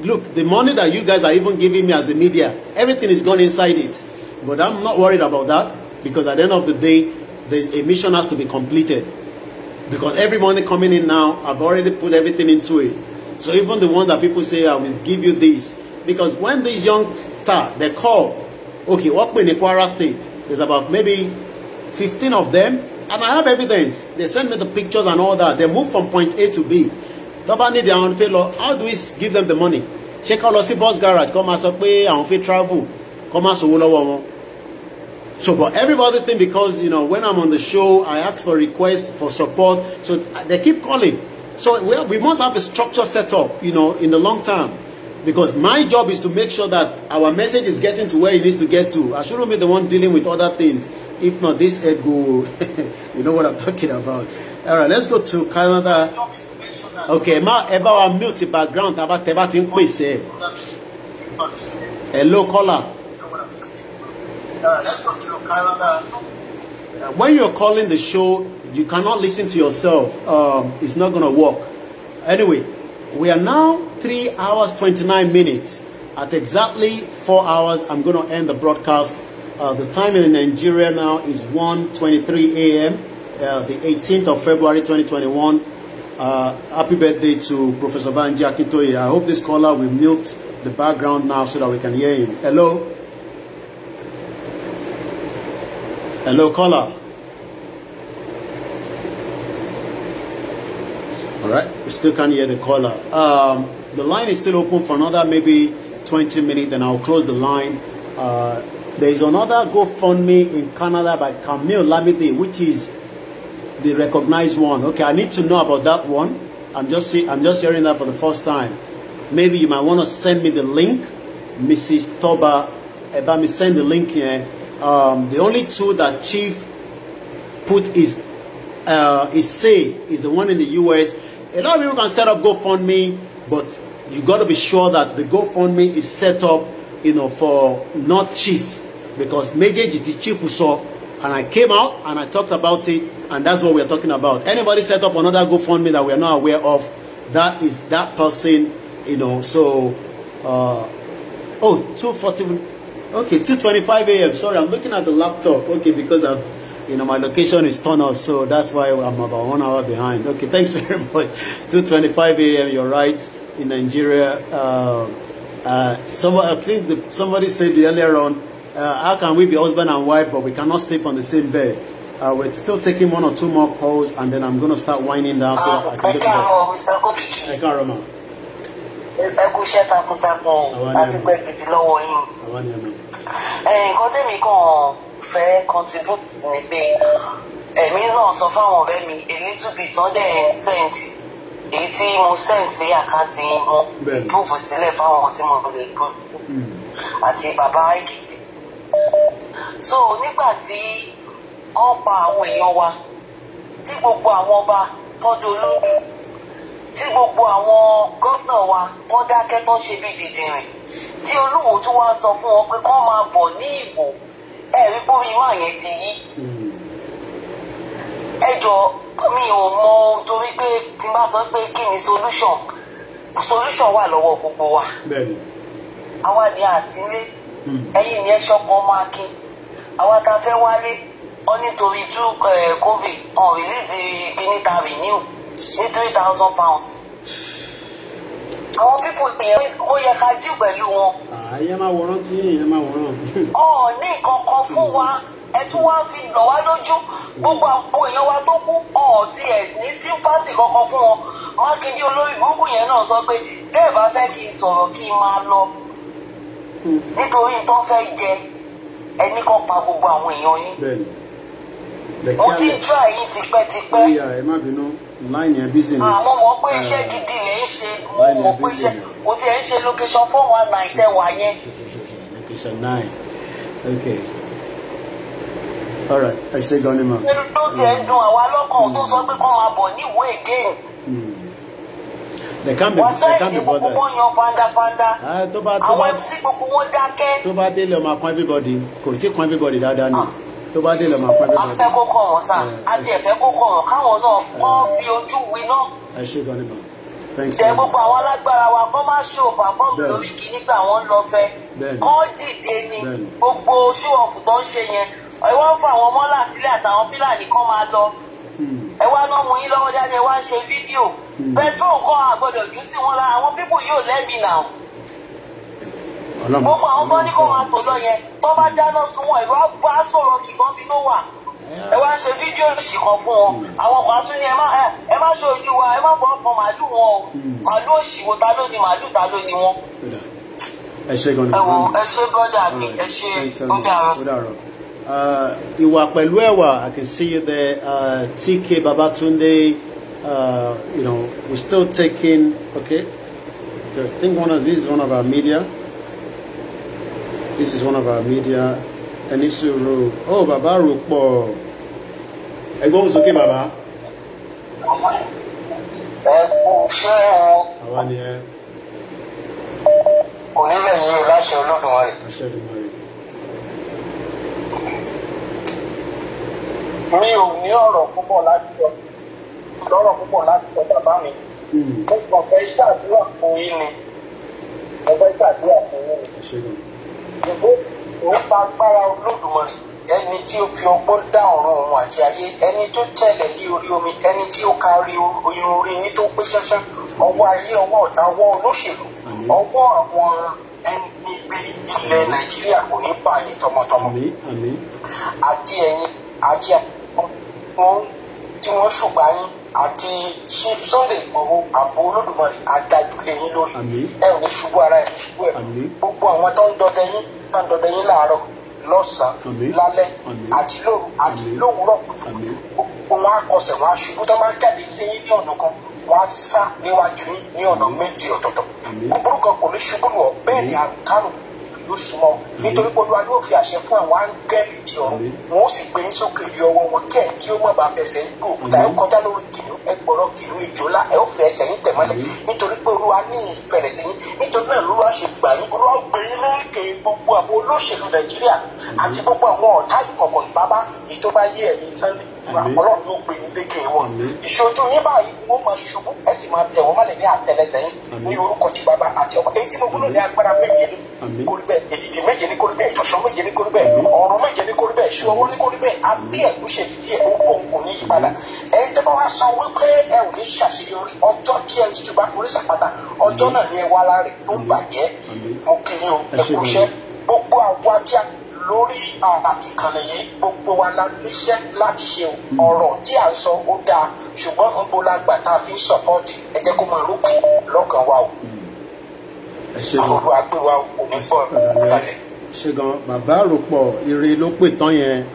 [SPEAKER 1] Look, the money that you guys are even giving me as a media, everything is gone inside it. But I'm not worried about that because at the end of the day, the mission has to be completed. Because every money coming in now, I've already put everything into it. So even the one that people say, I will give you this. Because when these young start, they call, okay, what in Kwara State? There's about maybe 15 of them, and I have evidence. They send me the pictures and all that. They move from point A to B. Tọ́ba ní their own failure, how do we give them the money? Check ká lọ bus garage kọ́ máa sọ pé àwọn fẹ́ travel Come as sòwò lọ́wọ́ wọn? So, but every other thing, because, you know, when I'm on the show, I ask for requests, for support. So they keep calling. So we, have, we must have a structure set up, you know, in the long term. Because my job is to make sure that our message is getting to where it needs to get to. I shouldn't be the one dealing with other things. If not, this head go, you know what I'm talking about. All right, let's go to Canada. Okay, ma, about our multi background, about bá ti ń pèsè. Hello, caller.
[SPEAKER 4] Uh,
[SPEAKER 1] when you're calling the show, you cannot listen to yourself. Um, it's not going to work. Anyway, we are now 3 hours 29 minutes. At exactly 4 hours, I'm going to end the broadcast. Uh, the time in Nigeria now is 1.23 a.m., uh, the 18th of February 2021. Uh, happy birthday to Professor Banji Akintoye. I hope this caller will mute the background now so that we can hear him. Hello? Hello, caller. All right, we still can't hear the caller. Um, the line is still open for another maybe 20 minutes, and I'll close the line. Uh, there is another GoFundMe in Canada by Camille Lamide, which is the recognized one. Okay, I need to know about that one. I'm just see, I'm just hearing that for the first time. Maybe you might want to send me the link, Mrs. Toba. Let me send the link here um, the only two that Chief put is uh, is say is the one in the U.S. A lot of people can set up GoFundMe, but you got to be sure that the GoFundMe is set up, you know, for not Chief because Major GT Chief was up, and I came out and I talked about it, and that's what we are talking about. Anybody set up another GoFundMe that we are not aware of, that is that person, you know. So, uh, oh, 240, Okay, 2.25 a.m. Sorry, I'm looking at the laptop. Okay, because I've, you know, my location is turned off, so that's why I'm about one hour behind. Okay, thanks very much. 2.25 a.m., you're right, in Nigeria. Uh, uh, I think the, somebody said earlier on, uh, how can we be husband and wife, but we cannot sleep on the same bed? Uh, we're still taking one or two more calls, and then I'm going to start winding down so ah, I can get to bed.
[SPEAKER 3] I can't remember. ẹ
[SPEAKER 1] kú iṣẹ́ takuntakun láti gbẹ gidi lọ́wọ́ yín. nǹkan tẹ́mi
[SPEAKER 3] kàn fẹ́ contribute ni pé èmi náà sọ fáwọn ọ̀rẹ́ mi a little bit tán dẹ̀ send èyí tí mo send sí àkáǹtì mo prove sílẹ̀ fáwọn tí mo lè prove hmm. àti bàbá èkìtì. so nígbà tí wọ́n pa àwọn èèyàn wa tí gbogbo àwọn ọba tọ́jú olóògùn tí gbogbo àwọn gómìnà wa tó dákẹ́ tó ṣe bí dìdìrìn tí olúwo tún wá sọ fún wọn pé kán máa bọ̀ ní ìbò ẹ̀rí bórí ìwà yẹn ti yí.
[SPEAKER 2] ẹ jọ mi ò mọ
[SPEAKER 3] torí pé tí n bá sọ pé kí ni solution solution wà lọ́wọ́ gbogbo wa. àwa ni àsílẹ̀ hmm. ẹ̀yin ni ẹ ṣọkan máa kí àwa ta fẹ́ wálé ọ nítorí two eh, covid on release the clinical renew three thousand pounds àwọn pípò yẹn ó yẹ ká jí pẹ̀lú wọn.
[SPEAKER 1] àyẹ máa wòran tí yẹn máa wòran.
[SPEAKER 3] ọ ní kankan fún wa ẹ tún wá fi nà wá lójú gbogbo àwọn èèyàn wa tó kú ọ ti ẹ ní sípàtì kankan fún wọn mákindé olórí burúkú yẹn náà sọ pé bẹ́ẹ̀ bá fẹ́ kí n sọ̀rọ̀ kí n máa lọ hmm. nítorí tó fẹ́ jẹ ẹni kan pa gbogbo àwọn èèyàn yín
[SPEAKER 1] mo ti ń tura yín tipẹ́tipẹ́. ó yà ẹ má bínú láìní ẹbí sì ni. àwọn ah, mọ̀ pé ah. iṣẹ́
[SPEAKER 3] gidi lè ń ṣe
[SPEAKER 1] wọ́n mọ̀ pé iṣẹ́
[SPEAKER 3] kò tiẹ̀ ń ṣe location four one nine tẹ̀
[SPEAKER 1] yẹn. location nine okay all right ẹ ṣe gan ni ma.
[SPEAKER 3] ló tiẹ̀ dùn àwa lọ́kàn tó sọ pé kó máa bọ̀ níwèé again.
[SPEAKER 1] Hmm. They can't be, they can't be bothered. Ah, tó bá tó bá tó bá délé ọmọ kan everybody kò tí kan everybody dáadáa ni tó bá dé lọ máa pẹ́ bẹ́ẹ̀ bá dé. a fẹ́
[SPEAKER 3] kó kọ̀ wọ́n sà àti eh, eh. ẹ̀fẹ́ kó kọ̀ wọ́n káwọn náà eh. kọ́ fi ojú wí náà.
[SPEAKER 1] ẹ ṣe gan ni bàbá jẹ gbogbo
[SPEAKER 3] àwọn alágbára wa kọ́ máa ṣe òpàpọ̀mù lórí kí nígbà wọ́n lọ fẹ́ kọ́ dìde ni gbogbo ṣúwọ̀fù tó ń ṣe yẹn ẹ wá ń fa àwọn mọ́là sílẹ̀ àtàwọn fílàní kan máa lọ hmm. ẹ wá náà mú yín lọ́wọ́ jáde wá ń ṣe fídíò hmm. pẹtrol kọ́ àgbọ̀dọ̀ jù sí wọn lára àwọn pípù yóò lẹ́mìí náà ọmọ àwọn tó ní kó máa tò lọ yẹn tó bá dáná sun wọn ìlú àbá sọ̀rọ̀ kìbọn bí ló wà ẹ wá ṣe fídíò sì kan fún wọn àwọn kan tún ní ẹ má ṣe ojú wa ẹ má fọwọ́ fọ màálù wọn o hmm. màálù òṣìwò ta ló ni màálù ta ló ni
[SPEAKER 1] wọn. ẹ ṣe gan ni wọn ẹ ṣe bọ́dà mi ẹ ṣe bọ́dà rọ. ìwà pẹ̀lú ẹ̀wà I can see you there uh, TK Babatunde uh, you know we're still taking okay I think one of these is one of our media this is one of our media ẹni sùúrù ó bàbá rò pọ̀ ẹgbọ́n sókè bàbá. ẹ kú ṣé o. àwa ni ẹ.
[SPEAKER 3] kò ní lè yí o láṣẹ Olódùmarè.
[SPEAKER 1] àṣẹ Olódùmarè.
[SPEAKER 3] mi ò ní ọ̀rọ̀ púpọ̀ láti sọ lọ́rọ̀ púpọ̀ láti sọ bàbá mi. Hmm. mo kàn fẹ́ ṣàdúrà fún yín ni mo fẹ́ ṣàdúrà fún yín ni òun pa agbára olódùmarè ẹni tí ó fi ọgbọ́n dá ọ̀run òun àti ayé ẹni tó
[SPEAKER 1] tẹ̀lẹ̀ lé orí omi ẹni tí ó kárí irun orí ní tó pé ṣẹ́ṣẹ́ ọwọ́ ayé ọwọ́ ọ̀tá ọwọ́ olóṣèlú ọwọ́ àwọn ẹni gbé ilẹ̀
[SPEAKER 3] nàìjíríà kò ní bà ní tọmọtọmọ àti ẹ̀yin àti àwọn tí wọ́n ṣùgbọ́n yín àti chief Sunday Igboho àbò Olódùmarè àdájúlé yín lórí ẹ ò ní ṣubú ara ẹ ní ṣubú ẹ gbogbo àwọn tó ń dọdẹ yín tó ń dọdẹ yín láàárọ̀ lọ́sàn-án lálẹ́ àti lóru àti lówùúrọ̀ gbogbo wọn akọsẹ̀ wọn aṣubú tó máa jáde sí yín ní ọ̀nà kan wọn á sá níwájú yín ní ọ̀nà méjì ọ̀tọ̀ọ̀tọ̀ gbogbo orúkọ kò ní ṣubú lọ bẹ́ẹ̀ ni àrùn ìlú súnmọ́ nítorí pé olúwa yóò fi àṣẹ fún àwọn áńgẹ́lì ti ọ̀run wọn ó sì gbé ń sókè lé ọwọ́ wọn kẹ́ kí ó mọ̀ bá fẹsẹ̀ ń gbé òkúta ẹ kọjá lórí kìlú ẹgbọ̀rọ̀ kìlú ìjọ ńlá ẹ ó fi ẹsẹ̀ yín tẹ̀ mọ́lẹ̀ nítorí pé olúwa ní ìbẹ̀rẹ̀ sí yín nítorí náà olúwa ṣe gbà yín olúwa gbé yín léèké gbogbo àwọn olóṣèlú nàìjíríà àti gbogbo àwọn ọ̀tá ìkọ̀kọ̀ ìbábá èyí tó bá yé ẹ̀yin sunday ọlọ́run yóò gbé yín léèké wọn ìṣojú yín báyìí wọ́n máa ṣubú ẹ sì máa tẹ̀ wọ́n mọ́lẹ̀ ní àtẹ́lẹsẹ̀ yín ní orúkọ ti bàbá àti ọmọ èyí tí mo gbọ́dọ̀ ní agbára méje èdìdì méje ní kórìbẹ ìtọ̀sán méje ní kórìbẹ ọ̀run méje ní kórìbẹ ìṣú ọwọ́ ní kórìbẹ abí ẹ̀kú ṣe
[SPEAKER 2] dídí ẹ̀ gbogbo nǹkó ní yípadà ẹni tẹ́ bá wá san wípé ẹ ò ní ṣàṣeyọrí ọjọ́ tí ẹ ti bá forí sàpàtà ọjọ́ náà
[SPEAKER 3] ni ẹ wá láre ló ń bàjẹ́ mo kì í o ẹ
[SPEAKER 2] kú iṣẹ́ gbogbo
[SPEAKER 3] àwa tí a lórí ìkànnì yìí gbogbo wa la níṣẹ́ láti ṣe hmm. ọ̀rọ̀ tí à ń sọ ó dáa ṣùgbọ́n ń bo la gbà tá a fi ń sọ̀pọ́ọ̀tì ẹ jẹ́ kó máa rúkì lọ́kàn
[SPEAKER 1] wa o. I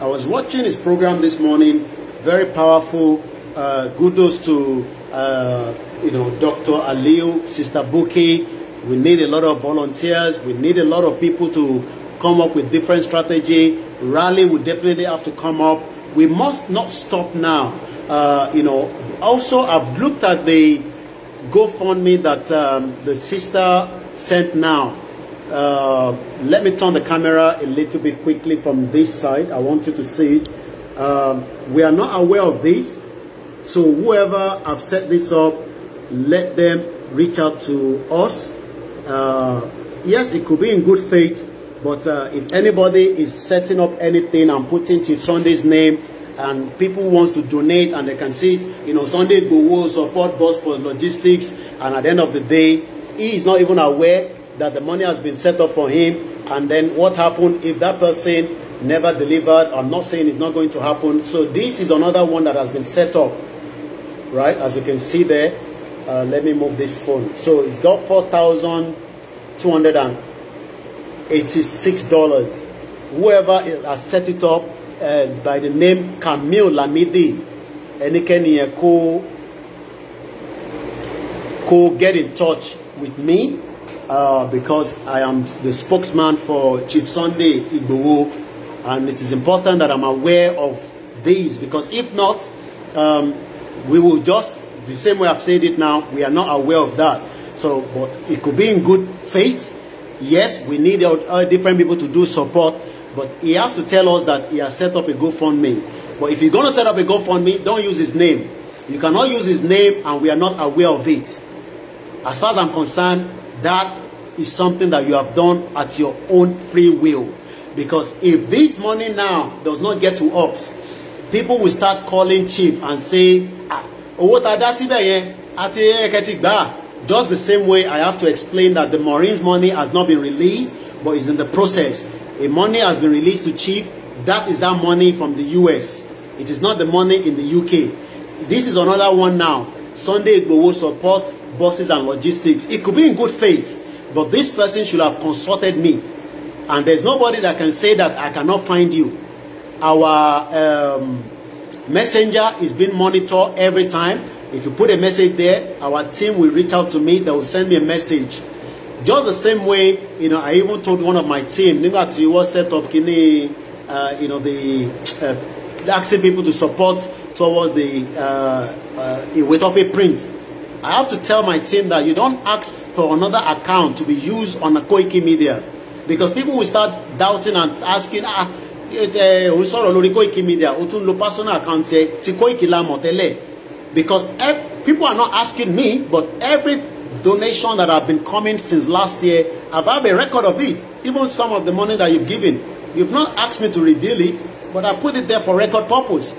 [SPEAKER 1] was watching his program this morning. Very powerful. Uh, kudos to uh, you know Dr. Aliu, Sister Buki. We need a lot of volunteers. We need a lot of people to come up with different strategy. Rally will definitely have to come up. We must not stop now. Uh, you know. Also, I've looked at the GoFundMe that um, the sister sent now. Uh, let me turn the camera a little bit quickly from this side. I want you to see it. Um, we are not aware of this. So whoever have set this up, let them reach out to us. Uh, yes, it could be in good faith, but uh, if anybody is setting up anything and putting Chief Sunday's name and people wants to donate and they can see it, you know, Sunday will support bus for logistics and at the end of the day, he is not even aware that the money has been set up for him. And then what happened if that person never delivered? I'm not saying it's not going to happen. So this is another one that has been set up, right? As you can see there, uh, let me move this phone. So it's got $4,286. Whoever has set it up uh, by the name Camille Lamidi, and he can co get in touch with me uh, because I am the spokesman for Chief Sunday Igbowo, and it is important that I'm aware of these because if not, um, we will just, the same way I've said it now, we are not aware of that. So, but it could be in good faith. Yes, we need uh, different people to do support, but he has to tell us that he has set up a GoFundMe. But if you're going to set up a GoFundMe, don't use his name. You cannot use his name and we are not aware of it. As far as I'm concerned, that is something that you have done at your own free will. Because if this money now does not get to us, people will start calling chief and say, ah, owó tá a dá síbẹ̀ yẹn, àti ẹ̀kẹ́ Just the same way I have to explain that the Marines money has not been released, but is in the process. A money has been released to chief. That is that money from the US. It is not the money in the UK. This is another one now. Sunday Igboho support buses and logistics. It could be in good faith, but this person should have consulted me. And there's nobody that can say that I cannot find you. Our um, messenger is being monitored every time. If you put a message there, our team will reach out to me. They will send me a message. Just the same way, you know, I even told one of my team, nígbà tí wọ́n set up kí uh, you know, the uh, asking people to support towards the uh, uh, of a print. I have to tell my team that you don't ask for another account to be used on a Koiki Media because people will start doubting and asking, ah, eh, òun sọ̀rọ̀ lórí Koiki Media o tún lo personal account ẹ ti Koiki la mọ̀ tẹ́lẹ̀ because people are not asking me but every donation that have been coming since last year I've had a record of it even some of the money that you've given you've not asked me to reveal it But I put it there for record purpose.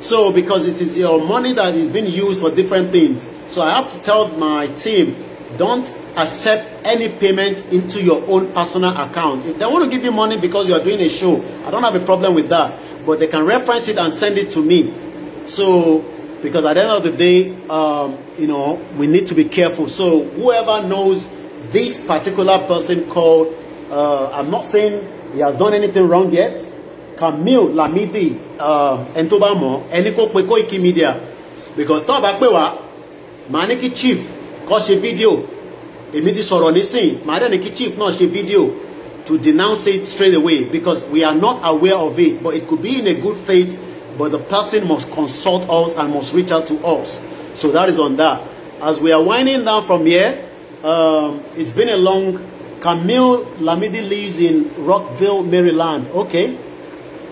[SPEAKER 1] So because it is your money that is being used for different things. So I have to tell my team, don't accept any payment into your own personal account. If they want to give you money because you are doing a show, I don't have a problem with that. But they can reference it and send it to me. So, because at the end of the day, um, you know, we need to be careful. So whoever knows this particular person called, uh, I'm not saying he has done anything wrong yet. Camille Lamidi um, ẹni tó bá mọ̀ ẹni kó pe Koiki Media because tó bá pè wá màá ní kí chief kó ṣe fídíò èmi ti sọ̀rọ̀ nísìn màá dẹ̀ ní kí chief náà ṣe fídíò to denounce it straight away because we are not aware of it but it could be in a good faith but the person must consult us and must reach out to us so that is on that as we are winding down from here um, it's been a long Camille Lamidi lives in Rockville Maryland okay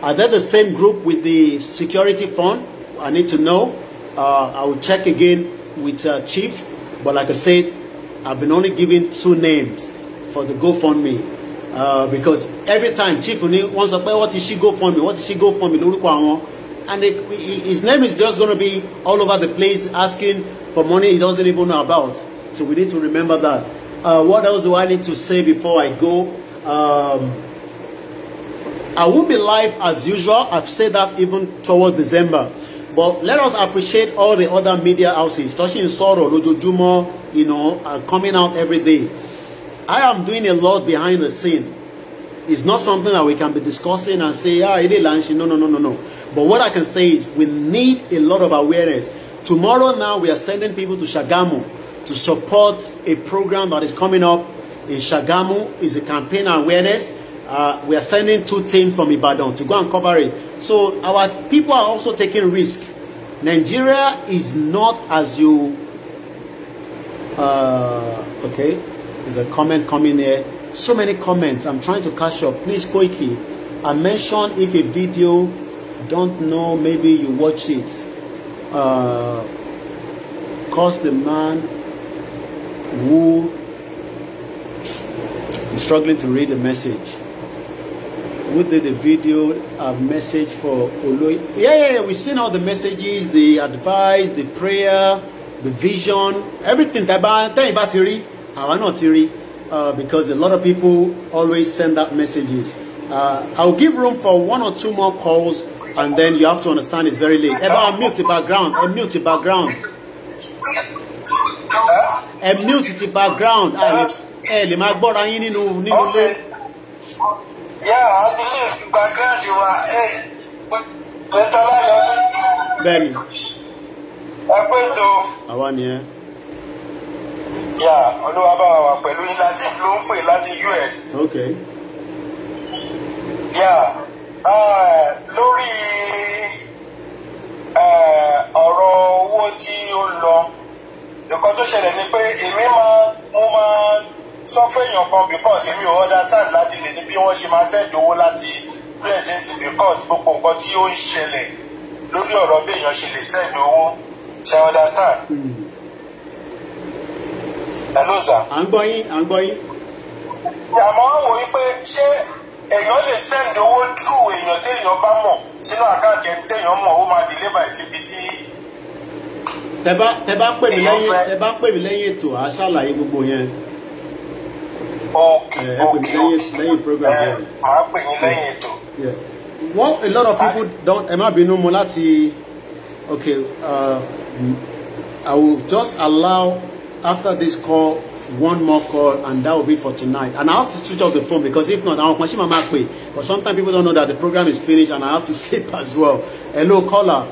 [SPEAKER 1] Are they the same group with the security fund? I need to know. Uh, I will check again with uh, Chief. But like I said, I've been only given two names for the GoFundMe. Uh, because every time Chief wants to pay, what is she GoFundMe? What is she GoFundMe? Lórúkọ àwọn. And it, his name is just going to be all over the place asking for money he doesn't even know about. So we need to remember that. Uh, what else do I need to say before I go? Um, I won't be live as usual. I've said that even towards December. But let us appreciate all the other media houses, touching sorrow, Lojojumo, you know, are coming out every day. I am doing a lot behind the scene. It's not something that we can be discussing and say, ah, it is lunch. No, no, no, no, no. But what I can say is we need a lot of awareness. Tomorrow now we are sending people to Shagamu to support a program that is coming up in Shagamu. is a campaign awareness uh, we are sending two teams from Ibadan to go and cover it. So our people are also taking risk. Nigeria is not as you. Uh, okay, there's a comment coming here. So many comments. I'm trying to catch up. Please, Koiki, I mentioned if a video don't know, maybe you watch it. Uh, cause the man who I'm struggling to read the message. who did the video a message for Olu? Yeah, yeah, yeah, we've seen all the messages, the advice, the prayer, the vision, everything. Tẹ́yìn bá ti rí, àwa náà ti rí. Uh, because a lot of people always send out messages. Uh, I'll give room for one or two more calls, and then you have to understand it's very late. Ẹ bá wa mute the background. a multi background. Ẹ mute the background. Ẹ lè máa yá
[SPEAKER 3] àti lè fi gba gíláàsì wa ẹ mẹ́ta láyọ̀ ní.
[SPEAKER 1] bẹ́ẹ̀ni. ẹ pé tó. àwa nìyẹn. yá
[SPEAKER 3] olúwa bá wa wà pẹ̀lú
[SPEAKER 1] yín láti ló ń pè láti US. ok. yá ah, lórí
[SPEAKER 3] eh, ọ̀rọ̀ owó tí ó lọ nǹkan tó ṣẹlẹ̀ ni pé èmi máa mo máa sọ fún èèyàn kan because èmi ò understand láti lè ní bí wọ́n ṣe máa sẹ́ẹ̀dì owó láti presence because gbogbo nǹkan tí ó ń ṣẹlẹ̀ lórí ọ̀rọ̀ bí èèyàn ṣe lè sẹ́ẹ̀dì owó ṣe understand. Hmm. hello
[SPEAKER 1] sir. à ń gbọ́ yín à ń gbọ́ yín. àmọ́ wò
[SPEAKER 3] ó pé ṣé èèyàn lè sẹ́ẹ̀dì owó through èèyàn téèyàn bá mọ̀ sínú àkáǹtì ẹni téèyàn mọ̀ ó máa dìlé báyìí síbi tí
[SPEAKER 1] tẹ bá pè mí lẹ́yìn ètò àá ṣàlàyé gbogbo yẹn. Okay, eh, okay, okay. Eh, màá pè yín What a lot of people don't, ẹ má bínú mo láti, okay, uh, I will just allow after this call one more call and that will be for tonight and i have to switch off the phone because if not i'll machine my pay But sometimes people don't know that the program is finished and i have to sleep as well hello caller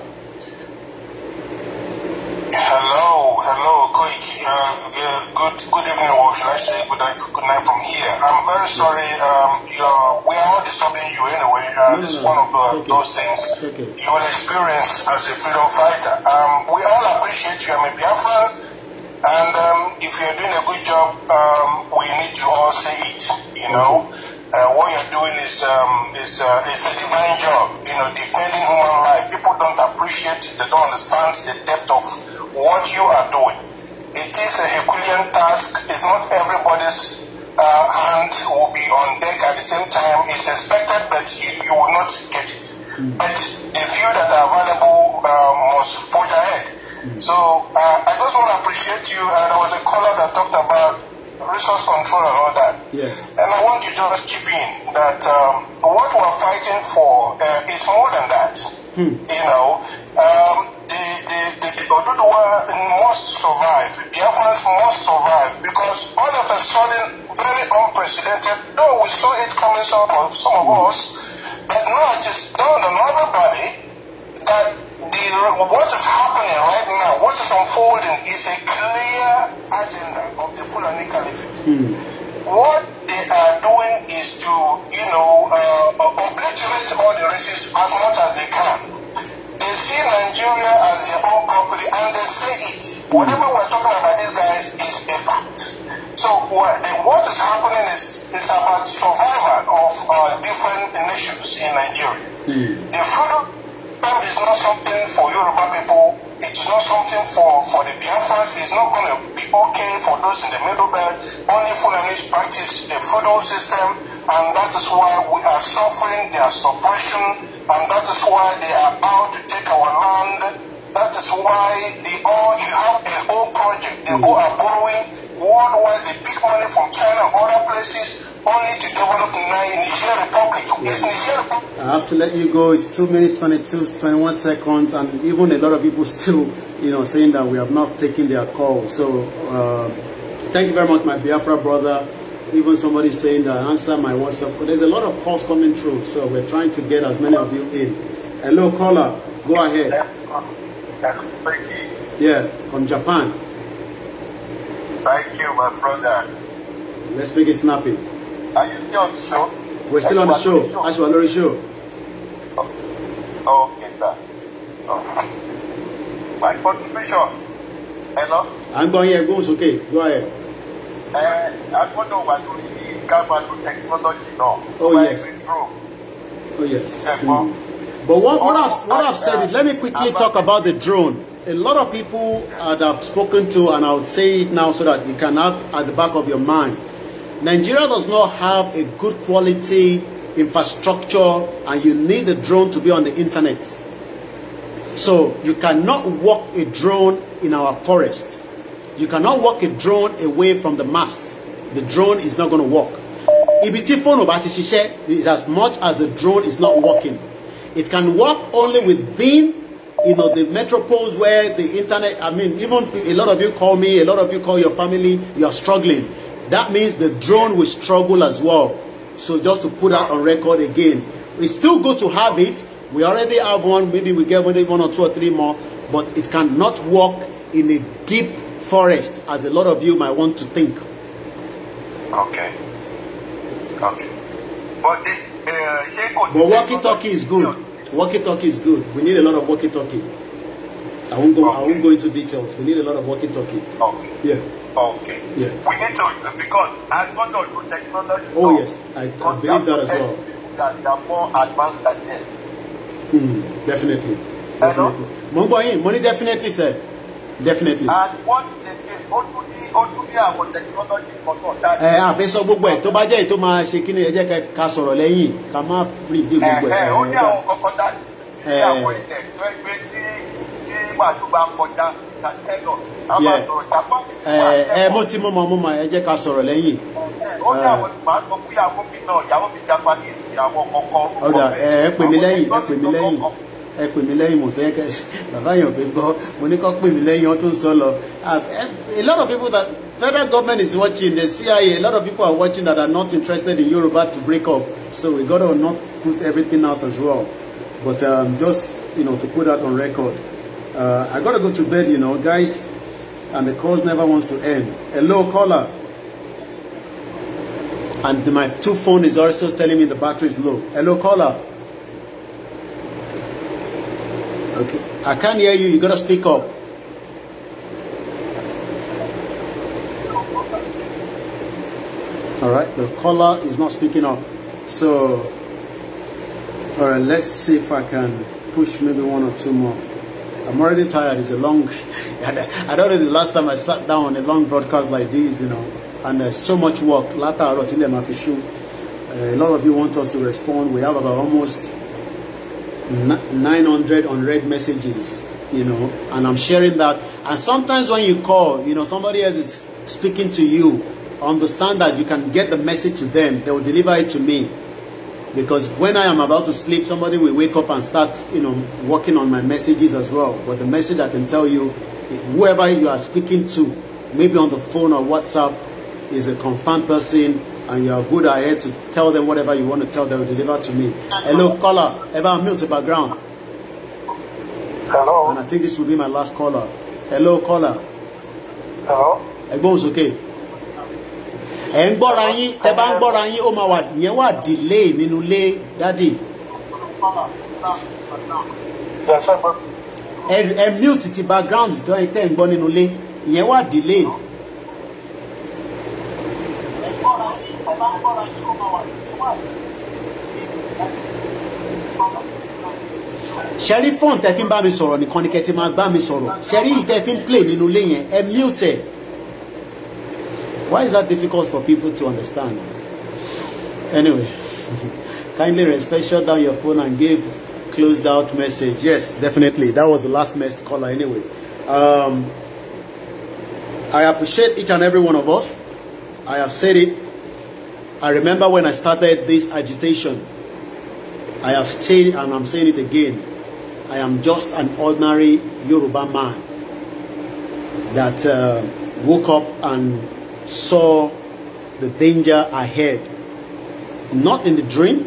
[SPEAKER 3] hello hello Koiki. Um, good good evening, or should I say good night, good night from here. I'm very sorry. Um, we are all disturbing you anyway. Uh, no, no, one of uh, okay. those things okay. experience as a freedom fighter. Um, we all appreciate you. I'm a Biafran, and um, if you're doing a good job, um, we need to all say it. You know, uh, what you're doing is um, is uh, is a divine job. You know, defending human life. People don't appreciate. They don't understand the depth of what you are doing.
[SPEAKER 2] It is a Herculean task. It's not everybody's uh, hand will be on deck at the same time. It's expected, but you, you will not get it. Mm. But the few that are available uh, must forge ahead. Mm. So uh, I just want to appreciate you. Uh, there was a caller that talked about resource control and all that. Yeah. And I want to just chip in that um, what we're fighting for uh, is more than that. Hmm. You know, um, the, the, the, the Oduduwa must survive. Biafrans must
[SPEAKER 4] survive because all of a sudden, very unprecedented, though we saw it coming some of, some of us, but now it is done. on everybody that the, what is happening right now, what is unfolding, is a clear agenda of the Fulani Caliphate. Hmm. what they are doing is to, you know, uh, obliterate
[SPEAKER 2] all the races as much as they can. They see Nigeria as their own country, and they say it. Whatever we're talking about these guys is a fact. So what, what is happening is, is about survival of uh, different nations in Nigeria. Mm. The freedom Islam is
[SPEAKER 3] not something for Yoruba people. It is not something for, for the Biafrans. It's not going to be okay for those in the middle belt. Only Fulanis practice the feudal system, and that is why we are suffering their suppression, and that is why they are about to take our land. That is why they all, oh, you have a whole project. They go are borrowing they pick money from China other
[SPEAKER 1] places only to develop Niger Republic. Niger Republic. I have to let you go. It's 2 minutes, 22, 21 seconds, and even a lot of people still, you know, saying that we have not taken their call. So, uh, thank you very much, my Biafra brother. Even somebody saying that answer my WhatsApp. But there's a lot of calls coming through, so we're trying to get as many of you in. Hello, caller. Go ahead. Yeah, from Japan. Thank you, my brother. Let's make it snappy.
[SPEAKER 3] Are you still on the show? We're still on the show.
[SPEAKER 1] Ashwa Lori show. Oh. oh, okay, sir. Oh. My
[SPEAKER 3] contribution. Hello?
[SPEAKER 1] I'm going here. Go, okay. Go ahead.
[SPEAKER 3] Uh, I want to know what you need carbon technology now. Oh, yes.
[SPEAKER 1] Oh, yes. Mm. But what, what, I've, what I've said, is, let me quickly talk about the drone. a lot of people that I've spoken to, and I would say it now so that you can have at the back of your mind, Nigeria does not have a good quality infrastructure and you need a drone to be on the internet. So you cannot walk a drone in our forest. You cannot walk a drone away from the mast. The drone is not going to work. Ibiti phone is as much as the drone is not working. It can work only within you know, the metropoles where the internet, I mean, even a lot of you call me, a lot of you call your family, you're struggling. That means the drone will struggle as well. So just to put that on record again, it's still good to have it. We already have one, maybe we get one or two or three more, but it cannot work in a deep forest as a lot of you might want to think. Okay. Okay. But this, uh, but walkie-talkie is good. Walkie-talkie is good. We need a lot of walkie-talkie. I won't go. Okay. I won't go into details. We need a lot of walkie-talkie. Okay. Yeah. Okay. Yeah. We need to because as much as good technology. Oh yes, I, I believe that as well. That they are more advanced than them. Hmm. Definitely. Definitely. Money money, definitely, sir. Definitely. And
[SPEAKER 3] what they did, what would ọdún bí àwọn tẹkinọ́lọ́jì
[SPEAKER 1] kọ̀ọ̀kan jáde. ẹ àfẹ́ sọ gbogbo ẹ̀ tó bá jẹ́ ètò máa ṣe kí ni ẹ jẹ́ ká sọ̀rọ̀ lẹ́yìn ká má rìvíw gbogbo ẹ̀. ẹ ó ní àwọn kọ̀ọ̀kan jáde ní àwọn
[SPEAKER 2] ilẹ̀ tó ẹgbẹ́ tí tí
[SPEAKER 3] màdùbà kọjá
[SPEAKER 1] tẹ́lọ̀ á máa sọ̀rọ̀ jápá. ẹ mo ti mọ mọ mo mọ ẹ ká sọ̀rọ̀ lẹ́yìn. ó ní àwọn màá sọ fún yàwó mi náà yàwó mi japanese àwọn kọ̀ọ̀kan. ọ̀dà ẹ pè mí lẹ́yìn ẹ pè mí lẹ́yìn ẹ pè mí lẹ́yìn mo fẹ́ kẹ bàbá yẹn ò gbọ́ mo ní kọ́ pè mí lẹ́yìn wọn tó sọ lọ a lot of people that federal government is watching the CIA a lot of people are watching that are not interested in Yoruba to break up so we gotta not put everything out as well but um, just you know to put that on record uh, I gotta go to bed you know guys and the cause never wants to end hello caller and my two phone is also telling me the battery is low hello caller. Okay. I can't hear you. You gotta speak up. All right. The caller is not speaking up. So, all right. Let's see if I can push maybe one or two more. I'm already tired. It's a long. I don't know the last time I sat down on a long broadcast like this, you know, and there's so much work. Lata eh, A lot of you want us to respond. We have about almost 900 unread messages, you know, and I'm sharing that. And sometimes when you call, you know, somebody else is speaking to you, understand that you can get the message to them. They will deliver it to me. Because when I am about to sleep, somebody will wake up and start, you know, working on my messages as well. But the message I can tell you, whoever you are speaking to, maybe on the phone or WhatsApp, is a confirmed person and you're good at it to tell them whatever you want to tell them, deliver to me. Hello, caller. Ever mute the background. Hello. And I think this will be my last caller. Hello, caller. Hello. Ẹ̀gbọ́n sókè. Ẹ ń gbọ́ra yín, tẹ́ bá ń gbọ́ra yín, ó máa wà yẹn wà delay nínú ilé dádì. Ẹ ẹ mute ti background tó ẹ tẹ́ ń gbọ́ nínú ilé, ìyẹn wà delay. Ẹ ń
[SPEAKER 3] gbọ́ra yín lágbára yìí kó máa wà nínú wà
[SPEAKER 1] ṣẹ́rí fọ́ọ̀n tẹ́ fi ń bá mi sọ̀rọ̀ nìkan ni kẹ́ máa bá mi sọ̀rọ̀ ṣẹ́rí ìtẹ́ fi ń play nínú ilé yẹn ẹ mute ẹ̀ why is that difficult for people to understand anyway kindly respect shut down your phone and give close out message yes definitely that was the last message caller anyway um, I appreciate each and every one of us I have said it I remember when I started this agitation, I have said and I'm saying it again, I am just an ordinary Yoruba man that uh, woke up and saw the danger ahead. Not in the dream,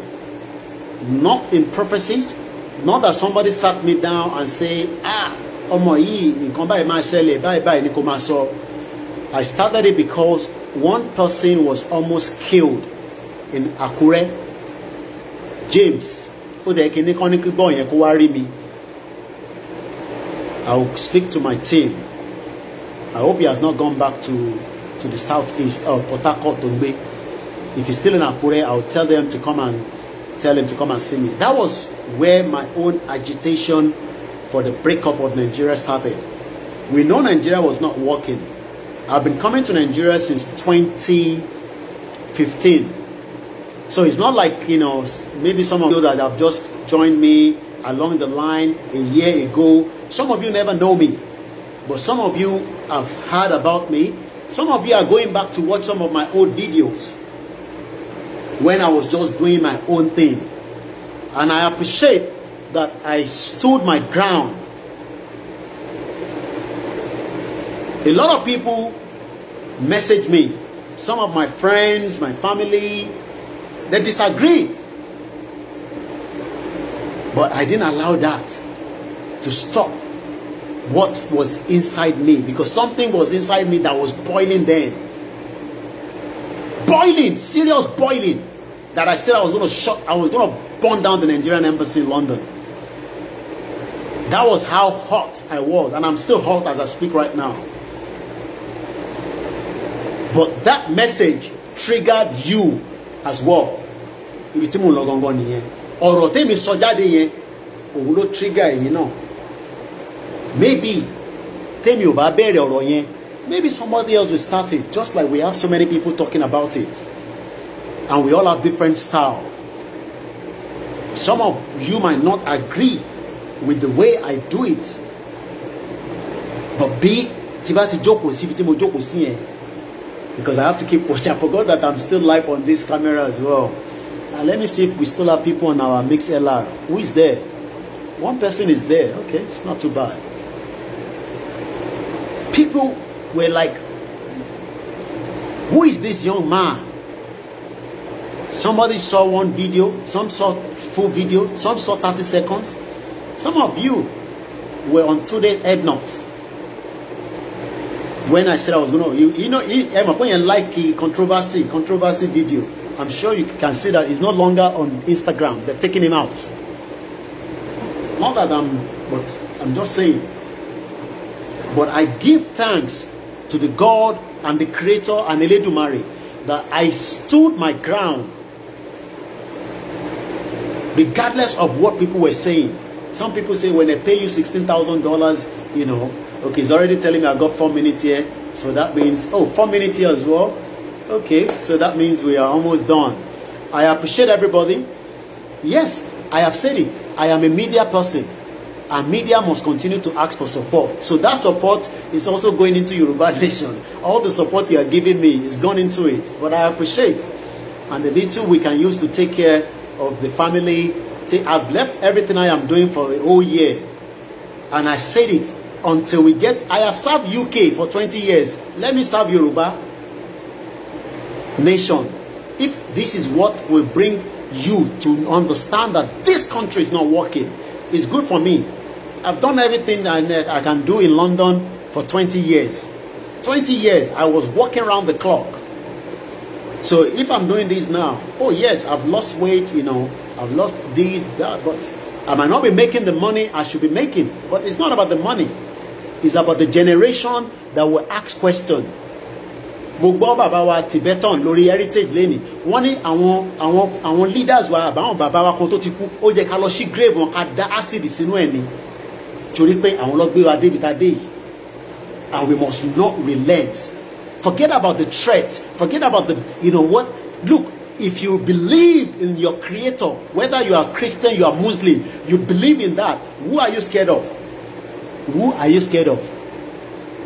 [SPEAKER 1] not in prophecies, not that somebody sat me down and say, ah, ọmọ yìí nǹkan báyìí máa ṣẹlẹ̀ báyìí báyìí ni kò máa sọ. I started it because one person was almost killed in Akure James ó dẹ̀ kí ní kán ní gbọ́ yẹn kó wá mi I will speak to my team I hope he has not gone back to to the southeast or uh, Port Harcourt tó ń if he's still in Akure I will tell them to come and tell him to come and see me that was where my own agitation for the breakup of Nigeria started we know Nigeria was not working I've been coming to Nigeria since 2015. So it's not like, you know, maybe some of you that have just joined me along the line a year ago. Some of you never know me, but some of you have heard about me. Some of you are going back to watch some of my old videos when I was just doing my own thing. And I appreciate that I stood my ground A lot of people message me, some of my friends, my family, they disagree. But I didn't allow that to stop what was inside me because something was inside me that was boiling then. Boiling, serious boiling. That I said I was gonna shut, I was gonna burn down the Nigerian embassy in London. That was how hot I was, and I'm still hot as I speak right now. but that message triggered you as well ibi tí mò ń lọ gangan nìyẹn ọ̀rọ̀ tèmi sọ jáde yẹn òun ló trigger ẹ̀yin náà maybe tèmi ò bá bẹ̀rẹ̀ ọ̀rọ̀ yẹn maybe somebody else will start it just like we have so many people talking about it and we all have different style some of you might not agree with the way I do it but bí tí bá ti jókòó sí ibi tí mo jókòó sí yẹn. because I have to keep watch. I forgot that I'm still live on this camera as well. Uh, let me see if we still have people on our Mix LR. Who is there? One person is there. Okay, it's not too bad. People were like, who is this young man? Somebody saw one video, some saw full video, some saw 30 seconds. Some of you were on today head knots when I said I was going to, you, you know, Emma, when you like controversy, controversy video, I'm sure you can see that it's no longer on Instagram. they are taking him out. Not that I'm, but I'm just saying. But I give thanks to the God and the Creator and Eledumare that I stood my ground regardless of what people were saying. Some people say when they pay you $16,000, you know, Okay, he's already telling me I've got four minutes here. So that means, oh, four minutes here as well. Okay, so that means we are almost done. I appreciate everybody. Yes, I have said it. I am a media person. And media must continue to ask for support. So that support is also going into Yoruba Nation. All the support you are giving me is gone into it. But I appreciate. And the little we can use to take care of the family. I've left everything I am doing for a whole year. And I said it until we get, I have served UK for 20 years. Let me serve Yoruba nation. If this is what will bring you to understand that this country is not working, it's good for me. I've done everything I, I can do in London for 20 years. 20 years, I was walking around the clock. So if I'm doing this now, oh yes, I've lost weight, you know, I've lost these. that, but I might not be making the money I should be making. But it's not about the money. is about the generation that will ask questions. mo gbọ́ bàbá wa tibetan lórí heritage lẹ́nìí wọ́n ní àwọn àwọn àwọn leaders wa àbáwọn bàbá wa kan tó ti kú ó yẹ ká lọ sí grave wọn ká da acid sínú ẹ̀ ni torí pé àwọn lọ gbé wa débi tá a dé yìí and we must not relent forget about the threat forget about the you know what look if you believe in your creator whether you are christian you are muslim you believe in that who are you scared of who are you scared of?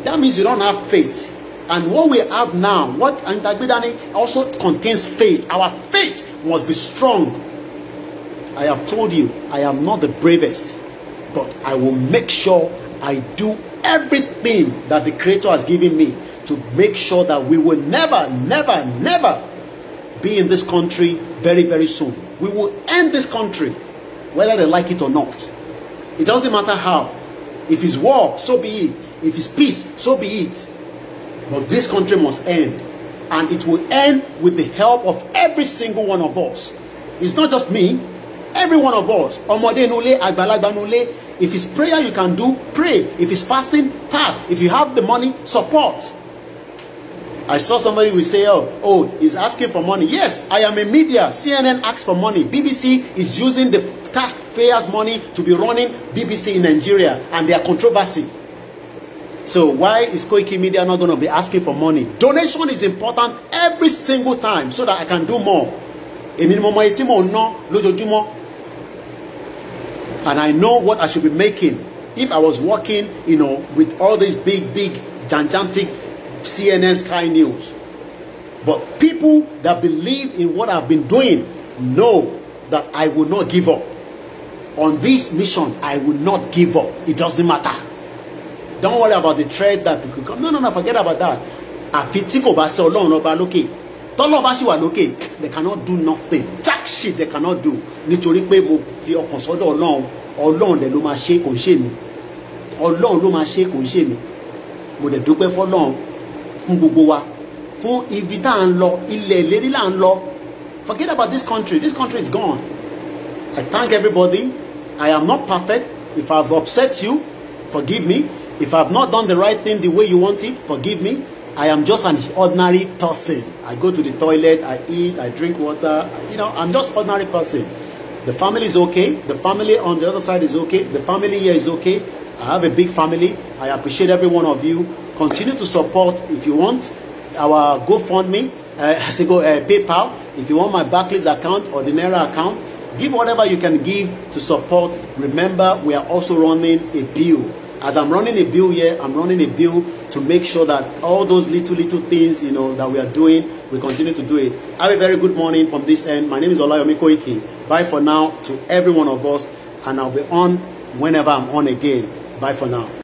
[SPEAKER 1] That means you don't have faith. And what we have now, what Antagbidani also contains faith. Our faith must be strong. I have told you, I am not the bravest, but I will make sure I do everything that the Creator has given me to make sure that we will never, never, never be in this country very, very soon. We will end this country, whether they like it or not. It doesn't matter how. If it's war, so be it. If it's peace, so be it. But this country must end. And it will end with the help of every single one of us. It's not just me. Every one of us. Ọmọdé nule, àgbàlagbà If it's prayer you can do, pray. If it's fasting, fast. If you have the money, support. I saw somebody will say, oh, oh, he's asking for money. Yes, I am a media. CNN asks for money. BBC is using the taxpayers' money to be running BBC in Nigeria and their controversy. So why is Koiki Media not going to be asking for money? Donation is important every single time so that I can do more. Èmi ni mo mọ etí mò ń ná lójoojúmọ́. And I know what I should be making if I was working, you know, with all these big, big, gigantic CNN Sky News. But people that believe in what I've been doing know that I will not give up on this mission, I will not give up. It doesn't matter. Don't worry about the threat that could come. No, no, no, forget about that. Àfi tí kò bá sí Ọlọ́run ọba lókè. Tọ́lọ́run bá sì wà They cannot do nothing. Jack shit they cannot do. Nítorí pé mo fi ọkàn sọ́dọ̀ Ọlọ́run. Ọlọ́run dẹ̀ ló máa ṣe kò ń ṣe mi. Ọlọ́run ló máa ṣe kò ń ṣe mi. Mo dẹ̀ dúpẹ́ fọ́lọ́run fún gbogbo wa. Fún ibi tá à ń lọ, ilẹ̀ ìlérí là ń Forget about this country. This country is gone. I thank everybody. I am not perfect. If I've upset you, forgive me. If I've not done the right thing the way you want it, forgive me. I am just an ordinary person. I go to the toilet, I eat, I drink water. You know, I'm just ordinary person. The family is okay. The family on the other side is okay. The family here is okay. I have a big family. I appreciate every one of you. Continue to support if you want our GoFundMe, uh, go, uh, PayPal. If you want my Barclays account or the Naira account, Give whatever you can give to support. Remember, we are also running a bill. As I'm running a bill here, I'm running a bill to make sure that all those little, little things, you know, that we are doing, we continue to do it. Have a very good morning from this end. My name is Olayomi Koiki. Bye for now to every one of us, and I'll be on whenever I'm on again. Bye for now.